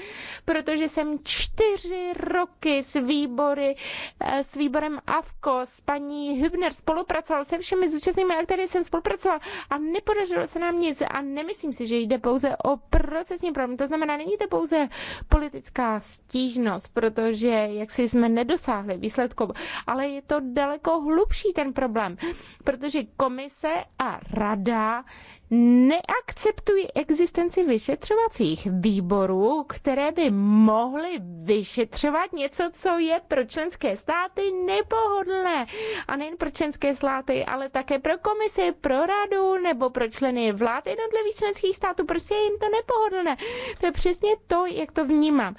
protože jsem čtyři roky s výbory, eh, s výborem AVKO, s paní Hübner spolupracoval, se všemi zúčastnými, na které jsem spolupracoval a nepodařilo se nám nic a nemyslím si, že jde pouze o procesní problém. To znamená, není to pouze politická stížnost, protože jak si jsme nedosáhli výsledku, ale je to daleko hlubší ten problém, protože komise a rada neakceptují existenci vyšetřovacích výborů, které by mohly vyšetřovat něco, co je pro členské státy nepohodlné. A nejen pro členské státy, ale také pro komisi, pro radu nebo pro členy vlád jednotlivých členských států. Prostě je jim to nepohodlné. To je přesně to, jak to vnímám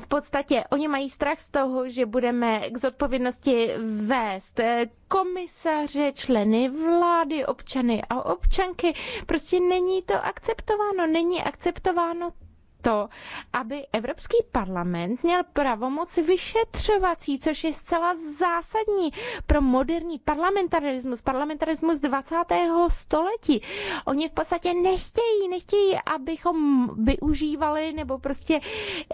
v podstatě oni mají strach z toho, že budeme k zodpovědnosti vést komisaře, členy vlády, občany a občanky. Prostě není to akceptováno. Není akceptováno to, aby Evropský parlament měl pravomoc vyšetřovací, což je zcela zásadní pro moderní parlamentarismus, parlamentarismus 20. století. Oni v podstatě nechtějí, nechtějí, abychom využívali nebo prostě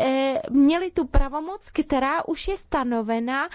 e, měli tu pravomoc, která už je stanovena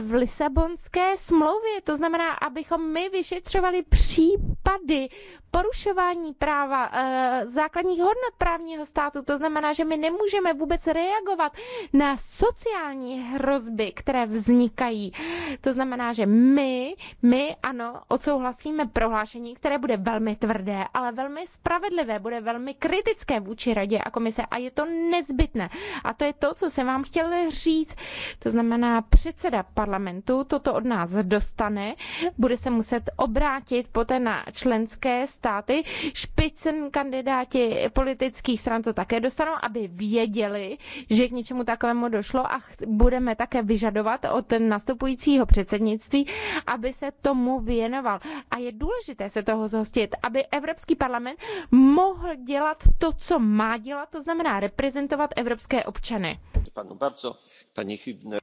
v Lisabonské smlouvě. To znamená, abychom my vyšetřovali případy porušování práva, e, základních hodnot právního státu. To znamená, znamená, že my nemůžeme vůbec reagovat na sociální hrozby, které vznikají. To znamená, že my, my ano, odsouhlasíme prohlášení, které bude velmi tvrdé, ale velmi spravedlivé, bude velmi kritické vůči radě a komise a je to nezbytné. A to je to, co jsem vám chtěl říct. To znamená, předseda parlamentu toto od nás dostane, bude se muset obrátit poté na členské státy, špicen kandidáti politických stran to také dostanou stranu, aby věděli, že k něčemu takovému došlo a budeme také vyžadovat od nastupujícího předsednictví, aby se tomu věnoval. A je důležité se toho zhostit, aby Evropský parlament mohl dělat to, co má dělat, to znamená reprezentovat evropské občany. Panu bardzo, paní Hübner.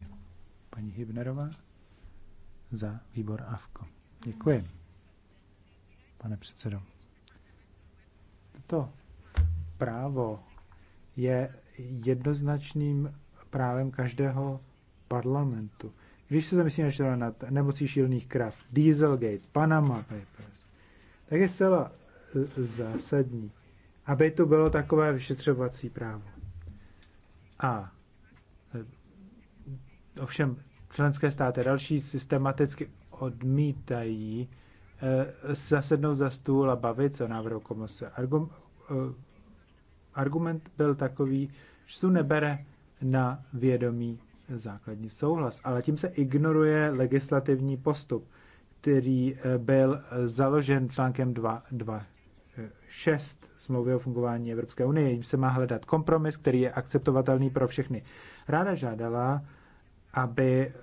Paní Hübnerová za výbor AFKO. Děkuji, pane předsedo. To právo je jednoznačným právem každého parlamentu. Když se zamyslíme třeba nad nemocí šílených krav, Dieselgate, Panama Papers, tak je zcela e, zásadní, aby to bylo takové vyšetřovací právo. A e, ovšem členské státy další systematicky odmítají e, zasednout za stůl a bavit se o návrhu komise. Argum, argument byl takový, že tu nebere na vědomí základní souhlas, ale tím se ignoruje legislativní postup, který eh, byl eh, založen článkem 2.2.6 eh, smlouvy o fungování Evropské unie. Jím se má hledat kompromis, který je akceptovatelný pro všechny. Ráda žádala, aby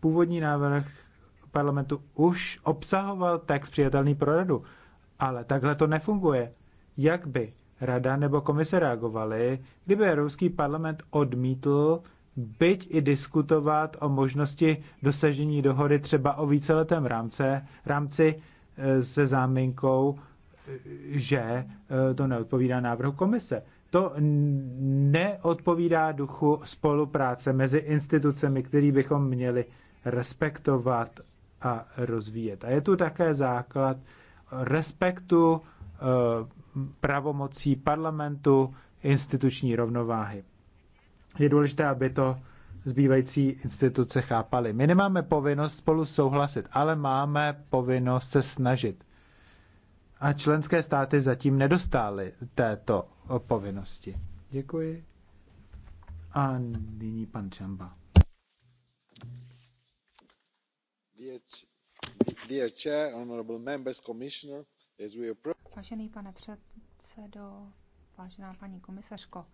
původní návrh parlamentu už obsahoval text přijatelný pro radu, ale takhle to nefunguje. Jak by rada nebo komise reagovaly, kdyby Evropský parlament odmítl byť i diskutovat o možnosti dosažení dohody třeba o víceletém rámce, rámci e, se záminkou, e, že e, to neodpovídá návrhu komise. To neodpovídá duchu spolupráce mezi institucemi, který bychom měli respektovat a rozvíjet. A je tu také základ respektu pravomocí parlamentu instituční rovnováhy. Je důležité, aby to zbývající instituce chápali. My nemáme povinnost spolu souhlasit, ale máme povinnost se snažit. A členské státy zatím nedostály této povinnosti. Děkuji. A nyní pan Čamba. Dear Chair, Honourable Members, Commissioner, as we approach... Vážený pane předsedo, vážená paní komisařko,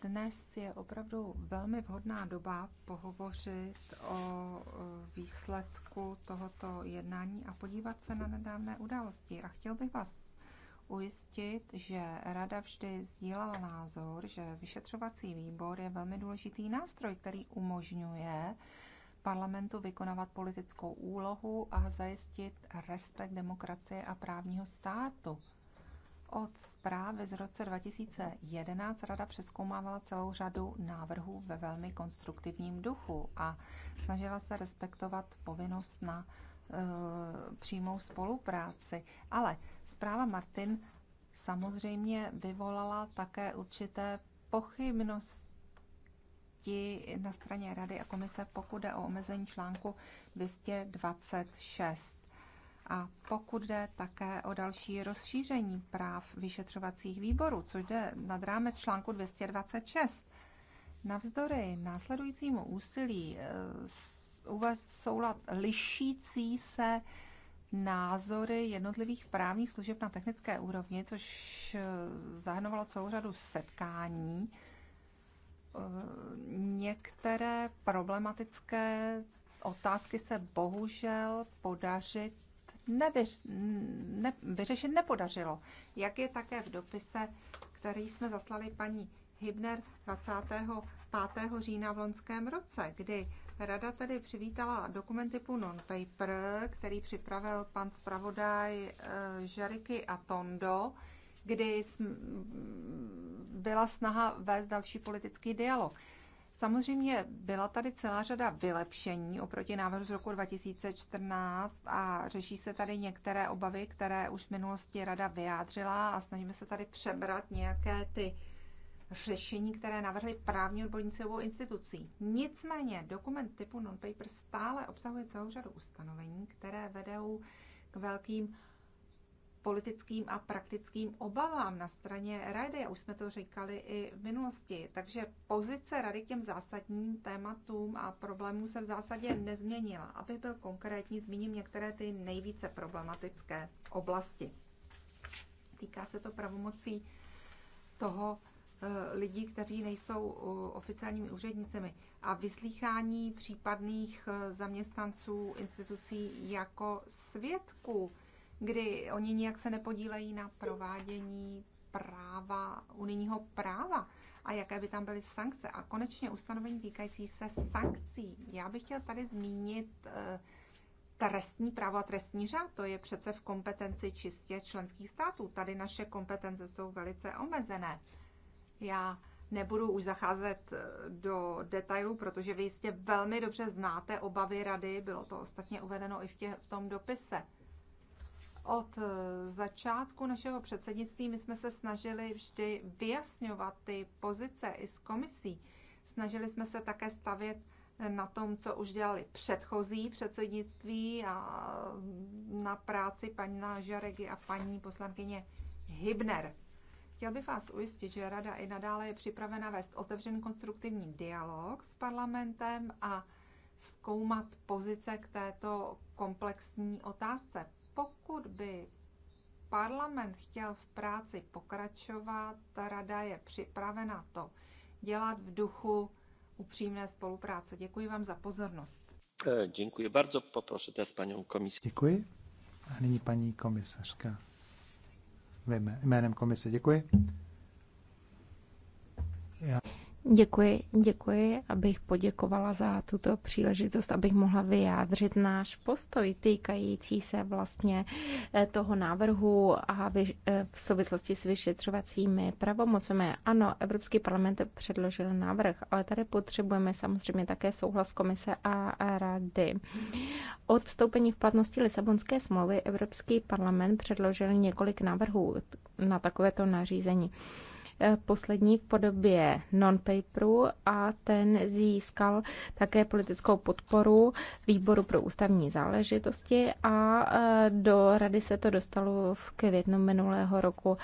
dnes je opravdu velmi vhodná doba pohovořit o e, výsledku tohoto jednání a podívat se na nedávné události. A chtěl bych vás ujistit, že Rada vždy sdílala názor, že vyšetřovací výbor je velmi důležitý nástroj, který umožňuje parlamentu vykonávat politickou úlohu a zajistit respekt demokracie a právního státu. Od zprávy z roce 2011 Rada přeskoumávala celou řadu návrhů ve velmi konstruktivním duchu a snažila se respektovat povinnost na e, přímou spolupráci. Ale zpráva Martin samozřejmě vyvolala také určité pochybnosti odpovědi na straně Rady a komise, pokud jde o omezení článku 226. A pokud jde také o další rozšíření práv vyšetřovacích výborů, což jde nad rámec článku 226, navzdory následujícímu úsilí eh, uvést v soulad lišící se názory jednotlivých právních služeb na technické úrovni, což eh, zahrnovalo celou řadu setkání, některé problematické otázky se bohužel podařit nevyř, ne, vyřešit nepodařilo. Jak je také v dopise, který jsme zaslali paní Hybner 25. října v loňském roce, kdy Rada tedy přivítala dokumenty typu non-paper, který připravil pan zpravodaj eh, Žariky a Tondo, kdy byla snaha vést další politický dialog. Samozřejmě byla tady celá řada vylepšení oproti návrhu z roku 2014 a řeší se tady některé obavy, které už v minulosti rada vyjádřila a snažíme se tady přebrat nějaké ty řešení, které navrhly právní odborníci obou institucí. Nicméně dokument typu non-paper stále obsahuje celou řadu ustanovení, které vedou k velkým politickým a praktickým obavám na straně Rady, a už jsme to říkali i v minulosti. Takže pozice Rady k těm zásadním tématům a problémům se v zásadě nezměnila. Abych byl konkrétní, zmíním některé ty nejvíce problematické oblasti. Týká se to pravomocí toho, eh, lidí, kteří nejsou eh, oficiálními úřednicemi a vyslýchání případných eh, zaměstnanců institucí jako svědků kdy oni nijak se nepodílejí na provádění práva, unijního práva a jaké by tam byly sankce. A konečně ustanovení týkající se sankcí. Já bych chtěl tady zmínit eh, trestní právo a trestní řád. To je přece v kompetenci čistě členských států. Tady naše kompetence jsou velice omezené. Já nebudu už zacházet eh, do detailů, protože vy jistě velmi dobře znáte obavy rady, bylo to ostatně uvedeno i v, tě, v tom dopise. Od eh, začátku našeho předsednictví my jsme se snažili vždy vyjasňovat ty pozice i s komisí. Snažili jsme se také stavět eh, na tom, co už dělali předchozí předsednictví a mm, na práci paní Nážaregy a paní poslankyně Hybner. Chtěl bych vás ujistit, že Rada i nadále je připravena vést otevřený konstruktivní dialog s parlamentem a zkoumat pozice k této komplexní otázce. Pokud by parlament chtěl v práci pokračovat, rada je připravena to dělat v duchu upřímné spolupráce. Děkuji vám za pozornost. E, děkuji bardzo. Poproszę teraz panią komisarz. Děkuji. A nyní paní komisařka. Jménem komise děkuji. Děkuji, děkuji, abych poděkovala za tuto příležitost, abych mohla vyjádřit náš postoj týkající se vlastně eh, toho návrhu a eh, v souvislosti s vyšetřovacími pravomocemi. Ano, Evropský parlament předložil návrh, ale tady potřebujeme samozřejmě také souhlas komise a rady. Od vstoupení v platnosti Lisabonské smlouvy Evropský parlament předložil několik návrhů na takovéto nařízení. Eh, poslední v podobě non-paperu a ten získal také politickou podporu výboru pro ústavní záležitosti a eh, do rady se to dostalo v květnu minulého roku.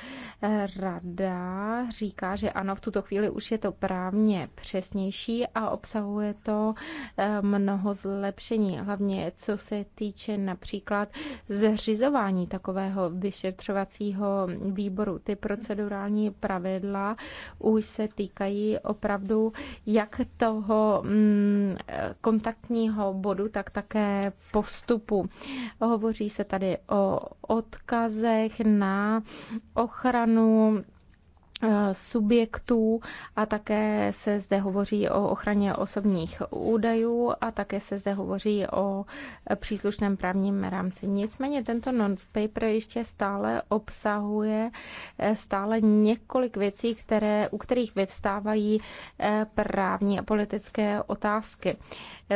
Rada říká, že ano, v tuto chvíli už je to právně přesnější a obsahuje to eh, mnoho zlepšení, hlavně co se týče například zřizování takového vyšetřovacího výboru. Ty procedurální pravidla pravidla už se týkají opravdu jak toho mm, kontaktního bodu, tak také postupu. Hovoří se tady o odkazech na ochranu Eh, subjektů a také se zde hovoří o ochraně osobních údajů a také se zde hovoří o příslušném právním rámci. Nicméně tento non-paper ještě stále obsahuje eh, stále několik věcí, které, u kterých vyvstávají eh, právní a politické otázky.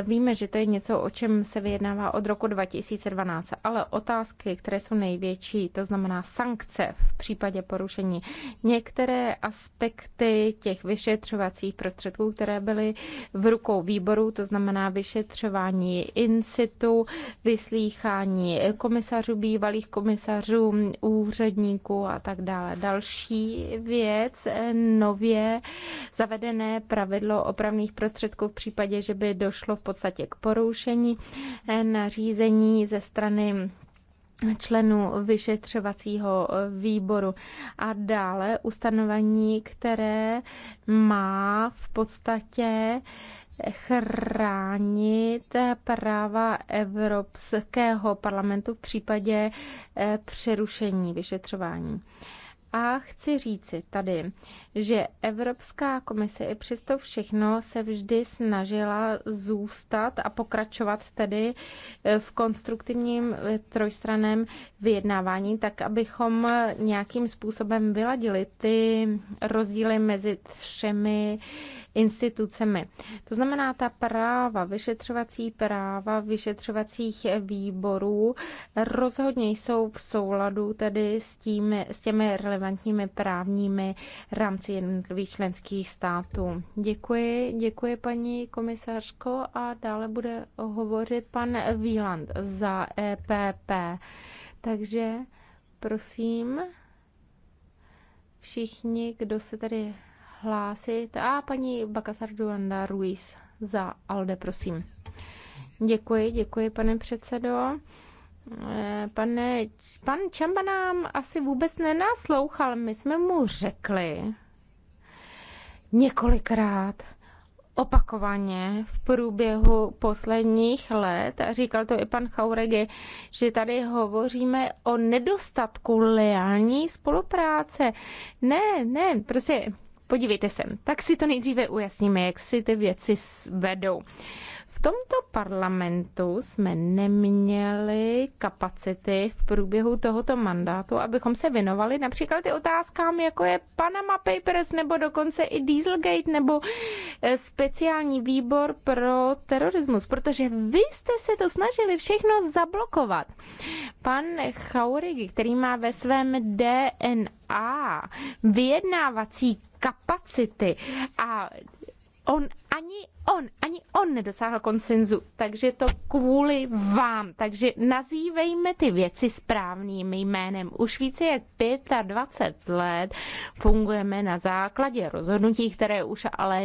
Víme, že to je něco, o čem se vyjednává od roku 2012, ale otázky, které jsou největší, to znamená sankce v případě porušení, některé aspekty těch vyšetřovacích prostředků, které byly v rukou výboru, to znamená vyšetřování in situ, vyslýchání komisařů, bývalých komisařů, úředníků a tak dále. Další věc, nově zavedené pravidlo opravných prostředků v případě, že by došlo v v podstatě k porušení eh, nařízení ze strany členů vyšetřovacího eh, výboru a dále ustanovení, které má v podstatě chránit práva Evropského parlamentu v případě eh, přerušení vyšetřování. A chci říci tady, že Evropská komise i přesto všechno se vždy snažila zůstat a pokračovat tedy eh, v konstruktivním eh, trojstraném vyjednávání, tak abychom eh, nějakým způsobem vyladili ty rozdíly mezi třemi institucemi. To znamená, ta práva, vyšetřovací práva vyšetřovacích výborů rozhodně jsou v souladu tedy s, tím, s těmi relevantními právními rámci jednotlivých členských států. Děkuji, děkuji paní komisařko a dále bude hovořit pan Wieland za EPP. Takže prosím všichni, kdo se tady hlásit. A paní Bakasarduanda Ruiz za ALDE, prosím. Děkuji, děkuji, pane předsedo. Eh, pane, pan Čamba nám asi vůbec nenaslouchal. My jsme mu řekli několikrát, opakovaně v průběhu posledních let, a říkal to i pan Chauregy, že tady hovoříme o nedostatku leální spolupráce. Ne, ne, prostě Podívejte se, tak si to nejdříve ujasníme, jak si ty věci vedou. V tomto parlamentu jsme neměli kapacity v průběhu tohoto mandátu, abychom se věnovali například ty otázkám, jako je Panama Papers, nebo dokonce i Dieselgate, nebo eh, speciální výbor pro terorismus, protože vy jste se to snažili všechno zablokovat. Pan Chaurigi, který má ve svém DNA vyjednávací kapacity a on ani on, ani on nedosáhl konsenzu, takže to kvůli vám. Takže nazývejme ty věci správným jménem. Už více jak 25 let fungujeme na základě rozhodnutí, které už ale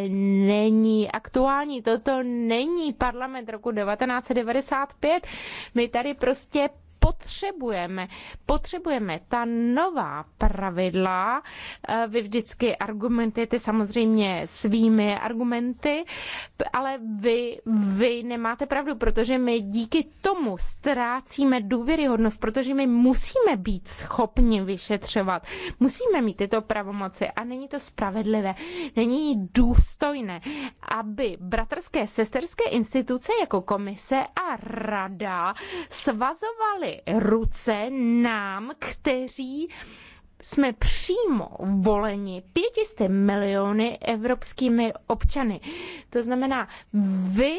není aktuální. Toto není parlament roku 1995. My tady prostě potřebujeme. Potřebujeme ta nová pravidla. Eh, vy vždycky argumentujete samozřejmě svými argumenty, ale vy, vy nemáte pravdu, protože my díky tomu ztrácíme důvěryhodnost, protože my musíme být schopni vyšetřovat. Musíme mít tyto pravomoci a není to spravedlivé. Není důstojné, aby bratrské, sesterské instituce jako komise a rada svazovaly ruce nám, kteří jsme přímo voleni 500 miliony evropskými občany. To znamená, vy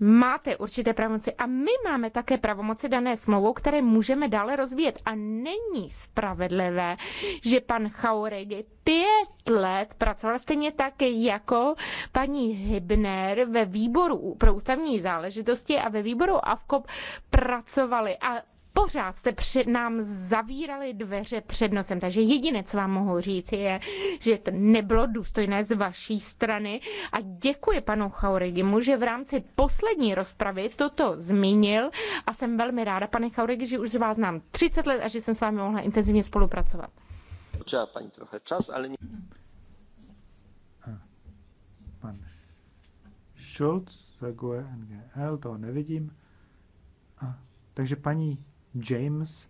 máte určité pravomoci a my máme také pravomoci dané smlouvou, které můžeme dále rozvíjet. A není spravedlivé, že pan Chauregi pět let pracoval stejně tak jako paní Hybner ve výboru pro ústavní záležitosti a ve výboru AVKOP pracovali a pořád jste před nám zavírali dveře před nosem, takže jediné, co vám mohu říct, je, že to nebylo důstojné z vaší strany a děkuji panu Chaurigimu, že v rámci poslední rozpravy toto zmínil a jsem velmi ráda, pane Chaurigi, že už z vás znám 30 let a že jsem s vámi mohla intenzivně spolupracovat. Potřeba paní trochu čas, ale... Pan Schulz, Zagoe, NGL, toho nevidím. A, takže paní James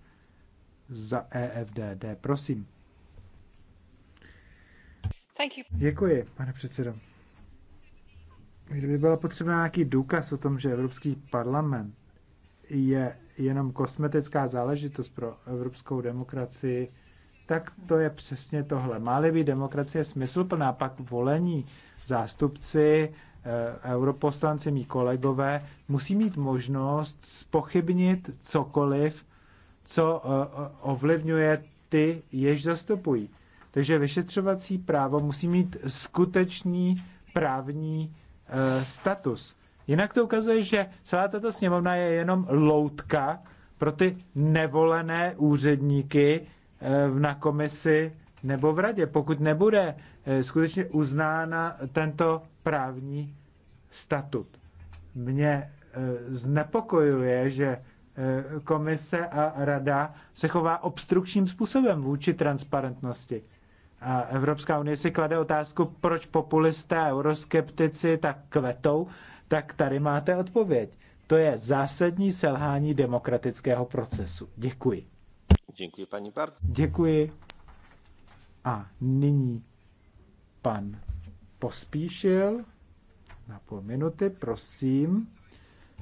za EFDD. Prosím. Thank you. Děkuji, pane předsedo. Kdyby byla potřeba nějaký důkaz o tom, že Evropský parlament je jenom kosmetická záležitost pro evropskou demokracii, tak to je přesně tohle. Má-li být demokracie smysluplná, pak volení zástupci Eh, europoslanci, mý kolegové, musí mít možnost spochybnit cokoliv, co eh, ovlivňuje ty, jež zastupují. Takže vyšetřovací právo musí mít skutečný právní eh, status. Jinak to ukazuje, že celá tato sněmovna je jenom loutka pro ty nevolené úředníky na komisi nebo v radě. Pokud nebude skutečně uznána tento právní statut. Mě eh, znepokojuje, že eh, komise a rada se chová obstrukčním způsobem vůči transparentnosti. A Evropská unie si klade otázku, proč populisté a euroskeptici tak kvetou, tak tady máte odpověď. To je zásadní selhání demokratického procesu. Děkuji. Děkuji, paní Bart. Děkuji. A nyní pan pospíšil na půl minuty, prosím.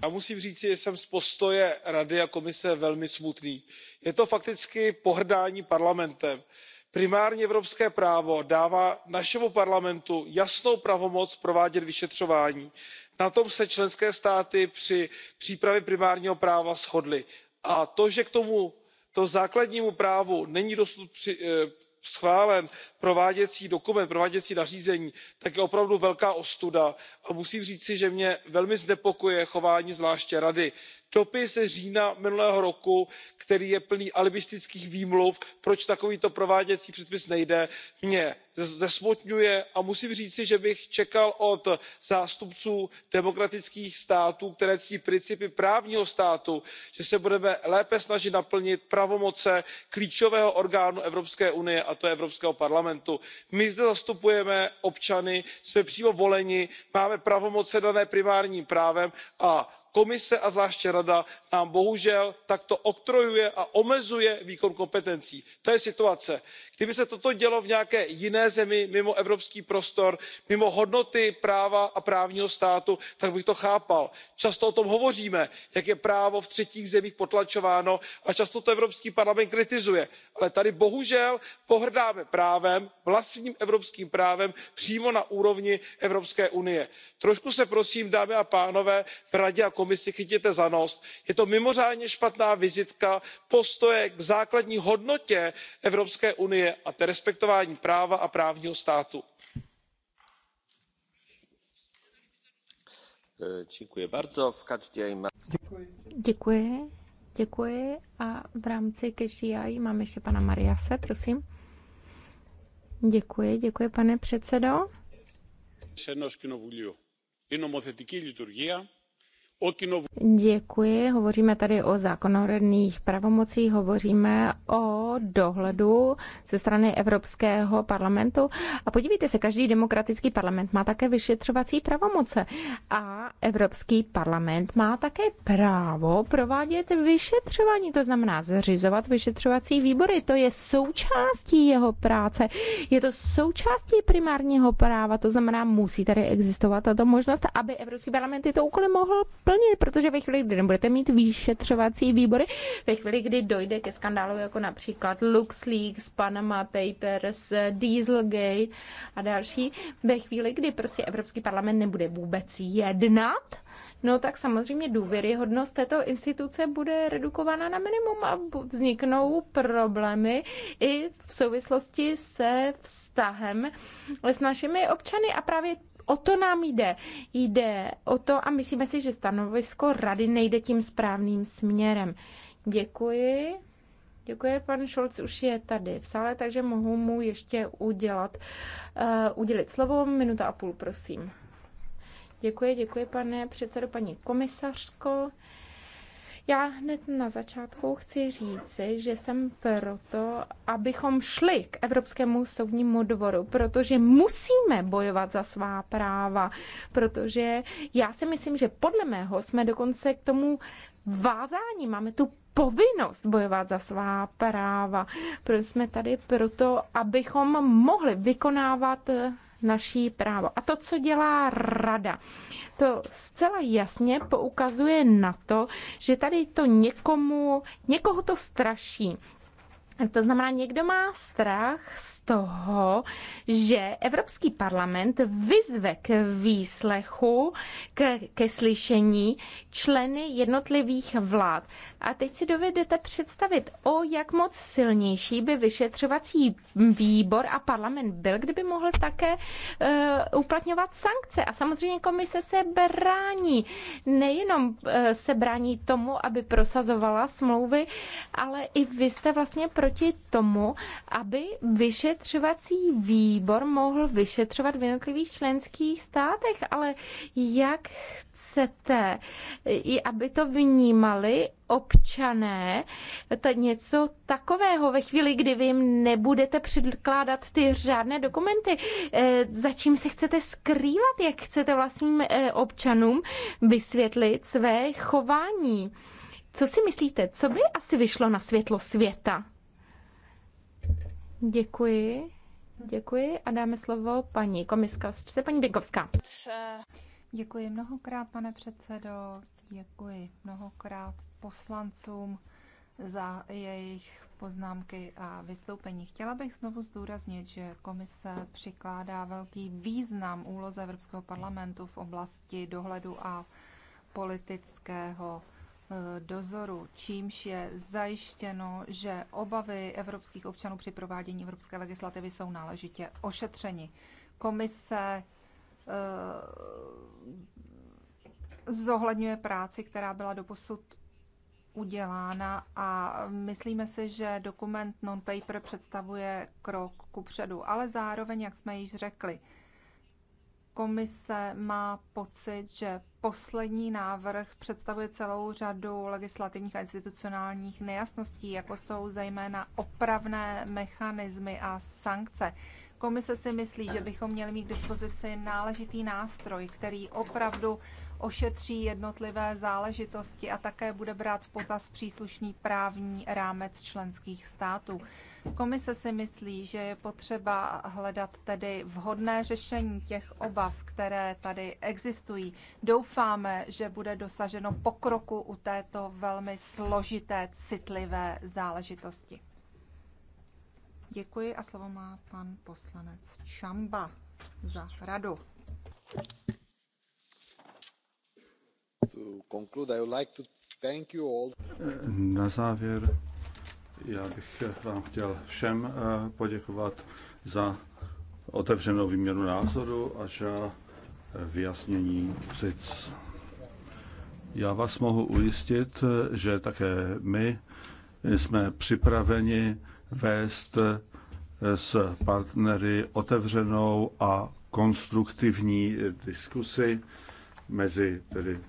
Já musím říct, že jsem z postoje Rady a komise velmi smutný. Je to fakticky pohrdání parlamentem primární evropské právo dává našemu parlamentu jasnou pravomoc provádět vyšetřování. na tom se členské státy při přípravě primárního práva shodly a to že k tomuto základnímu právu není dosud při, eh, schválen prováděcí dokument prováděcí nařízení tak je opravdu velká ostuda a musím říci že mě velmi znepokojuje chování zvláště rady dopis z října minulého roku který je plný alibistických výmluv proč takovýto prováděcí předpis nejde mě zesmutňuje a musím říci že bych čekal od zástupců demokratických států které ctí principy právního státu že se budeme lépe snažit naplnit pravomoci klíčového orgánu evropské unie a to je evropského parlamentu. my zde zastupujeme občany jsme přímo voleni máme pravomoci dané primárním právem a komise a zvláště rada nám bohužel takto oktrojuje a omezuje výkon kompetencí. to je situace. kdyby se toto dělo v nějaké jiné zemi mimo evropský prostor mimo hodnoty práva a právního státu tak bych to chápal. často o tom hovoříme jak je právo v třetích zemích potlačováno a často to evropský parlament kritizuje ale tady bohužel pohrdáme právem vlastním evropským právem přímo na úrovni evropské unie. trošku se prosím dámy a pánové v radě komisi chytěte za nos je to mimořádně špatná vizitka postoje k základní hodnotě evropské unie a to je respektování práva a právního státu. Děkuji, děkuji a mám prosím. Děkuji, děkuji Děkuji. Hovoříme tady o zákonodárných pravomocích, hovoříme o dohledu ze strany Evropského parlamentu. A podívejte se, každý demokratický parlament má také vyšetřovací pravomoce. A Evropský parlament má také právo provádět vyšetřování, to znamená zřizovat vyšetřovací výbory. To je součástí jeho práce, je to součástí primárního práva, to znamená, musí tady existovat tato možnost, aby Evropský parlament tyto úkoly mohl splnit, protože ve chvíli, kdy nebudete mít vyšetřovací výbory, ve chvíli, kdy dojde ke skandálu jako například LuxLeaks, Panama Papers, Dieselgate a další, ve chvíli, kdy prostě Evropský parlament nebude vůbec jednat, no tak samozřejmě důvěryhodnost této instituce bude redukována na minimum a vzniknou problémy i v souvislosti se vztahem s našimi občany a právě O to nám jde. Jde o to a myslíme si, že stanovisko rady nejde tím správným směrem. Děkuji. Děkuji, pan Šolc už je tady v sále, takže mohu mu ještě udělat, uh, udělit slovo. Minuta a půl, prosím. Děkuji, děkuji, pane předsedo, paní komisařko. Já hned na začátku chci říci, že jsem proto, abychom šli k Evropskému soudnímu dvoru, protože musíme bojovat za svá práva, protože já si myslím, že podle mého jsme dokonce k tomu vázání, máme tu povinnost bojovat za svá práva. Proto jsme tady proto, abychom mohli vykonávat naší právo. A to, co dělá rada, to zcela jasně poukazuje na to, že tady to někomu, někoho to straší. To znamená, někdo má strach z toho, že Evropský parlament vyzve k výslechu, k, ke slyšení členy jednotlivých vlád. A teď si dovedete představit, o jak moc silnější by vyšetřovací výbor a parlament byl, kdyby mohl také uh, uplatňovat sankce. A samozřejmě komise se brání. Nejenom uh, se brání tomu, aby prosazovala smlouvy, ale i vy jste vlastně proti proti tomu, aby vyšetřovací výbor mohl vyšetřovat v jednotlivých členských státech, ale jak chcete, i aby to vnímali občané to něco takového ve chvíli, kdy vy jim nebudete předkládat ty řádné dokumenty. Eh, za čím se chcete skrývat, jak chcete vlastním eh, občanům vysvětlit své chování? Co si myslíte, co by asi vyšlo na světlo světa? Děkuji. Děkuji a dáme slovo paní komiska, paní Běkovská. Děkuji mnohokrát, pane předsedo. Děkuji mnohokrát poslancům za jejich poznámky a vystoupení. Chtěla bych znovu zdůraznit, že komise přikládá velký význam úloze Evropského parlamentu v oblasti dohledu a politického Eh, dozoru, čímž je zajištěno, že obavy evropských občanů při provádění evropské legislativy jsou náležitě ošetřeni. Komise eh, zohledňuje práci, která byla doposud udělána a myslíme si, že dokument non-paper představuje krok ku předu, ale zároveň, jak jsme již řekli, komise má pocit, že poslední návrh představuje celou řadu legislativních a institucionálních nejasností, jako jsou zejména opravné mechanismy a sankce. Komise si myslí, že bychom měli mít k dispozici náležitý nástroj, který opravdu ošetří jednotlivé záležitosti a také bude brát v potaz příslušný právní rámec členských států. Komise si myslí, že je potřeba hledat tedy vhodné řešení těch obav, které tady existují. Doufáme, že bude dosaženo pokroku u této velmi složité, citlivé záležitosti. Děkuji a slovo má pan poslanec Čamba za radu. Na závěr já bych vám chtěl všem eh, poděkovat za otevřenou výměnu názoru a za eh, vyjasnění přic. Já vás mohu ujistit, eh, že také my jsme připraveni vést s partnery otevřenou a konstruktivní diskusi mezi tedy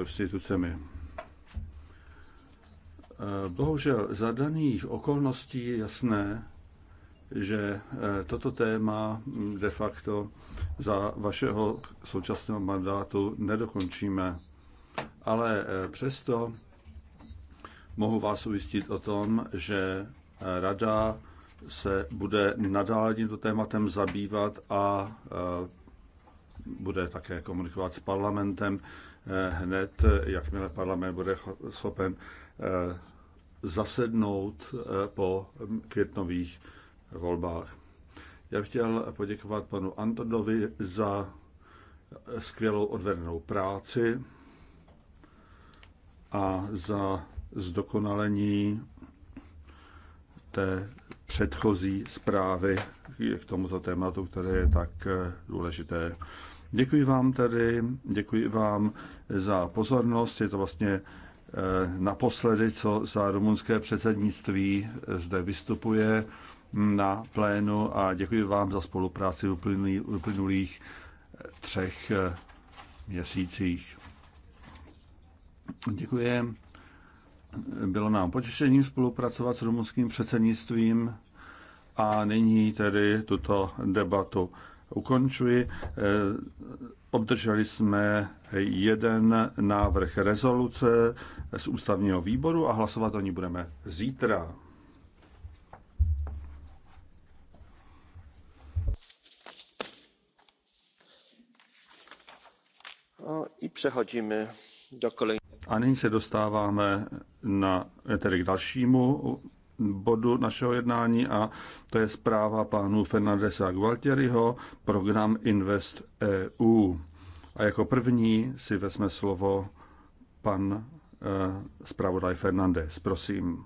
institucemi. Eh, bohužel za daných okolností je jasné, že eh, toto téma hm, de facto za vašeho současného mandátu nedokončíme. Ale eh, přesto mohu vás ujistit o tom, že Rada se bude nadále tímto tématem zabývat a bude také komunikovat s parlamentem eh, hned, jakmile parlament bude schopen eh, zasednout eh, po květnových volbách. Já bych chtěl poděkovat panu Antonovi za skvělou odvedenou práci a za zdokonalení té předchozí zprávy k tomuto tématu, které je tak důležité. Děkuji vám tedy, děkuji vám za pozornost. Je to vlastně eh, naposledy, co za rumunské předsednictví eh, zde vystupuje hm, na plénu a děkuji vám za spolupráci v uplynulých eh, třech měsících. Děkuji. Bylo nám potěšením spolupracovat s rumunským předsednictvím a nyní tedy tuto debatu ukončuji. Eh, obdrželi jsme jeden návrh rezoluce z ústavního výboru a hlasovat o ní budeme zítra. No, I přechodíme do kolejného. A nyní se dostáváme na, tedy k dalšímu bodu našeho jednání a to je zpráva pánů Fernandesa Gualtieriho, program Invest EU. A jako první si vezme slovo pan eh, zpravodaj Fernandez. Prosím.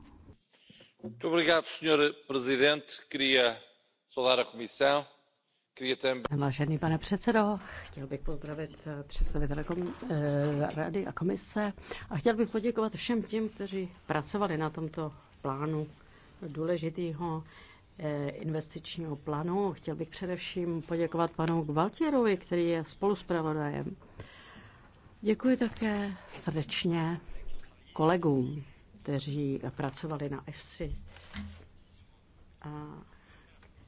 Vážený pane předsedo, chtěl bych pozdravit eh, představitele eh, rady a komise a chtěl bych poděkovat všem těm, kteří pracovali na tomto plánu důležitého eh, investičního plánu. Chtěl bych především poděkovat panu Gvaltěrovi, který je spoluspravodajem. Děkuji také srdečně kolegům, kteří pracovali na EFSI a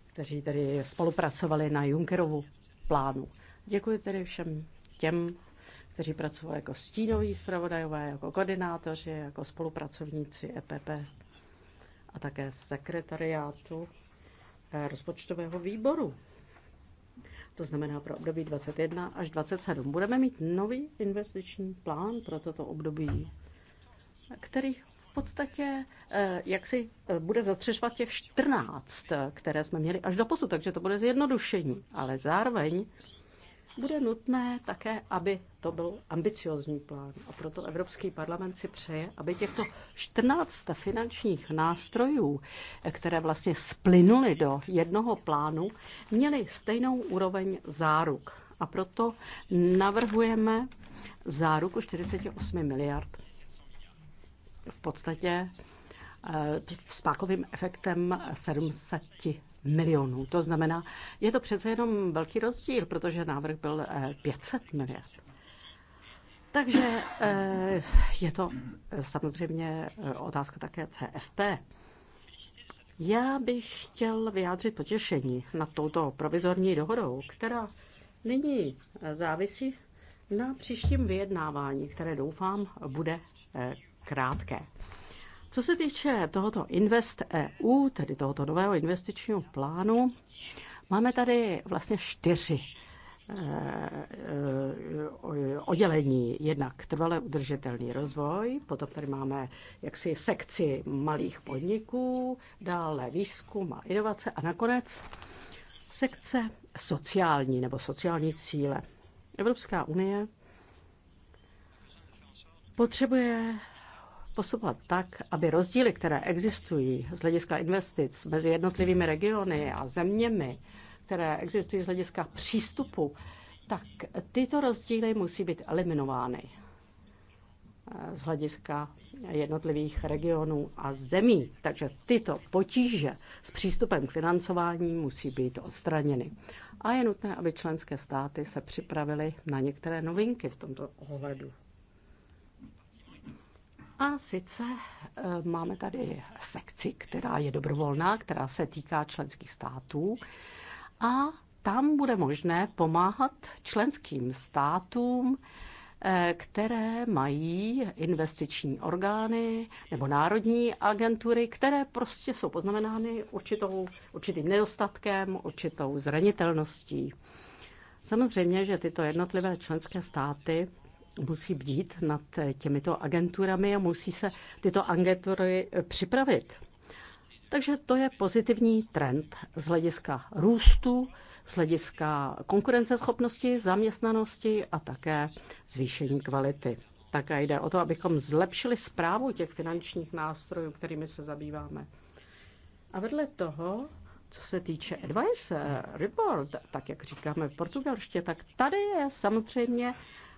kteří tedy spolupracovali na Junkerovu plánu. Děkuji tedy všem těm, kteří pracovali jako stínoví zpravodajové, jako koordinátoři, jako spolupracovníci EPP a také sekretariátu eh, rozpočtového výboru. To znamená pro období 21 až 27. Budeme mít nový investiční plán pro toto období, který v podstatě eh, jak si eh, bude zatřešovat těch 14, které jsme měli až do posud, takže to bude zjednodušení. Ale zároveň bude nutné také, aby to byl ambiciozní plán. A proto Evropský parlament si přeje, aby těchto 14 finančních nástrojů, které vlastně splynuly do jednoho plánu, měly stejnou úroveň záruk. A proto navrhujeme záruku 48 miliard. V podstatě eh, s pákovým efektem 700 milionů. To znamená, je to přece jenom velký rozdíl, protože návrh byl 500 eh, miliard. Takže eh, je to eh, samozřejmě otázka také CFP. Já bych chtěl vyjádřit potěšení nad touto provizorní dohodou, která nyní závisí na příštím vyjednávání, které doufám bude krátké. Co se týče tohoto Invest EU, tedy tohoto nového investičního plánu, máme tady vlastně čtyři eh, eh, oddělení. Jednak trvale udržitelný rozvoj, potom tady máme jaksi sekci malých podniků, dále výzkum a inovace a nakonec sekce sociální nebo sociální cíle. Evropská unie potřebuje postupovat tak, aby rozdíly, které existují z hlediska investic mezi jednotlivými regiony a zeměmi, které existují z hlediska přístupu, tak tyto rozdíly musí být eliminovány eh, z hlediska jednotlivých regionů a zemí. Takže tyto potíže s přístupem k financování musí být odstraněny. A je nutné, aby členské státy se připravily na některé novinky v tomto ohledu. A sice eh, máme tady sekci, která je dobrovolná, která se týká členských států. A tam bude možné pomáhat členským státům, eh, které mají investiční orgány nebo národní agentury, které prostě jsou poznamenány určitou, určitým nedostatkem, určitou zranitelností. Samozřejmě, že tyto jednotlivé členské státy musí bdít nad eh, těmito agenturami a musí se tyto agentury eh, připravit. Takže to je pozitivní trend z hlediska růstu, z hlediska konkurenceschopnosti, zaměstnanosti a také zvýšení kvality. Také jde o to, abychom zlepšili zprávu těch finančních nástrojů, kterými se zabýváme. A vedle toho, co se týče advice report, tak jak říkáme v portugalště, tak tady je samozřejmě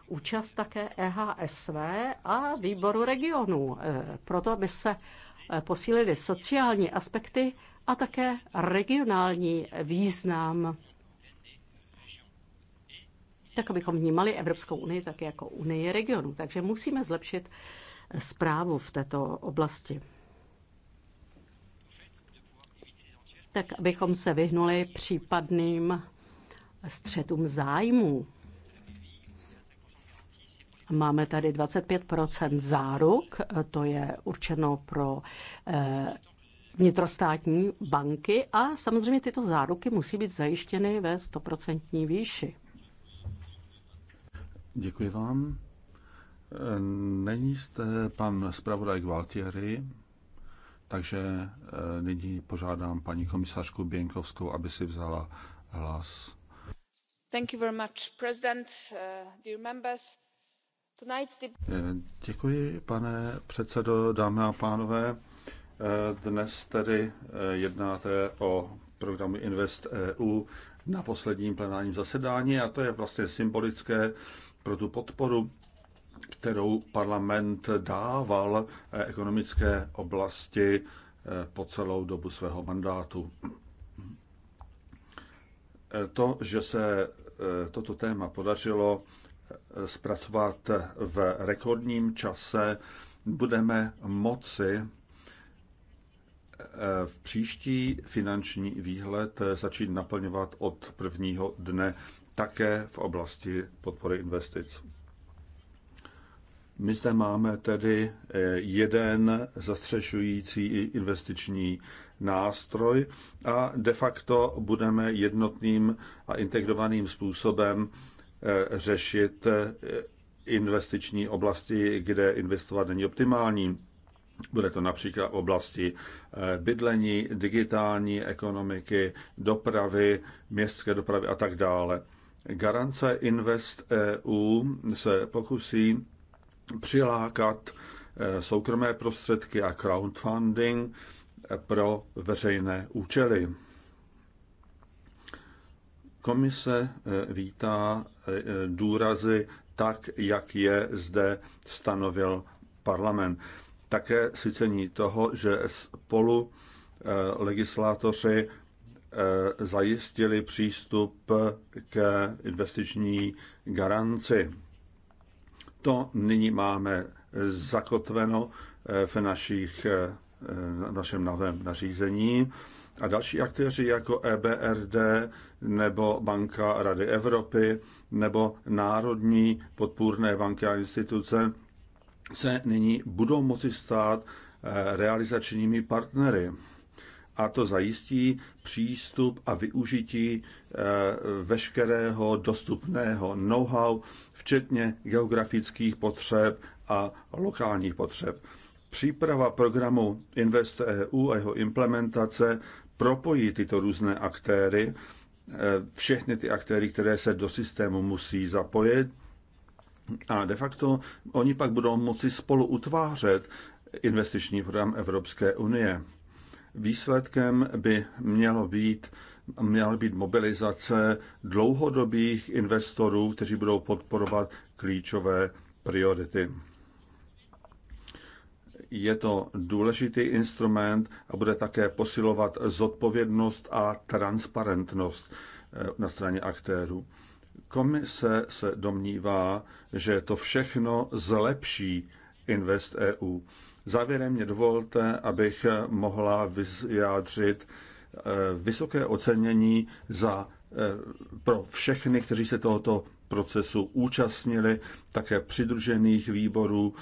účast také EHSV a výboru regionů, e, proto aby se e, posílily sociální aspekty a také regionální význam, tak abychom vnímali Evropskou unii tak jako unii regionů. Takže musíme zlepšit zprávu e, v této oblasti. Tak abychom se vyhnuli případným střetům zájmů Máme tady 25 záruk, to je určeno pro eh, vnitrostátní banky a samozřejmě tyto záruky musí být zajištěny ve 100% výši. Děkuji vám. Eh, není jste pan zpravodaj Gvaltieri, takže eh, nyní požádám paní komisařku Běnkovskou, aby si vzala hlas. Thank you very much, President, uh, dear members. Eh, děkuji, pane předsedo, dámy a pánové. Eh, dnes tedy eh, jednáte o programu Invest EU na posledním plenárním zasedání a to je vlastně symbolické pro tu podporu, kterou parlament dával ekonomické oblasti po celou dobu svého mandátu. To, že se toto téma podařilo zpracovat v rekordním čase, budeme moci eh, v příští finanční výhled začít naplňovat od prvního dne také v oblasti podpory investic. My zde máme tedy eh, jeden zastřešující investiční nástroj a de facto budeme jednotným a integrovaným způsobem Eh, řešit eh, investiční oblasti, kde investovat není optimální. Bude to například oblasti eh, bydlení, digitální ekonomiky, dopravy, městské dopravy a tak dále. Garance Invest EU se pokusí přilákat soukromé prostředky a crowdfunding pro veřejné účely. Komise eh, vítá eh, důrazy tak, jak je zde stanovil parlament. Také si cení toho, že spolu eh, legislátoři zajistili přístup k investiční garanci. To nyní máme zakotveno v, našich, v našem novém nařízení. A další aktéři jako EBRD nebo Banka Rady Evropy, nebo národní podpůrné banky a instituce se nyní budou moci stát eh, realizačními partnery. A to zajistí přístup a využití eh, veškerého dostupného know-how, včetně geografických potřeb a lokálních potřeb. Příprava programu InvestEU a jeho implementace propojí tyto různé aktéry Eh, všechny ty aktéry, které se do systému musí zapojit. A de facto oni pak budou moci spolu utvářet investiční program Evropské unie. Výsledkem by mělo být, měla být mobilizace dlouhodobých investorů, kteří budou podporovat klíčové priority je to důležitý instrument a bude také posilovat zodpovědnost a transparentnost eh, na straně aktérů. Komise se domnívá, že to všechno zlepší Invest EU. Závěrem mě dovolte, abych mohla vyjádřit eh, vysoké ocenění za, eh, pro všechny, kteří se tohoto procesu účastnili, také přidružených výborů,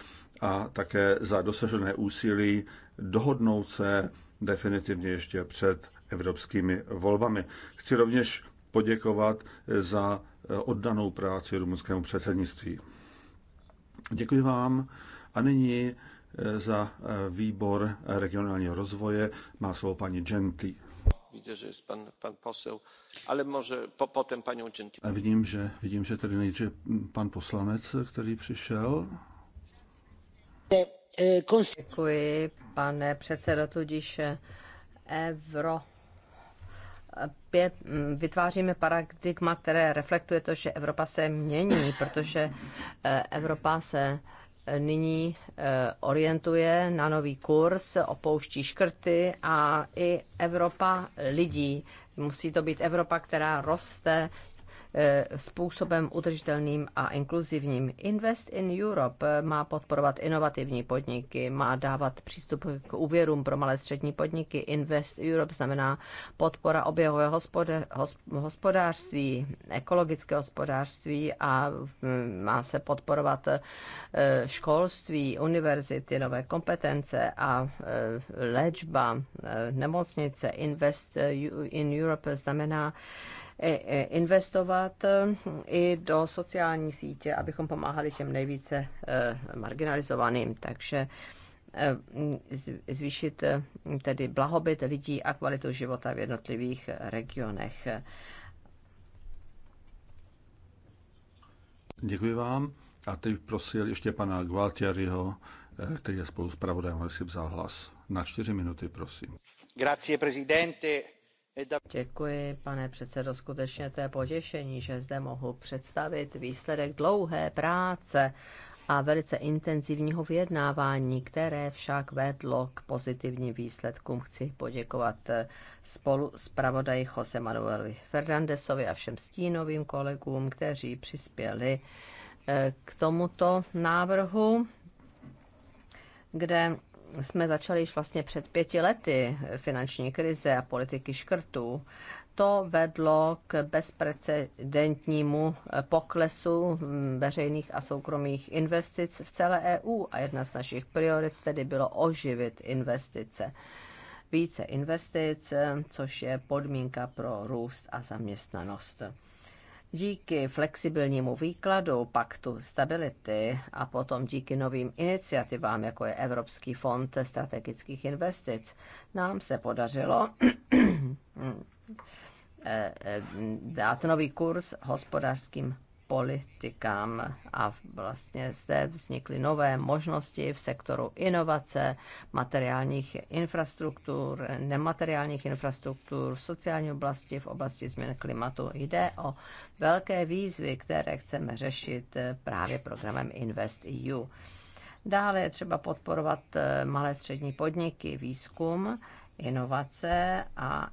a také za dosažené úsilí dohodnout se definitivně ještě před evropskými volbami. Chci rovněž poděkovat za eh, oddanou práci rumunskému předsednictví. Děkuji vám a nyní eh, za eh, výbor regionálního rozvoje má slovo paní Genty. Vidím, že je pan, pan posel, ale může po, potom paní Genty. Vidím, že, vidím, že tedy nejdřív pan poslanec, který přišel. E, Děkuji, pane předsedo, tudíž euro e, pět, vytváříme paradigma, které reflektuje to, že Evropa se mění, protože e, Evropa se nyní orientuje na nový kurz, opouští škrty a i Evropa lidí. Musí to být Evropa, která roste, Eh, způsobem udržitelným a inkluzivním. Invest in Europe eh, má podporovat inovativní podniky, má dávat přístup k úvěrům pro malé střední podniky. Invest Europe znamená podpora oběhové hospodářství, ekologické hospodářství a hm, má se podporovat eh, školství, univerzity, nové kompetence a léčba, nemocnice. Invest in Europe znamená E, e, investovat e, i do sociální sítě, abychom pomáhali těm nejvíce marginalizovaným. Takže zvýšit tedy blahobyt lidí a kvalitu života v jednotlivých regionech. Děkuji vám. A teď prosil ještě pana Gualtieriho, který je spolu s pravodajem, aby si vzal hlas. Na čtyři minuty, prosím. Grazie, prezidente. Děkuji, pane předsedo. Skutečně to je potěšení, že zde mohu představit výsledek dlouhé práce a velice intenzivního vyjednávání, které však vedlo k pozitivním výsledkům. Chci poděkovat eh, spolu s pravodají Jose Manueli Fernandesovi a všem stínovým kolegům, kteří přispěli eh, k tomuto návrhu, kde jsme začali již vlastně před pěti lety finanční krize a politiky škrtů, to vedlo k bezprecedentnímu poklesu veřejných a soukromých investic v celé EU a jedna z našich priorit tedy bylo oživit investice. Více investic, což je podmínka pro růst a zaměstnanost. Díky flexibilnímu výkladu paktu stability a potom díky novým iniciativám, jako je Evropský fond strategických investic, nám se podařilo eh, eh, dát nový kurz hospodářským politikám a vlastně zde vznikly nové možnosti v sektoru inovace, materiálních infrastruktur, nemateriálních infrastruktur, v sociální oblasti, v oblasti změn klimatu. Jde o velké výzvy, které chceme řešit právě programem Invest EU. Dále je třeba podporovat eh, malé střední podniky, výzkum, inovace a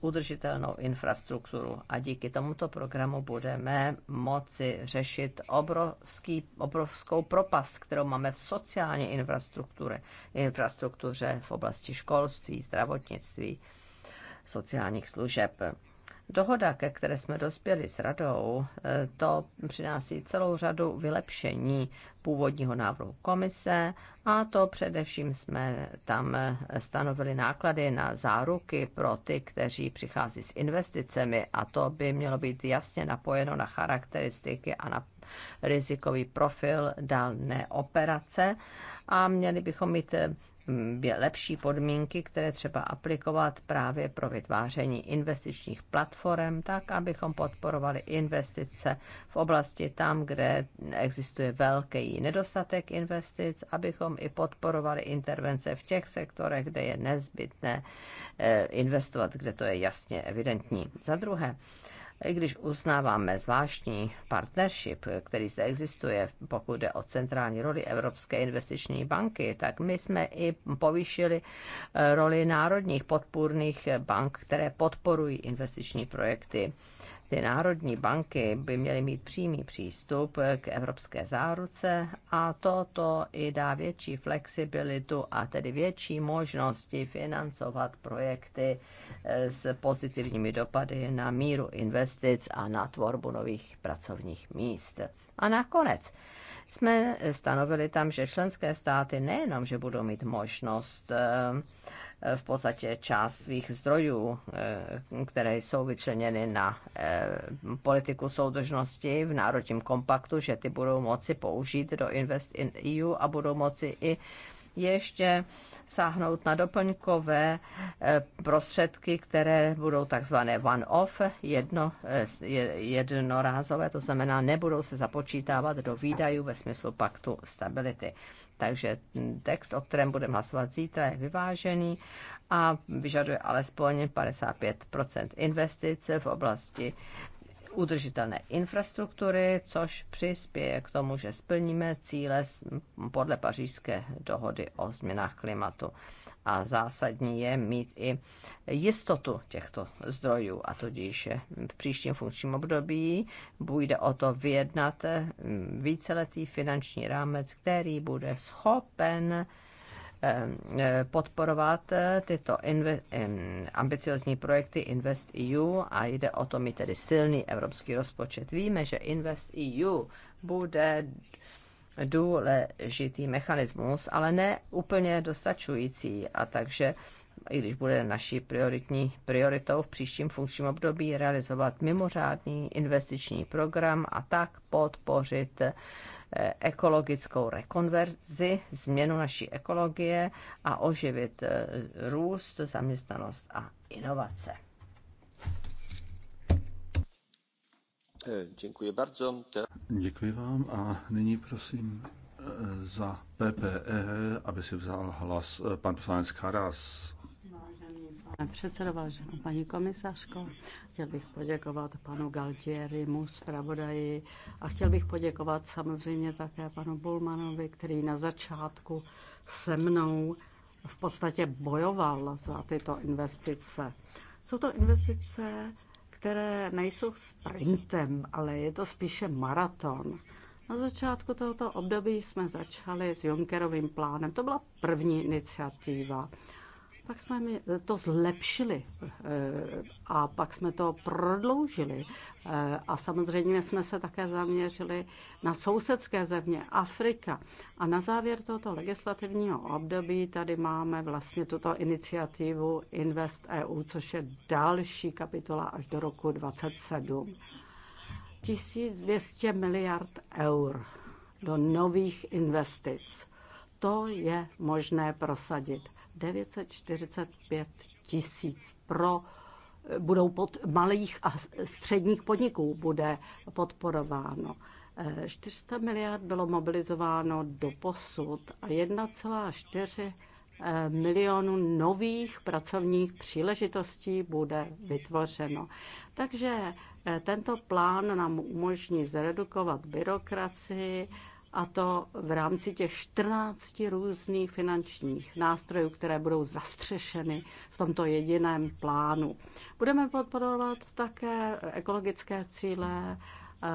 udržitelnou infrastrukturu. A díky tomuto programu budeme moci řešit obrovský, obrovskou propast, kterou máme v sociální infrastruktuře, infrastruktuře v oblasti školství, zdravotnictví, sociálních služeb. Dohoda, ke které jsme dospěli s radou, eh, to přináší celou řadu vylepšení původního návrhu komise a to především jsme tam eh, stanovili náklady na záruky pro ty, kteří přichází s investicemi a to by mělo být jasně napojeno na charakteristiky a na rizikový profil dané operace a měli bychom mít eh, lepší podmínky, které třeba aplikovat právě pro vytváření investičních platform, tak abychom podporovali investice v oblasti tam, kde existuje velký nedostatek investic, abychom i podporovali intervence v těch sektorech, kde je nezbytné eh, investovat, kde to je jasně evidentní. Za druhé, i když uznáváme zvláštní partnership, který zde existuje, pokud jde o centrální roli Evropské investiční banky, tak my jsme i povýšili eh, roli národních podpůrných bank, které podporují investiční projekty ty národní banky by měly mít přímý přístup k evropské záruce a toto i dá větší flexibilitu a tedy větší možnosti financovat projekty eh, s pozitivními dopady na míru investic a na tvorbu nových pracovních míst. A nakonec jsme stanovili tam, že členské státy nejenom, že budou mít možnost eh, v podstatě část svých zdrojů, eh, které jsou vyčleněny na eh, politiku soudržnosti v Národním kompaktu, že ty budou moci použít do Invest in EU a budou moci i ještě sáhnout na doplňkové eh, prostředky, které budou takzvané one-off, jedno, eh, jednorázové, to znamená, nebudou se započítávat do výdajů ve smyslu paktu stability. Takže text, o kterém budeme hlasovat zítra, je vyvážený a vyžaduje alespoň 55 investic v oblasti udržitelné infrastruktury, což přispěje k tomu, že splníme cíle podle pařížské dohody o změnách klimatu. A zásadní je mít i jistotu těchto zdrojů, a tudíž v příštím funkčním období bude o to vyjednat mm, víceletý finanční rámec, který bude schopen Eh, eh, podporovat eh, tyto ambiciozní projekty Invest EU a jde o to mi tedy silný evropský rozpočet. Víme, že Invest EU bude důležitý mechanismus, ale ne úplně dostačující a takže i když bude naší prioritní prioritou v příštím funkčním období realizovat mimořádný investiční program a tak podpořit Eh, ekologickou rekonverzi, změnu naší ekologie a oživit eh, růst, zaměstnanost a inovace. Eh, děkuji bardzo. Děkuji vám a nyní prosím za PPE, aby si vzal hlas pan poslanec Karas. Pane předsedo, vážená paní komisařko, chtěl bych poděkovat panu mu zpravodaji a chtěl bych poděkovat samozřejmě také panu Bulmanovi, který na začátku se mnou v podstatě bojoval za tyto investice. Jsou to investice, které nejsou sprintem, ale je to spíše maraton. Na začátku tohoto období jsme začali s Junckerovým plánem. To byla první iniciativa. Pak jsme to zlepšili eh, a pak jsme to prodloužili. Eh, a samozřejmě jsme se také zaměřili na sousedské země, Afrika. A na závěr tohoto legislativního období tady máme vlastně tuto iniciativu Invest EU, což je další kapitola až do roku 27. 1200 miliard eur do nových investic. To je možné prosadit. 945 tisíc pro budou pod malých a středních podniků bude podporováno. 400 eh, miliard bylo mobilizováno do posud a 1,4 eh, milionu nových pracovních příležitostí bude vytvořeno. Takže eh, tento plán nám umožní zredukovat byrokracii a to v rámci těch 14 různých finančních nástrojů, které budou zastřešeny v tomto jediném plánu. Budeme podporovat také ekologické cíle, eh,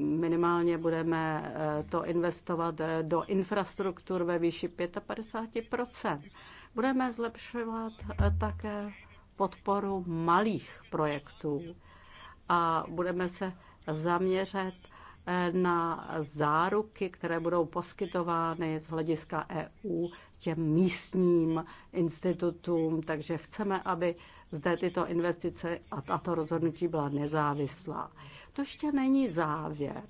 minimálně budeme eh, to investovat eh, do infrastruktur ve výši 55 Budeme zlepšovat také podporu malých projektů a budeme se zaměřet na záruky, které budou poskytovány z hlediska EU těm místním institutům. Takže chceme, aby zde tyto investice a tato rozhodnutí byla nezávislá. To ještě není závěr.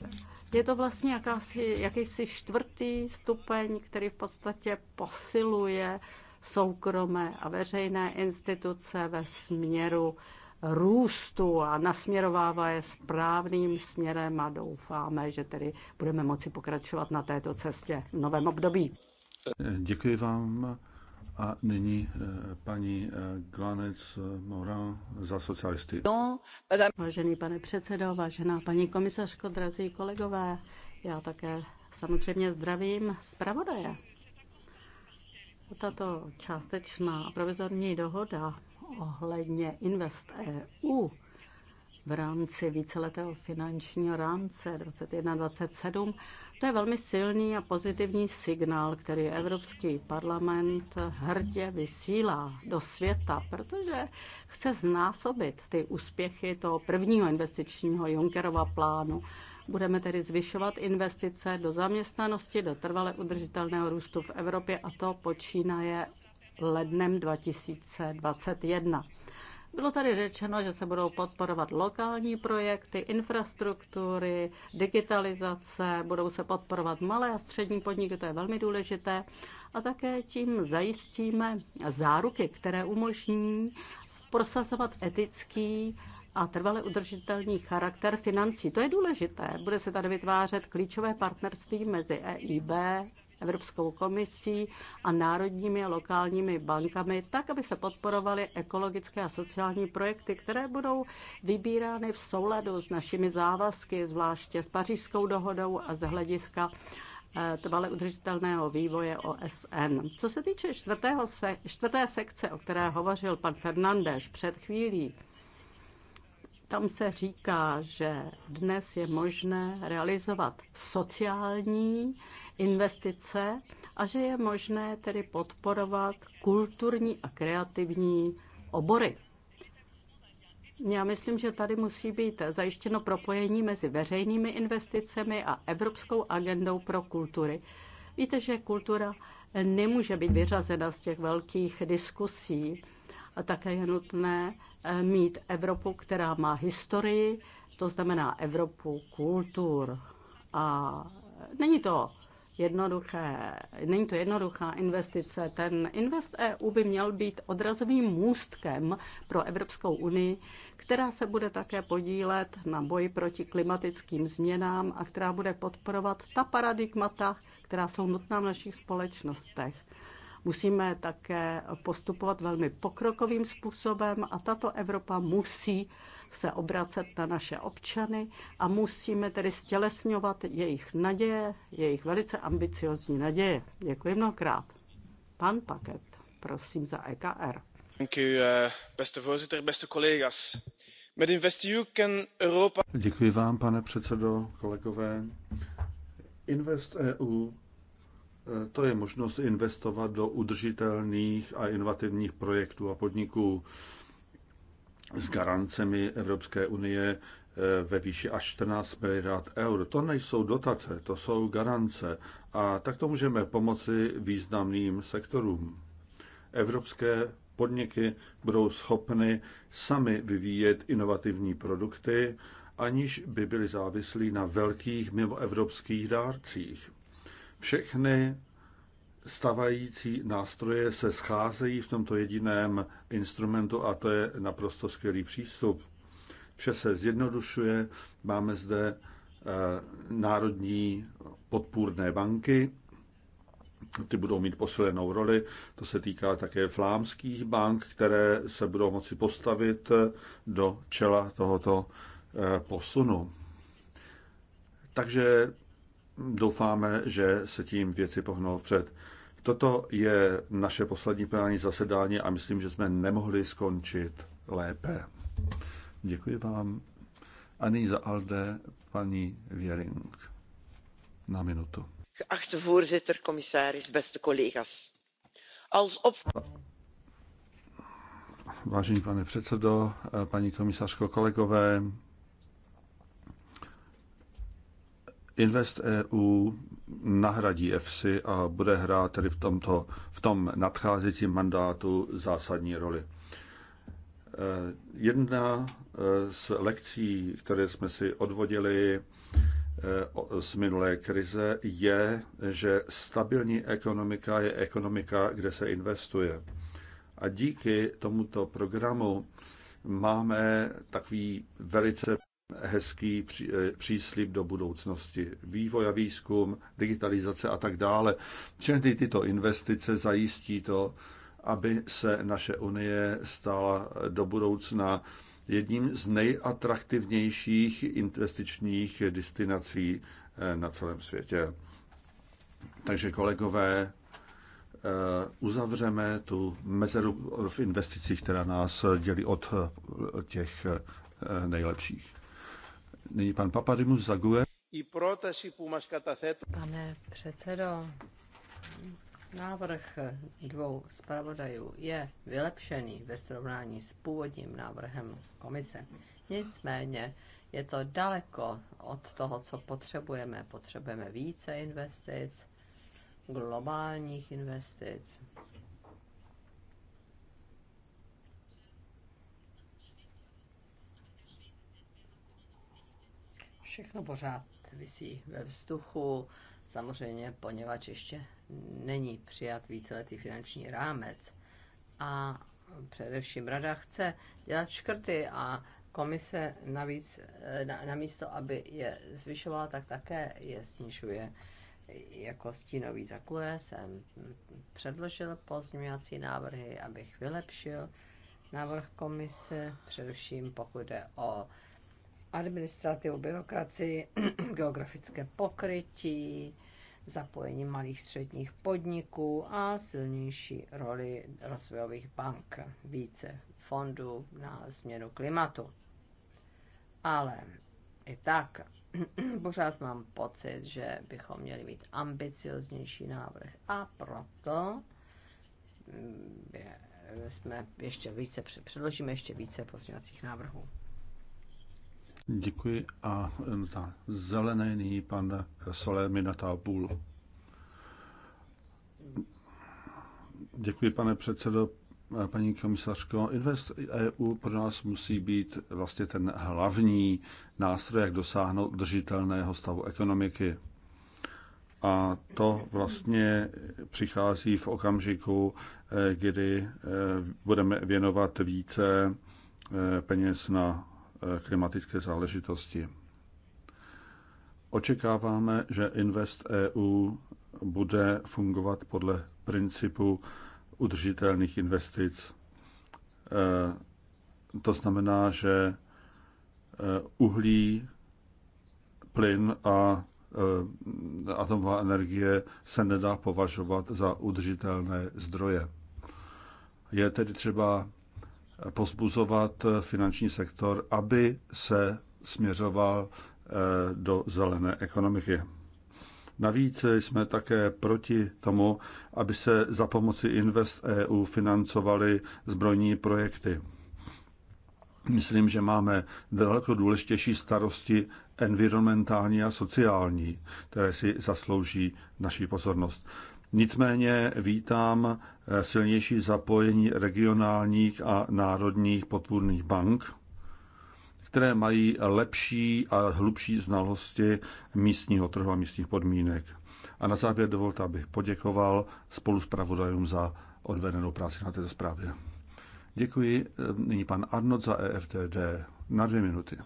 Je to vlastně jakási, jakýsi čtvrtý stupeň, který v podstatě posiluje soukromé a veřejné instituce ve směru růstu a nasměrovává je správným směrem a doufáme, že tedy budeme moci pokračovat na této cestě v novém období. Děkuji vám a nyní eh, paní eh, Glanec Moran za socialisty. Vážený pane předsedo, vážená paní komisařko, drazí kolegové, já také samozřejmě zdravím zpravodaje. Tato částečná provizorní dohoda ohledně Invest EU v rámci víceletého finančního rámce 2021/2027. to je velmi silný a pozitivní signál, který Evropský parlament hrdě vysílá do světa, protože chce znásobit ty úspěchy toho prvního investičního Junckerova plánu. Budeme tedy zvyšovat investice do zaměstnanosti, do trvale udržitelného růstu v Evropě a to počínaje lednem 2021. Bylo tady řečeno, že se budou podporovat lokální projekty, infrastruktury, digitalizace, budou se podporovat malé a střední podniky, to je velmi důležité. A také tím zajistíme záruky, které umožní prosazovat etický a trvale udržitelný charakter financí. To je důležité. Bude se tady vytvářet klíčové partnerství mezi EIB, Evropskou komisí a národními a lokálními bankami, tak, aby se podporovaly ekologické a sociální projekty, které budou vybírány v souladu s našimi závazky, zvláště s pařížskou dohodou a z hlediska eh, trvale udržitelného vývoje OSN. Co se týče čtvrtého se, čtvrté sekce, o které hovořil pan Fernandeš před chvílí, tam se říká, že dnes je možné realizovat sociální investice a že je možné tedy podporovat kulturní a kreativní obory. Já myslím, že tady musí být zajištěno propojení mezi veřejnými investicemi a Evropskou agendou pro kultury. Víte, že kultura nemůže být vyřazena z těch velkých diskusí a také je nutné Eh, mít Evropu, která má historii, to znamená Evropu kultur. A není to jednoduché, není to jednoduchá investice. Ten Invest EU by měl být odrazovým můstkem pro Evropskou unii, která se bude také podílet na boji proti klimatickým změnám a která bude podporovat ta paradigmata, která jsou nutná v našich společnostech. Musíme také postupovat velmi pokrokovým způsobem a tato Evropa musí se obracet na naše občany a musíme tedy stělesňovat jejich naděje, jejich velice ambiciozní naděje. Děkuji mnohokrát. Pan Paket, prosím za EKR. Eh, Děkuji vám, pane předsedo, kolegové. Invest EU Eh, to je možnost investovat do udržitelných a inovativních projektů a podniků s garancemi Evropské unie eh, ve výši až 14 miliard eur. To nejsou dotace, to jsou garance. A tak to můžeme pomoci významným sektorům. Evropské podniky budou schopny sami vyvíjet inovativní produkty, aniž by byly závislí na velkých mimoevropských dárcích. Všechny stavající nástroje se scházejí v tomto jediném instrumentu a to je naprosto skvělý přístup. Vše se zjednodušuje, máme zde eh, národní podpůrné banky, ty budou mít posilenou roli. To se týká také flámských bank, které se budou moci postavit eh, do čela tohoto eh, posunu. Takže doufáme, že se tím věci pohnou vpřed. Toto je naše poslední plenární zasedání a myslím, že jsme nemohli skončit lépe. Děkuji vám. A nyní za Alde paní Věring. Na minutu. Geachte voorzitter, beste collega's. Als op... Vážený pane předsedo, paní komisařko, kolegové, Invest EU nahradí EFSI a bude hrát tedy v, tomto, v tom nadcházejícím mandátu zásadní roli. E, jedna e, z lekcí, které jsme si odvodili e, z minulé krize, je, že stabilní ekonomika je ekonomika, kde se investuje. A díky tomuto programu máme takový velice hezký eh, příslip do budoucnosti. Vývoj a výzkum, digitalizace a tak dále. Všechny tyto investice zajistí to, aby se naše Unie stala do budoucna jedním z nejatraktivnějších investičních destinací eh, na celém světě. Takže kolegové, eh, uzavřeme tu mezeru v investicích, která nás dělí od těch nejlepších. Nyní pan Papadimus Zague. Pane předsedo, návrh dvou zpravodajů je vylepšený ve srovnání s původním návrhem komise. Nicméně je to daleko od toho, co potřebujeme. Potřebujeme více investic, globálních investic všechno pořád visí ve vzduchu, samozřejmě poněvadž ještě není přijat víceletý finanční rámec. A především rada chce dělat škrty a komise navíc, na, na místo, aby je zvyšovala, tak také je snižuje. Jako stínový za jsem předložil pozměňovací návrhy, abych vylepšil návrh komise, především pokud jde o administrativu, byrokracii, geografické pokrytí, zapojení malých středních podniků a silnější roli rozvojových bank, více fondů na změnu klimatu. Ale i tak pořád mám pocit, že bychom měli mít ambicioznější návrh a proto mm, jsme ještě více, předložíme ještě více pozměňovacích návrhů. Děkuji a ta eh, zelené nyní pan Soler Minatapul. Děkuji, pane předsedo, eh, paní komisařko. Invest EU pro nás musí být vlastně ten hlavní nástroj, jak dosáhnout držitelného stavu ekonomiky. A to vlastně přichází v okamžiku, eh, kdy budeme věnovat více peněz na Eh, klimatické záležitosti. Očekáváme, že Invest EU bude fungovat podle principu udržitelných investic. Eh, to znamená, že eh, uhlí, plyn a atomová energie se nedá považovat za udržitelné zdroje. Je tedy třeba pozbuzovat finanční sektor, aby se směřoval eh, do zelené ekonomiky. Navíc jsme také proti tomu, aby se za pomoci Invest EU financovaly zbrojní projekty. Myslím, že máme daleko důležitější starosti environmentální a sociální, které si zaslouží naší pozornost. Nicméně vítám eh, silnější zapojení regionálních a národních podpůrných bank, které mají lepší a hlubší znalosti místního trhu a místních podmínek. A na závěr dovolte, abych poděkoval spolu s pravodajům za odvedenou práci na této zprávě. Děkuji. Eh, nyní pan Arnold za EFTD na dvě minuty.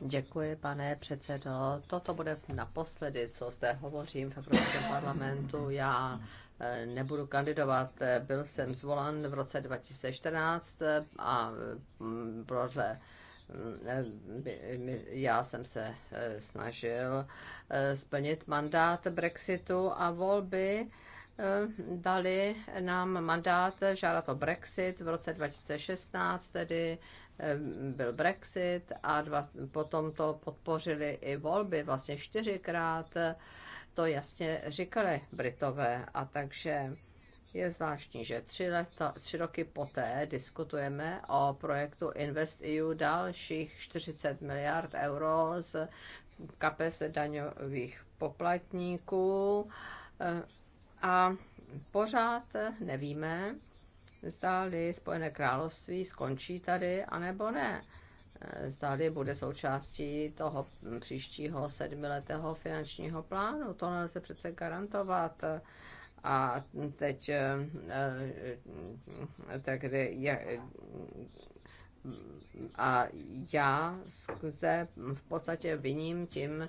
Děkuji, pane předsedo. Toto bude naposledy, co zde hovořím v Evropském parlamentu. Já eh, nebudu kandidovat. Byl jsem zvolen v roce 2014 a mm, mm, eh, já jsem se eh, snažil splnit mandát Brexitu a volby dali nám mandát žádat o Brexit v roce 2016, tedy byl Brexit a dva, potom to podpořili i volby vlastně čtyřikrát. Eh, to jasně říkali Britové a takže je zvláštní, že tři, leta, tři roky poté diskutujeme o projektu EU e dalších 40 miliard euro z kapes daňových poplatníků eh, a pořád nevíme, zdáli Spojené království skončí tady, anebo ne. Zdáli bude součástí toho příštího sedmiletého finančního plánu. To nelze přece garantovat. A teď, eh, eh, tak, a já se v podstatě viním tím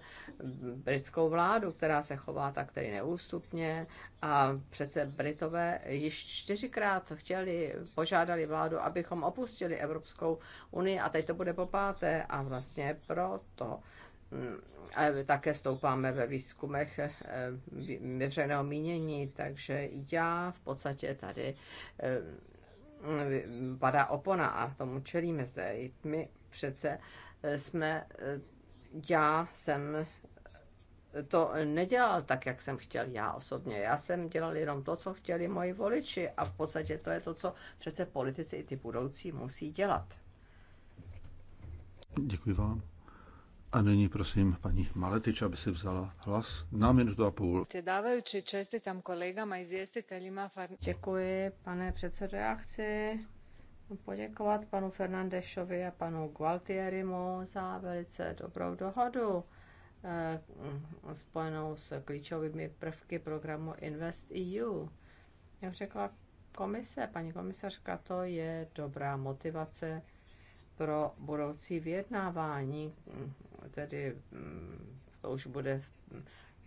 britskou vládu, která se chová tak tedy neústupně a přece Britové již čtyřikrát chtěli, požádali vládu, abychom opustili Evropskou unii a teď to bude po páté a vlastně proto mm, a také stoupáme ve výzkumech eh, veřejného mínění, takže já v podstatě tady eh, padá opona a tomu čelíme zde. My přece eh, jsme, eh, já jsem to nedělal tak, jak jsem chtěl já osobně. Já jsem dělal jenom to, co chtěli moji voliči a v podstatě to je to, co přece politici i ty budoucí musí dělat. Děkuji vám. A nyní prosím paní Maletič, aby si vzala hlas na minutu a půl. Děkuji, pane předsedo. Já chci poděkovat panu Fernandešovi a panu Gualtierimu za velice dobrou dohodu eh, spojenou s klíčovými prvky programu Invest EU. Jak řekla komise, paní komisařka, to je dobrá motivace pro budoucí vyjednávání tedy mm, to už bude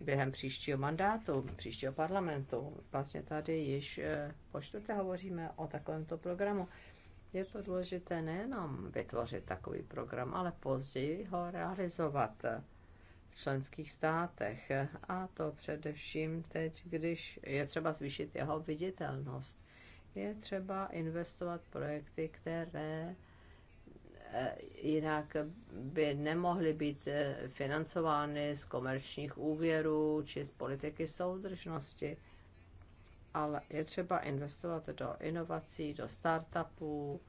během příštího mandátu, příštího parlamentu. Vlastně tady již eh, po čtvrté hovoříme o takovémto programu. Je to důležité nejenom vytvořit takový program, ale později ho realizovat v členských státech. A to především teď, když je třeba zvýšit jeho viditelnost. Je třeba investovat projekty, které Eh, jinak by nemohly být eh, financovány z komerčních úvěrů či z politiky soudržnosti. Ale je třeba investovat do inovací, do startupů,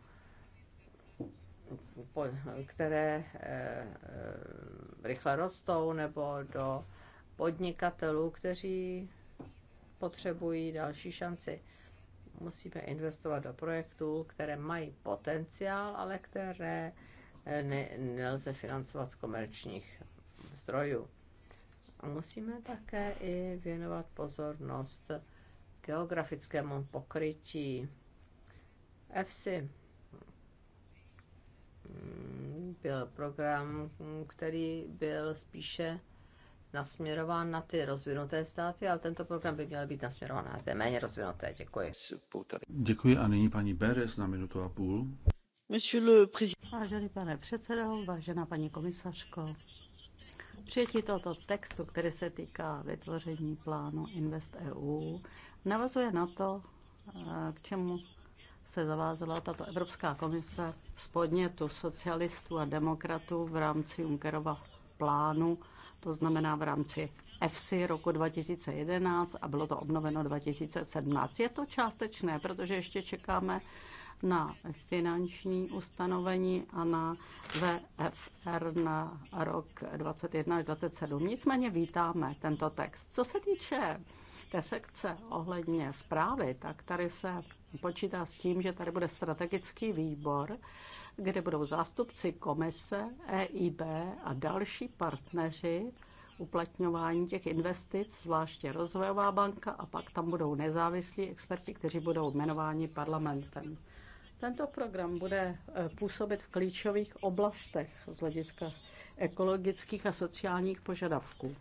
které eh, rychle rostou, nebo do podnikatelů, kteří potřebují další šanci. Musíme investovat do projektů, které mají potenciál, ale které eh, ne, nelze financovat z komerčních zdrojů. A musíme také i věnovat pozornost geografickému pokrytí EFSI. Hmm, byl program, který byl spíše nasměrován na ty rozvinuté státy, ale tento program by měl být nasměrován na ty méně rozvinuté. Děkuji. Děkuji a nyní paní Beres na minutu a půl. Vážený pane předsedo, vážená paní komisařko, Přijetí tohoto textu, který se týká vytvoření plánu Invest EU, navazuje na to, eh, k čemu se zavázala tato Evropská komise v spodnětu socialistů a demokratů v rámci Junckerova plánu to znamená v rámci EFSI roku 2011 a bylo to obnoveno 2017. Je to částečné, protože ještě čekáme na finanční ustanovení a na VFR na rok 2021 až 2027. Nicméně vítáme tento text. Co se týče té sekce ohledně zprávy, tak tady se počítá s tím, že tady bude strategický výbor, kde budou zástupci komise, EIB a další partneři uplatňování těch investic, zvláště rozvojová banka a pak tam budou nezávislí experti, kteří budou jmenováni parlamentem. Tento program bude e, působit v klíčových oblastech z hlediska ekologických a sociálních požadavků.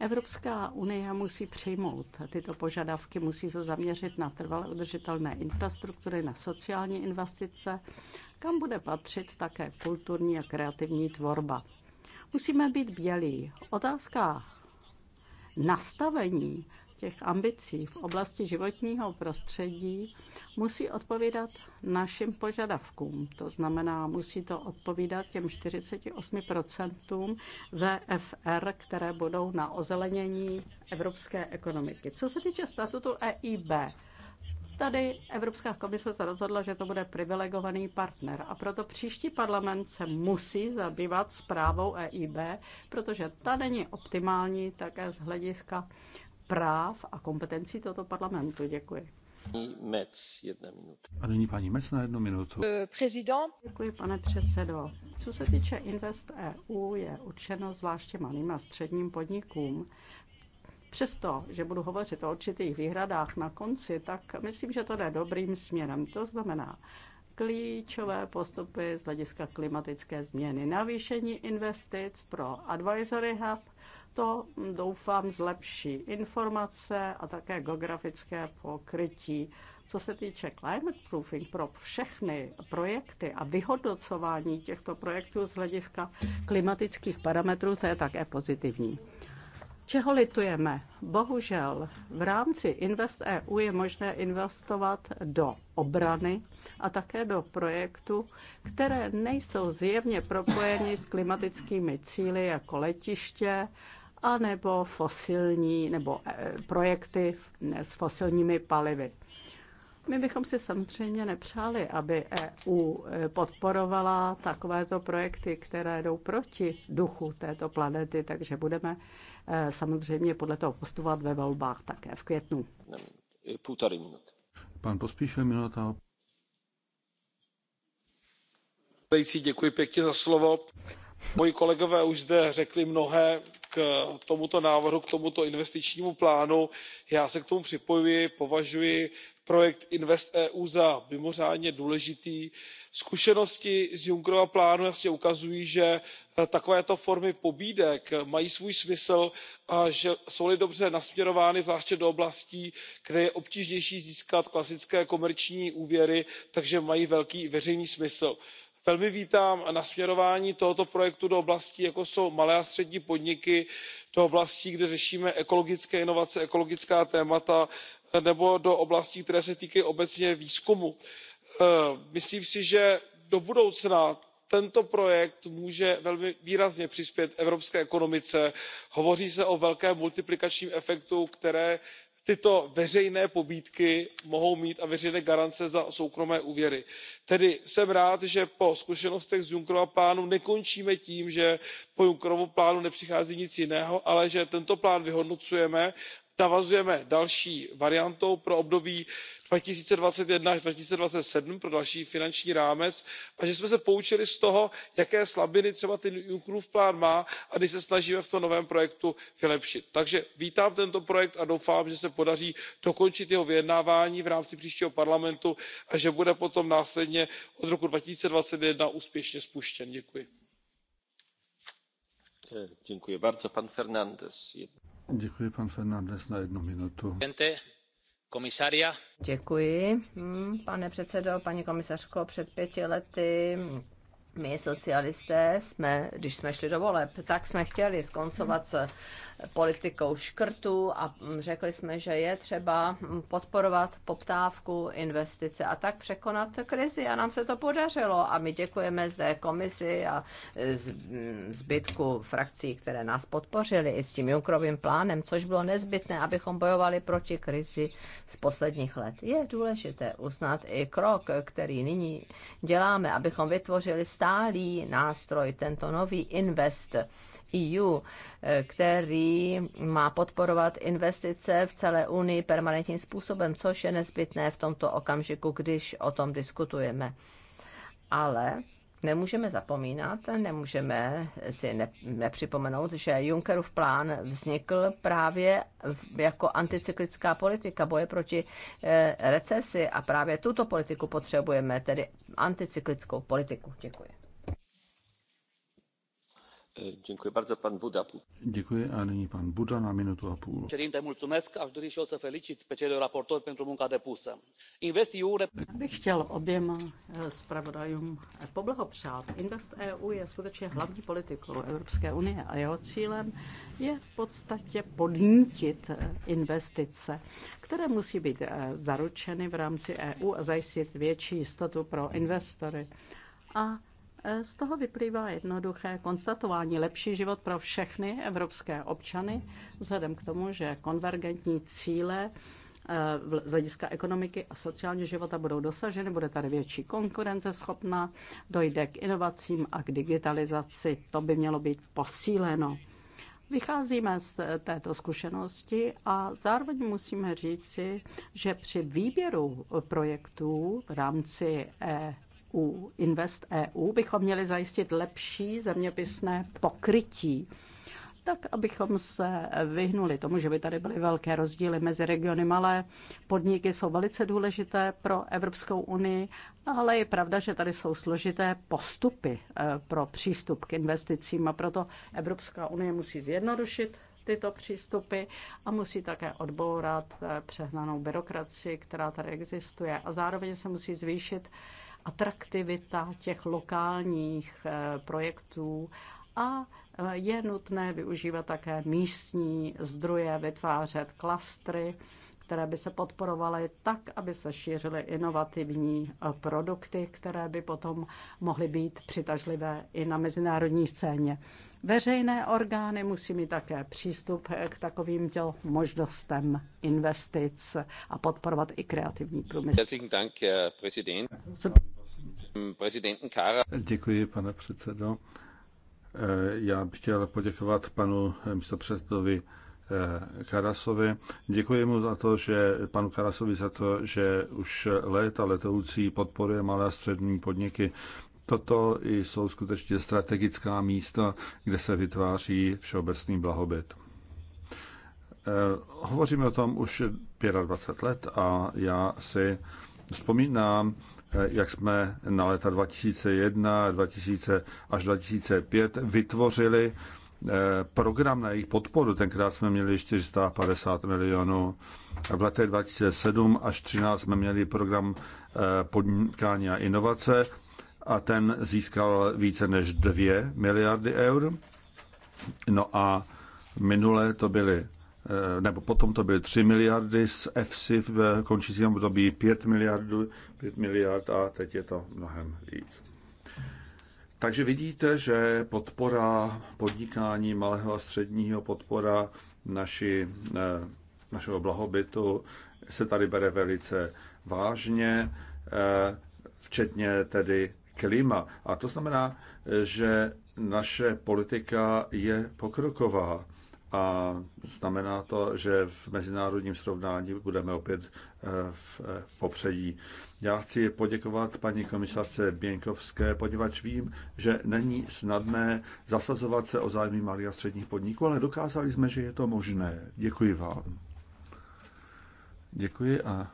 Evropská unie musí přijmout tyto požadavky, musí se zaměřit na trvale udržitelné infrastruktury, na sociální investice kam bude patřit také kulturní a kreativní tvorba. Musíme být bělí. Otázka nastavení těch ambicí v oblasti životního prostředí musí odpovídat našim požadavkům. To znamená, musí to odpovídat těm 48% VFR, které budou na ozelenění evropské ekonomiky. Co se týče statutu EIB, Tady Evropská komise se rozhodla, že to bude privilegovaný partner a proto příští parlament se musí zabývat zprávou EIB, protože ta není optimální také z hlediska práv a kompetencí tohoto parlamentu. Děkuji. Mec, jedna A nyní paní Mec na jednu minutu. Eh, prezident. Děkuji, pane předsedo. Co se týče Invest EU, je určeno zvláště malým a středním podnikům. Přesto, že budu hovořit o určitých výhradách na konci, tak myslím, že to jde dobrým směrem. To znamená klíčové postupy z hlediska klimatické změny, navýšení investic pro Advisory Hub, to hm, doufám zlepší informace a také geografické pokrytí. Co se týče climate proofing pro všechny projekty a vyhodnocování těchto projektů z hlediska klimatických parametrů, to je také pozitivní. Čeho litujeme? Bohužel v rámci Invest EU je možné investovat do obrany a také do projektů, které nejsou zjevně propojeny s klimatickými cíly jako letiště a nebo fosilní nebo e, projekty s fosilními palivy. My bychom si samozřejmě nepřáli, aby EU e, podporovala takovéto projekty, které jdou proti duchu této planety, takže budeme e, samozřejmě podle toho postupovat ve volbách také v květnu. minut. Pan Pospíšil minuta. Děkuji pěkně za slovo. Moji kolegové už zde řekli mnohé k tomuto návrhu k tomuto investičnímu plánu já se k tomu připojuji považuji projekt investeu za mimořádně důležitý. zkušenosti z junckerova plánu jasně ukazují že eh, takovéto formy pobídek mají svůj smysl a že jsou li dobře nasměrovány zvláště do oblastí kde je obtížnější získat klasické komerční úvěry mají velký veřejný smysl. velmi vítám nasměrování tohoto projektu do oblastí jako jsou malé a střední podniky do oblastí kde řešíme ekologické inovace ekologická témata nebo do oblastí které se týkají obecně výzkumu. Eh, myslím si že do budoucna tento projekt může velmi výrazně přispět evropské ekonomice. hovoří se o velkém multiplikačním efektu který tyto veřejné pobídky a veřejné garance za soukromé úvěry mohou mít. tedy jsem rád že po zkušenostech z junckerova plánu nekončíme tím že po junckerově plánu nepřichází nic jiného ale že tento plán vyhodnocujeme navazujeme další variantou pro období two thousand and twenty one až two thousand and twenty seven pro další finanční rámec a že jsme se poučili z toho jaké slabiny třeba ten junckerův plán má a že se snažíme v tom novém projektu vylepšit. takže vítám tento projekt a doufám že se podaří dokončit jeho vyjednávání v rámci příštího parlamentu a že bude potom následně od roku two thousand and twenty one úspěšně spuštěn. Eh, Děkuji, pan Fernández, na jednu minutu. Děkuji, hm, pane předsedo, paní komisařko. Před pěti lety my socialisté jsme, když jsme šli do voleb, tak jsme chtěli skoncovat s politikou škrtu a řekli jsme, že je třeba podporovat poptávku, investice a tak překonat krizi. A nám se to podařilo a my děkujeme zde komisi a zbytku frakcí, které nás podpořili i s tím Junkrovým plánem, což bylo nezbytné, abychom bojovali proti krizi z posledních let. Je důležité uznat i krok, který nyní děláme, abychom vytvořili stát stálý nástroj, tento nový Invest EU, který má podporovat investice v celé Unii permanentním způsobem, což je nezbytné v tomto okamžiku, když o tom diskutujeme. Ale Nemůžeme zapomínat, nemůžeme si ne, nepřipomenout, že Junckerův plán vznikl právě jako anticyklická politika boje proti eh, recesi a právě tuto politiku potřebujeme, tedy anticyklickou politiku. Děkuji. Děkuji bardzo, pan Buda. Děkuji a nyní pan Buda na minutu a půl. Cerinte, mulțumesc. až dori și eu să felicit pe cei raportori pentru munca depusă. InvestEU... Bych chtěl oběma eh, zpravodajům poblahopřát. Invest EU je skutečně hlavní politikou Evropské unie a jeho cílem je v podstatě podnítit eh, investice, které musí být eh, zaručeny v rámci EU a zajistit větší jistotu pro investory. A z toho vyplývá jednoduché konstatování lepší život pro všechny evropské občany, vzhledem k tomu, že konvergentní cíle eh, z hlediska ekonomiky a sociálního života budou dosaženy, bude tady větší konkurenceschopná, dojde k inovacím a k digitalizaci. To by mělo být posíleno. Vycházíme z této zkušenosti a zároveň musíme říci, že při výběru projektů v rámci e- u Invest EU bychom měli zajistit lepší zeměpisné pokrytí tak abychom se vyhnuli tomu, že by tady byly velké rozdíly mezi regiony. Malé podniky jsou velice důležité pro Evropskou unii, ale je pravda, že tady jsou složité postupy eh, pro přístup k investicím a proto Evropská unie musí zjednodušit tyto přístupy a musí také odbourat eh, přehnanou byrokracii, která tady existuje. A zároveň se musí zvýšit atraktivita těch lokálních eh, projektů a eh, je nutné využívat také místní zdroje, vytvářet klastry, které by se podporovaly tak, aby se šířily inovativní eh, produkty, které by potom mohly být přitažlivé i na mezinárodní scéně. Veřejné orgány musí mít také přístup k takovým možnostem investic a podporovat i kreativní průmysl. Děkuji, pane předsedo. Eh, já bych chtěl poděkovat panu eh, místopředsedovi eh, Karasovi. Děkuji mu za to, že panu Karasovi za to, že už léta letoucí podporuje malé a střední podniky. Toto jsou skutečně strategická místa, kde se vytváří všeobecný blahobyt. Eh, hovoříme o tom už 25 let a já si vzpomínám, eh, jak jsme na leta 2001 2000, až 2005 vytvořili eh, program na jejich podporu. Tenkrát jsme měli 450 milionů. V letech 2007 až 2013 jsme měli program podnikání a inovace a ten získal více než 2 miliardy eur. No a minule to byly eh, nebo potom to byly 3 miliardy z EFSI v eh, končícím období 5 miliardů, 5 miliard a teď je to mnohem víc. Takže vidíte, že podpora podnikání malého a středního, podpora naši, eh, našeho blahobytu se tady bere velice vážně, včetně tedy klima. A to znamená, že naše politika je pokroková a znamená to, že v mezinárodním srovnání budeme opět eh, eh, v popředí. Já chci poděkovat paní komisařce Běnkovské, poněvadž vím, že není snadné zasazovat se o zájmy malých a středních podniků, ale dokázali jsme, že je to možné. Děkuji vám. Děkuji a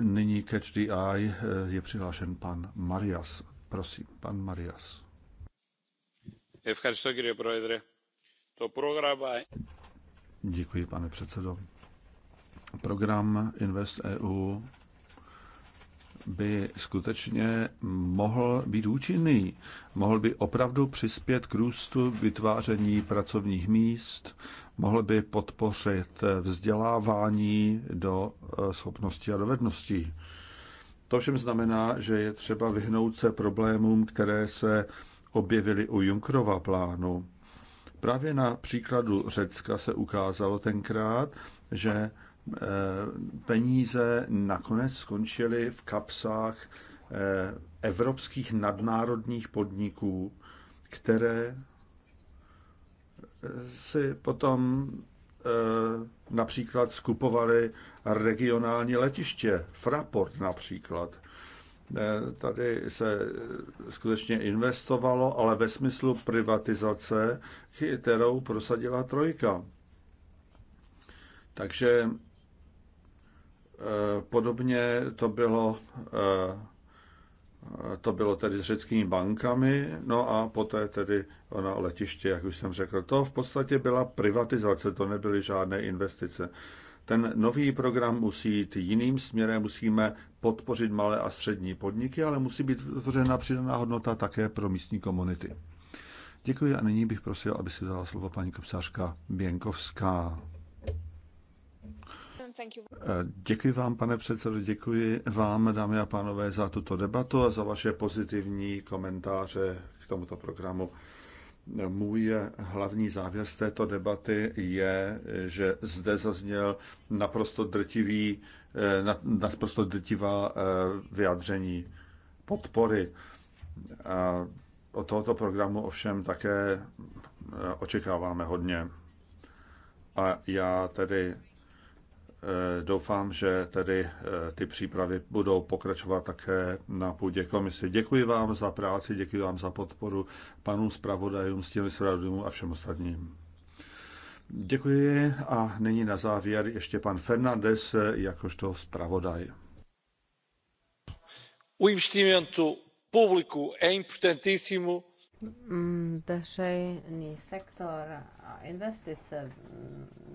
Nyní Catch the Eye eh, je přihlášen pan Marias. Prosím, pan Marias. Děkuji, pane předsedo. Program Invest EU by skutečně mohl být účinný, mohl by opravdu přispět k růstu vytváření pracovních míst, mohl by podpořit vzdělávání do eh, schopností a dovedností. To všem znamená, že je třeba vyhnout se problémům, které se objevily u Junkrova plánu. Právě na příkladu Řecka se ukázalo tenkrát, že Eh, peníze nakonec skončily v kapsách eh, evropských nadnárodních podniků, které eh, si potom například skupovali regionální letiště, Fraport například. Tady se skutečně investovalo, ale ve smyslu privatizace, kterou prosadila trojka. Takže Eh, podobně to bylo, eh, to bylo tedy s řeckými bankami, no a poté tedy ona letiště, jak už jsem řekl. To v podstatě byla privatizace, to nebyly žádné investice. Ten nový program musí jít jiným směrem, musíme podpořit malé a střední podniky, ale musí být vytvořena přidaná hodnota také pro místní komunity. Děkuji a nyní bych prosil, aby si vzala slovo paní komisářka Běnkovská. Eh, děkuji vám, pane předsedo, děkuji vám, dámy a pánové, za tuto debatu a za vaše pozitivní komentáře k tomuto programu. Můj hlavní závěr z této debaty je, že zde zazněl naprosto drtivý, eh, naprosto drtivá eh, vyjádření podpory. A od tohoto programu ovšem také očekáváme hodně. A já tedy Eh, doufám, že tedy eh, ty přípravy budou pokračovat také na půdě komise. Děkuji vám za práci, děkuji vám za podporu panům zpravodajům, s těmi zpravodajům a všem ostatním. Děkuji a nyní na závěr ještě pan Fernandez eh, jakožto zpravodaj. U investimentu publiku je importantísimo Veřejný sektor a investice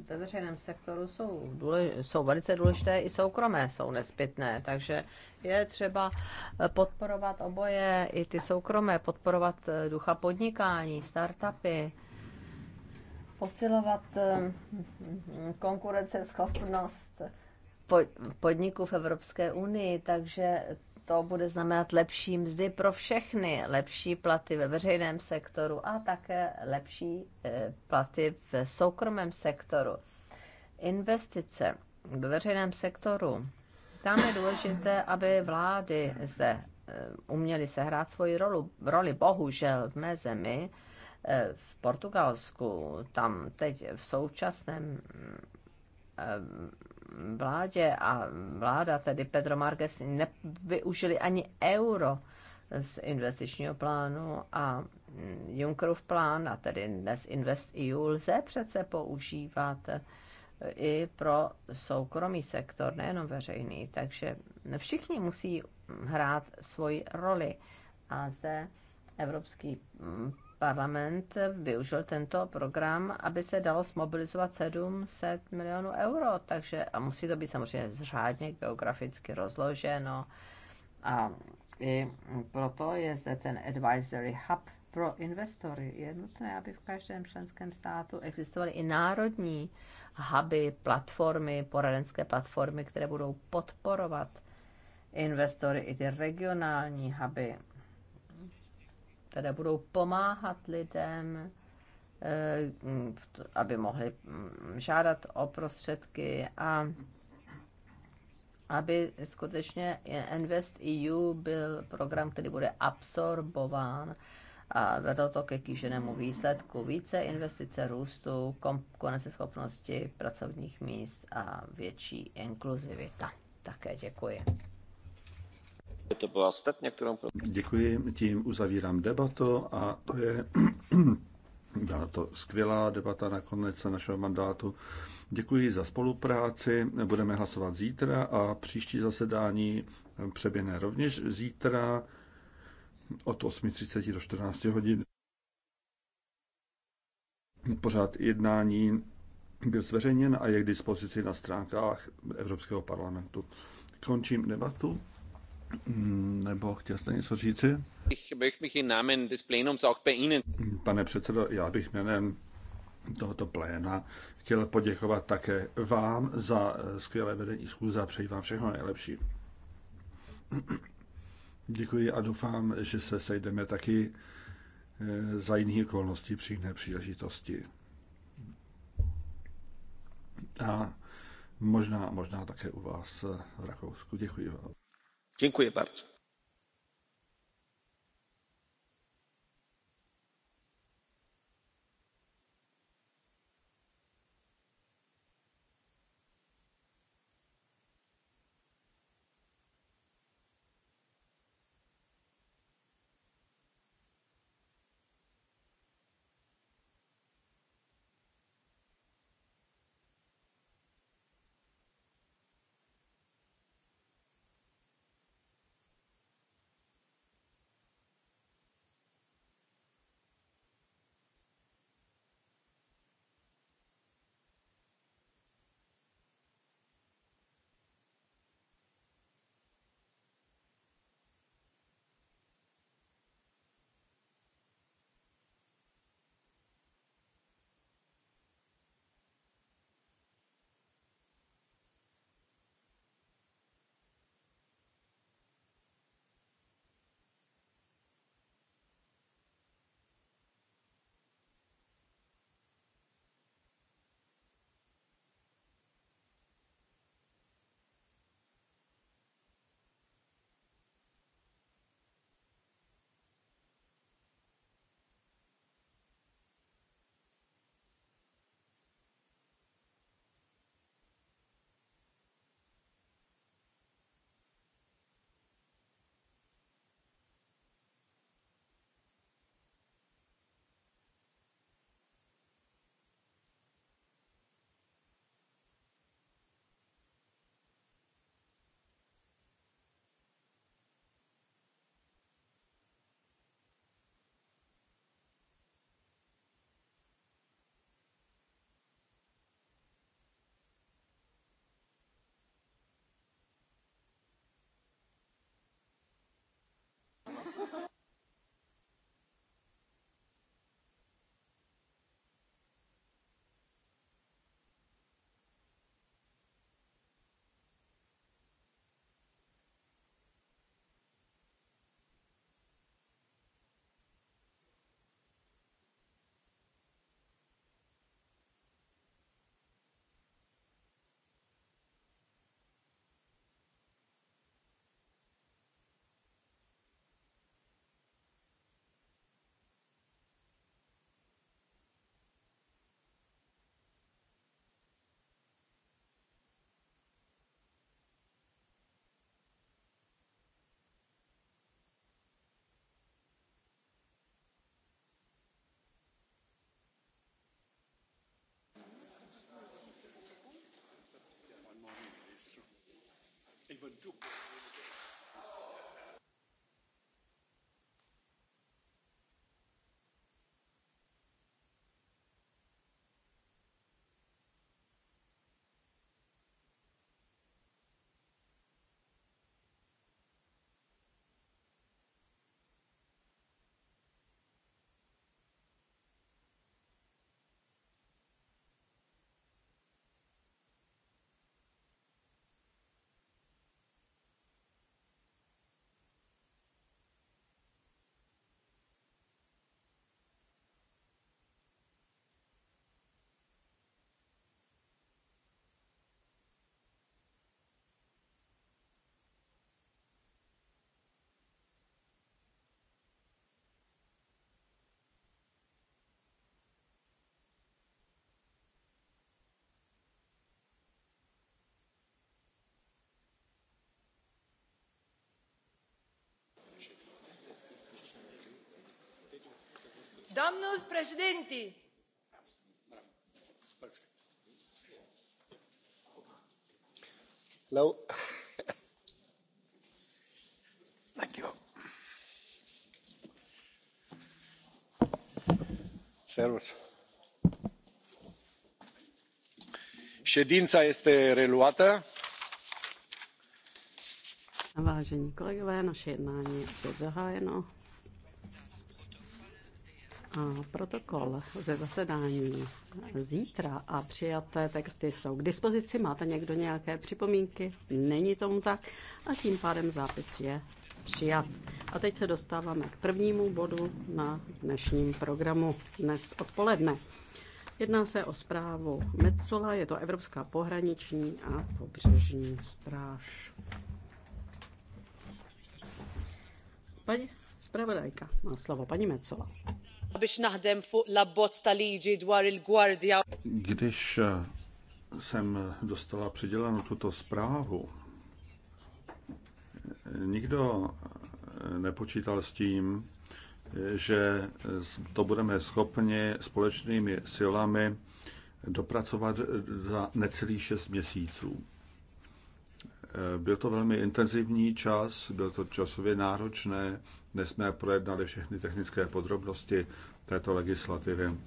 ve veřejném sektoru jsou, důlež, jsou velice důležité, i soukromé jsou nezbytné, takže je třeba podporovat oboje, i ty soukromé, podporovat eh, ducha podnikání, startupy, posilovat eh, konkurenceschopnost podniků v Evropské unii, takže to bude znamenat lepší mzdy pro všechny, lepší platy ve veřejném sektoru a také lepší eh, platy v soukromém sektoru. Investice ve veřejném sektoru. Tam je důležité, aby vlády zde eh, uměly sehrát svoji roli. roli. Bohužel v mé zemi, eh, v Portugalsku, tam teď v současném vládě a vláda, tedy Pedro Marques, nevyužili ani euro z investičního plánu a Junckerův plán, a tedy dnes Invest EU, lze přece používat i pro soukromý sektor, nejenom veřejný. Takže všichni musí hrát svoji roli. A zde Evropský parlament využil tento program, aby se dalo smobilizovat 700 milionů euro, takže a musí to být samozřejmě zřádně geograficky rozloženo a i proto je zde ten advisory hub pro investory. Je nutné, aby v každém členském státu existovaly i národní huby, platformy, poradenské platformy, které budou podporovat investory, i ty regionální huby které budou pomáhat lidem, eh, aby mohli mm, žádat o prostředky a aby skutečně Invest EU byl program, který bude absorbován a vedlo to ke kýženému výsledku více investice růstu, schopnosti pracovních míst a větší inkluzivita. Také děkuji. To byla Děkuji, tím uzavírám debatu a to je byla to skvělá debata na konec našeho mandátu. Děkuji za spolupráci, budeme hlasovat zítra a příští zasedání přeběhne rovněž zítra od 8.30 do 14 hodin. Pořád jednání byl zveřejněn a je k dispozici na stránkách Evropského parlamentu. Končím debatu. Mm, nebo chtěl jste něco říci? Pane předsedo, já bych jménem tohoto pléna chtěl poděkovat také vám za eh, skvělé vedení schůze a přeji vám všechno nejlepší. Děkuji a doufám, že se sejdeme taky eh, za jiných okolnosti při jiné příležitosti. A možná, možná také u vás v Rakousku. Děkuji vám děkuji bardzo. even do. domnul președinte ședința este reluată. vážení kolegové naše jednání je zahájeno. A protokol ze zasedání zítra a přijaté texty jsou k dispozici. Máte někdo nějaké připomínky? Není tomu tak. A tím pádem zápis je přijat. A teď se dostáváme k prvnímu bodu na dnešním programu dnes odpoledne. Jedná se o zprávu Metzola, je to Evropská pohraniční a pobřežní stráž. Paní zpravodajka má slovo, paní Metzola. Když eh, jsem dostala přidělenou tuto zprávu, nikdo eh, nepočítal s tím, eh, že to budeme schopni společnými silami dopracovat za necelých šest měsíců. Byl to velmi intenzivní čas, byl to časově náročné, dnes jsme projednali všechny technické podrobnosti této legislativy.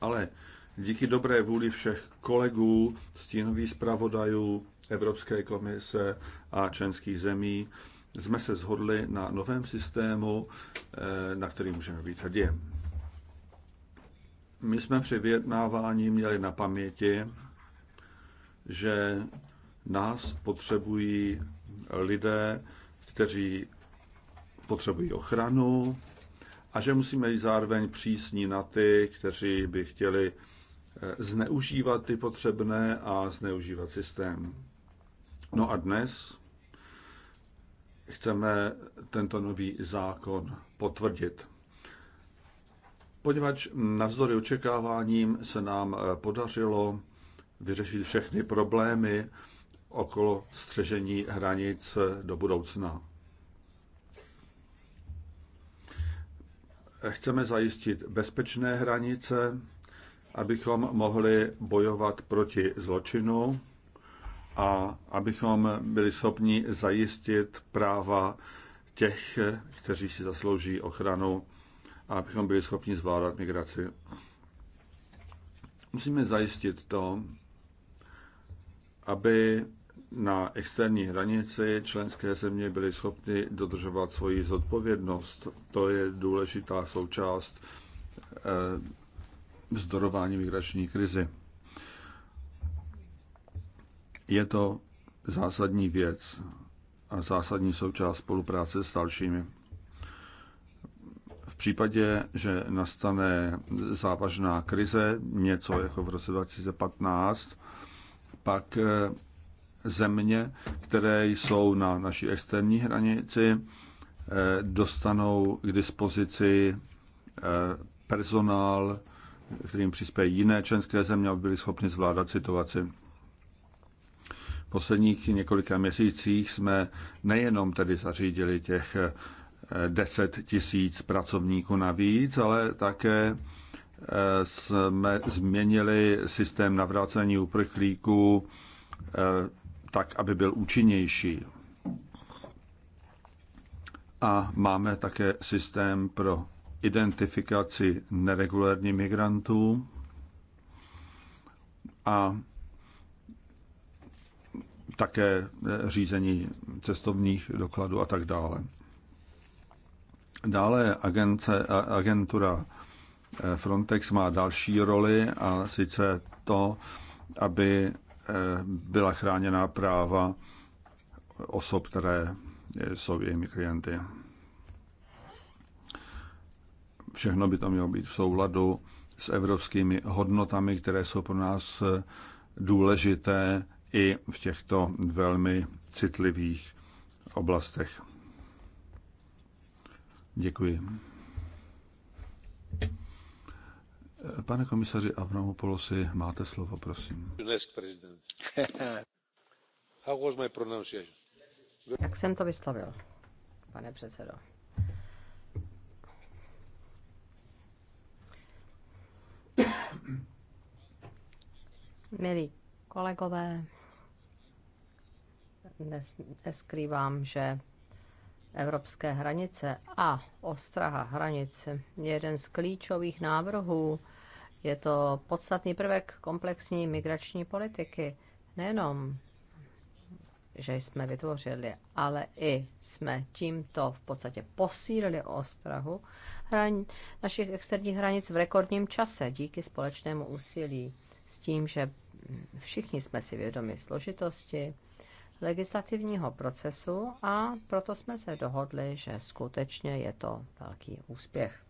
Ale díky dobré vůli všech kolegů, stínových zpravodajů, Evropské komise a členských zemí jsme se zhodli na novém systému, eh, na který můžeme být hrdě. My jsme při vyjednávání měli na paměti, že nás potřebují lidé, kteří potřebují ochranu a že musíme být zároveň přísní na ty, kteří by chtěli eh, zneužívat ty potřebné a zneužívat systém. No a dnes chceme tento nový zákon potvrdit. Poněvadž navzdory očekáváním se nám eh, podařilo vyřešit všechny problémy okolo střežení hranic do budoucna. Chceme zajistit bezpečné hranice, abychom mohli bojovat proti zločinu a abychom byli schopni zajistit práva těch, kteří si zaslouží ochranu a abychom byli schopni zvládat migraci. Musíme zajistit to, aby na externí hranici členské země byly schopny dodržovat svoji zodpovědnost. To je důležitá součást eh, vzdorování migrační krizi. Je to zásadní věc a zásadní součást spolupráce s dalšími. V případě, že nastane závažná krize, něco jako v roce 2015, pak eh, země, které jsou na naší externí hranici, eh, dostanou k dispozici eh, personál, kterým přispějí jiné členské země, aby byly schopni zvládat situaci. V posledních několika měsících jsme nejenom tedy zařídili těch 10 eh, tisíc pracovníků navíc, ale také jsme změnili systém navrácení uprchlíků tak, aby byl účinnější. A máme také systém pro identifikaci neregulérních migrantů a také eh, řízení cestovních dokladů a tak dále. Dále agence, agentura eh, Frontex má další roli a sice to, aby byla chráněna práva osob, které jsou jejími klienty. Všechno by to mělo být v souladu s evropskými hodnotami, které jsou pro nás důležité i v těchto velmi citlivých oblastech. Děkuji. Pane komisaři Avramopoulosi, máte slovo, prosím. Jak jsem to vyslovil, pane předsedo? Milí kolegové, neskrývám, že evropské hranice a ostraha hranic je jeden z klíčových návrhů. Je to podstatný prvek komplexní migrační politiky. Nejenom, že jsme vytvořili, ale i jsme tímto v podstatě posílili ostrahu našich externích hranic v rekordním čase díky společnému úsilí s tím, že všichni jsme si vědomi složitosti legislativního procesu a proto jsme se dohodli, že skutečně je to velký úspěch.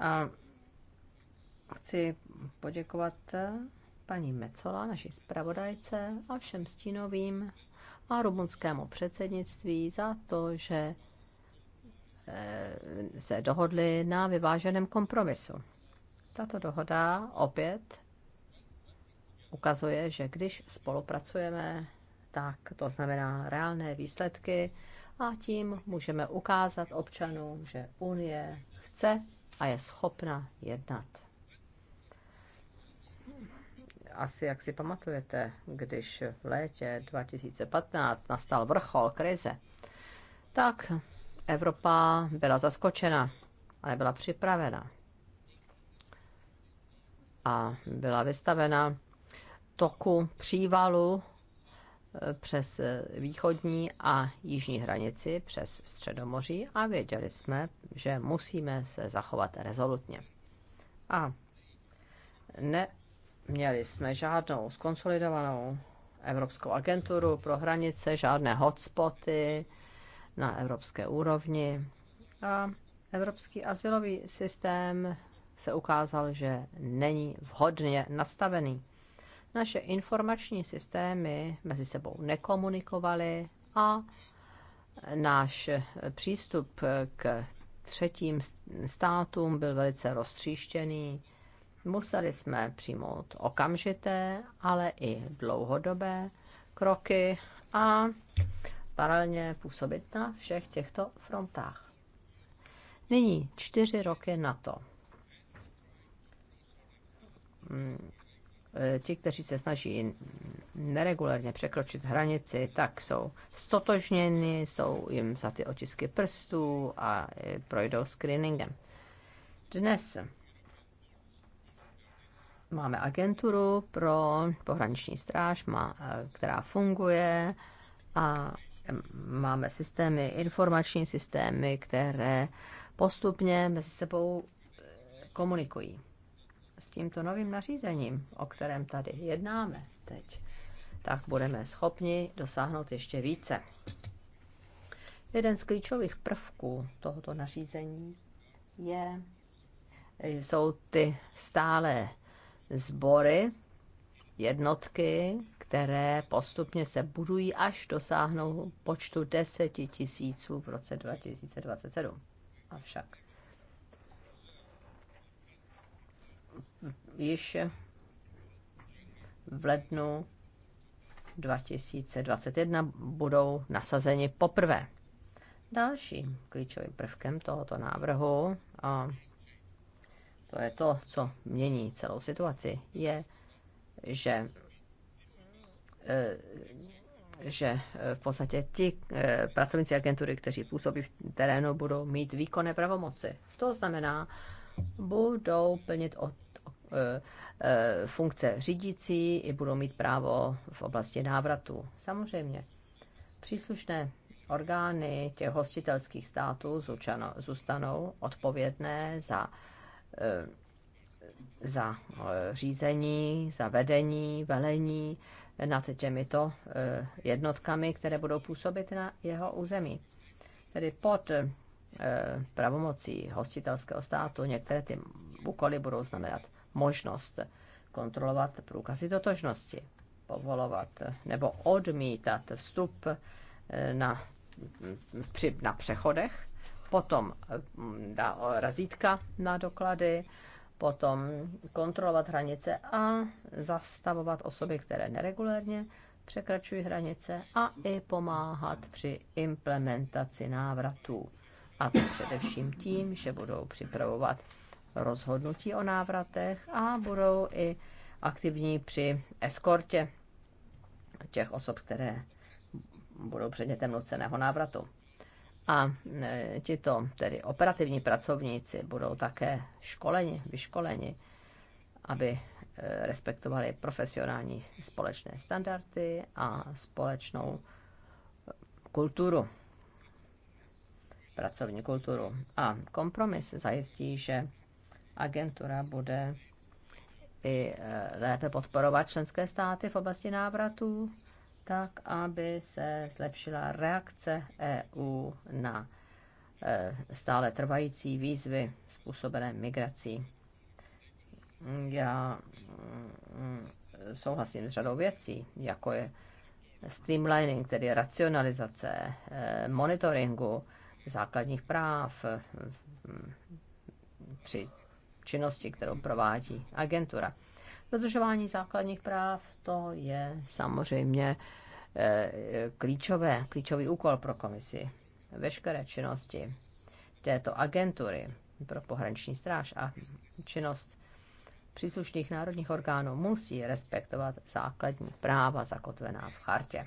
A chci poděkovat paní Mecola, naší zpravodajce a všem stínovým a rumunskému předsednictví za to, že eh, se dohodli na vyváženém kompromisu. Tato dohoda opět ukazuje, že když spolupracujeme, tak to znamená reálné výsledky a tím můžeme ukázat občanům, že Unie chce a je schopna jednat. Asi jak si pamatujete, když v létě 2015 nastal vrchol krize, tak Evropa byla zaskočena a nebyla připravena. A byla vystavena toku přívalu přes eh, východní a jižní hranici, přes Středomoří a věděli jsme, že musíme se zachovat rezolutně. A neměli jsme žádnou skonsolidovanou Evropskou agenturu pro hranice, žádné hotspoty na evropské úrovni. A evropský asilový systém se ukázal, že není vhodně nastavený naše informační systémy mezi sebou nekomunikovaly a náš přístup k třetím státům byl velice roztříštěný. Museli jsme přijmout okamžité, ale i dlouhodobé kroky a paralelně působit na všech těchto frontách. Nyní čtyři roky na to. Hmm. Eh, ti, kteří se snaží neregulárně překročit hranici, tak jsou stotožněni, jsou jim za ty otisky prstů a eh, projdou screeningem. Dnes máme agenturu pro pohraniční stráž, eh, která funguje a máme systémy, informační systémy, které postupně mezi sebou komunikují s tímto novým nařízením, o kterém tady jednáme teď, tak budeme schopni dosáhnout ještě více. Jeden z klíčových prvků tohoto nařízení je, jsou ty stále sbory, jednotky, které postupně se budují až dosáhnou počtu 10 tisíců v roce 2027. Avšak již v lednu 2021 budou nasazeni poprvé. Dalším klíčovým prvkem tohoto návrhu, a to je to, co mění celou situaci, je, že eh, že v podstatě ti eh, pracovníci agentury, kteří působí v terénu, budou mít výkonné pravomoci. To znamená, budou plnit od E, e, funkce řídící i budou mít právo v oblasti návratu. Samozřejmě příslušné orgány těch hostitelských států zůstanou odpovědné za, e, za řízení, za vedení, velení nad těmito jednotkami, které budou působit na jeho území. Tedy pod pravomocí hostitelského státu některé ty úkoly budou znamenat možnost kontrolovat průkazy totožnosti, povolovat nebo odmítat vstup eh, na, při, na přechodech, potom mm, dá razítka na doklady, potom kontrolovat hranice a zastavovat osoby, které neregulérně překračují hranice a i pomáhat při implementaci návratů. A to především tím, že budou připravovat rozhodnutí o návratech a budou i aktivní při eskortě těch osob, které budou předmětem nuceného návratu. A e, tito tedy operativní pracovníci budou také školeni, vyškoleni, aby e, respektovali profesionální společné standardy a společnou e, kulturu, pracovní kulturu. A kompromis zajistí, že agentura bude i e, lépe podporovat členské státy v oblasti návratů, tak aby se zlepšila reakce EU na e, stále trvající výzvy způsobené migrací. Já mm, souhlasím s řadou věcí, jako je streamlining, tedy racionalizace, e, monitoringu základních práv při činnosti, kterou provádí agentura. Dodržování základních práv, to je samozřejmě eh, klíčové, klíčový úkol pro komisi. Veškeré činnosti této agentury pro pohraniční stráž a činnost příslušných národních orgánů musí respektovat základní práva zakotvená v chartě.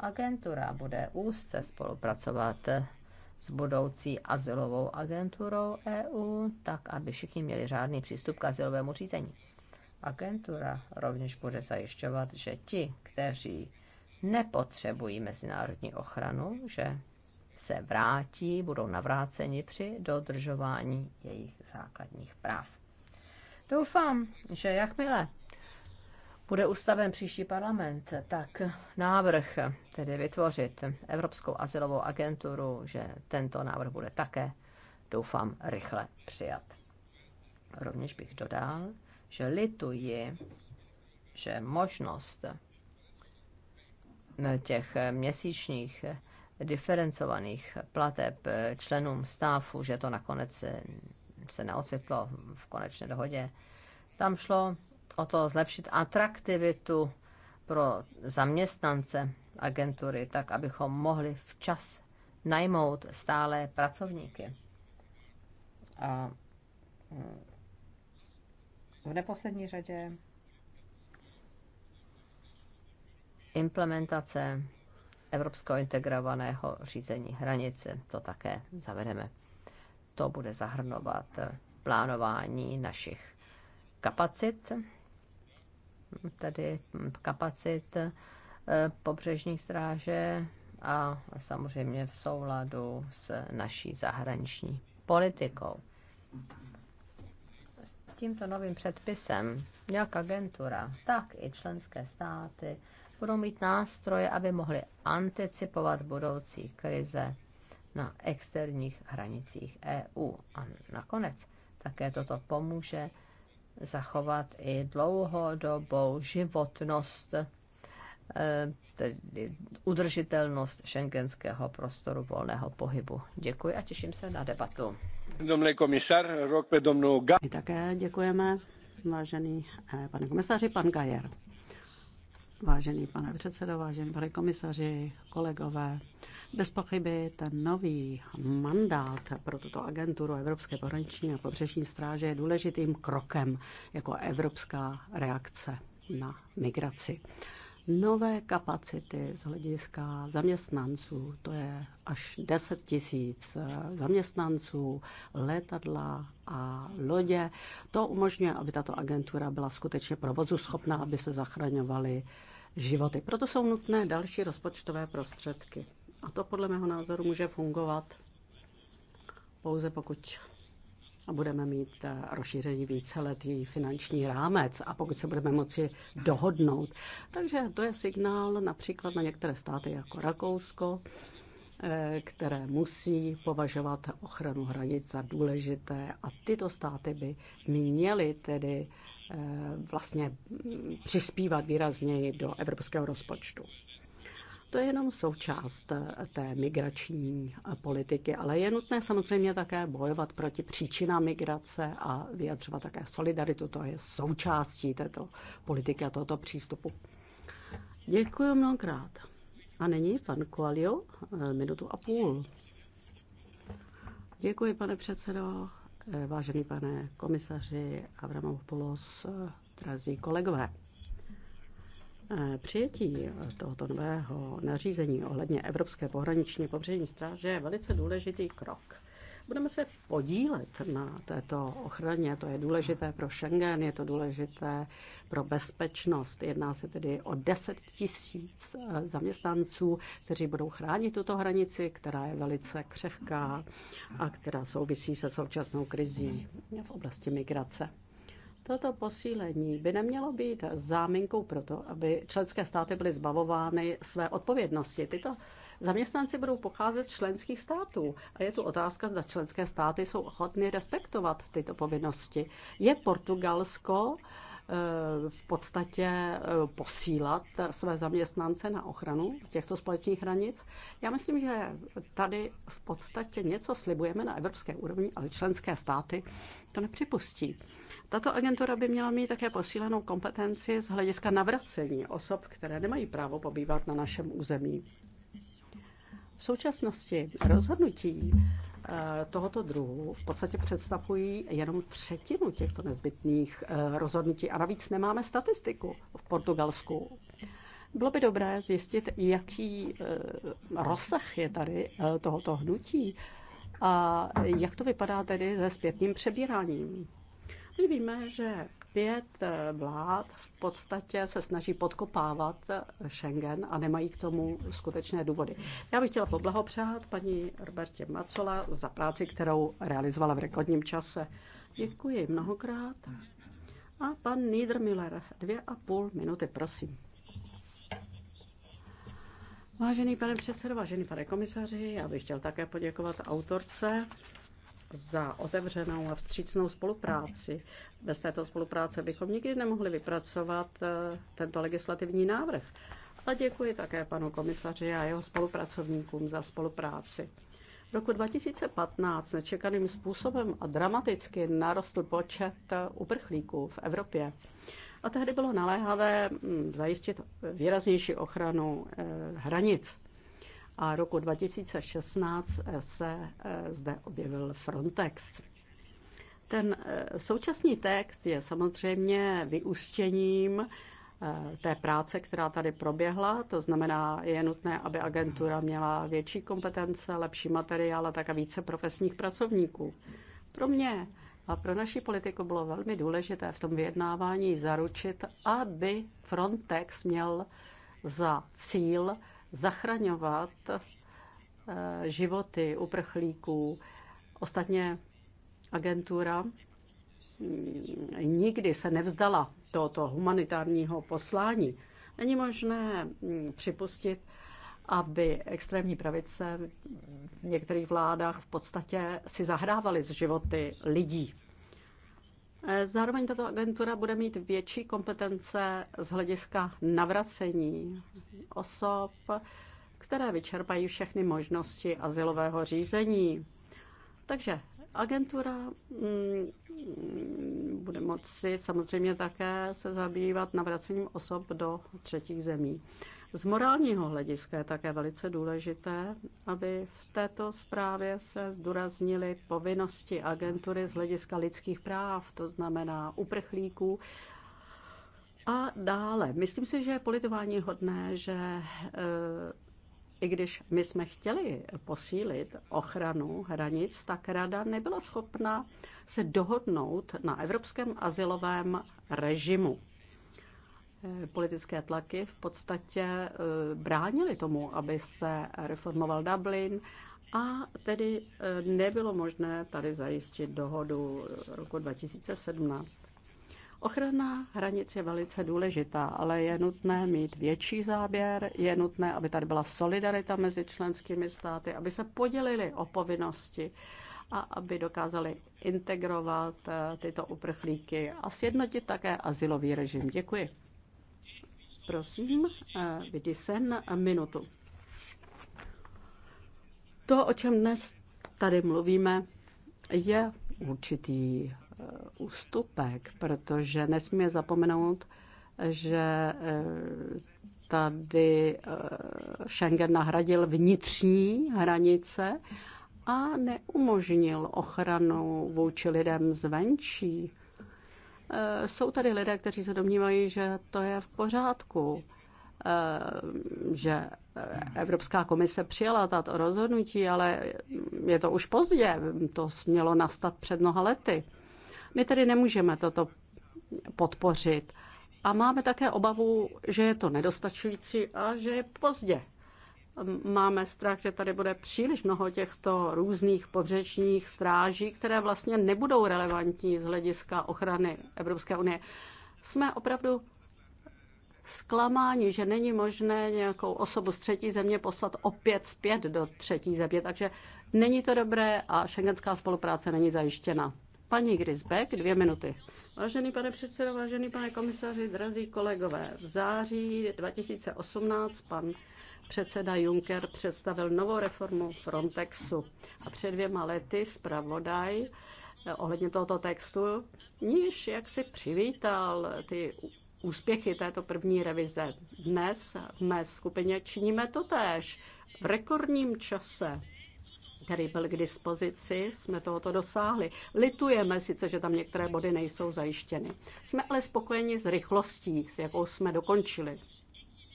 Agentura bude úzce spolupracovat s budoucí azylovou agenturou EU, tak aby všichni měli řádný přístup k azylovému řízení. Agentura rovněž bude zajišťovat, že ti, kteří nepotřebují mezinárodní ochranu, že se vrátí, budou navráceni při dodržování jejich základních práv. Doufám, že jakmile bude ustaven příští parlament, tak návrh, tedy vytvořit Evropskou asilovou agenturu, že tento návrh bude také, doufám, rychle přijat. Rovněž bych dodal, že lituji, že možnost těch měsíčních diferencovaných plateb členům stávu, že to nakonec se neocitlo v konečné dohodě. Tam šlo o to zlepšit atraktivitu pro zaměstnance agentury, tak abychom mohli včas najmout stále pracovníky. A mm, v neposlední řadě implementace evropského integrovaného řízení hranice. To také zavedeme. To bude zahrnovat plánování našich kapacit tedy kapacit eh, pobřežní stráže a samozřejmě v souladu s naší zahraniční politikou. S tímto novým předpisem, jak agentura, tak i členské státy budou mít nástroje, aby mohly anticipovat budoucí krize na externích hranicích EU. A nakonec také toto pomůže zachovat i dlouhodobou životnost, eh, tedy udržitelnost šengenského prostoru volného pohybu. Děkuji a těším se na debatu. Domnule komisar, rok pe domnul Také děkujeme, vážený eh, pane komisaři, pan Gajer. Vážený pane předsedo, vážený pane komisaři, kolegové, bez pochyby ten nový mandát pro tuto agenturu Evropské pohraniční a pobřežní stráže je důležitým krokem jako evropská reakce na migraci. Nové kapacity z hlediska zaměstnanců, to je až 10 tisíc eh, zaměstnanců, letadla a lodě. To umožňuje, aby tato agentura byla skutečně provozu schopná, aby se zachraňovaly životy. Proto jsou nutné další rozpočtové prostředky. A to podle mého názoru může fungovat pouze pokud a budeme mít eh, rozšířený víceletý finanční rámec a pokud se budeme moci dohodnout. Takže to je signál například na některé státy jako Rakousko, eh, které musí považovat ochranu hranic za důležité a tyto státy by měly tedy eh, vlastně mm, přispívat výrazněji do evropského rozpočtu. To je jenom součást eh, té migrační eh, politiky, ale je nutné samozřejmě také bojovat proti příčinám migrace a vyjadřovat také solidaritu. To je součástí této politiky a tohoto přístupu. Děkuji mnohokrát. A nyní pan Koalio, eh, minutu a půl. Děkuji, pane předsedo, vážený pane komisaři Avramopoulos, drazí kolegové. Eh, přijetí eh, tohoto nového nařízení ohledně Evropské pohraniční pobřežní stráže je velice důležitý krok. Budeme se podílet na této ochraně, to je důležité pro Schengen, je to důležité pro bezpečnost. Jedná se tedy o 10 tisíc eh, zaměstnanců, kteří budou chránit tuto hranici, která je velice křehká a která souvisí se současnou krizí v oblasti migrace. Toto posílení by nemělo být záminkou pro to, aby členské státy byly zbavovány své odpovědnosti. Tyto Zaměstnanci budou pocházet z členských států a je tu otázka, zda členské státy jsou ochotny respektovat tyto povinnosti. Je Portugalsko eh, v podstatě eh, posílat své zaměstnance na ochranu těchto společných hranic. Já myslím, že tady v podstatě něco slibujeme na evropské úrovni, ale členské státy to nepřipustí. Tato agentura by měla mít také posílenou kompetenci z hlediska navracení osob, které nemají právo pobývat na našem území. V současnosti rozhodnutí eh, tohoto druhu v podstatě představují jenom třetinu těchto nezbytných eh, rozhodnutí a navíc nemáme statistiku v Portugalsku. Bylo by dobré zjistit, jaký eh, rozsah je tady tohoto hnutí a jak to vypadá tedy se zpětným přebíráním. My víme, že pět eh, vlád v podstatě se snaží podkopávat eh, Schengen a nemají k tomu skutečné důvody. Já bych chtěla poblahopřát paní Robertě Macola za práci, kterou realizovala v rekordním čase. Děkuji mnohokrát. A pan Niedermüller, dvě a půl minuty, prosím. Vážený pane předsedo, vážený pane komisaři, já bych chtěl také poděkovat autorce za otevřenou a vstřícnou spolupráci. Bez této spolupráce bychom nikdy nemohli vypracovat eh, tento legislativní návrh. A děkuji také panu komisaři a jeho spolupracovníkům za spolupráci. V roku 2015 nečekaným způsobem a dramaticky narostl počet eh, uprchlíků v Evropě. A tehdy bylo naléhavé mm, zajistit výraznější ochranu eh, hranic a roku 2016 se eh, zde objevil Frontex. Ten eh, současný text je samozřejmě vyústěním eh, té práce, která tady proběhla. To znamená, je nutné, aby agentura měla větší kompetence, lepší materiál a tak a více profesních pracovníků. Pro mě a pro naši politiku bylo velmi důležité v tom vyjednávání zaručit, aby Frontex měl za cíl zachraňovat eh, životy uprchlíků. Ostatně agentura mm, nikdy se nevzdala tohoto humanitárního poslání. Není možné mm, připustit, aby extrémní pravice v některých vládách v podstatě si zahrávaly s životy lidí. Eh, zároveň tato agentura bude mít větší kompetence z hlediska navracení osob, které vyčerpají všechny možnosti asilového řízení. Takže agentura mm, bude moci samozřejmě také se zabývat navracením osob do třetích zemí. Z morálního hlediska je také velice důležité, aby v této zprávě se zdůraznily povinnosti agentury z hlediska lidských práv, to znamená uprchlíků. A dále, myslím si, že je politování hodné, že eh, i když my jsme chtěli posílit ochranu hranic, tak Rada nebyla schopna se dohodnout na evropském asilovém režimu. Eh, politické tlaky v podstatě eh, bránily tomu, aby se reformoval Dublin a tedy eh, nebylo možné tady zajistit dohodu roku 2017. Ochrana hranic je velice důležitá, ale je nutné mít větší záběr, je nutné, aby tady byla solidarita mezi členskými státy, aby se podělili o povinnosti a aby dokázali integrovat tyto uprchlíky a sjednotit také asilový režim. Děkuji. Prosím, eh, na minutu. To, o čem dnes tady mluvíme, je určitý eh, ústupek, protože nesmíme zapomenout, že eh, tady Schengen nahradil vnitřní hranice a neumožnil ochranu vůči lidem zvenčí. Eh, jsou tady lidé, kteří se domnívají, že to je v pořádku, eh, že Evropská komise přijala tato rozhodnutí, ale je to už pozdě, to mělo nastat před mnoha lety. My tedy nemůžeme toto podpořit. A máme také obavu, že je to nedostačující a že je pozdě máme strach, že tady bude příliš mnoho těchto různých pobřečních stráží, které vlastně nebudou relevantní z hlediska ochrany Evropské unie. Jsme opravdu zklamáni, že není možné nějakou osobu z třetí země poslat opět zpět do třetí země, takže není to dobré a šengenská spolupráce není zajištěna. Paní Grisbeck, dvě minuty. Vážený pane předsedo, vážený pane komisaři, drazí kolegové, v září 2018 pan Předseda Juncker představil novou reformu Frontexu a před dvěma lety zpravodaj eh, ohledně tohoto textu níž jak si přivítal ty úspěchy této první revize. Dnes v mé skupině činíme to též. V rekordním čase, který byl k dispozici, jsme tohoto dosáhli. Litujeme sice, že tam některé body nejsou zajištěny. Jsme ale spokojeni s rychlostí, s jakou jsme dokončili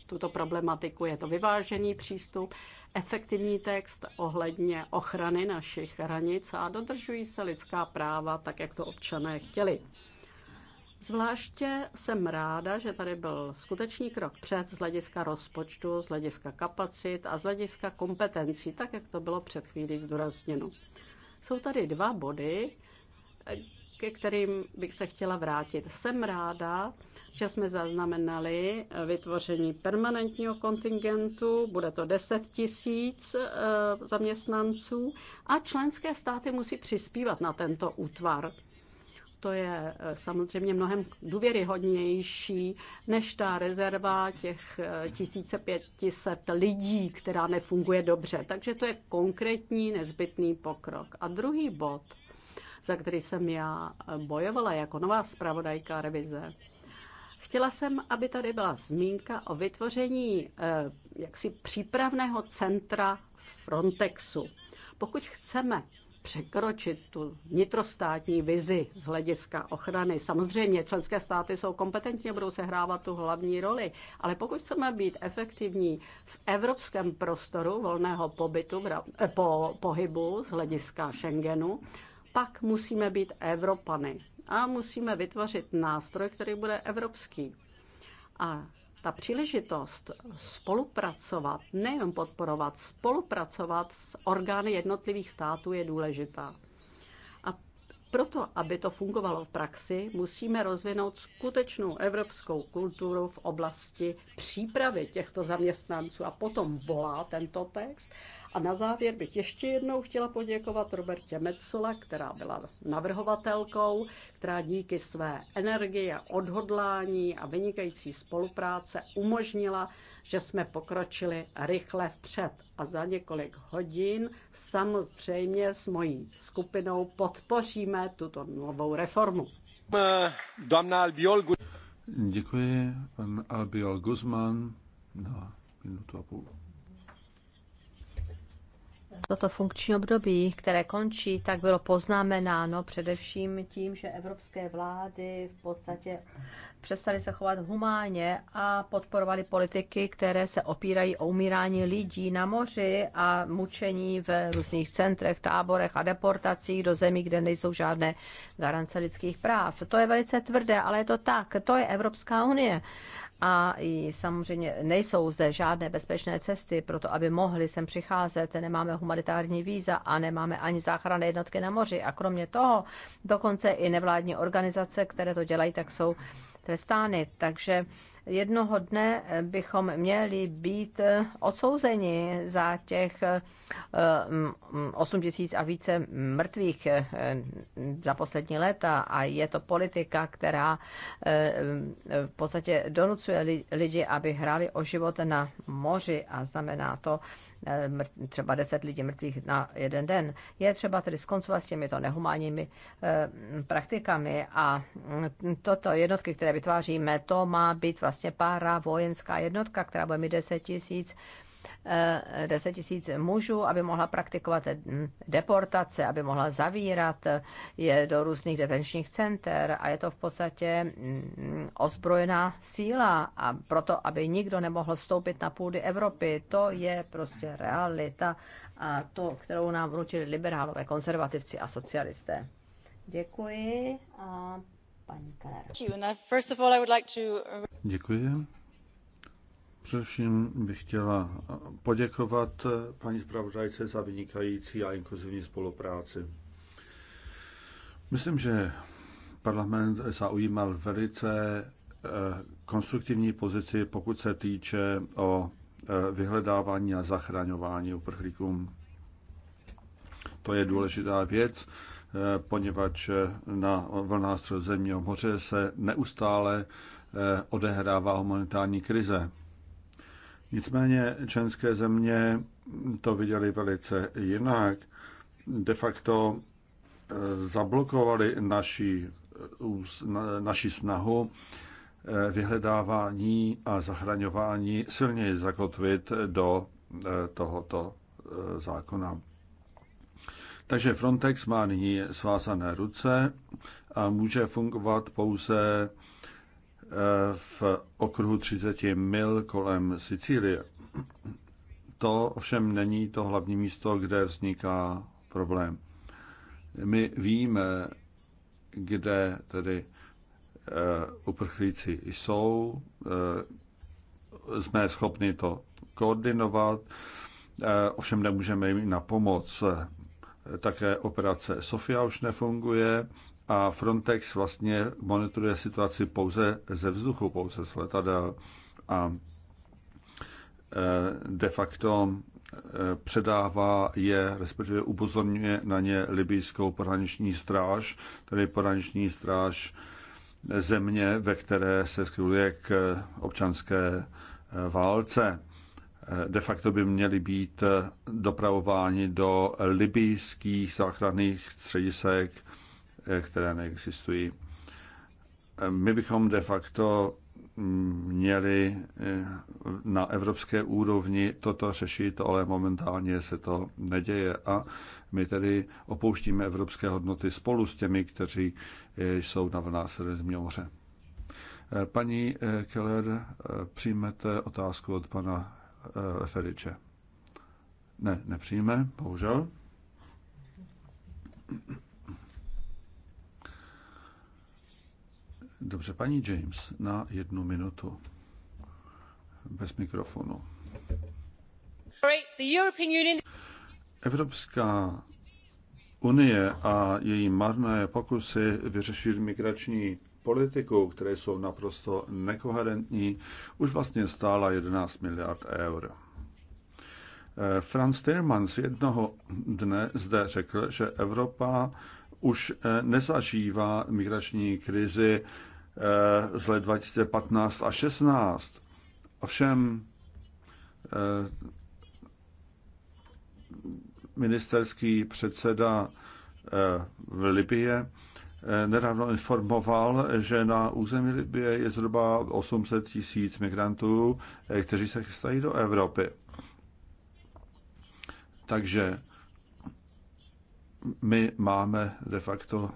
tuto problematiku. Je to vyvážený přístup, efektivní text ohledně ochrany našich hranic a dodržují se lidská práva tak, jak to občané chtěli. Zvláště jsem ráda, že tady byl skutečný krok před z hlediska rozpočtu, z hlediska kapacit a z hlediska kompetencí, tak jak to bylo před chvílí zdůrazněno. Jsou tady dva body, ke kterým bych se chtěla vrátit. Jsem ráda, že jsme zaznamenali vytvoření permanentního kontingentu, bude to 10 tisíc eh, zaměstnanců a členské státy musí přispívat na tento útvar to je eh, samozřejmě mnohem důvěryhodnější než ta rezerva těch 1500 eh, lidí, která nefunguje dobře. Takže to je konkrétní nezbytný pokrok. A druhý bod, za který jsem já bojovala jako nová zpravodajka revize, Chtěla jsem, aby tady byla zmínka o vytvoření eh, jaksi přípravného centra Frontexu. Pokud chceme překročit tu nitrostátní vizi z hlediska ochrany. Samozřejmě členské státy jsou kompetentně, budou sehrávat tu hlavní roli, ale pokud chceme být efektivní v evropském prostoru volného pobytu, eh, po, pohybu z hlediska Schengenu, pak musíme být Evropany a musíme vytvořit nástroj, který bude evropský. A ta příležitost spolupracovat, nejen podporovat, spolupracovat s orgány jednotlivých států je důležitá. A proto, aby to fungovalo v praxi, musíme rozvinout skutečnou evropskou kulturu v oblasti přípravy těchto zaměstnanců a potom volá tento text a na závěr bych ještě jednou chtěla poděkovat Robertě Metzola, která byla navrhovatelkou, která díky své energii a odhodlání a vynikající spolupráce umožnila, že jsme pokročili rychle vpřed. A za několik hodin samozřejmě s mojí skupinou podpoříme tuto novou reformu. Děkuji, pan Albiol Guzman na minutu a půl toto funkční období, které končí, tak bylo poznamenáno především tím, že evropské vlády v podstatě přestaly se chovat humánně a podporovaly politiky, které se opírají o umírání lidí na moři a mučení v různých centrech, táborech a deportacích do zemí, kde nejsou žádné garance lidských práv. To je velice tvrdé, ale je to tak. To je Evropská unie a samozřejmě nejsou zde žádné bezpečné cesty pro to, aby mohli sem přicházet. Nemáme humanitární víza a nemáme ani záchranné jednotky na moři. A kromě toho, dokonce i nevládní organizace, které to dělají, tak jsou trestány. Takže jednoho dne bychom měli být odsouzeni za těch 8 eh, mm, tisíc a více mrtvých eh, za poslední léta a je to politika, která eh, v podstatě donucuje lidi, aby hráli o život na moři a znamená to, Eh, třeba 10 lidí mrtvých na jeden den. Je třeba tedy skoncovat s těmito nehumánními eh, praktikami a mm, toto jednotky, které vytváříme, to má být vlastně pára vojenská jednotka, která bude mít 10 tisíc 10 eh, tisíc mužů, aby mohla praktikovat eh, deportace, aby mohla zavírat eh, je do různých detenčních center a je to v podstatě mm, ozbrojená síla a proto, aby nikdo nemohl vstoupit na půdy Evropy, to je prostě realita a to, kterou nám vnutili liberálové, konzervativci a socialisté. Děkuji a paní Keller. Děkuji. Především bych chtěla poděkovat paní zpravodajce za vynikající a inkluzivní spolupráci. Myslím, že parlament zaujímal velice eh, konstruktivní pozici, pokud se týče o eh, vyhledávání a zachraňování uprchlíků. To je důležitá věc, eh, poněvadž na vlnách Středozemního moře se neustále odehrává humanitární krize. Nicméně členské země to viděli velice jinak. De facto eh, zablokovali naši, eh, naši snahu eh, vyhledávání a zachraňování silněji zakotvit do tohoto zákona. Takže Frontex má nyní svázané ruce a může fungovat pouze v okruhu 30 mil kolem Sicílie. To ovšem není to hlavní místo, kde vzniká problém. My víme, kde tedy eh, uprchlíci jsou, eh, jsme schopni to koordinovat, eh, ovšem nemůžeme jim na pomoc. Také operace Sofia už nefunguje a Frontex vlastně monitoruje situaci pouze ze vzduchu, pouze z letadel a e, de facto e, předává je, respektive upozorňuje na ně libijskou pohraniční stráž, tedy pohraniční stráž země, ve které se skvěluje k občanské e, válce. De facto by měli být dopravováni do libijských záchranných středisek, které neexistují. My bychom de facto mm, měli eh, na evropské úrovni toto řešit, ale momentálně se to neděje a my tedy opouštíme evropské hodnoty spolu s těmi, kteří eh, jsou na vlnách moře. Eh, paní Keller, přijmete otázku od pana Feriče? Ne, nepřijme, bohužel. Dobře, paní James, na jednu minutu. Bez mikrofonu. Evropská unie a její marné pokusy vyřešit migrační politiku, které jsou naprosto nekoherentní, už vlastně stála 11 miliard eur. Eh, Franz Timmermans jednoho dne zde řekl, že Evropa už eh, nezažívá migrační krizi Eh, z let 2015 a 16. Ovšem eh, ministerský předseda eh, v Libie nedávno informoval, že na území Libie je zhruba 800 tisíc migrantů, kteří se chystají do Evropy. Takže my máme de facto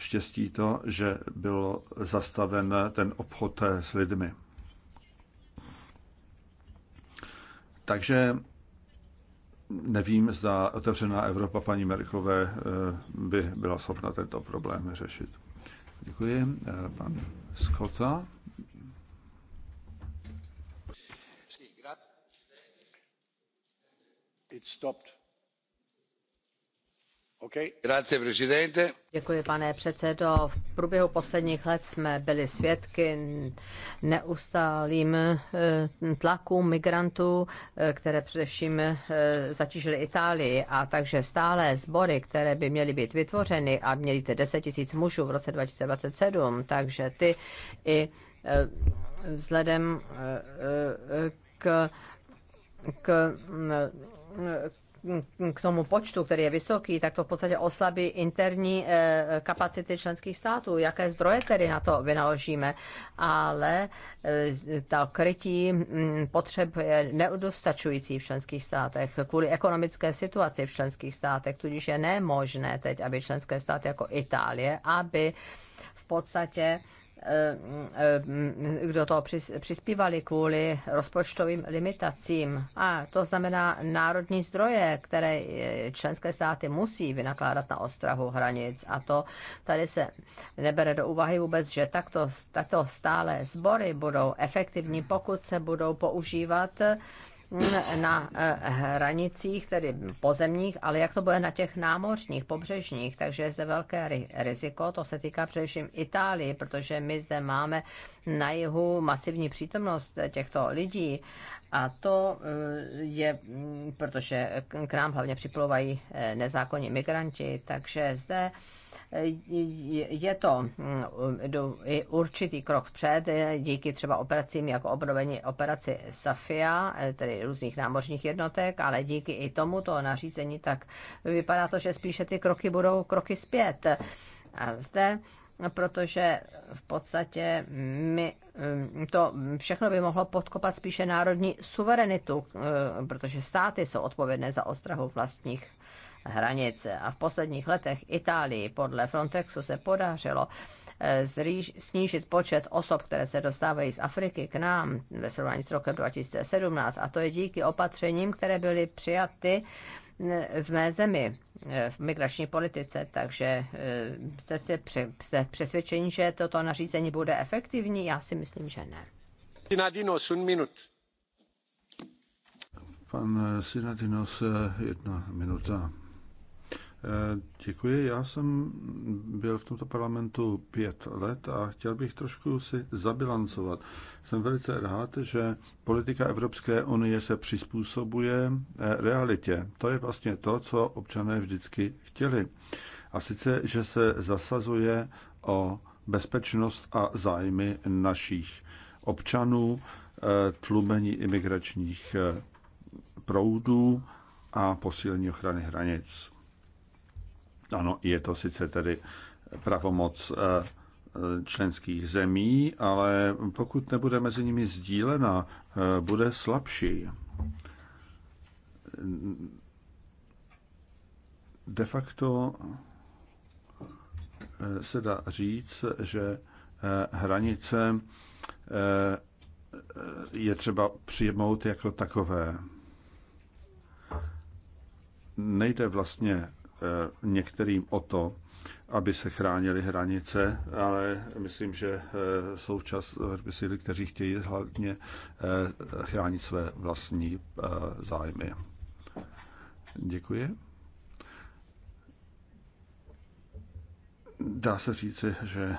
štěstí to, že byl zastaven ten obchod s lidmi. Takže nevím, zda otevřená Evropa paní Merklové eh, by byla schopna tento problém řešit. Děkuji. Eh, pan Skota. It stopped. Děkuji, pane předsedající V průběhu posledních let jsme byli svědky neustálým eh, tlakům migrantů, eh, které především eh, zatížily Itálii. A takže stále sbory, které by měly být vytvořeny a měly ty deset tisíc mužů v roce seven takže ty i vzhledem k, k, k k tomu počtu, který je vysoký, tak to v podstatě oslabí interní eh, kapacity členských států. Jaké zdroje tedy na to vynaložíme? Ale eh, ta krytí mm, potřeb je neudostačující v členských státech kvůli ekonomické situaci v členských státech, tudíž je nemožné teď, aby členské státy jako Itálie, aby v podstatě Eh, kdo to přispívali kvůli rozpočtovým limitacím. A to znamená národní zdroje, které eh, členské státy musí vynakládat na ostrahu hranic. A to tady se nebere do úvahy vůbec, že takto, takto stále sbory budou efektivní, pokud se budou používat na eh, hranicích, tedy pozemních, ale jak to bude na těch námořních, pobřežních, takže je zde velké riziko, to se týká především Itálii, protože my zde máme na jihu masivní přítomnost těchto lidí a to eh, je, mm, protože k nám hlavně připlouvají eh, nezákonní migranti, takže zde je to mm, určitý krok vpřed díky třeba operacím jako obnovení operaci Safia, eh, tedy různých námořních jednotek, ale díky i tomuto nařízení tak vypadá to, že spíše ty kroky budou kroky zpět. A zde protože v podstatě my, mm, to všechno by mohlo podkopat spíše národní suverenitu, eh, protože státy jsou odpovědné za ostrahu vlastních hranic. A v posledních letech Itálii podle Frontexu se podařilo eh, snížit počet osob, které se dostávají z Afriky k nám ve srovnání s rokem 2017. A to je díky opatřením, které byly přijaty eh, v mé zemi, eh, v migrační politice, takže jste si přesvědčení, že toto nařízení bude efektivní? Já si myslím, že ne. Sinadinos, un minut. Pan Sinadinos, jedna minuta. Eh, děkuji. Já jsem byl v tomto parlamentu pět let a chtěl bych trošku si zabilancovat. Jsem velice rád, že politika Evropské unie se přizpůsobuje eh, realitě. To je vlastně to, co občané vždycky chtěli. A sice, že se zasazuje o bezpečnost a zájmy našich občanů, eh, tlumení imigračních proudů a posílení ochrany hranic. Ano, je to sice tedy pravomoc eh, eh, členských zemí, ale pokud nebude mezi nimi sdílena, eh, bude slabší. De facto se dá říct, že hranice je třeba přijmout jako takové. Nejde vlastně Eh, některým o to, aby se chránili hranice, ale myslím, že eh, jsou včas eh, síly, kteří chtějí hlavně chránit své vlastní zájmy. Děkuji. Dá se říci, že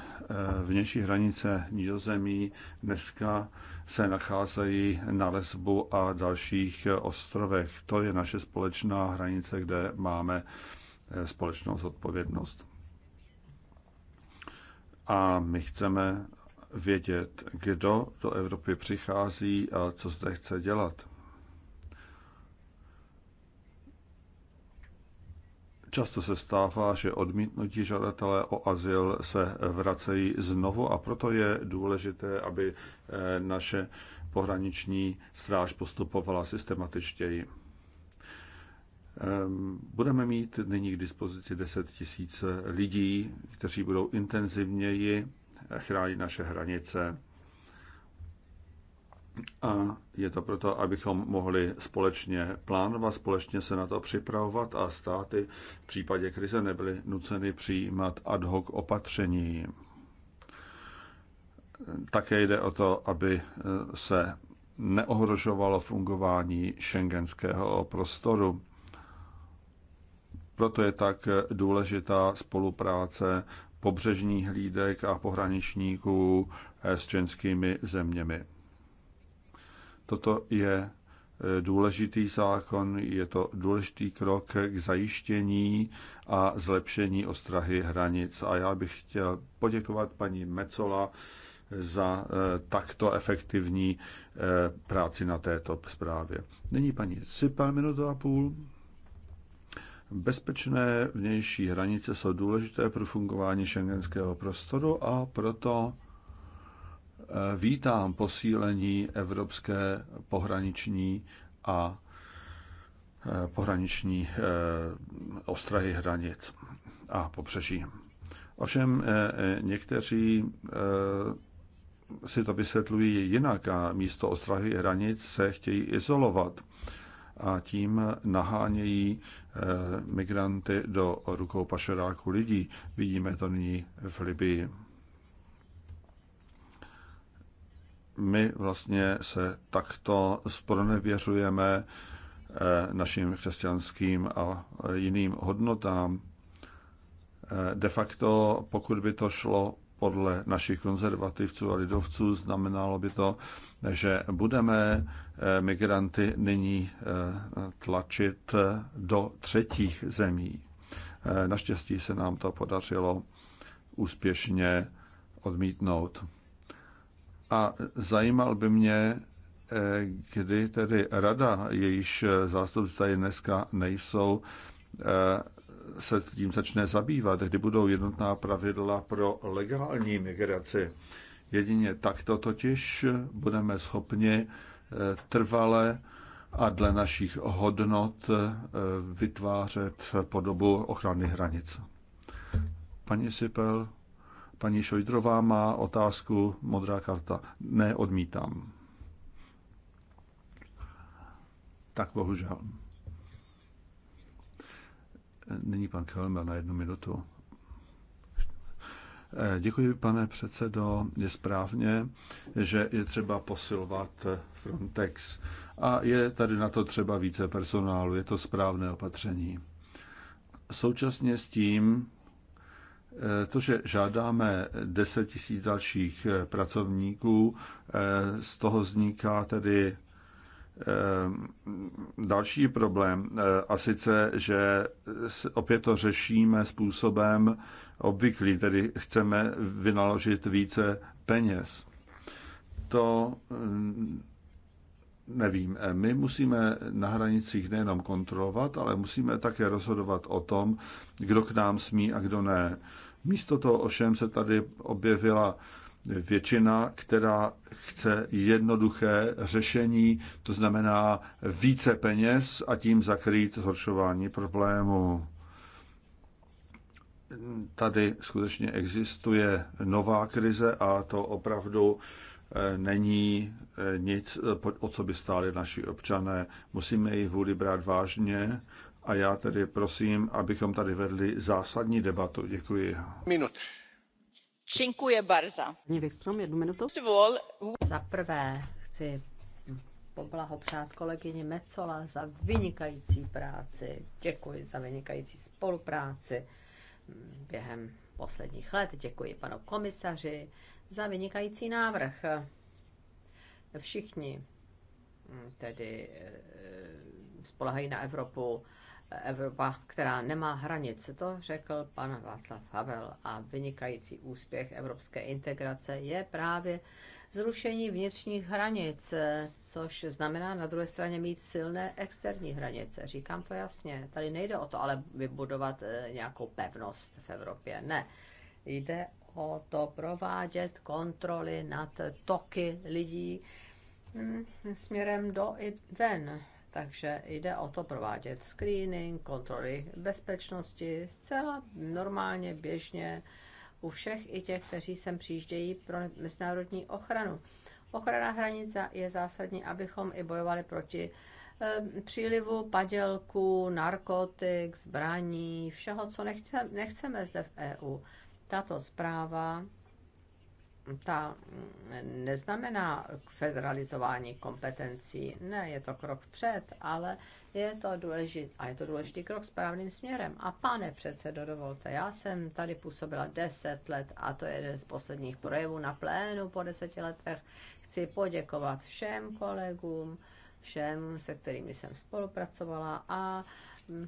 vnější hranice Nizozemí dneska se nacházejí na Lesbu a dalších ostrovech. To je naše společná hranice, kde máme Eh, společnou zodpovědnost. A my chceme vědět, kdo do Evropy přichází a co zde chce dělat. Často se stává, že odmítnutí žadatelé o azyl se vracejí znovu a proto je důležité, aby eh, naše pohraniční stráž postupovala systematičtěji. Ehm, budeme mít nyní k dispozici 10 tisíc lidí, kteří budou intenzivněji chránit naše hranice. A je to proto, abychom mohli společně plánovat, společně se na to připravovat a státy v případě krize nebyly nuceny přijímat ad hoc opatření. Také jde o to, aby eh, se neohrožovalo fungování šengenského prostoru. Proto je tak důležitá spolupráce pobřežních hlídek a pohraničníků eh, s členskými zeměmi. Toto je eh, důležitý zákon, je to důležitý krok k zajištění a zlepšení ostrahy hranic. A já bych chtěl poděkovat paní Mecola za eh, takto efektivní práci na této zprávě. Nyní paní Sipa, minutu a půl. Bezpečné vnější hranice jsou důležité pro fungování šengenského prostoru a proto eh, vítám posílení Evropské pohraniční a eh, pohraniční eh, ostrahy hranic a pobřeží. Ovšem někteří si to vysvětlují jinak a místo ostrahy hranic se chtějí izolovat a tím nahánějí Eh, migranty do rukou pašeráku lidí. Vidíme to nyní v Libii. My vlastně se takto spronevěřujeme eh, našim křesťanským a jiným hodnotám. Eh, de facto, pokud by to šlo podle našich konzervativců a lidovců znamenalo by to, že budeme eh, migranty nyní eh, tlačit eh, do třetích zemí. Naštěstí se nám to podařilo úspěšně odmítnout. A zajímal by mě, kdy tedy rada, jejíž zástupci tady dneska nejsou, se tím začne zabývat, kdy budou jednotná pravidla pro legální migraci. Jedině takto totiž budeme schopni eh, trvale a dle našich hodnot eh, vytvářet podobu ochrany hranic. Paní Sipel, paní Šojdrová má otázku, modrá karta. Ne, odmítám. Tak bohužel. Nyní pan Kelmer na jednu minutu. Eh, děkuji, pane předsedo. Je správně, že je třeba posilovat eh, Frontex a je tady na to třeba více personálu. Je to správné opatření. Současně s tím, eh, to, že žádáme 10 tisíc dalších pracovníků, z toho vzniká tedy Ehm, další problém, eh, a sice, že opět to řešíme způsobem obvyklý, tedy chceme vynaložit více peněz. To mm, nevím. Eh, my musíme na hranicích nejenom kontrolovat, ale musíme také rozhodovat o tom, kdo k nám smí a kdo ne. Místo toho ovšem se tady objevila většina, která chce jednoduché řešení, to znamená více peněz a tím zakrýt zhoršování problému. Tady skutečně existuje nová krize a to opravdu eh, není eh, nic, eh, o co by stáli naši občané. Musíme ji vůli brát vážně a já tedy prosím, abychom tady vedli zásadní debatu. Děkuji. Minut. Dziękuję bardzo. Za prvé chci poblahopřát kolegyni Mecola za vynikající práci. Děkuji za vynikající spolupráci během posledních let. Děkuji panu komisaři za vynikající návrh. Všichni tedy eh, spolehají na Evropu Evropa, která nemá hranic. To řekl pan Václav Havel a vynikající úspěch evropské integrace je právě zrušení vnitřních hranic, což znamená na druhé straně mít silné externí hranice. Říkám to jasně. Tady nejde o to ale vybudovat eh, nějakou pevnost v Evropě. Ne. Jde o to provádět kontroly nad toky lidí hm, směrem do i ven takže jde o to provádět screening, kontroly bezpečnosti zcela normálně, běžně u všech i těch, kteří sem přijíždějí pro mezinárodní ochranu. Ochrana hranic je zásadní, abychom i bojovali proti přílivu padělků, narkotik, zbraní, všeho, co nechceme zde v EU. Tato zpráva ta mm, neznamená federalizování kompetencí. Ne, je to krok před, ale je to důležitý, a je to důležitý krok správným směrem. A pane předsedo, dovolte, já jsem tady působila deset let a to je jeden z posledních projevů na plénu po deseti letech. Chci poděkovat všem kolegům, všem, se kterými jsem spolupracovala a mm,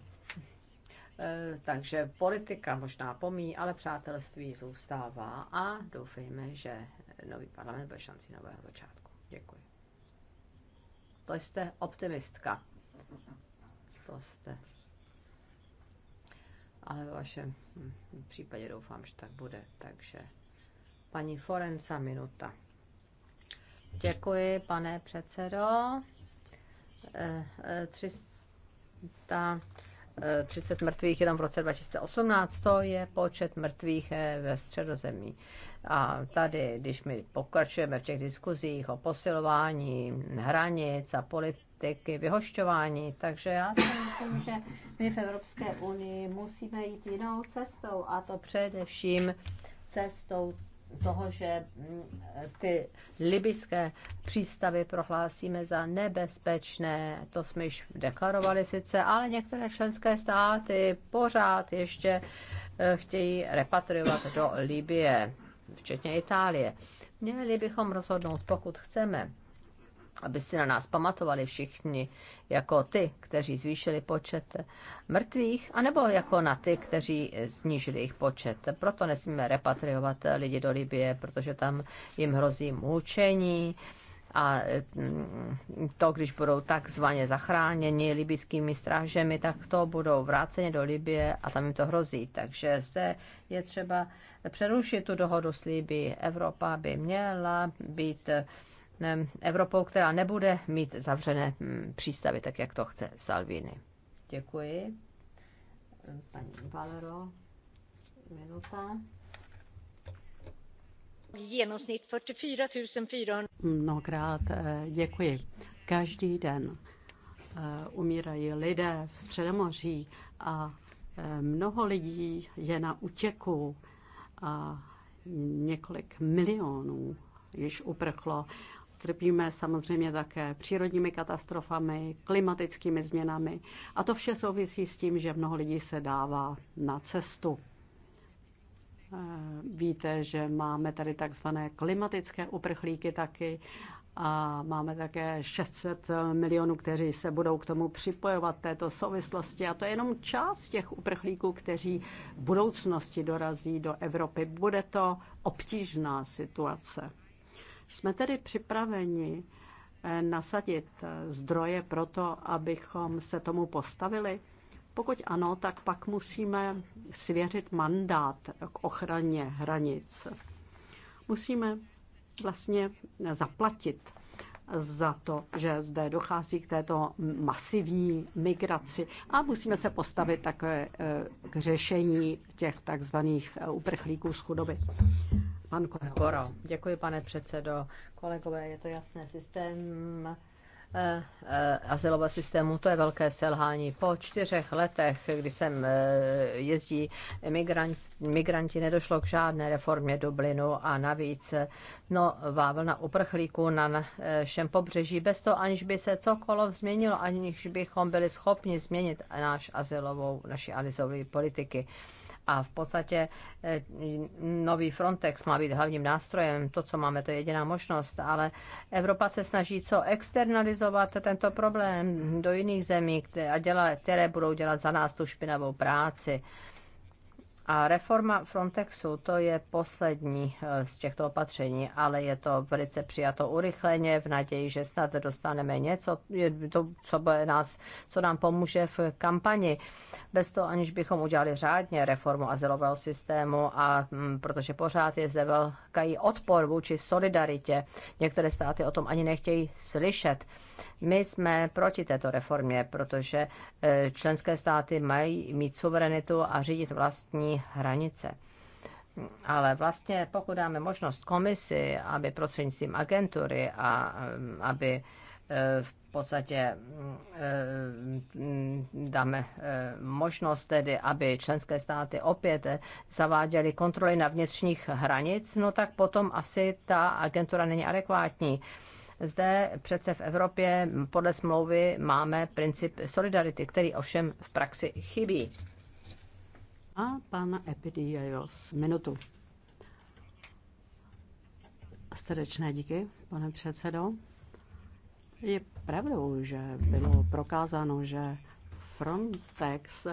Eh, takže politika možná pomí, ale přátelství zůstává a doufejme, že nový parlament bude šanci nového začátku. Děkuji. To jste optimistka. To jste. Ale ve vašem hm, případě doufám, že tak bude. Takže paní Forenca, minuta. Děkuji, pane předsedo. 300 eh, eh, 30 eh, mrtvých jenom v roce 2018, to je počet mrtvých eh, ve středozemí. A tady, když my pokračujeme v těch diskuzích o posilování hranic a politiky vyhošťování, takže já si myslím, že my v Evropské unii musíme jít jinou cestou a to především cestou toho, že mm, ty libyské přístavy prohlásíme za nebezpečné. To jsme již deklarovali sice, ale některé členské státy pořád ještě eh, chtějí repatriovat do Libie, včetně Itálie. Měli bychom rozhodnout, pokud chceme aby si na nás pamatovali všichni, jako ty, kteří zvýšili počet mrtvých, anebo jako na ty, kteří snížili jejich počet. Proto nesmíme repatriovat lidi do Libie, protože tam jim hrozí mučení a mm, to, když budou takzvaně zachráněni libyskými strážemi, tak to budou vráceni do Libie a tam jim to hrozí. Takže zde je třeba přerušit tu dohodu s Libii. Evropa by měla být Evropou, která nebude mít zavřené hm, přístavy, tak jak to chce Salvini. Děkuji. Paní Valero, minuta. Genomsnitt 44 400. Mnohokrát eh, děkuji. Každý den eh, umírají lidé v Středomoří a eh, mnoho lidí je na útěku a několik milionů již uprchlo. Trpíme samozřejmě také přírodními katastrofami, klimatickými změnami a to vše souvisí s tím, že mnoho lidí se dává na cestu. Eh, víte, že máme tady takzvané klimatické uprchlíky taky a máme také 600 milionů, kteří se budou k tomu připojovat této souvislosti. A to je jenom část těch uprchlíků, kteří v budoucnosti dorazí do Evropy. Bude to obtížná situace. Jsme tedy připraveni eh, nasadit eh, zdroje pro to, abychom se tomu postavili? Pokud ano, tak pak musíme svěřit mandát k ochraně hranic. Musíme vlastně zaplatit za to, že zde dochází k této masivní migraci a musíme se postavit také eh, k řešení těch takzvaných uprchlíků z chudoby. Pan Děkuji, pane předsedo. Kolegové, je to jasné, systém eh, eh, azylového systému, to je velké selhání. Po čtyřech letech, kdy sem eh, jezdí migranti, migranti, nedošlo k žádné reformě Dublinu a navíc nová vlna uprchlíků na našem pobřeží, bez toho aniž by se cokoliv změnilo, aniž bychom byli schopni změnit náš azylovou, naši azylové politiky. A v podstatě eh, nový Frontex má být hlavním nástrojem. To, co máme, to je jediná možnost, ale Evropa se snaží co externalizovat tento problém do jiných zemí a dělá, které budou dělat za nás tu špinavou práci. A reforma Frontexu to je poslední eh, z těchto opatření, ale je to velice přijato urychleně v naději, že snad dostaneme něco, to, co, bude nás, co nám pomůže v kampani. Bez toho, aniž bychom udělali řádně reformu azylového systému, a mm, protože pořád je zde velký odpor vůči solidaritě. Některé státy o tom ani nechtějí slyšet. My jsme proti této reformě, protože eh, členské státy mají mít suverenitu a řídit vlastní hranice. Ale vlastně pokud dáme možnost komisi, aby prostřednictvím agentury a mm, aby e, v podstatě mm, e, dáme e, možnost tedy, aby členské státy opět zaváděly kontroly na vnitřních hranic, no tak potom asi ta agentura není adekvátní. Zde přece v Evropě podle smlouvy máme princip solidarity, který ovšem v praxi chybí. A pan Epidiajos, minutu. Srdečné díky, pane předsedo. Je pravdou, že bylo prokázáno, že Frontex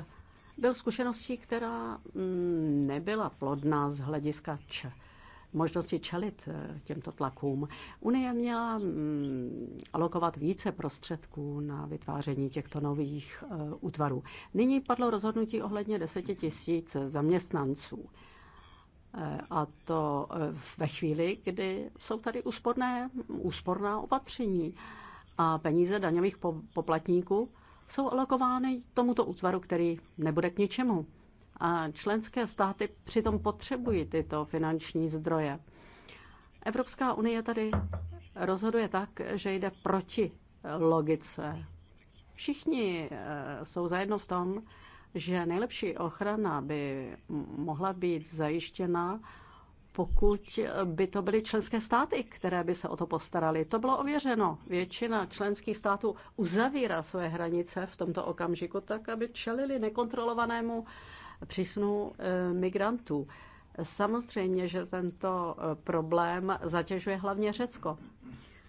byl zkušeností, která mm, nebyla plodná z hlediska č možnosti čelit eh, těmto tlakům. Unie měla mm, alokovat více prostředků na vytváření těchto nových eh, útvarů. Nyní padlo rozhodnutí ohledně 10 tisíc zaměstnanců. Eh, a to ve chvíli, kdy jsou tady úsporné, úsporná opatření a peníze daňových poplatníků jsou alokovány tomuto útvaru, který nebude k ničemu a členské státy přitom potřebují tyto finanční zdroje. Evropská unie tady rozhoduje tak, že jde proti logice. Všichni eh, jsou zajedno v tom, že nejlepší ochrana by mohla být zajištěna, pokud by to byly členské státy, které by se o to postarali. To bylo ověřeno. Většina členských států uzavírá své hranice v tomto okamžiku tak, aby čelili nekontrolovanému přísunu eh, migrantů. Samozřejmě, že tento eh, problém zatěžuje hlavně Řecko.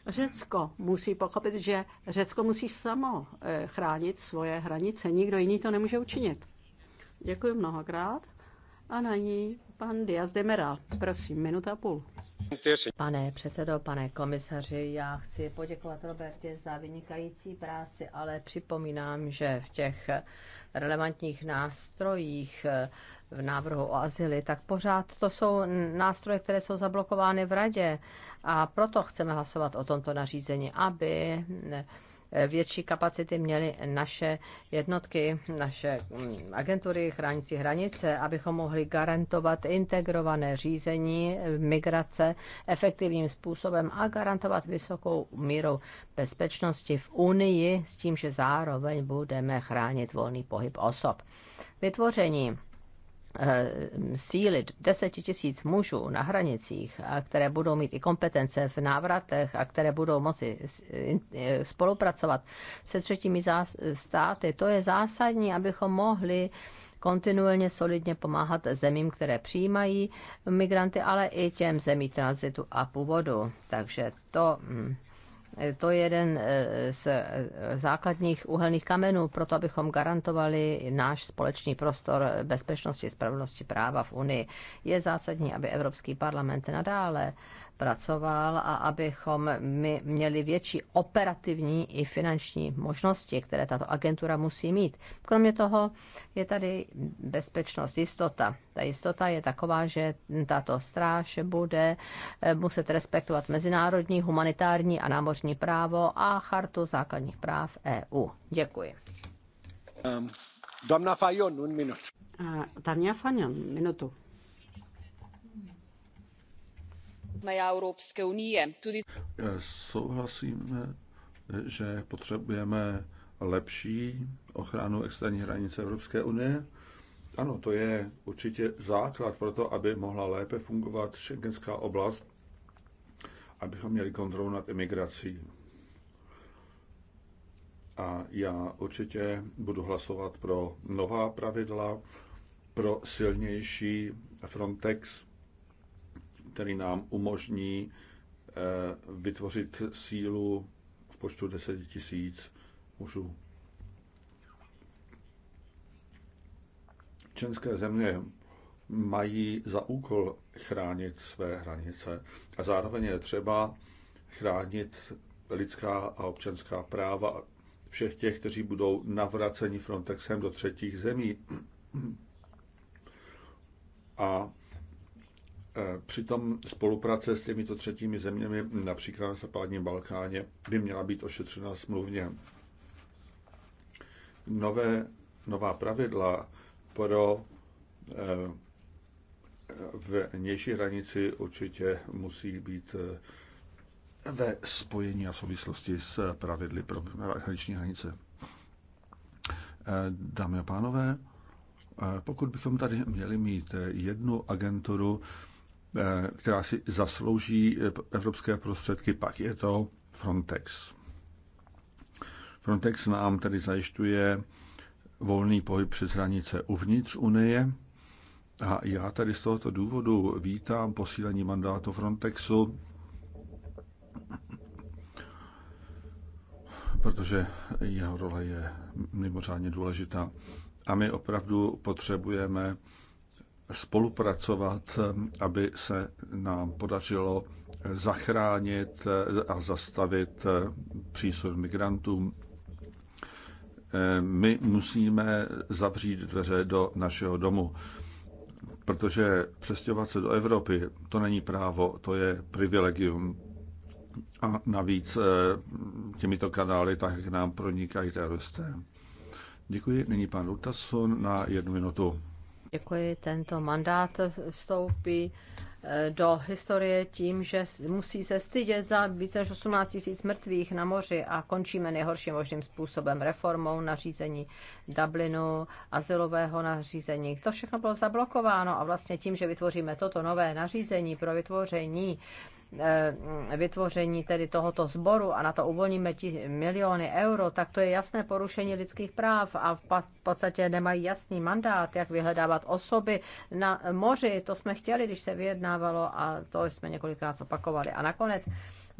Řecko musí pochopit, že Řecko musí samo eh, chránit svoje hranice. Nikdo jiný to nemůže učinit. Děkuji mnohokrát. A na ní pan Diaz de Meral. Prosím, minuta a půl. Pane předsedo, pane komisaři, já chci poděkovat Robertě za vynikající práci, ale připomínám, že v těch relevantních nástrojích eh, v návrhu o azyli, tak pořád to jsou nástroje, které jsou zablokovány v radě. A proto chceme hlasovat o tomto nařízení, aby eh, větší kapacity měly naše jednotky, naše mm, agentury chránící hranice, abychom mohli garantovat integrované řízení migrace efektivním způsobem a garantovat vysokou míru bezpečnosti v Unii s tím, že zároveň budeme chránit volný pohyb osob. Vytvoření Eh, sílit 10 tisíc mužů na hranicích, a které budou mít i kompetence v návratech a které budou moci eh, spolupracovat se třetími státy, to je zásadní, abychom mohli kontinuálně solidně pomáhat zemím, které přijímají migranty, ale i těm zemí tranzitu a původu. Takže to mm, to je jeden eh, z eh, základních uhelných kamenů pro to, abychom garantovali náš společný prostor bezpečnosti, spravedlnosti práva v Unii. Je zásadní, aby Evropský parlament nadále pracoval a abychom my měli větší operativní i finanční možnosti, které tato agentura musí mít. Kromě toho je tady bezpečnost, jistota. Ta jistota je taková, že tato stráž bude eh, muset respektovat mezinárodní, humanitární a námořní právo a chartu základních práv EU. Děkuji. Um, ehm, Damna Fajon, un minut. Uh, Tania Fajon, minutu. meja Evropské unije. Tudi... E, Souhlasím, že potřebujeme lepší ochranu externí hranice Evropské unie. Ano, to je určitě základ pro to, aby mohla lépe fungovat šengenská oblast, abychom měli kontrolu nad imigrací. A já určitě budu hlasovat pro nová pravidla, pro silnější Frontex, který nám umožní eh, vytvořit sílu v počtu 10 tisíc mužů. Členské země mají za úkol chránit své hranice a zároveň je třeba chránit lidská a občanská práva všech těch, kteří budou navraceni Frontexem do třetích zemí. A E, přitom spolupráce s těmito třetími zeměmi, například na západním Balkáně, by měla být ošetřena smluvně. Nové, nová pravidla pro e, vnější hranici určitě musí být e, ve spojení a souvislosti s pravidly pro hraniční hranice. Dámy a pánové, pokud bychom tady měli mít jednu agenturu, Eh, která si zaslouží eh, evropské prostředky, pak je to Frontex. Frontex nám tedy zajišťuje volný pohyb přes hranice uvnitř Unie. A já tady z tohoto důvodu vítám posílení mandátu Frontexu, protože jeho role je mimořádně důležitá. A my opravdu potřebujeme spolupracovat, eh, aby se nám podařilo zachránit eh, a zastavit eh, přísun migrantů. My musíme zavřít dveře do našeho domu, protože přestěhovat se do Evropy, to není právo, to je privilegium. A navíc těmito kanály tak nám pronikají teroristé. Děkuji. Nyní pan Utason na jednu minutu. Děkuji, tento mandát vstoupí eh, do historie tím, že musí se stydět za více než 18 tisíc mrtvých na moři a končíme nejhorším možným způsobem reformou nařízení Dublinu, asilového nařízení. To všechno bylo zablokováno a vlastně tím, že vytvoříme toto nové nařízení pro vytvoření Eh, vytvoření tedy tohoto sboru a na to uvolníme ti miliony euro, tak to je jasné porušení lidských práv a v podstatě nemají jasný mandát, jak vyhledávat osoby na moři. To jsme chtěli, když se vyjednávalo a to jsme několikrát opakovali. A nakonec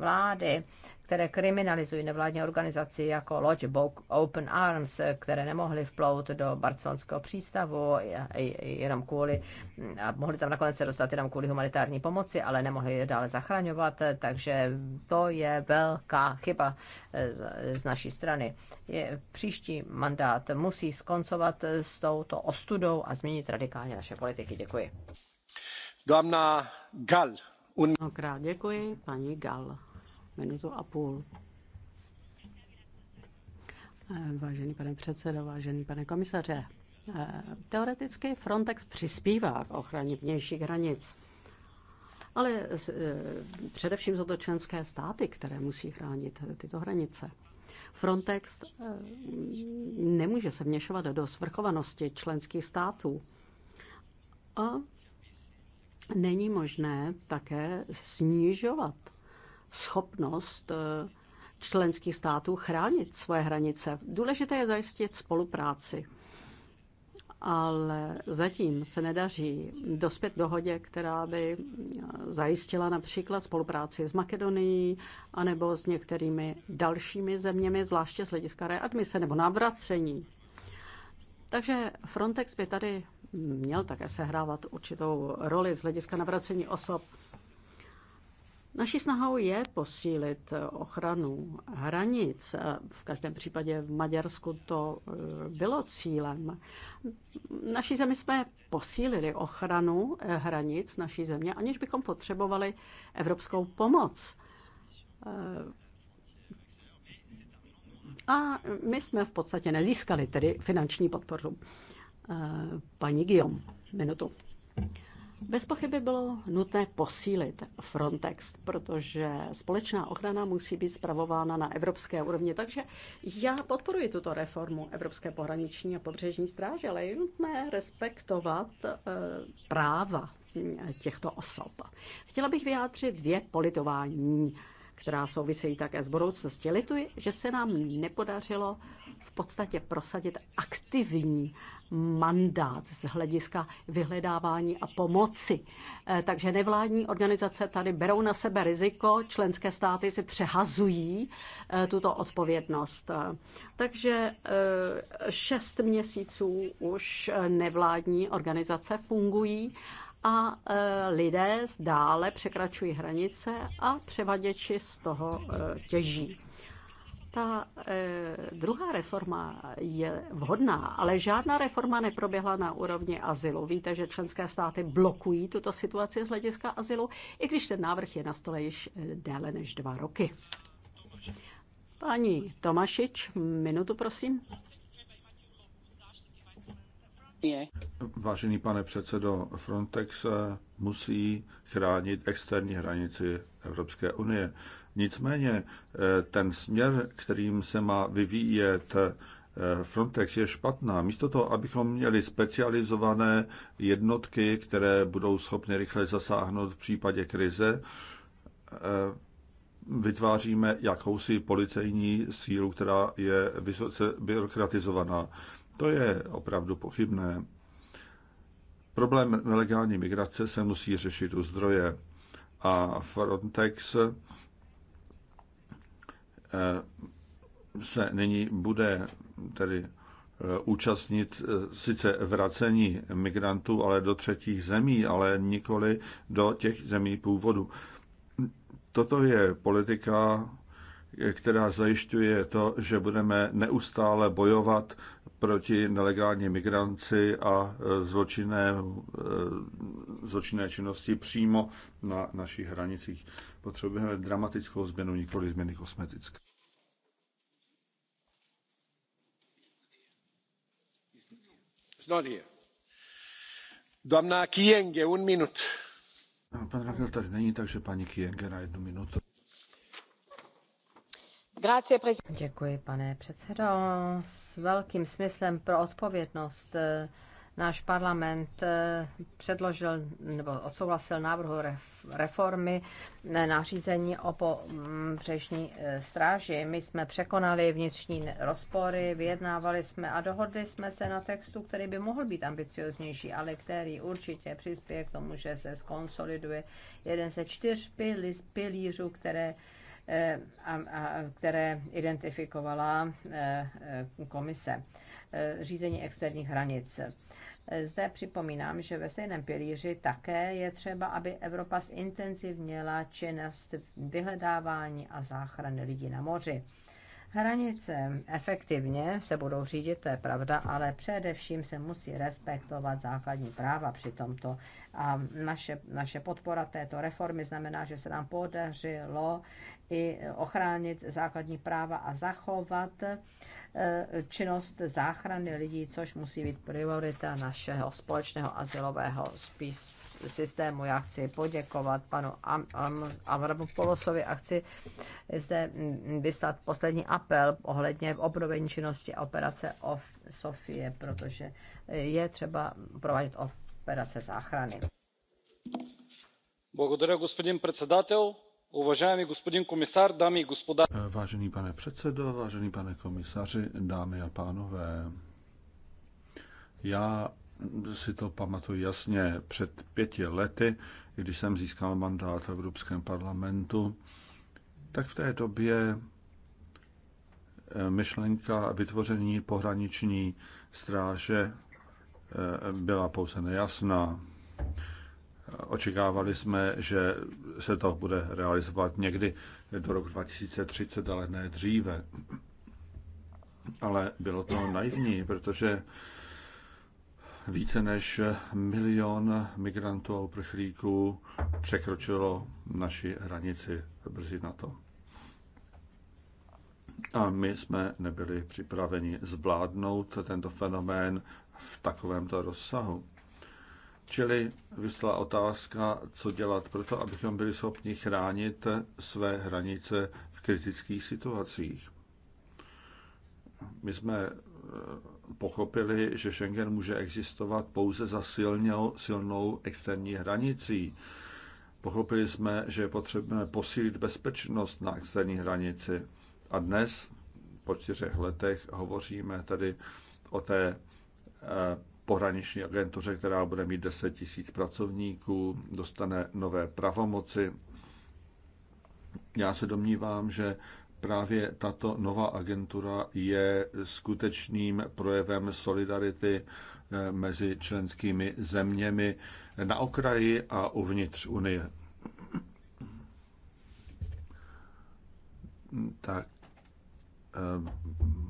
vlády, které kriminalizují nevládní organizaci jako Lodge, Open Arms, které nemohly vplout do barcelonského přístavu jenom kvůli, a mohli tam nakonec se dostat jenom kvůli humanitární pomoci, ale nemohli je dále zachraňovat, takže to je velká chyba eh, z, z naší strany. Je, příští mandát musí skoncovat s touto ostudou a změnit radikálně naše politiky. Děkuji. Dámna Gal. Un... Děkuji, paní Gal minutu a půl. Eh, vážený pane předsedo, vážený pane komisaře, eh, teoreticky Frontex přispívá k ochraně vnějších hranic, ale eh, především jsou to členské státy, které musí chránit tyto hranice. Frontex nemůže se vměšovat do svrchovanosti členských států a není možné také snižovat schopnost eh, členských států chránit svoje hranice. Důležité je zajistit spolupráci, ale zatím se nedaří dospět dohodě, která by eh, zajistila například spolupráci s Makedonií anebo s některými dalšími zeměmi, zvláště z hlediska readmise nebo navracení. Takže Frontex by tady měl také sehrávat určitou roli z hlediska navracení osob Naší snahou je posílit ochranu hranic. V každém případě v Maďarsku to eh, bylo cílem. Naší zemi jsme posílili ochranu eh, hranic naší země, aniž bychom potřebovali evropskou pomoc. Eh, a my jsme v podstatě nezískali tedy finanční podporu. Paní Guillaume, minutu. Bez pochyby bylo nutné posílit Frontex, protože společná ochrana musí být zpravována na evropské úrovni. Takže já podporuji tuto reformu Evropské pohraniční a pobřežní stráže, ale je nutné respektovat eh, práva hm, těchto osob. Chtěla bych vyjádřit dvě politování která souvisejí také s budoucností. Lituji, že se nám nepodařilo v podstatě prosadit aktivní mandát z hlediska vyhledávání a pomoci. Eh, takže nevládní organizace tady berou na sebe riziko, členské státy si přehazují eh, tuto odpovědnost. Eh, takže šest měsíců už nevládní organizace fungují a e, lidé dále překračují hranice a převaděči z toho e, těží. Ta e, druhá reforma je vhodná, ale žádná reforma neproběhla na úrovni azylu. Víte, že členské státy blokují tuto situaci z hlediska azylu, i když ten návrh je na stole již e, déle než dva roky. Paní Tomašič, minutu prosím. Vážený pane předsedo, Frontex musí chránit externí hranici Evropské unie. Nicméně eh, ten směr, kterým se má vyvíjet eh, Frontex je špatná. Místo toho, abychom měli specializované jednotky, které budou schopny rychle zasáhnout v případě krize, eh, vytváříme jakousi policejní sílu, která je vysoce byrokratizovaná. To je opravdu pochybné. Problém nelegální migrace se musí řešit u zdroje a Frontex eh, se nyní bude tedy eh, účastnit eh, sice vracení migrantů, ale do třetích zemí, ale nikoli do těch zemí původu. Toto je politika, která zajišťuje to, že budeme neustále bojovat proti nelegální migranci a e, zločinné, e, zločinné činnosti přímo na našich hranicích. Potřebujeme dramatickou změnu, nikoli změny kosmetické. Pan Rangel tady není, takže paní Kienge na jednu minutu. Děkuji, pane předsedo. S velkým smyslem pro odpovědnost eh, náš parlament eh, předložil nebo odsouhlasil návrhu reformy eh, nařízení o pobřežní mm, stráži. My jsme překonali vnitřní rozpory, vyjednávali jsme a dohodli jsme se na textu, který by mohl být ambicioznější, ale který určitě přispěje k tomu, že se skonsoliduje jeden ze čtyř pilířů, které Eh, a které identifikovala eh, komise eh, řízení externích hranic. Zde připomínám, že ve stejném pilíři také je třeba, aby Evropa zintenzivněla činnost vyhledávání a záchrany lidí na moři. Hranice efektivně se budou řídit, to je pravda, ale především se musí respektovat základní práva při tomto. A naše, naše podpora této reformy znamená, že se nám podařilo i ochránit základní práva a zachovat eh, činnost záchrany lidí, což musí být priorita našeho společného asilového spisu systému. Já chci poděkovat panu Polosovi a chci zde mm, vyslat poslední apel ohledně obnovení činnosti operace of Sofie, protože je třeba provádět operace záchrany. Благодаря, господин председател. Vážený pane předsedo, vážený pane komisaři, dámy a pánové, já si to pamatuju jasně před pěti lety, když jsem získal mandát v Evropském parlamentu, tak v té době e, myšlenka vytvoření pohraniční stráže e, byla pouze nejasná. Očekávali jsme, že se to bude realizovat někdy do roku 2030, ale ne dříve. Ale bylo to naivní, protože více než milion migrantů a uprchlíků překročilo naši hranici brzy na to. A my jsme nebyli připraveni zvládnout tento fenomén v takovémto rozsahu. Čili vyslala otázka, co dělat pro to, abychom byli schopni chránit své hranice v kritických situacích. My jsme eh, pochopili, že Schengen může existovat pouze za silnou, silnou externí hranicí. Pochopili jsme, že je potřebné posílit bezpečnost na externí hranici. A dnes, po čtyřech letech, hovoříme tady o té eh, pohraniční agentuře, která bude mít 10 tisíc pracovníků, dostane nové pravomoci. Já se domnívám, že právě tato nová agentura je skutečným projevem solidarity eh, mezi členskými zeměmi na okraji a uvnitř Unie. Tak eh,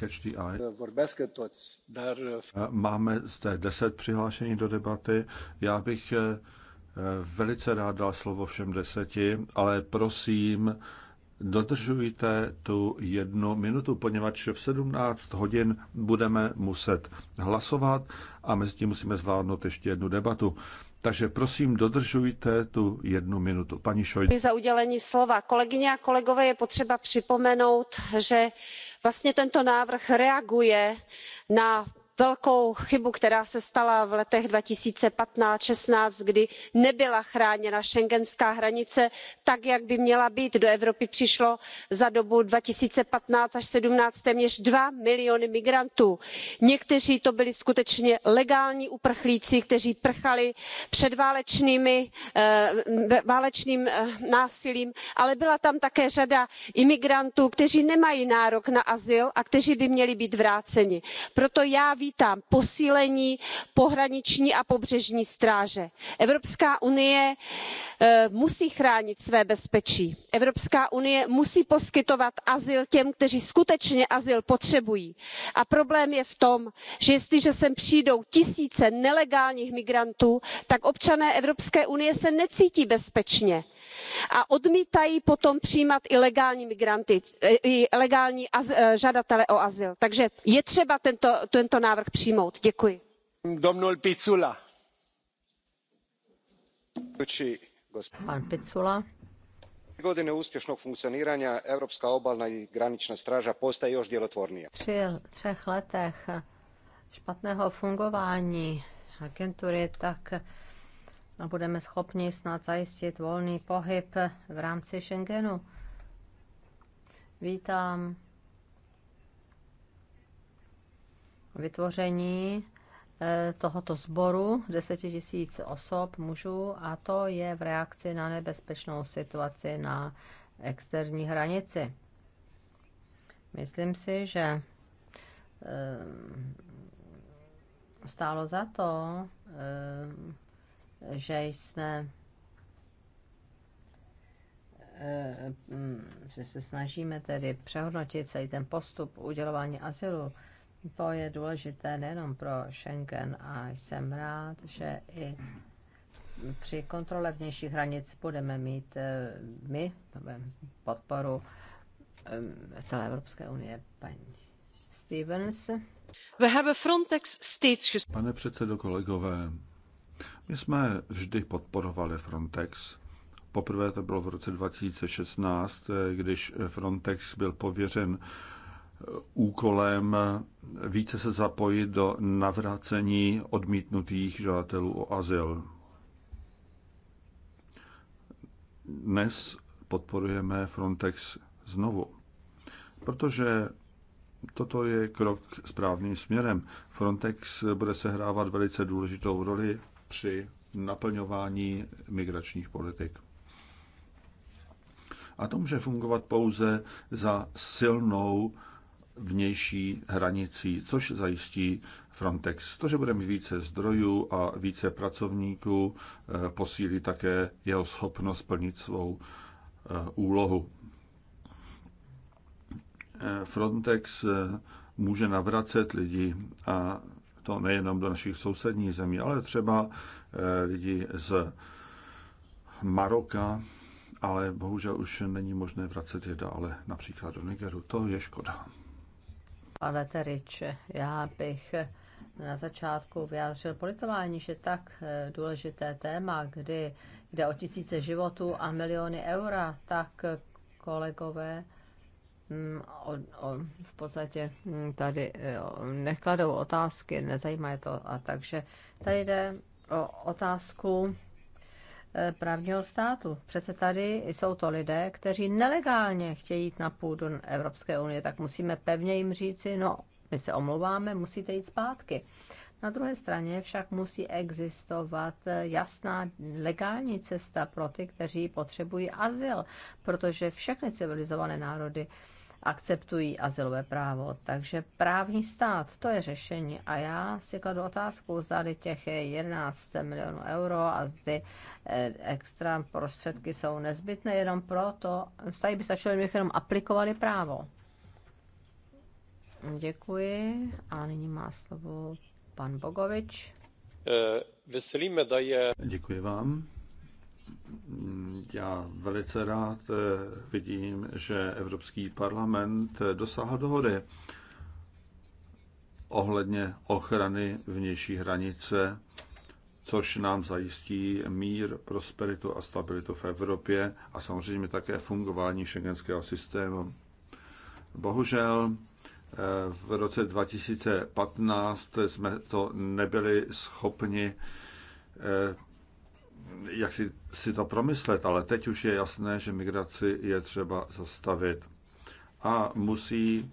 Catch the Eye. Uh, eh, máme zde deset přihlášení do debaty. Já bych eh, eh, velice rád dal slovo všem deseti, ale prosím, dodržujte tu jednu minutu, poněvadž v 17 hodin budeme muset hlasovat a mezi tím musíme zvládnout ještě jednu debatu. Takže prosím, dodržujte tu jednu minutu. Paní Šojdrová. za udělení slova. Kolegyně a kolegové, je potřeba připomenout, že vlastně tento návrh reaguje na velkou chybu která se stala v letech two thousand and fifteen two thousand and sixteen kdy nebyla chráněna schengenská hranice tak jak by měla být. do evropy přišly za dobu two thousand and fifteen až two thousand and seventeen téměř two miliony migrantů. někteří to byli skutečně legální uprchlíci kteří prchali před eh, válečným eh, násilím ale byla tam také řada imigrantů kteří nemají nárok na azyl a kteří by měli být vráceni. proto já vítám posílení pohraniční a pobřežní stráže. evropská unie eh, musí chránit své bezpečí evropská unie musí poskytovat azyl těm kteří skutečně azyl potřebují a problém je v tom že jestliže sem přijdou tisíce nelegálních migrantů tak občané evropské unie se necítí bezpečně a odmítají potom přijímat ilegální migranty, eh, eh, žadatele o azyl. takže je třeba tento návrh přijmout. děkuji. three godine uspjenog funkcioniranja europska obalna i granina straa postaje jo djelotvornija. špatného fungování agentury tak a budeme schopni snad zajistit volný pohyb v rámci Schengenu. Vítám vytvoření eh, tohoto sboru 10 tisíc osob mužů a to je v reakci na nebezpečnou situaci na externí hranici. Myslím si, že eh, stálo za to eh, že jsme eh, mm, že se snažíme tedy přehodnotit celý ten postup udělování asilu. To je důležité nejenom pro Schengen a jsem rád, že i při kontrole vnějších hranic budeme mít eh, my podporu eh, celé Evropské unie, paní Stevens. Pane předsedo, kolegové, my jsme vždy podporovali Frontex. Poprvé to bylo v roce 2016, když Frontex byl pověřen eh, úkolem eh, více se zapojit do navrácení odmítnutých žadatelů o azyl. Dnes podporujeme Frontex znovu, protože toto je krok správným směrem. Frontex bude sehrávat velice důležitou roli při naplňování migračních politik. A to může fungovat pouze za silnou vnější hranicí, což zajistí Frontex. To, že bude mít více zdrojů a více pracovníků, eh, posílí také jeho schopnost plnit svou eh, úlohu. Eh, Frontex může navracet lidi a to nejenom do našich sousedních zemí, ale třeba eh, lidi z Maroka, ale bohužel už není možné vracet je dále, například do Nigeru. To je škoda. Pane Terič, já bych na začátku vyjádřil politování, že tak eh, důležité téma, kdy jde o tisíce životů a miliony eura, tak eh, kolegové Mm, o, o, v podstatě mm, tady e, nekladou otázky, nezajímá je to. A takže tady jde o otázku e, právního státu. Přece tady jsou to lidé, kteří nelegálně chtějí jít na půdu Evropské unie, tak musíme pevně jim říci, no, my se omlouváme, musíte jít zpátky. Na druhé straně však musí existovat e, jasná legální cesta pro ty, kteří potřebují azyl, protože všechny civilizované národy akceptují azylové právo. Takže právní stát, to je řešení. A já si kladu otázku, zda těch 11 milionů euro a zde eh, extra prostředky jsou nezbytné jenom proto, tady by stačilo, kdybych jenom aplikovali právo. Děkuji. A nyní má slovo pan Bogovič. Eh, veselíme, da je... Děkuji vám já velice rád eh, vidím, že Evropský parlament eh, dosáhl dohody ohledně ochrany vnější hranice, což nám zajistí mír, prosperitu a stabilitu v Evropě a samozřejmě také fungování šengenského systému. Bohužel eh, v roce 2015 jsme to nebyli schopni jak si, si to promyslet, ale teď už je jasné, že migraci je třeba zastavit. A musí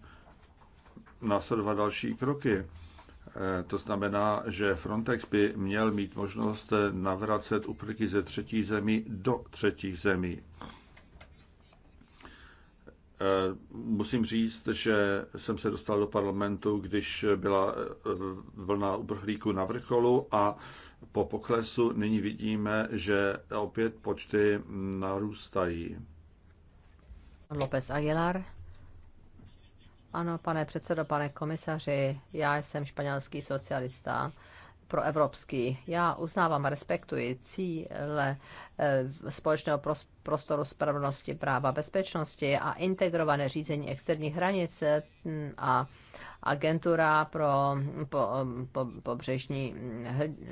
následovat další kroky. E, to znamená, že Frontex by měl mít možnost navracet uprchlíky ze třetí zemí do třetích zemí. E, musím říct, že jsem se dostal do parlamentu, když byla e, vlna uprchlíků na vrcholu a po poklesu nyní vidíme, že opět počty narůstají. López Aguilar. Ano, pane předsedo, pane komisaři, já jsem španělský socialista pro evropský. Já uznávám a respektuji cíle eh, společného prostoru spravedlnosti, práva, bezpečnosti a integrované řízení externích hranic hm, a agentura pro po po, po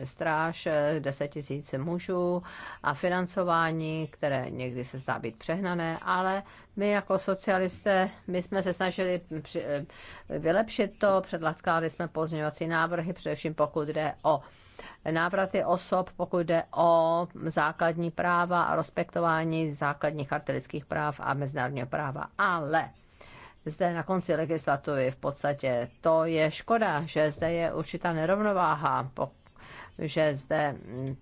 stráž 10 tisíc mužů a financování, které někdy se zdá být přehnané, ale my jako socialisté, my jsme se snažili při, vylepšit to, předlatkali jsme pozměňovací návrhy, především pokud jde o návraty osob, pokud jde o základní práva a respektování základních chartelických práv a mezinárodního práva. Ale zde na konci legislativy v podstatě. To je škoda, že zde je určitá nerovnováha, že zde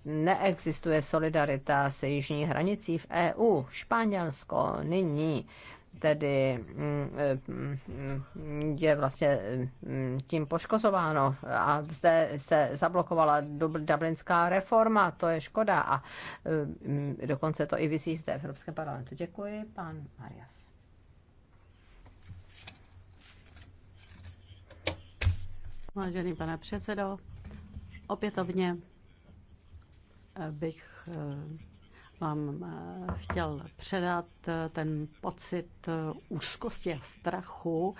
neexistuje solidarita se jižní hranicí v EU. Španělsko nyní tedy mm, mm, je vlastně mm, tím poškozováno. A zde se zablokovala dublinská reforma, to je škoda. A dokonce to i vysí zde v Evropském parlamentu. Děkuji, pan Marias. Vážený pane předsedo, opětovně eh, bych eh, vám eh, chtěl předat ten pocit úzkosti a strachu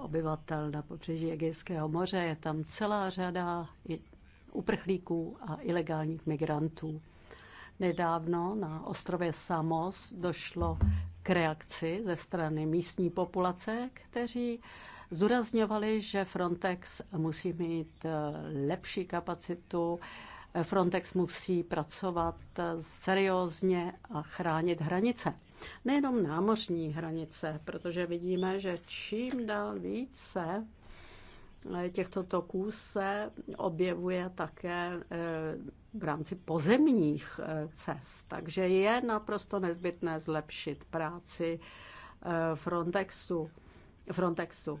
obyvatel na pobřeží Egejského moře. Je tam celá řada uprchlíků a ilegálních migrantů. Nedávno na ostrově Samos došlo k reakci ze strany místní populace, kteří zdůrazňovali, že Frontex musí mít eh, lepší kapacitu, Frontex musí pracovat eh, seriózně a chránit hranice. Nejenom námořní hranice, protože vidíme, že čím dál více eh, těchto toků se objevuje také v rámci pozemních cest. Takže je naprosto nezbytné zlepšit práci Frontexu. Frontexu.